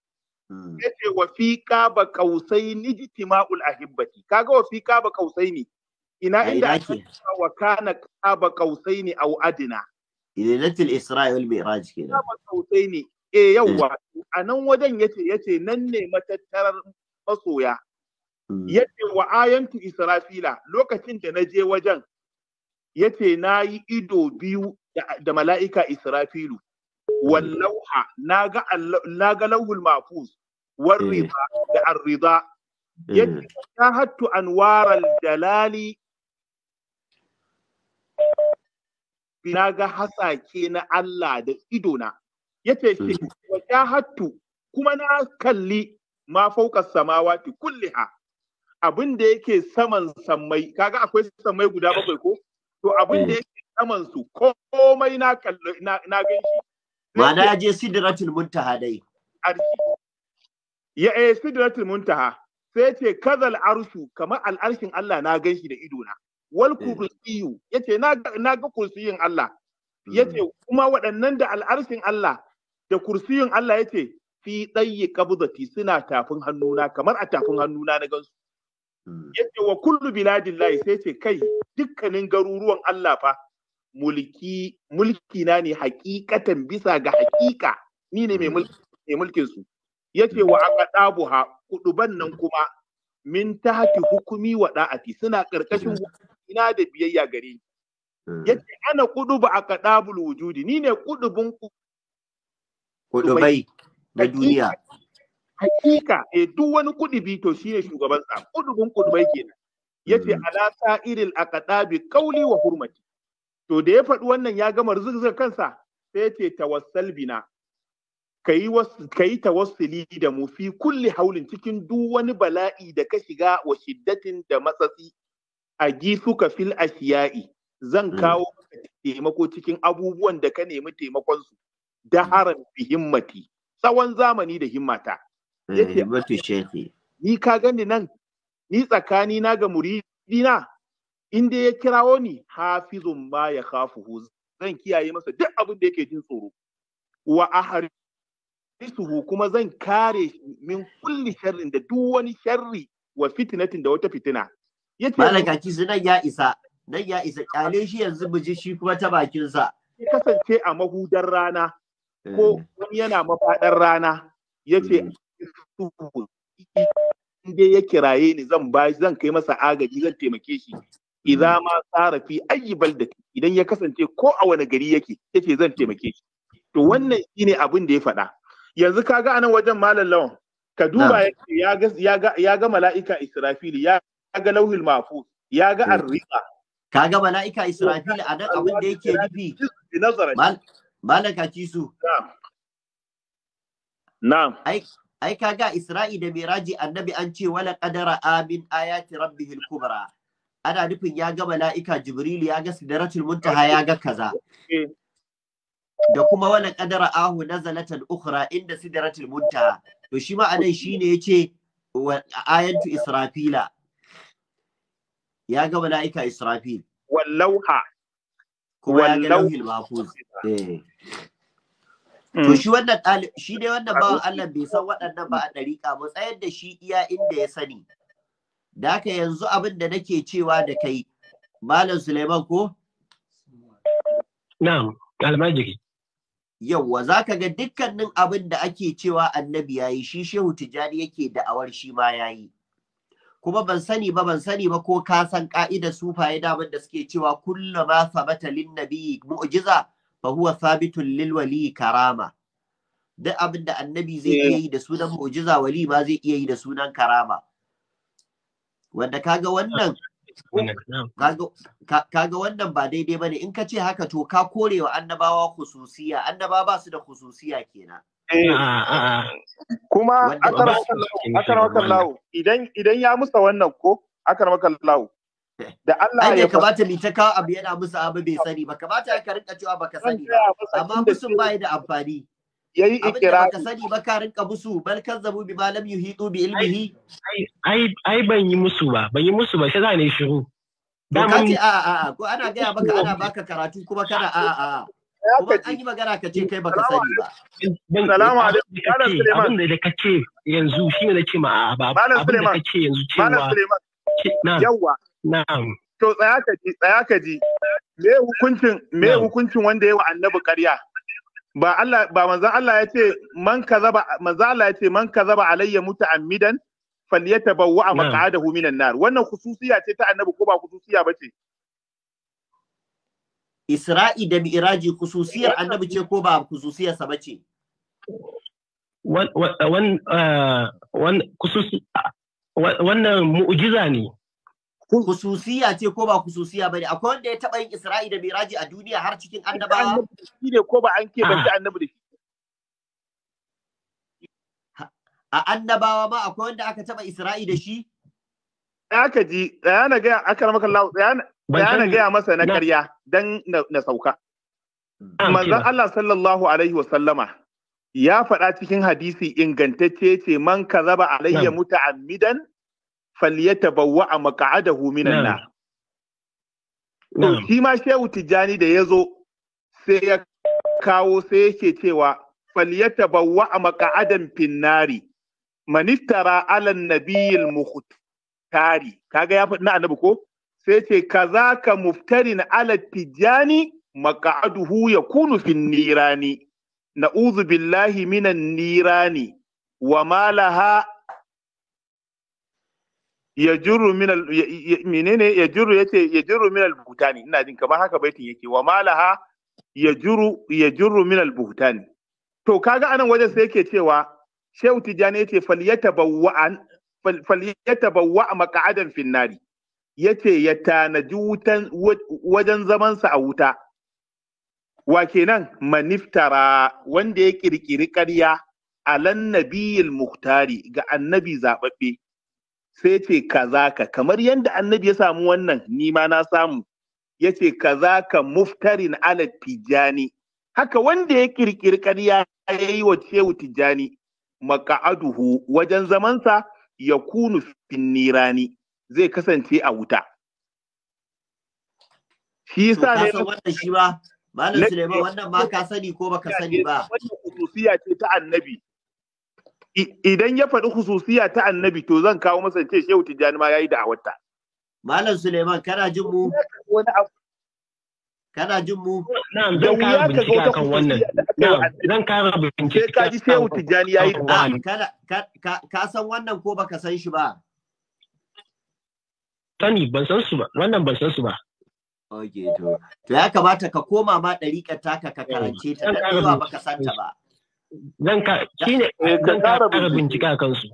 hmm. yace wa fi qaba qausaini jitima'ul ahibbati kaga wa fi qaba qausaini ina inda ake wa kana qaba qausaini Isra'il bai ilatul isra wal mi'raj kenan qaba qausaini eh hmm. A nan wajen yace yace nan ne matattarar masoya Hmm. Yadda wa ayantu israfila lokacin da na je wajen yace na ido biyu da mala'ika israfilu hmm. wallauha na ga lauhul mafus warrida eh. da arrida eh. Yadda ta hattu anwaral dalali na ga hasake na Allah da idona yace ce wa ta hattu kuma na kalli ma fauka samawati kulliha abin da yake saman sammai kaga akwai sammai guda bakwai ko to abin da yake saman su komai na kallo na na ganshi ma'ana ya je sidratul muntaha dai ya eh sidratul muntaha sai ce kazal arshu kamar arshin Allah na ganshi da ido eh. na wal kursiyu yace na na ga kursiyin Allah yace hmm. kuma waɗannan da arshin Allah da kursiyin Allah yace fi ɗayi kabzati suna tafin hannuna kamar a tafin hannuna na gansu Hmm. yace wa kullu biladillahi sai ce kai dukkanin garuruwan Allah fa mulki mulki na ne hakikatan bisa ga hakika ni ne hmm. mai mulkin su yace wa aqdabuha kuduban nan kuma min tahti hukumi wa da'ati suna karkashin hmm. ina da biyayya gare ni yace ana kuduba aqdabul wujudi ni ne kudubun ku kudubai na duniya hakika eh duk wani kudubi to shi ne shugaban sa kudubin kudubai kenan yace hmm. ala sa'iril aqdabi qawli wa hurmati to da ya faɗi wannan ya gama rizqin kansa sai yace tawassal bina kayi kai tawassuli da mu fi kulli haulin cikin duk wani bala'i da ka shiga wa shiddatin da matsatsi a gisuka fil ashiya'i zan hmm. kawo taimako cikin abubuwan da ka nemi taimakon su da haram bi himmati tsawon zamani da himmata Mm-hmm. Ni ka gani nan, ni tsakani na ga muridina, in dai ya kirawo ni hafizun ma ya kafuhu zan kiyaye masa duk abin da yake jin tsoro. Wa suhu kuma zan kare min kulli sharrin da duk wani sharri wa fitinatin da wata fitina. Malaka kisi nan ya isa, nan ya isa kyale shi yanzu buji shi kuma ta bakinsa. Ya Kasance a mahudar rana ko mm. wani yana mafaɗar rana ya ce mm. inda ya kiraye ni zan ba zan kai masa agaji zan taimake shi idan ma tsarafi ayyibal da idan ya kasance ko a wani gari yake yace zan taimake shi to wannan shine abin da ya faɗa yanzu kaga anan wajen malam lawan ka duba ya ga ya ga mala'ika israfili ya ga lauhil mahfuz ya ga arriba kaga mala'ika israfili a nan abin da yake nufi malaka kisu na'am na'am ai kaga Isra'i da Miraji annabi an ce wala qadara amin ayati rabbihil kubra ana nufin ya ga mala'ika Jibril ya ga sidratul muntaha ya ga kaza da kuma wala qadara ahu nazalatan ukhra inda sidratul muntaha to shi ma anan shine yace ayatu Israfila ya ga mala'ika Israfil wallauha kuma ya ga lauhil mahfuz eh To mm. shi wannan ɗalib shi dai wannan bawan Allah bai san waɗannan ba a ɗariƙa ba tsayar da shi iya inda ya sani. Da haka yanzu abin da nake cewa da kai Malam Suleiman ko? Na'am, almaji. Yawwa za ka ga dukkanin abin da ake cewa annabi ya yi shi Shehu Tijjani yake da'awar shi ma ya yi. Kuma ban sani ba ban sani ba ko ka san ƙa'idar sufaye damar da suke cewa kullum ma sabata lin nabi mu'jiza Fahuwar Sabitun lil wali karama duk abin annabi zai iya yi da sunan mu'jiza wali ma zai iya yi da sunan karama wanda kaga wannan ba daidai bane in ka ce haka to ka korewa annabawa khususiya annaba ba su da khususiya kenan eh, ah, ah, ah. kuma akar wakan lawo idan ya musa wannan ko akar wakan lawo da Allah ya kamata ni ta kawo abu yana musu abu bai sani ba kamata ka rinka cewa baka sani ba amma musun bai da amfani yayi ikira baka sani ba ka rinka musu bal kazzabu bi ma lam yuhitu bi ilmihi ai ai ban yi musu ba ban yi musu ba sai za ne shiru ka ce a a a ko ana gaya baka ana baka karatu kuma kana a a a kuma an yi magana ka ce kai baka sani ba salamu alaikum malam suleiman abin da kace yanzu shine nace ma a ba malam suleiman kace yanzu cewa yawa Na'am. To tsaya ka ji, tsaya ka ji. Me hukuncin, me hukuncin wanda yayi wa annabi ƙarya? Ba Allah, ba manzon Allah ya ce man kazaba, manzon Allah ya ce man kazaba alayya muta'ammidan falyatabawwa maq'adahu minan nar. Wannan khususiya ce ta annabi ko ba khususiya ba ce? Isra'i da Mi'raji khususiyar annabi ce ko ba khususiyar sa ba ce? Ah, ah, wannan mu'ujiza ne. kususiya ce ko ba kususiya bane akwai wanda ya taba yin Isra'i da Miraji a duniya har cikin annabawa shi ne ko ba an ke ah. annabi da shi a annabawa ma akwai wanda aka taba Isra'i da shi aka ji tsaya na ga aka maka Allah tsaya na ga masa na ƙarya dan na sauka ah, manzon Allah sallallahu alaihi wa sallama ya faɗa cikin hadisi ingantacce ce man kazaba alayya muta'ammidan falyatabawwa maq'adahu minan nar to shi ma shehu tijjani da ya zo sai ya kawo sai yake cewa a maka'adan finnari maniftara alan nabiyil muhtari kaga ya faɗi na annabi ko sai ce ka muftarin ala tijjani maq'aduhu ya kunu nirani na'udhu billahi minan nirani wa ma ya juru minal al menene ya juru yace ya juru minal al buhtani ina jin kamar haka baitin yake wa malaha ya juru ya juru minal al buhtani to kaga anan wajen sai yake cewa shehu tijani yace falyatabawwa falyatabawwa maq'adan fin nari yace ya tanaji wutan wajen zamansa a wuta wa kenan maniftara wanda ya kirkiri ƙarya alan nabiyil muhtari ga annabi zababbe sai ce kaza ka kamar yadda annabi ya samu wannan ni ma na samu ya ce kaza ka muftarin ala tijani haka wanda ya kirkiri ƙarya ya yi wa shehu tijani maka'aduhu wajen zamansa ya kunu finnirani zai kasance a wuta shi sa ne wannan shi ba malam Suleiman wannan ba ka sani ko ka sani ba ce ta annabi idan ya faɗi hususiya ta annabi to zan kawo masa ce shehu tijjani ma yayi da'awarta malam suleiman kana jin mu kana jin mu na'am zan kawo bincike kan wannan na'am zan kara bincike ka ji shehu tijjani yayi kana ka san wannan ko baka san shi ba sani ban san su ba wannan ban san su ba Okay, to. To ya kamata ka koma ma ɗariƙar taka ka eh, karance ta da ba baka santa ba. zan ka shine eh, zan ƙara bincika kansu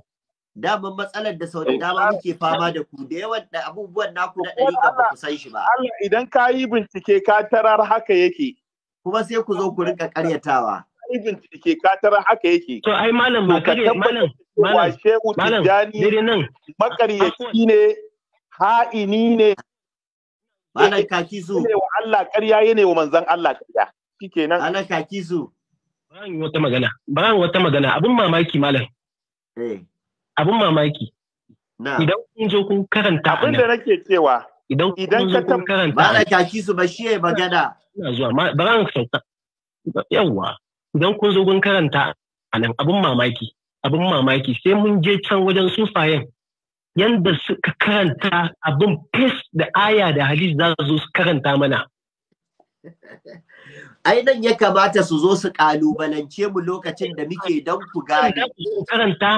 matsalar da sau da eh, dama muke fama da ku da yawan da abubuwan naku na ɗari ba ku san shi ba. Allah idan ka yi bincike ka tarar haka yake. Kuma sai ku zo ku rinka ƙaryatawa. Ka yi bincike ka tarar haka yake. To ai malam ba kare malam malam malam dire nan makaryaci ne ha'ini ne. Malam kaki su. Ne wa Allah ƙarya ne wa manzan Allah ƙarya. Shikenan. Malam kaki su. Bayan wata magana, bayan wata magana, abin mamaki malam. Abin mamaki. Idan kun je kun karanta Abin da nake cewa. Idan kun zo kun karanta. Ba na kaki su ba shi ya magana. Ina zuwa, bayan sauka. Yawwa, idan kun zo kun karanta a abin mamaki. Abin mamaki sai mun je can wajen sufayen. Yanda suka karanta abin fes da aya da hadis za su karanta mana. ai nan ya kamata su zo su kalubalance mu lokacin da muke don ku gane karanta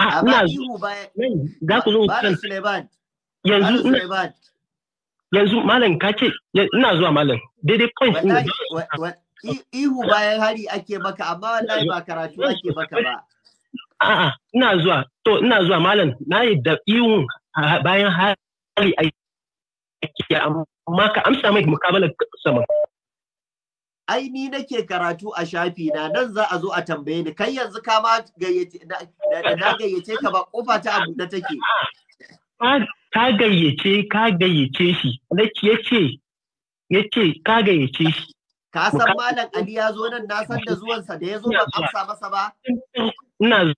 ah, ina ihu bayan za ku zo karanta yanzu yanzu malam ka ce ina zuwa malam daidai point ihu bayan hari ake maka amma wallahi ba karatu ake maka ba a'a ina zuwa to ina zuwa malam na yi da ihu bayan hari ake amma ka amsa mai mukabalar sama ai ni nake karatu a shafi na nan za a zo a tambaye ni kai yanzu ka ma gayyace na gayyace ka ba kofa ta abu da take ka gayyace ka gayyace shi nake yace yace ka gayyace shi ka san malam Ali ya zo nan na san da zuwansa da ya zo ban amsa masa ba ina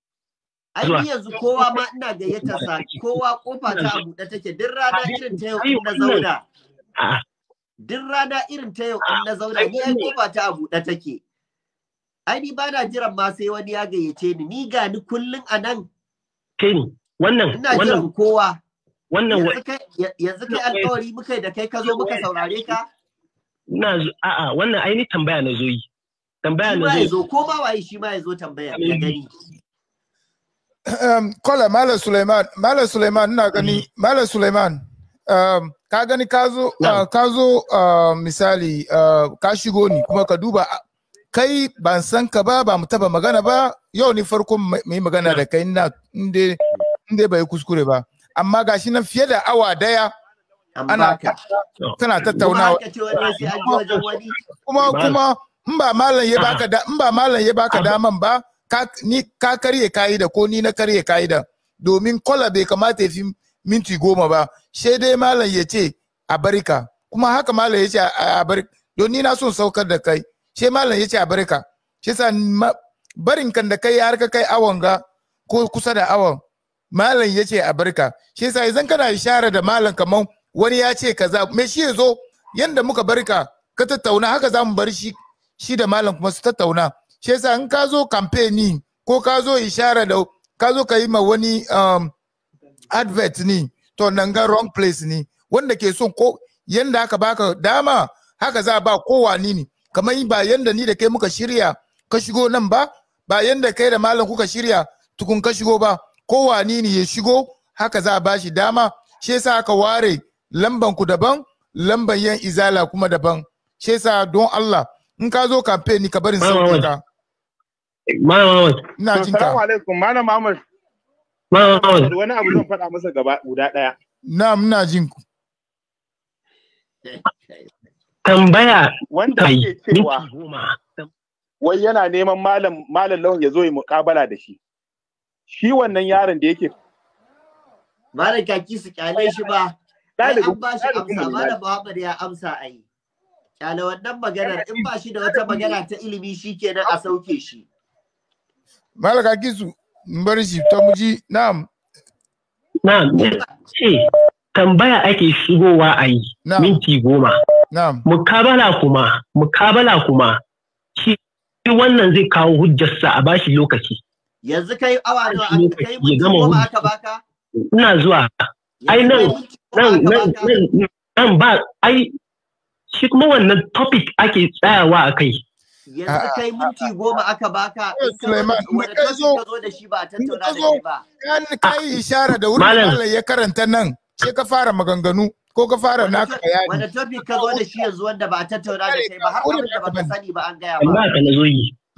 ai yanzu kowa ma ina gayyatar sa kowa kofa ta abu da take duk rana irin ta yau na zauna duk rana irin ta yau in na ah, zauna ni ai kofa ta abu da take ai ni ba na jiran ma sai wani ya gayyace ni ni ga ni kullun a nan wannan ina jiran kowa wannan yanzu kai alƙawari muka da kai ka zo muka saurare ka ina a'a wannan ai ni tambaya na zo yi tambaya na zo zo ko ba waye shi ma ya zo tambaya ya gani kola malam suleiman malam suleiman ina gani malam suleiman um, ka gani ka zo ah, ka zo ah, misali ah, ka shigo ni kuma ka duba kai ban san ka ba ba mu taba magana ba yau ni farko mai magana da kai ina inde inde bai kuskure ba amma gashi nan fiye da awa daya ana tana tattaunawa kuma kuma in ba malam ya baka da in ba malam ya baka daman ba ka ni ka karye kayi da ko ni na karye kai da domin kola bai kamata ya fi minti goma ba she dai malam ya ce a barika kuma haka malam ya ce a barika don ni na son saukar da kai sai malam ya ce a barika shi sa barin kan da kai har ka kai awon ga ko kusa da awon malam ya ce a barka shi yasa idan kana ishara da malam kamar wani ya ce kaza me shi ya zo yanda muka barka ka tattauna haka za mu bar shi shi da malam kuma su tattauna shi sa in ka zo campaigning ko ka zo ishara da ka zo ka yi ma wani um, advert ne to nan ga wrong place ne wanda ke son ko yanda aka baka dama haka za ba kowa ni ne kamar ba yanda ni da kai muka shirya ka shigo nan ba ba yanda kai da malam kuka shirya tukun ka shigo ba kowa ni ne ya shigo haka za ba shi dama shi yasa aka ware lamban ku daban lamban yan izala kuma daban shi yasa don Allah in ka zo campaign ni ka barin sauƙi ka Malam Ahmad. Ina jin Assalamu alaikum Malam Ahmad. wani abu zan faɗa masa gaba guda ɗaya na muna jin ku tambaya wanda ake cewa wai yana neman malam malam lawan ya zo yi muƙabala da shi shi wannan yaron da yake malam kaki su kyale shi ba ai an ba shi amsa malam Muhammad ya amsa ai kyale wannan maganar in ba shi da wata magana ta ilimi shi shikenan a sauke shi malam kaki bari na'am na'am ce eh, tambaya ake shigowa a yi minti goma na'am mukabala kuma mukabala kuma shi wannan zai kawo hujjarsa a bashi lokaci yanzu kai awa nawa kai goma aka baka ina zuwa ai nan nan nan nan ba ai shi kuma wannan topic ake tsayawa a kai yanzu kai minti goma aka baka wanda ka zo da shi ba a tattauna da shi ba ka yi ishara da wurin Allah ya karanta nan sai ka fara maganganu ko ka fara naka bayani wanda topic ka zo da shi yanzu wanda ba a tattauna da kai ba har abin ba ka sani ba an gaya ba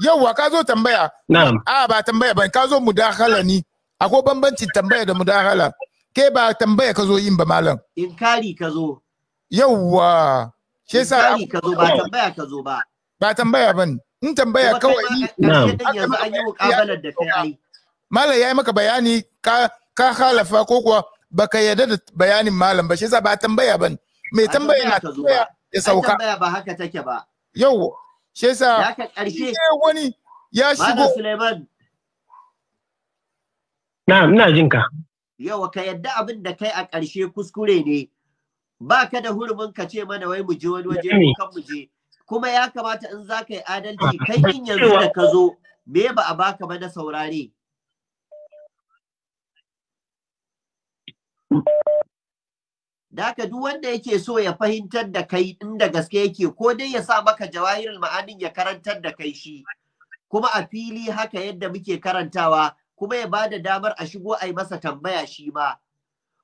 yauwa ka zo tambaya A'a ba tambaya ba ka zo mudakala ni akwai bambancin tambaya da mudakala ke ba tambaya ka zo yin ba malam inkari ka zo yauwa shi yasa ba tambaya ka zo ba ba tambaya ba in tambaya kawai ni yanzu an yi da kai malam yayi maka bayani ka ka halafa ko kuwa baka yarda da bayanin malam ba shi yasa ba tambaya ba ne mai tambaya na tambaya ya sauka tambaya ba haka take ba yau shi yasa wani ya shigo na'am ina jin ka Yau ka yadda abin da kai a ƙarshe kuskure ne ba ka da hurumin ka ce mana wai mu je wani waje kan mu je kuma ya kamata in za ka yi adalci kai in yanzu da ka zo me ba a baka ba na saurare Daka duk wanda yake so ya fahimtar da kai inda gaske yake ko dai ya sa maka jawahirul ma'anin ya karantar da kai shi kuma a fili haka yadda muke karantawa kuma ya bada damar a shigo a yi masa tambaya shi ma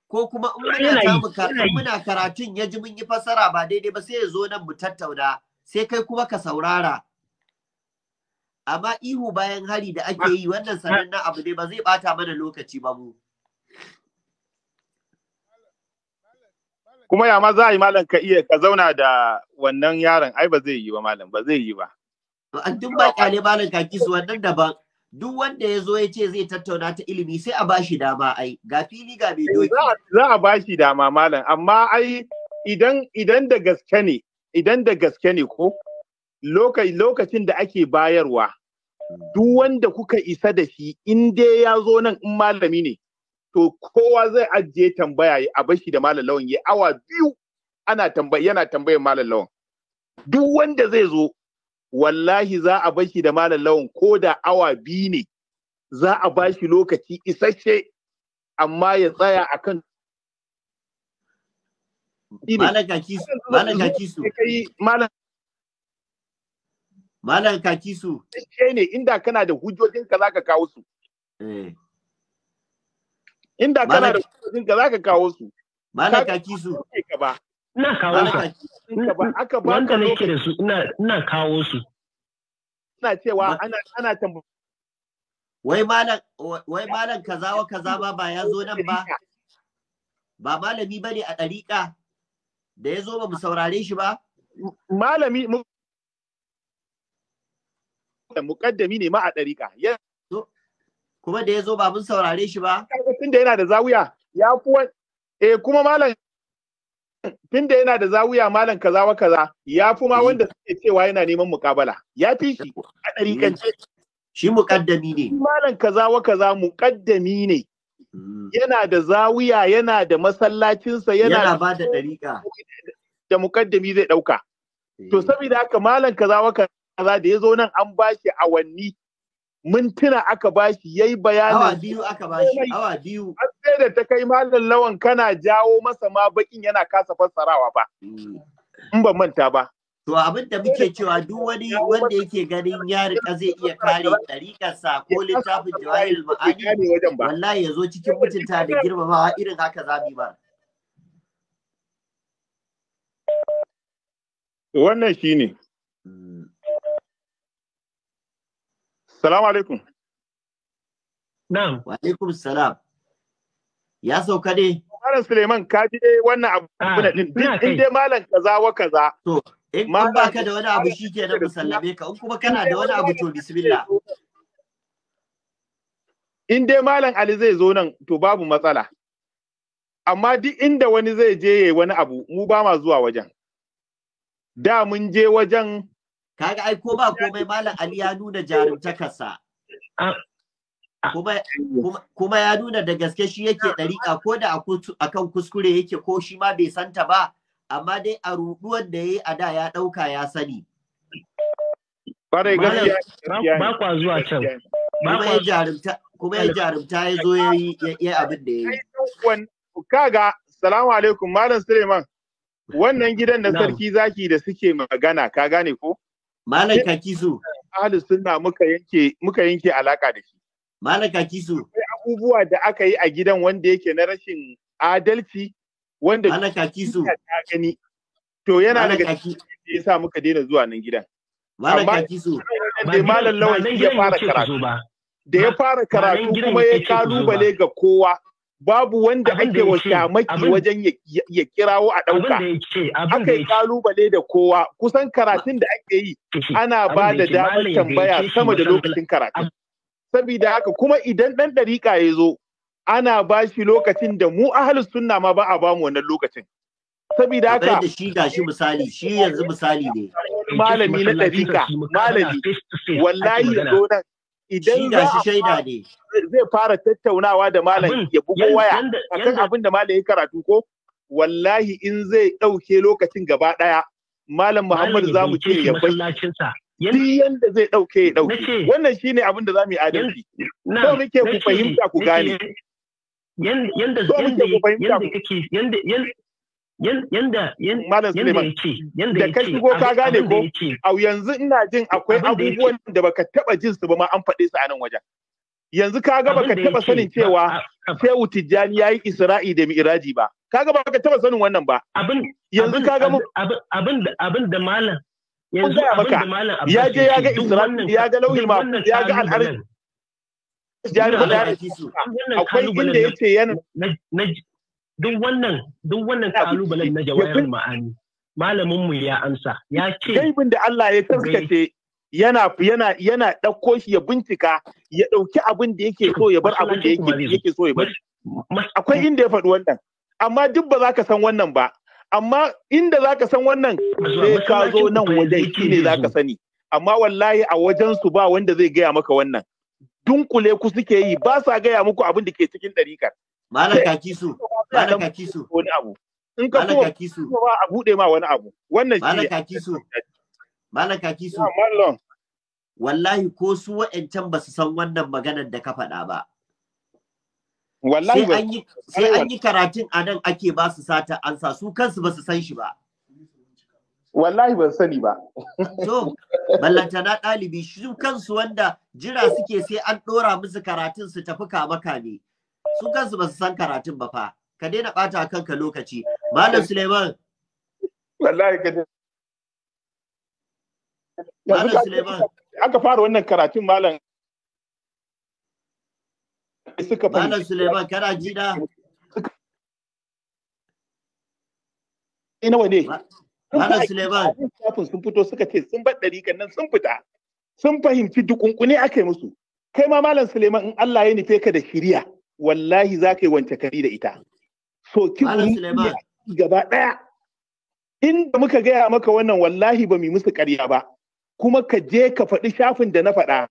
ko kuma in muna karatun ya ji mun yi fasara ba daidai ba sai ya zo nan mu tattauna sai kai kuma ka saurara amma ihu bayan hari da ake yi wannan sanannen abu ne ba zai bata mana lokaci ba mu kuma ya ma za a yi malam ka iya ka zauna da wannan yaron ai ba zai yi ba malam ba zai yi ba duk ba kyale malam kaki su wannan daban duk wanda ya zo ya ce zai tattauna ta ilimi sai a bashi dama ai ga fili ga mai doki za a bashi dama malam amma ai idan idan da gaske ne idan da gaske ne ko lokacin da ake bayarwa duk wanda kuka isa da shi in dai ya zo nan in malami ne to kowa zai ajiye tambaya ya a bashi da malam lawan ya awa biyu ana tambaya yana tambayar malam lawan duk wanda zai zo wallahi za a bashi da malam lawan ko da awa biyu ne za a bashi lokaci isasshe amma ya tsaya akan Malam kaki su. Kakisu. Malam Malam Kakisu. ne inda kana da hujjojin ka zaka kawo su. Eh. Inda kana da hujjojin ka zaka kawo su. Malam kaki su. Ina kawo su. Aka ba wanda nake da su ina ina kawo su. Ina cewa ana ana tambaya Wai malam wai malam kaza wa kaza ba ba ya zo nan ba. Ba malami bane a ɗariƙa. da ya zo ba mu saurare shi ba? Malami muƙaddami ne ma a ɗariƙa. Kuma da ya zo ba mun saurare shi ba? Tun da yana da zawuya, ya fi eh kuma malam tun da yana da zawuya, malam kaza wa kaza ya fi ma wanda suke cewa yana neman mukabala. ya fi shi a ɗariƙance. Shi muƙaddami ne. Malam kaza wa kaza muƙaddami ne. Mm. yana da zawiya yana da masallacinsa yana ba da dariƙa da mukaddami zai ɗauka to eh. saboda haka malam kaza waka kaza da ya zo nan an bashi awanni mintuna aka bashi yayi bayanin awa biyu aka bashi awa biyu sai da ta kai malam lawan kana jawo masa ma bakin yana kasa fassarawa ba mm. in ban manta ba To abin da muke cewa duk wani wanda yake ganin ya rika zai iya kare ɗariƙarsa ko littafin jawahir ma'ani wallahi ya zo cikin mutunta da girmamawa irin haka za mu ba. Wannan shi ne. Hmm. Salamu alaikum. Na'am. Wa alaikum salam. Ya sauka ne? Malam Suleiman ka ji wannan abu ah, na din duk inda malam kaza wa kaza. To. in ba ka da wani abu shi ke na musallame ka in kuma kana da wani abu to bismillah in dai malam ali zai zo nan to babu matsala amma duk inda wani zai je yayi wani abu mu ba ma zuwa wajen da mun je wajen kaga ai ko ba komai malam ali ya nuna jarumtakarsa kuma, kuma ya nuna da gaske shi yake ɗariƙa ko da akan kuskure yake ko shi ma bai santa ba amma dai a ruduwar da ya yi a da ya dauka ya sani ba kwa zuwa can. Kuma ya jarumta ya zo ya yi abin da ya yi. Kaga salamu alaikum Malam Suleiman. Wannan gidan da sarki zaki da suke magana ka gane ko? Malam Kakisu. Ahlu sunna muka yanke muka yanke alaka da shi. Malam Kakisu. Akwai abubuwa da aka yi a gidan wanda yake na rashin adalci wanda ana kaki su gani to yana daga cikin da yasa muka daina zuwa nan gidan malam kaki su da malam lawan ya fara karatu da ya fara karatu kuma ya kalubale ga kowa babu wanda ake wa shamaki wajen ya kirawo a ɗauka. Aka kalubale da kowa kusan karatun da ake yi ana ba da damar tambaya sama da lokacin karatu. Sabida haka kuma idan ɗan ɗariƙa ya zo ana ba shi lokacin da mu ahalus sunna ma ba a ba mu wannan lokacin saboda haka da shi shi misali shi yanzu misali ne malami na dariƙa malami wallahi nan. idan za shi shaida ne zai fara tattaunawa da malam ya bugo waya akan abin da Malami ya karatu ko wallahi in zai ɗauke lokacin gaba ɗaya malam Muhammad za mu ce ya bai duk yanda zai ɗauke ya ɗauke wannan shi ne abin da za mu yi adalci so nake ku fahimta ku gane yanda kake yanda yanda yanda yanda da ka shigo ka gane ko a yanzu ina jin akwai abubuwan da baka taba jin su ba ma an faɗe su a nan wajen yanzu ka ga baka taba sanin cewa Shehu Tijjani yayi Isra'i da Mi'raji ba kaga baka taba sanin wannan ba abin yanzu kaga abin abin da malam yanzu abin da malam ya je ya ga Isra'i ya ga lauhi ma ya ga al'arji jari akwai inda yace yana duk wannan duk wannan kalubalen na jawabin ma'ani malamin mu ya amsa ya ce gaibin da Allah ya taskace yana yana yana ɗauko shi ya bincika ya ɗauki abin da yake so ya bar abin da yake so ya bar akwai inda ya faɗi wannan amma duk ba za ka san wannan ba amma inda za ka san wannan sai ka zo nan wajen shi ne za ka sani amma wallahi a wajen su ba wanda zai gaya maka wannan dunkule ku suke yi ba sa gaya muku abin da ke cikin ɗarikar. Malam kaki su, malam kaki su. Wani abu. In ka so ba a buɗe ma wani abu. Wannan shi ne. Malam kaki su. Malam kaki su. Malam. Wallahi ko su wa'ancan ba su san wannan maganar da ka faɗa ba. Wallahi sai an yi karatun a nan ake ba su sata ansa su kansu ba su san shi ba. wallahi ban sani ba to ballanta na ɗalibi shi kansu wanda jira suke sai an ɗora musu karatun su tafi kamaka ne su kansu ba su san karatun ba fa ka daina ɓata a kanka lokaci malam suleiman wallahi ka Malam Suleiman. Aka fara wannan karatun Malam. Malam Suleiman kana ji Ina wane? Suleiman. sun fito suka ce sun bar nan sun fita. Sun fahimci dukunkune aka yi musu. Kai ma Malam Suleiman in Allah ya nufe ka da shiriya wallahi za ka yi wance kari da ita. So kibin gaba ɗaya. Inda muka gaya maka wannan wallahi ba mu musu ƙarya ba. Kuma ka je ka faɗi shafin da na faɗa.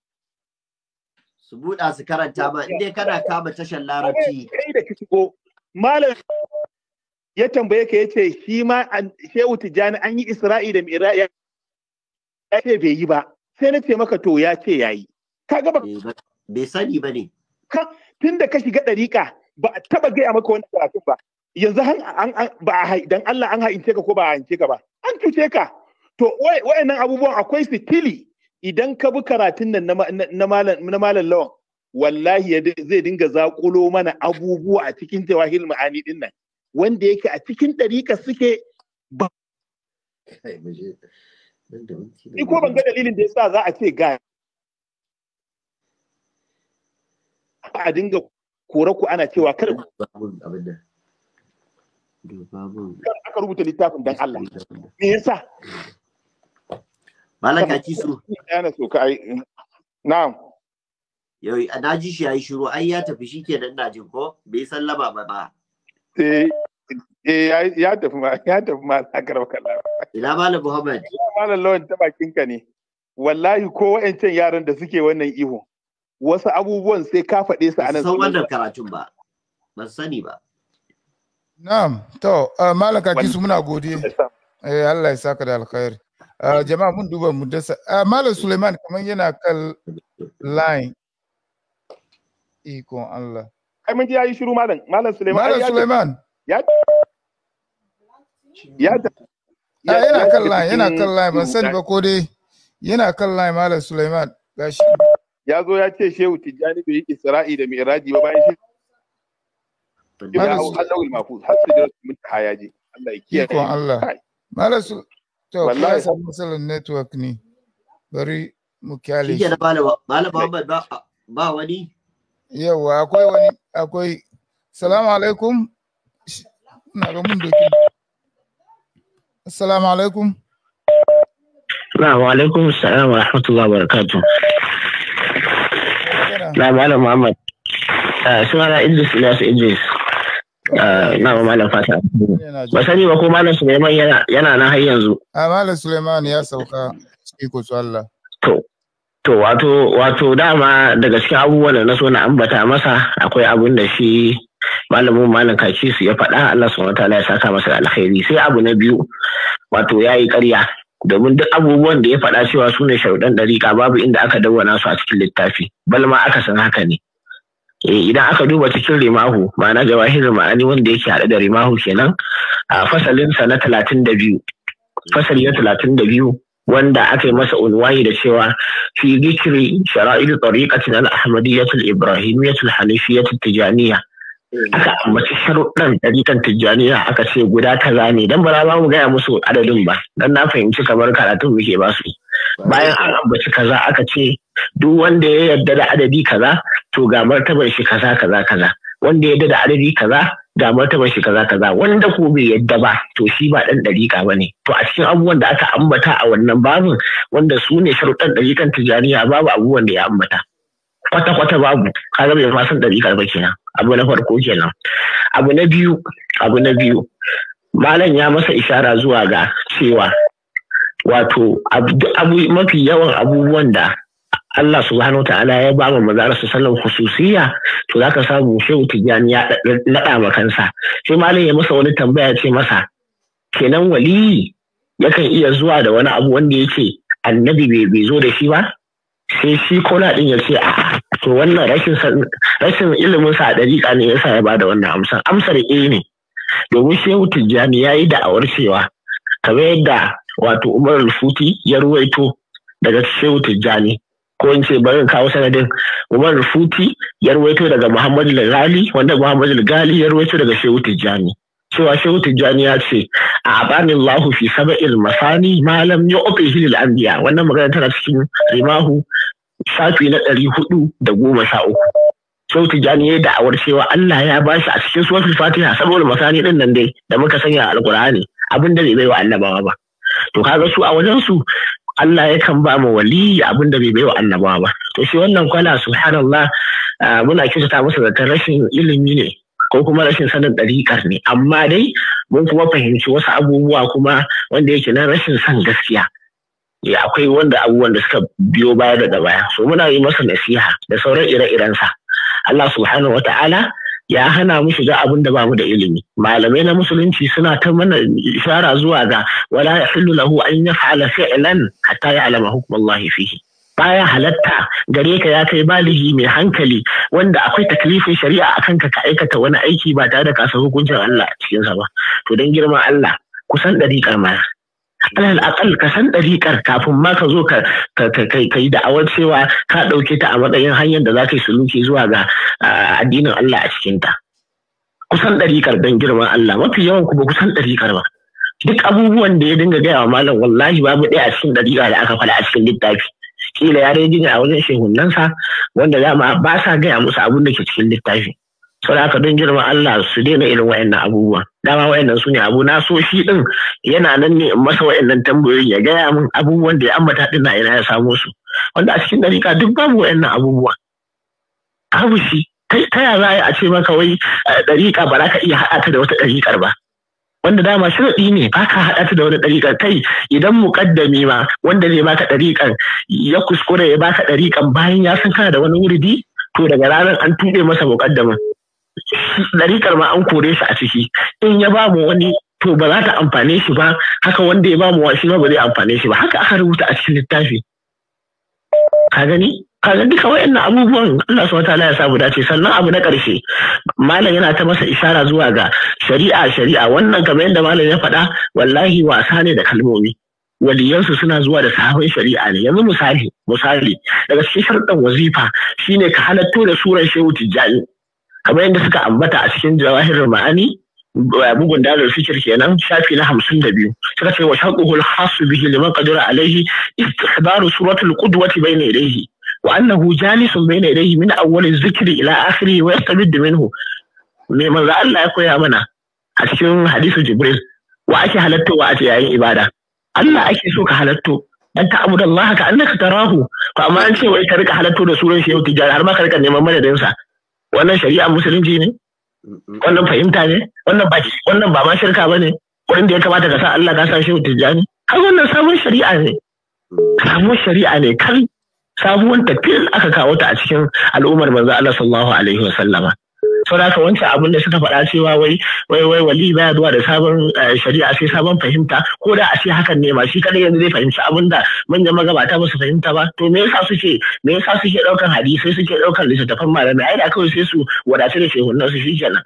Su buɗa su karanta ba, inda kana kama tashar larabci. Kai da ki shigo, Malam ya tambaye ka yace shi ma shehu tijani an yi isra'i da mira ya ce bai yi ba sai na ce maka to ya ce yayi ka gaba eh, bai sani ba ne tun da ka shiga ɗariƙa ba a taɓa gaya maka wani karatun ba yanzu ba a dan Allah an haince ka ko ba a haince ka ba an cuce ka to wayannan abubuwan akwai sitili idan ka bi karatun nan na malam lawan wallahi zai dinga zakulo mana abubuwa a cikin tawahil ma'ani din nan wanda yake a cikin ɗariƙa suke ba. Ni ko ban ga dalilin da ya sa za a ce ga a dinga kore ku ana cewa kar aka rubuta littafin dan Allah me yasa malaka kisu yana so ka ai na'am yau na ji shi yayi shiru ai ya tafi shikenan na jin ko bai sallama ba ba eh, eh ya tafi ma ya tafi ma na karba kallon ila malam muhammad ila malam lawan ta bakin ne wallahi ko wa'ancan yaran da suke wannan ihu wasu abubuwan sai ka faɗe su anan san wannan karatun ba ban sani ba na'am to malaka kisu muna godiya eh Allah ya saka da alkhairi jama'a mun duba mu dasa malam suleiman kamar yana kan line ikon Allah ai mun ji yayi shiru malam malam Suleiman malam Suleiman ya ya ah, ya yana kan line yana kan line ban sani ba ko dai yana kan line malam Suleiman gashi ya zo ya ce Shehu Tijjani bai yi Isra'i da Mi'raji ba bayan shi Allah malam samu matsalar network ne bari mu kyale shi ba yawa akwai wani akwai salamu alaikum na ga mun doki salamu alaikum Assalamu alaikum assalam wa rahmatullahi wa barakatuh na malam Muhammad ah, sunana Idris Ilyasu Idris ah, na ma malam fata ba sani ba ko malam Suleiman yana na har yanzu a ah, malam Suleiman ya sauka iko su Allah To wato wato dama daga cikin abubuwan da na so na ambata masa akwai abun da shi malamin malam kaci su ya faɗa Allah subhanahu wataala ya saka masa alkhairi sai abu na biyu wato yayi karya domin duk abubuwan da ya faɗa cewa su ne shaudan ɗariƙa babu inda aka dawwana su a cikin littafi bal ma aka san haka ne eh, idan aka duba cikin rimahu ma'ana jawahirin ma'ani wanda yake haɗe da rimahu kenan a fasalinsa na talatin da biyu fasali na talatin da biyu wanda aka yi masa unwani da cewa fi zikri shara'il tariqatin al Ibrahim ibrahimiyyatul hanifiyyatul tijaniyya hmm. aka ambaci sharuɗan ɗarikan tijjaniya aka ce guda kaza ne dan ba za mu gaya musu adadin ba dan na fahimci kamar karatun muke ba su bayan an ambaci kaza aka ce duk wanda ya yarda da adadi kaza to ga martabar shi kaza kaza kaza wanda ya yarda da adadi kaza ga martaban shi kaza kaza wanda ko bai yadda ba to shi ba dan dariƙa ba ne to a cikin abubuwan da aka ambata a wannan babin wanda su ne sharuɗan ɗariƙan tijaniya babu abubuwan da ya ambata kwata kwata babu ka bai ma san ɗariƙa ba kenan abu na farko kenan abu na biyu abu na biyu malam ya masa ishara zuwa ga cewa wato mafi yawan abubuwan da Allah subhanahu ta'ala ya ba mu su sallan khususiyya to zaka samu shehu tijani ya nada ma kansa sai malam ya masa wani tambaya ce masa kenan wali yakan iya zuwa da wani abu wanda yake annabi bai zo da shi ba sai shi kola din ya ce a to wannan rashin ilimin sa a dariƙa ne yasa ya bada wannan amsar amsar eh ne domin shehu tijjani ya yi da'awar cewa kamar yadda wato umar al ya ruwaito daga shehu tijjani ko in ce bari kawo sanadin Umar Rufuti ya rawaito daga Muhammad Ghali wanda Muhammad Ghali ya rawaito daga Shehu Tijjani cewa Shehu Tijjani ya ce a abani Allahu fi sab'il masani malam ya yu'tihi lil anbiya wannan magana tana cikin Rimahu safi na ɗari hudu da goma sha uku. Tijjani ya yi da'awar cewa Allah ya ba shi a cikin suwar Fatiha saboda masani ɗin nan dai da muka sanya a Alƙur'ani abin da bai wa annabawa ba. To kaga su a wajen su Allah yakan ba mu wali abin da bai wa annabawa ba to shi wannan kwala subhanallah muna kyautata masa ta rashin ilimi ne ko kuma rashin sanin ɗariƙar ne amma dai mun kuma fahimci wasu abubuwa kuma wanda yake na rashin san gaskiya ya akwai wanda abubuwan da suka biyo baya daga baya so muna yi masa nasiha da sauran ire-irensa Allah subhanahu wata'ala ya hana mu shiga abin da bamu da ilimi malamai na musulunci suna ta mana isara zuwa ga wala yahillu lahu an yaf'ala fi'lan hatta ya'lama hukm fihi baya halatta gare ka ya kai balihi mai hankali wanda akwai taklifin shari'a akan ka ka aikata wani aiki ba tare da ka san hukuncin Allah a cikin sa ba to dan girman Allah kusan dariƙar ma alal akal ka san ɗariƙar kafin ma ka zo ka yi da'awar cewa ka ɗauke ta a matsayin hanyar da za ka yi suluki zuwa ga addinin Allah a cikinta. Kusan ɗariƙar don girman Allah mafi yawan ku ba kusan ɗariƙar ba. Duk abubuwan da ya dinga gaya wa malam wallahi babu ɗaya a cikin a da aka faɗa a cikin littafi. Kila ya ni a wajen shehunansa wanda dama ba sa gaya musu abun da ke cikin littafi. saboda haka don girma Allah su daina irin na abubuwa dama wayannan su ne abu na so shi din yana nan ne in masa wayannan tambayoyin ya gaya min abubuwan da ya ambata din na ina ya samo su wanda a cikin dariƙa duk babu wayannan abubuwa abu shi ta ya za a ce maka wai eh, dariƙa ba za ka iya haɗa ta da wata dariƙar ba wanda dama sharaɗi ne ba ka haɗa ta da wani dariƙar kai idan muƙaddami ma wanda zai baka ɗariƙar ya kuskure ya baka ɗariƙar bayan ya san kana da wani wuridi to daga ranar an tuɗe masa muƙaddamin ɗarikar ma an kore shi a ciki in ya ba mu wani to ba za ta amfane shi ba haka wanda ya ba mu shi ma ba zai amfane shi ba haka aka rubuta a cikin littafi ka gani ka gani duka na abubuwan Allah subhanahu wataala ya samu dace sannan abu na karshe malam yana ta masa isara zuwa ga shari'a shari'a wannan kamar yadda malam ya faɗa wallahi wasa ne da kalmomi waliyansu suna zuwa da sahabin shari'a ne yanzu misali misali daga cikin sharɗin wazifa shine ka halatto da suran shehu tijjani kamar yadda suka ambata a cikin jawahirin ma'ani bugun dalar fikir kenan shafi na hamsin da biyu suka ce wa shaquhul hasu bihi liman qadira alaihi istihbaru suratul qudwati bayna yadayhi wa annahu jalisun bayna daihi, min awwal zikri ila akhirih wa yastabiddu minhu me manzo Allah ya koya mana a cikin hadisu jibril wa ake halattowa a yayin ibada Allah ake so ka halatto dan ta abu da Allah ka annaka tarahu to amma an ce wai ka rika halatto da suran shi yau tijara har ma ka rika neman madadin sa wannan shari'a musulunci ne wannan fahimta ne wannan ba wannan ba ma shirka bane wurin da ya kamata ka sa Allah ka sa shi tijjani kai wannan sabon shari'a ne mm. sabon shari'a ne kai sabuwar tafiyar aka kawo ta a cikin al'ummar manzo Allah sallallahu alaihi wasallama saboda haka wancan abin da suka faɗa cewa wai wai wai wali baya zuwa da sabon eh, shari'a sai sabon fahimta ko da a ce hakan ne ma shi kadai yanzu zai fahimci abin da manyan magabata ba su fahimta ba to me yasa suke me yasa suke ɗaukan hadisi suke ɗaukan littattafan malamai ai da kawai sai su wadace da shehunan su shi kenan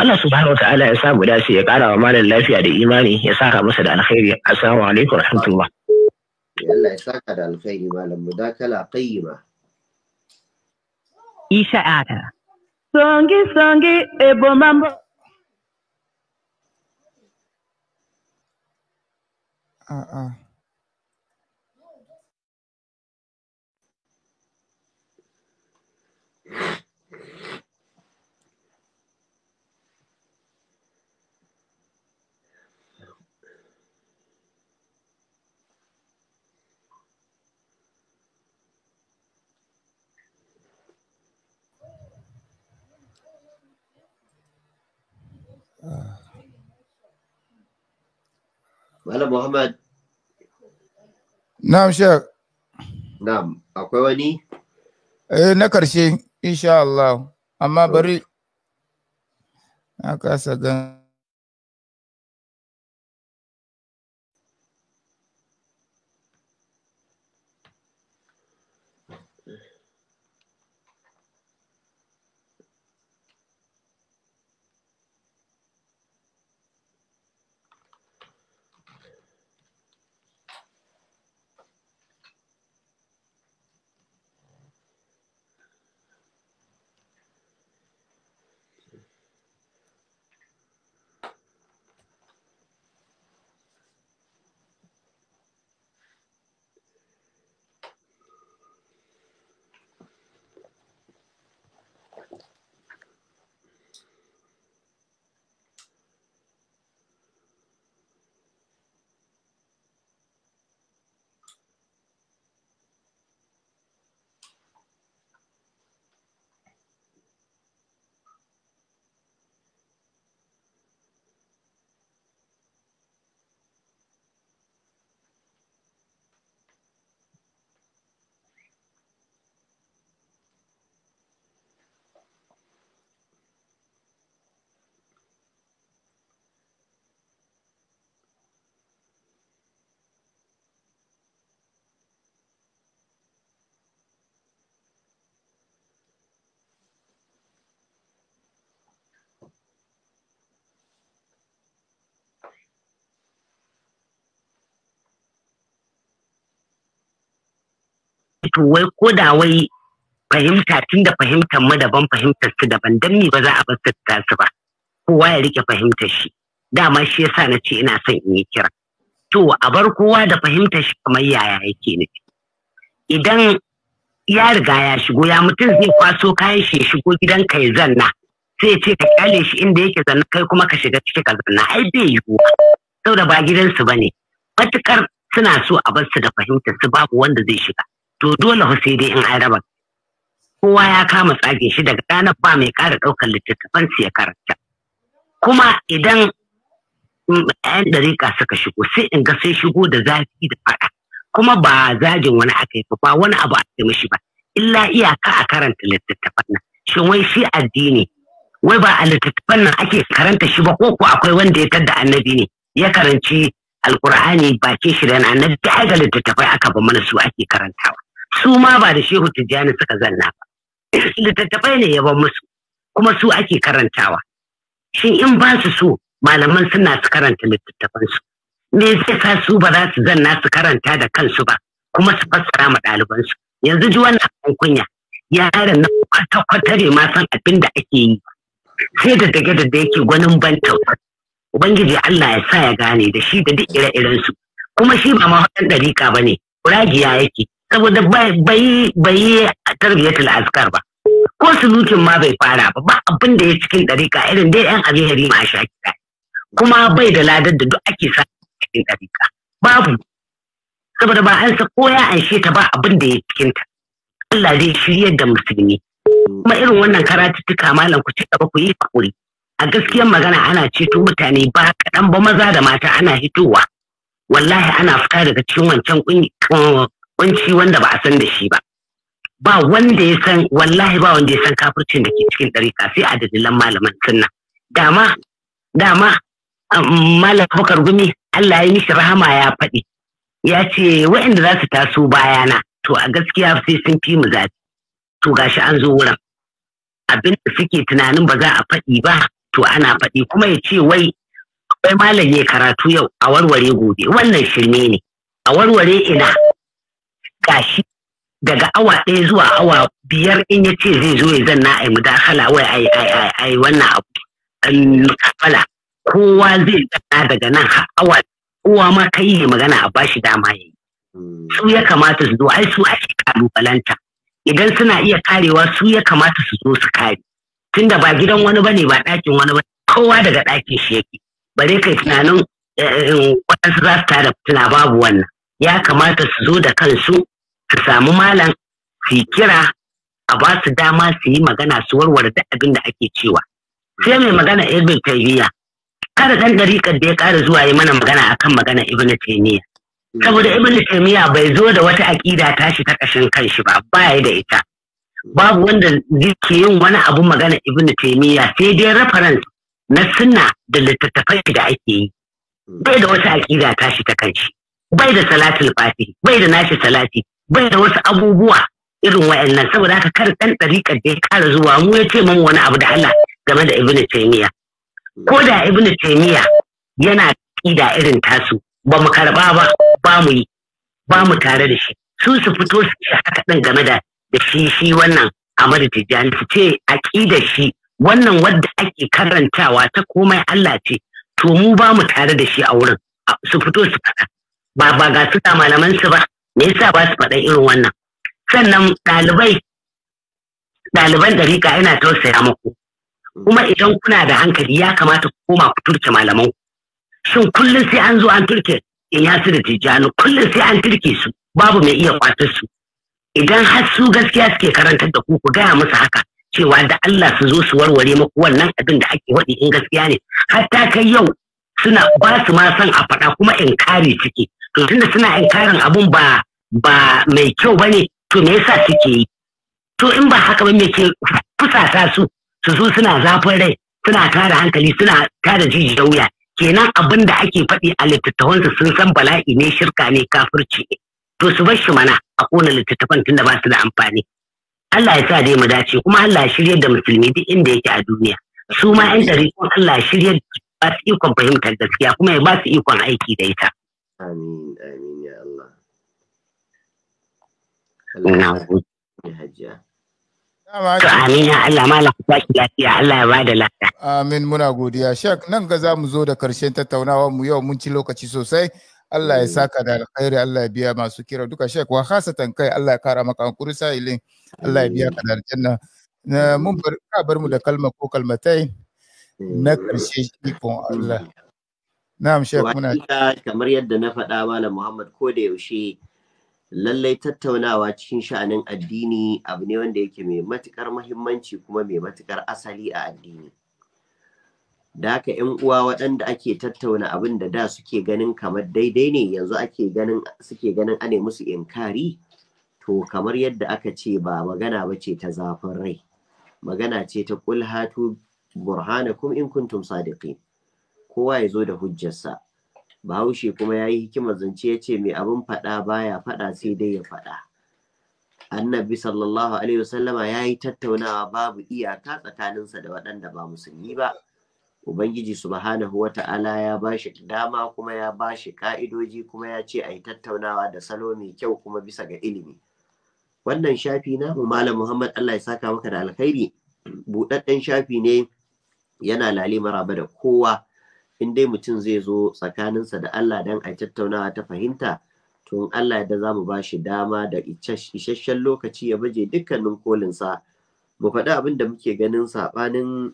Allah subhanahu Ta'ala ya samu dace ya kara wa malam lafiya da imani ya saka masa da alkhairi assalamu alaikum rahmatullah Allah ya saka da alkhairi malam mudakala qayyima Isha Adara. songisongi eboma mbo ah, ah. Malam Muhammad. Na'am Sheikh. Na'am, akwai wani? Eh na karshe insha Allah. Amma bari na kasa gan to wai ko da wai fahimta tun da fahimtar mu daban fahimtar su daban dan ni ba za a bar su ba kowa ya rike fahimtar shi dama shi yasa na ce ina son in yi kira to a bar kowa da fahimtar shi kamar yaya yake ne idan ya riga ya shigo ya mutum zai kwaso kayan shi ya shigo gidan ka ya zanna sai ya ce ka kyale shi inda yake zanna kai kuma ka shiga ciki ka zanna ai bai yiwuwa saboda ba gidansu bane matukar suna so a bar su da fahimtar su babu wanda zai shiga to dole fa sai dai in an raba kowa ya kama tsage shi daga ranar ba mai ƙara ɗaukar littattafan su ya karanta kuma idan yan ɗariƙa suka shigo sai in ga sai shigo da zafi da faɗa kuma ba zagin wani aka yi ba wani abu a yi mishi ba illa iyaka a karanta littattafan nan shin wai shi addini wai ba a littattafan nan ake karanta shi ba ko ko akwai wanda ya tadda annabi ne ya karanci alkur'ani bakin shi da annabi ta ga littattafai aka ba mana su ake karantawa su ma ba da shehu tijjani suka zanna ba littattafai ne yaban musu kuma su ake karantawa shin in ba su so malaman suna su karanta littattafansu me zai sa su ba za su zanna su karanta da kansu ba kuma su fassara ma ɗalibansu yanzu ji wannan abin kunya yaran na kwata-kwata ne ma san abin da ake yi sai da dage da yake gwanin ban ubangiji Allah ya sa ya gane da shi da duk ire-irensu kuma shi ba ma ɗarika ɗariƙa ba ne ragiya yake saboda bai bai tarbiyatul askar ba ko sulukin ma bai fara ba ba abin da ya cikin dariƙa irin dai yan abin harima a sha kira kuma bai da ladar da duk ake sa cikin dariƙa. babu saboda ba an sa ko ya anshe ta ba abin da ya cikin ta Allah zai shiryar da musulmi kuma irin wannan karatuttuka malam ku ci gaba ku yi hakuri a gaskiyar magana ana ceto mutane ba kaɗan ba maza da mata ana hitowa wallahi ana fita daga cikin wancan kunci wanda ba a san da shi ba ba wanda ya san wallahi ba wanda ya san kafircin da ke cikin ɗarika sai a dalilan malaman sunna dama dama um, malam bukar gumi Allah ya mishi rahama ya faɗi ya ce waɗanda za su taso bayana to a gaskiya sai sun fi mu zafi to gashi an zo wurin abin da suke tunanin ba za a faɗi ba to ana faɗi kuma ya ce wai akwai malam ya karatu yau a warware gobe wannan shirme ne a warware ina gashi daga awa ɗaya zuwa awa biyar in ya ce zai zo ya zanna a yi mudakala wai a yi wannan abu kafala kowa zai zanna daga nan ha awa kowa ma kai yi magana a bashi dama ya yi hmm. su ya kamata su zo ai su ake kalubalanta idan suna iya karewa su ya kamata su zo su kare tunda ba gidan wani bane ba ɗakin wani bane kowa daga ɗakin shi yake bare kai tunanin eh, eh, waɗansu za su tada fitina babu wannan ya kamata su zo da kansu su samu malam su yi kira a ba su dama su yi magana su warware duk abin da ake cewa sai mai magana ibn taymiya kada dan dariƙar da ya ƙara zuwa yi mana magana a kan magana ibn taymiya saboda ibn taymiya bai zo da wata aƙida tashi ta ƙashin kanshi ba ba baya da ita babu wanda ke yin wani abu magana ibn taymiya sai dai reference na sunna da littattafai da ake yi bai da wata aƙida tashi ta kanshi bai da salatul fati bai da nashi salati bai da wasu abubuwa irin wa'annan saboda haka kar ɗan ɗariƙar da ya zuwa mu ya ce mana wani abu da Allah game da Ibn Taymiya ko da Ibn Taymiya yana ƙida irin tasu ba mu karɓa ba ba mu yi ba mu tare da shi su su fito su ce haka ɗin game da da shi shi wannan Amadu Tijjani su ce aƙidar shi wannan wadda ake karantawa ta komai Allah ce to mu ba mu tare da shi a wurin su fito su ba ba ga su malaman su ba me yasa ba su faɗa irin wannan sannan ɗalibai ɗaliban ɗariƙa yana tausaya muku kuma idan kuna da hankali ya kamata ku koma ku turke malaman shin kullum sai an zo an turke in eh, ya su da tijjani kullum sai an turke su babu mai iya kwatar su idan har su gaskiya suke karantar da ku ku gaya musu haka cewa da Allah su zo su warware muku wannan abin da ake waɗi in gaskiya ne hatta kai yau suna ba su ma son a faɗa kuma in kare ciki to tunda suna inkarin abun ba ba mai kyau ba ne to me yasa suke yi to in ba haka ba me ke fusata su su zo suna zafin rai suna tara hankali suna tara jijiyar wuya kenan abin da ake faɗi a littattafansu sun san bala'i ne shirka ne kafirci ne to su bar shi mana a kona littattafan tunda ba su da amfani Allah ya sa dai mu dace kuma Allah ya shirye da musulmi duk inda yake a duniya su ma 'yan ɗari Allah ya shirye ba su ikon fahimtar gaskiya kuma ya ba su ikon aiki da ita. Amin, amin ya Allah. hajiya. Amin Allah lafiya Allah ya bada lafiya. Amin muna godiya. Shek nan ga za mu zo da karshen tattaunawa mu yau mun ci lokaci sosai. Allah ya mm. saka da alkhairi Allah ya biya masu kira duka shek wa hasatan kai Allah ya kara maka hankuri sa'ilin Allah ya biya ka da aljanna. Mun bar ka bar mu da kalma ko kalmatai mm. na karshe shi Allah. Mm. Na'am Sheikh muna kamar yadda na faɗa Malam Muhammad ko da yaushe lallai tattaunawa cikin sha'anin addini abu ne wanda yake mai matukar muhimmanci kuma mai matukar asali a addini. Da haka ƴan uwa waɗanda ake tattauna abin da da suke ganin kamar daidai ne yanzu ake ganin suke ganin ane musu inkari to kamar yadda aka ce ba magana ba ce ta zafin rai magana ce ta kulhatu burhanakum in kuntum sadiqin kowa ya zo da hujjarsa bahaushe kuma ya yi hikimar zance ya ce mai abin faɗa baya faɗa sai dai ya faɗa annabi sallallahu alaihi wasallama ya yi tattaunawa babu iyaka tsakaninsa da waɗanda ba musulmi ba ubangiji subhanahu wa ta'ala ya ba shi dama kuma ya ba shi ka'idoji kuma ya ce a yi tattaunawa da salo mai kyau kuma bisa ga ilimi wannan shafi na malam muhammad allah ya saka maka da alkhairi buɗaɗɗen shafi ne yana lali maraba da kowa in dai mutum zai zo tsakaninsa da Allah dan a tattaunawa ta fahimta to Allah da za mu ba shi dama da isasshen lokaci ya baje dukkanin kolinsa mu faɗi abin da muke ganin saɓanin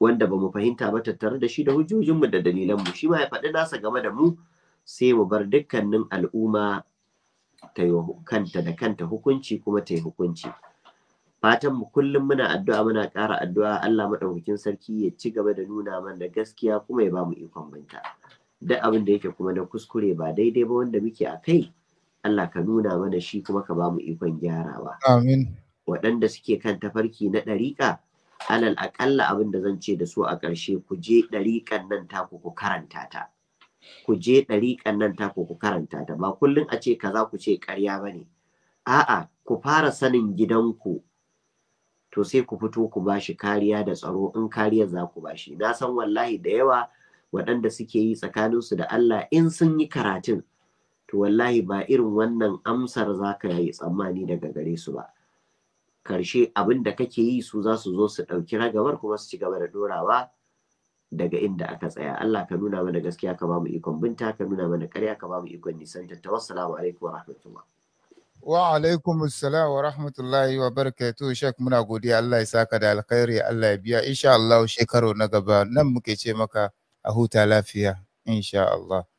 wanda ba mu fahimta ba tattare da shi da hujjojinmu da dalilanmu shi ma ya faɗi nasa game da mu sai mu bar dukkanin al'umma ta kanta da kanta hukunci kuma ta yi hukunci. fatan mu kullum muna addu'a muna ƙara addu'a Allah madaukakin sarki ya ci gaba da nuna mana da gaskiya kuma ya bamu ikon binta duk abin da yake kuma na kuskure ba daidai ba wanda muke a kai Allah ka nuna mana shi kuma ka bamu ikon gyarawa amin waɗanda suke kan tafarki na ɗariƙa alal aƙalla abin da zan ce da su a ƙarshe ku je ɗariƙan nan taku ku karanta ta ku je ɗariƙan nan taku ku karanta ta ba kullum a ce kaza ku ce ƙarya ba ne a'a ku fara sanin gidanku to sai ku fito ku ba shi kariya da tsaro in kariyar za ku ba shi. na san wallahi da yawa waɗanda suke yi tsakaninsu da Allah in sun yi karatun to wallahi ba irin wannan amsar za ka yi tsammani daga gare su ba karshe abin da kake yi su za su zo su ɗauki ragawar kuma su ci gaba da ɗorawa daga inda aka tsaya Allah ka nuna mana gaskiya ka ba mu ikon binta ka nuna mana ƙarya ka ba mu ikon nisan tattawa assalamu alaikum wa rahmatullah Wa alaikum salam wa rahmatullahi wa barakatuh Sheikh muna godiya Allah ya saka da alkhairi Allah ya biya insha Allah shekaro na gaba nan muke ce maka a huta lafiya insha Allah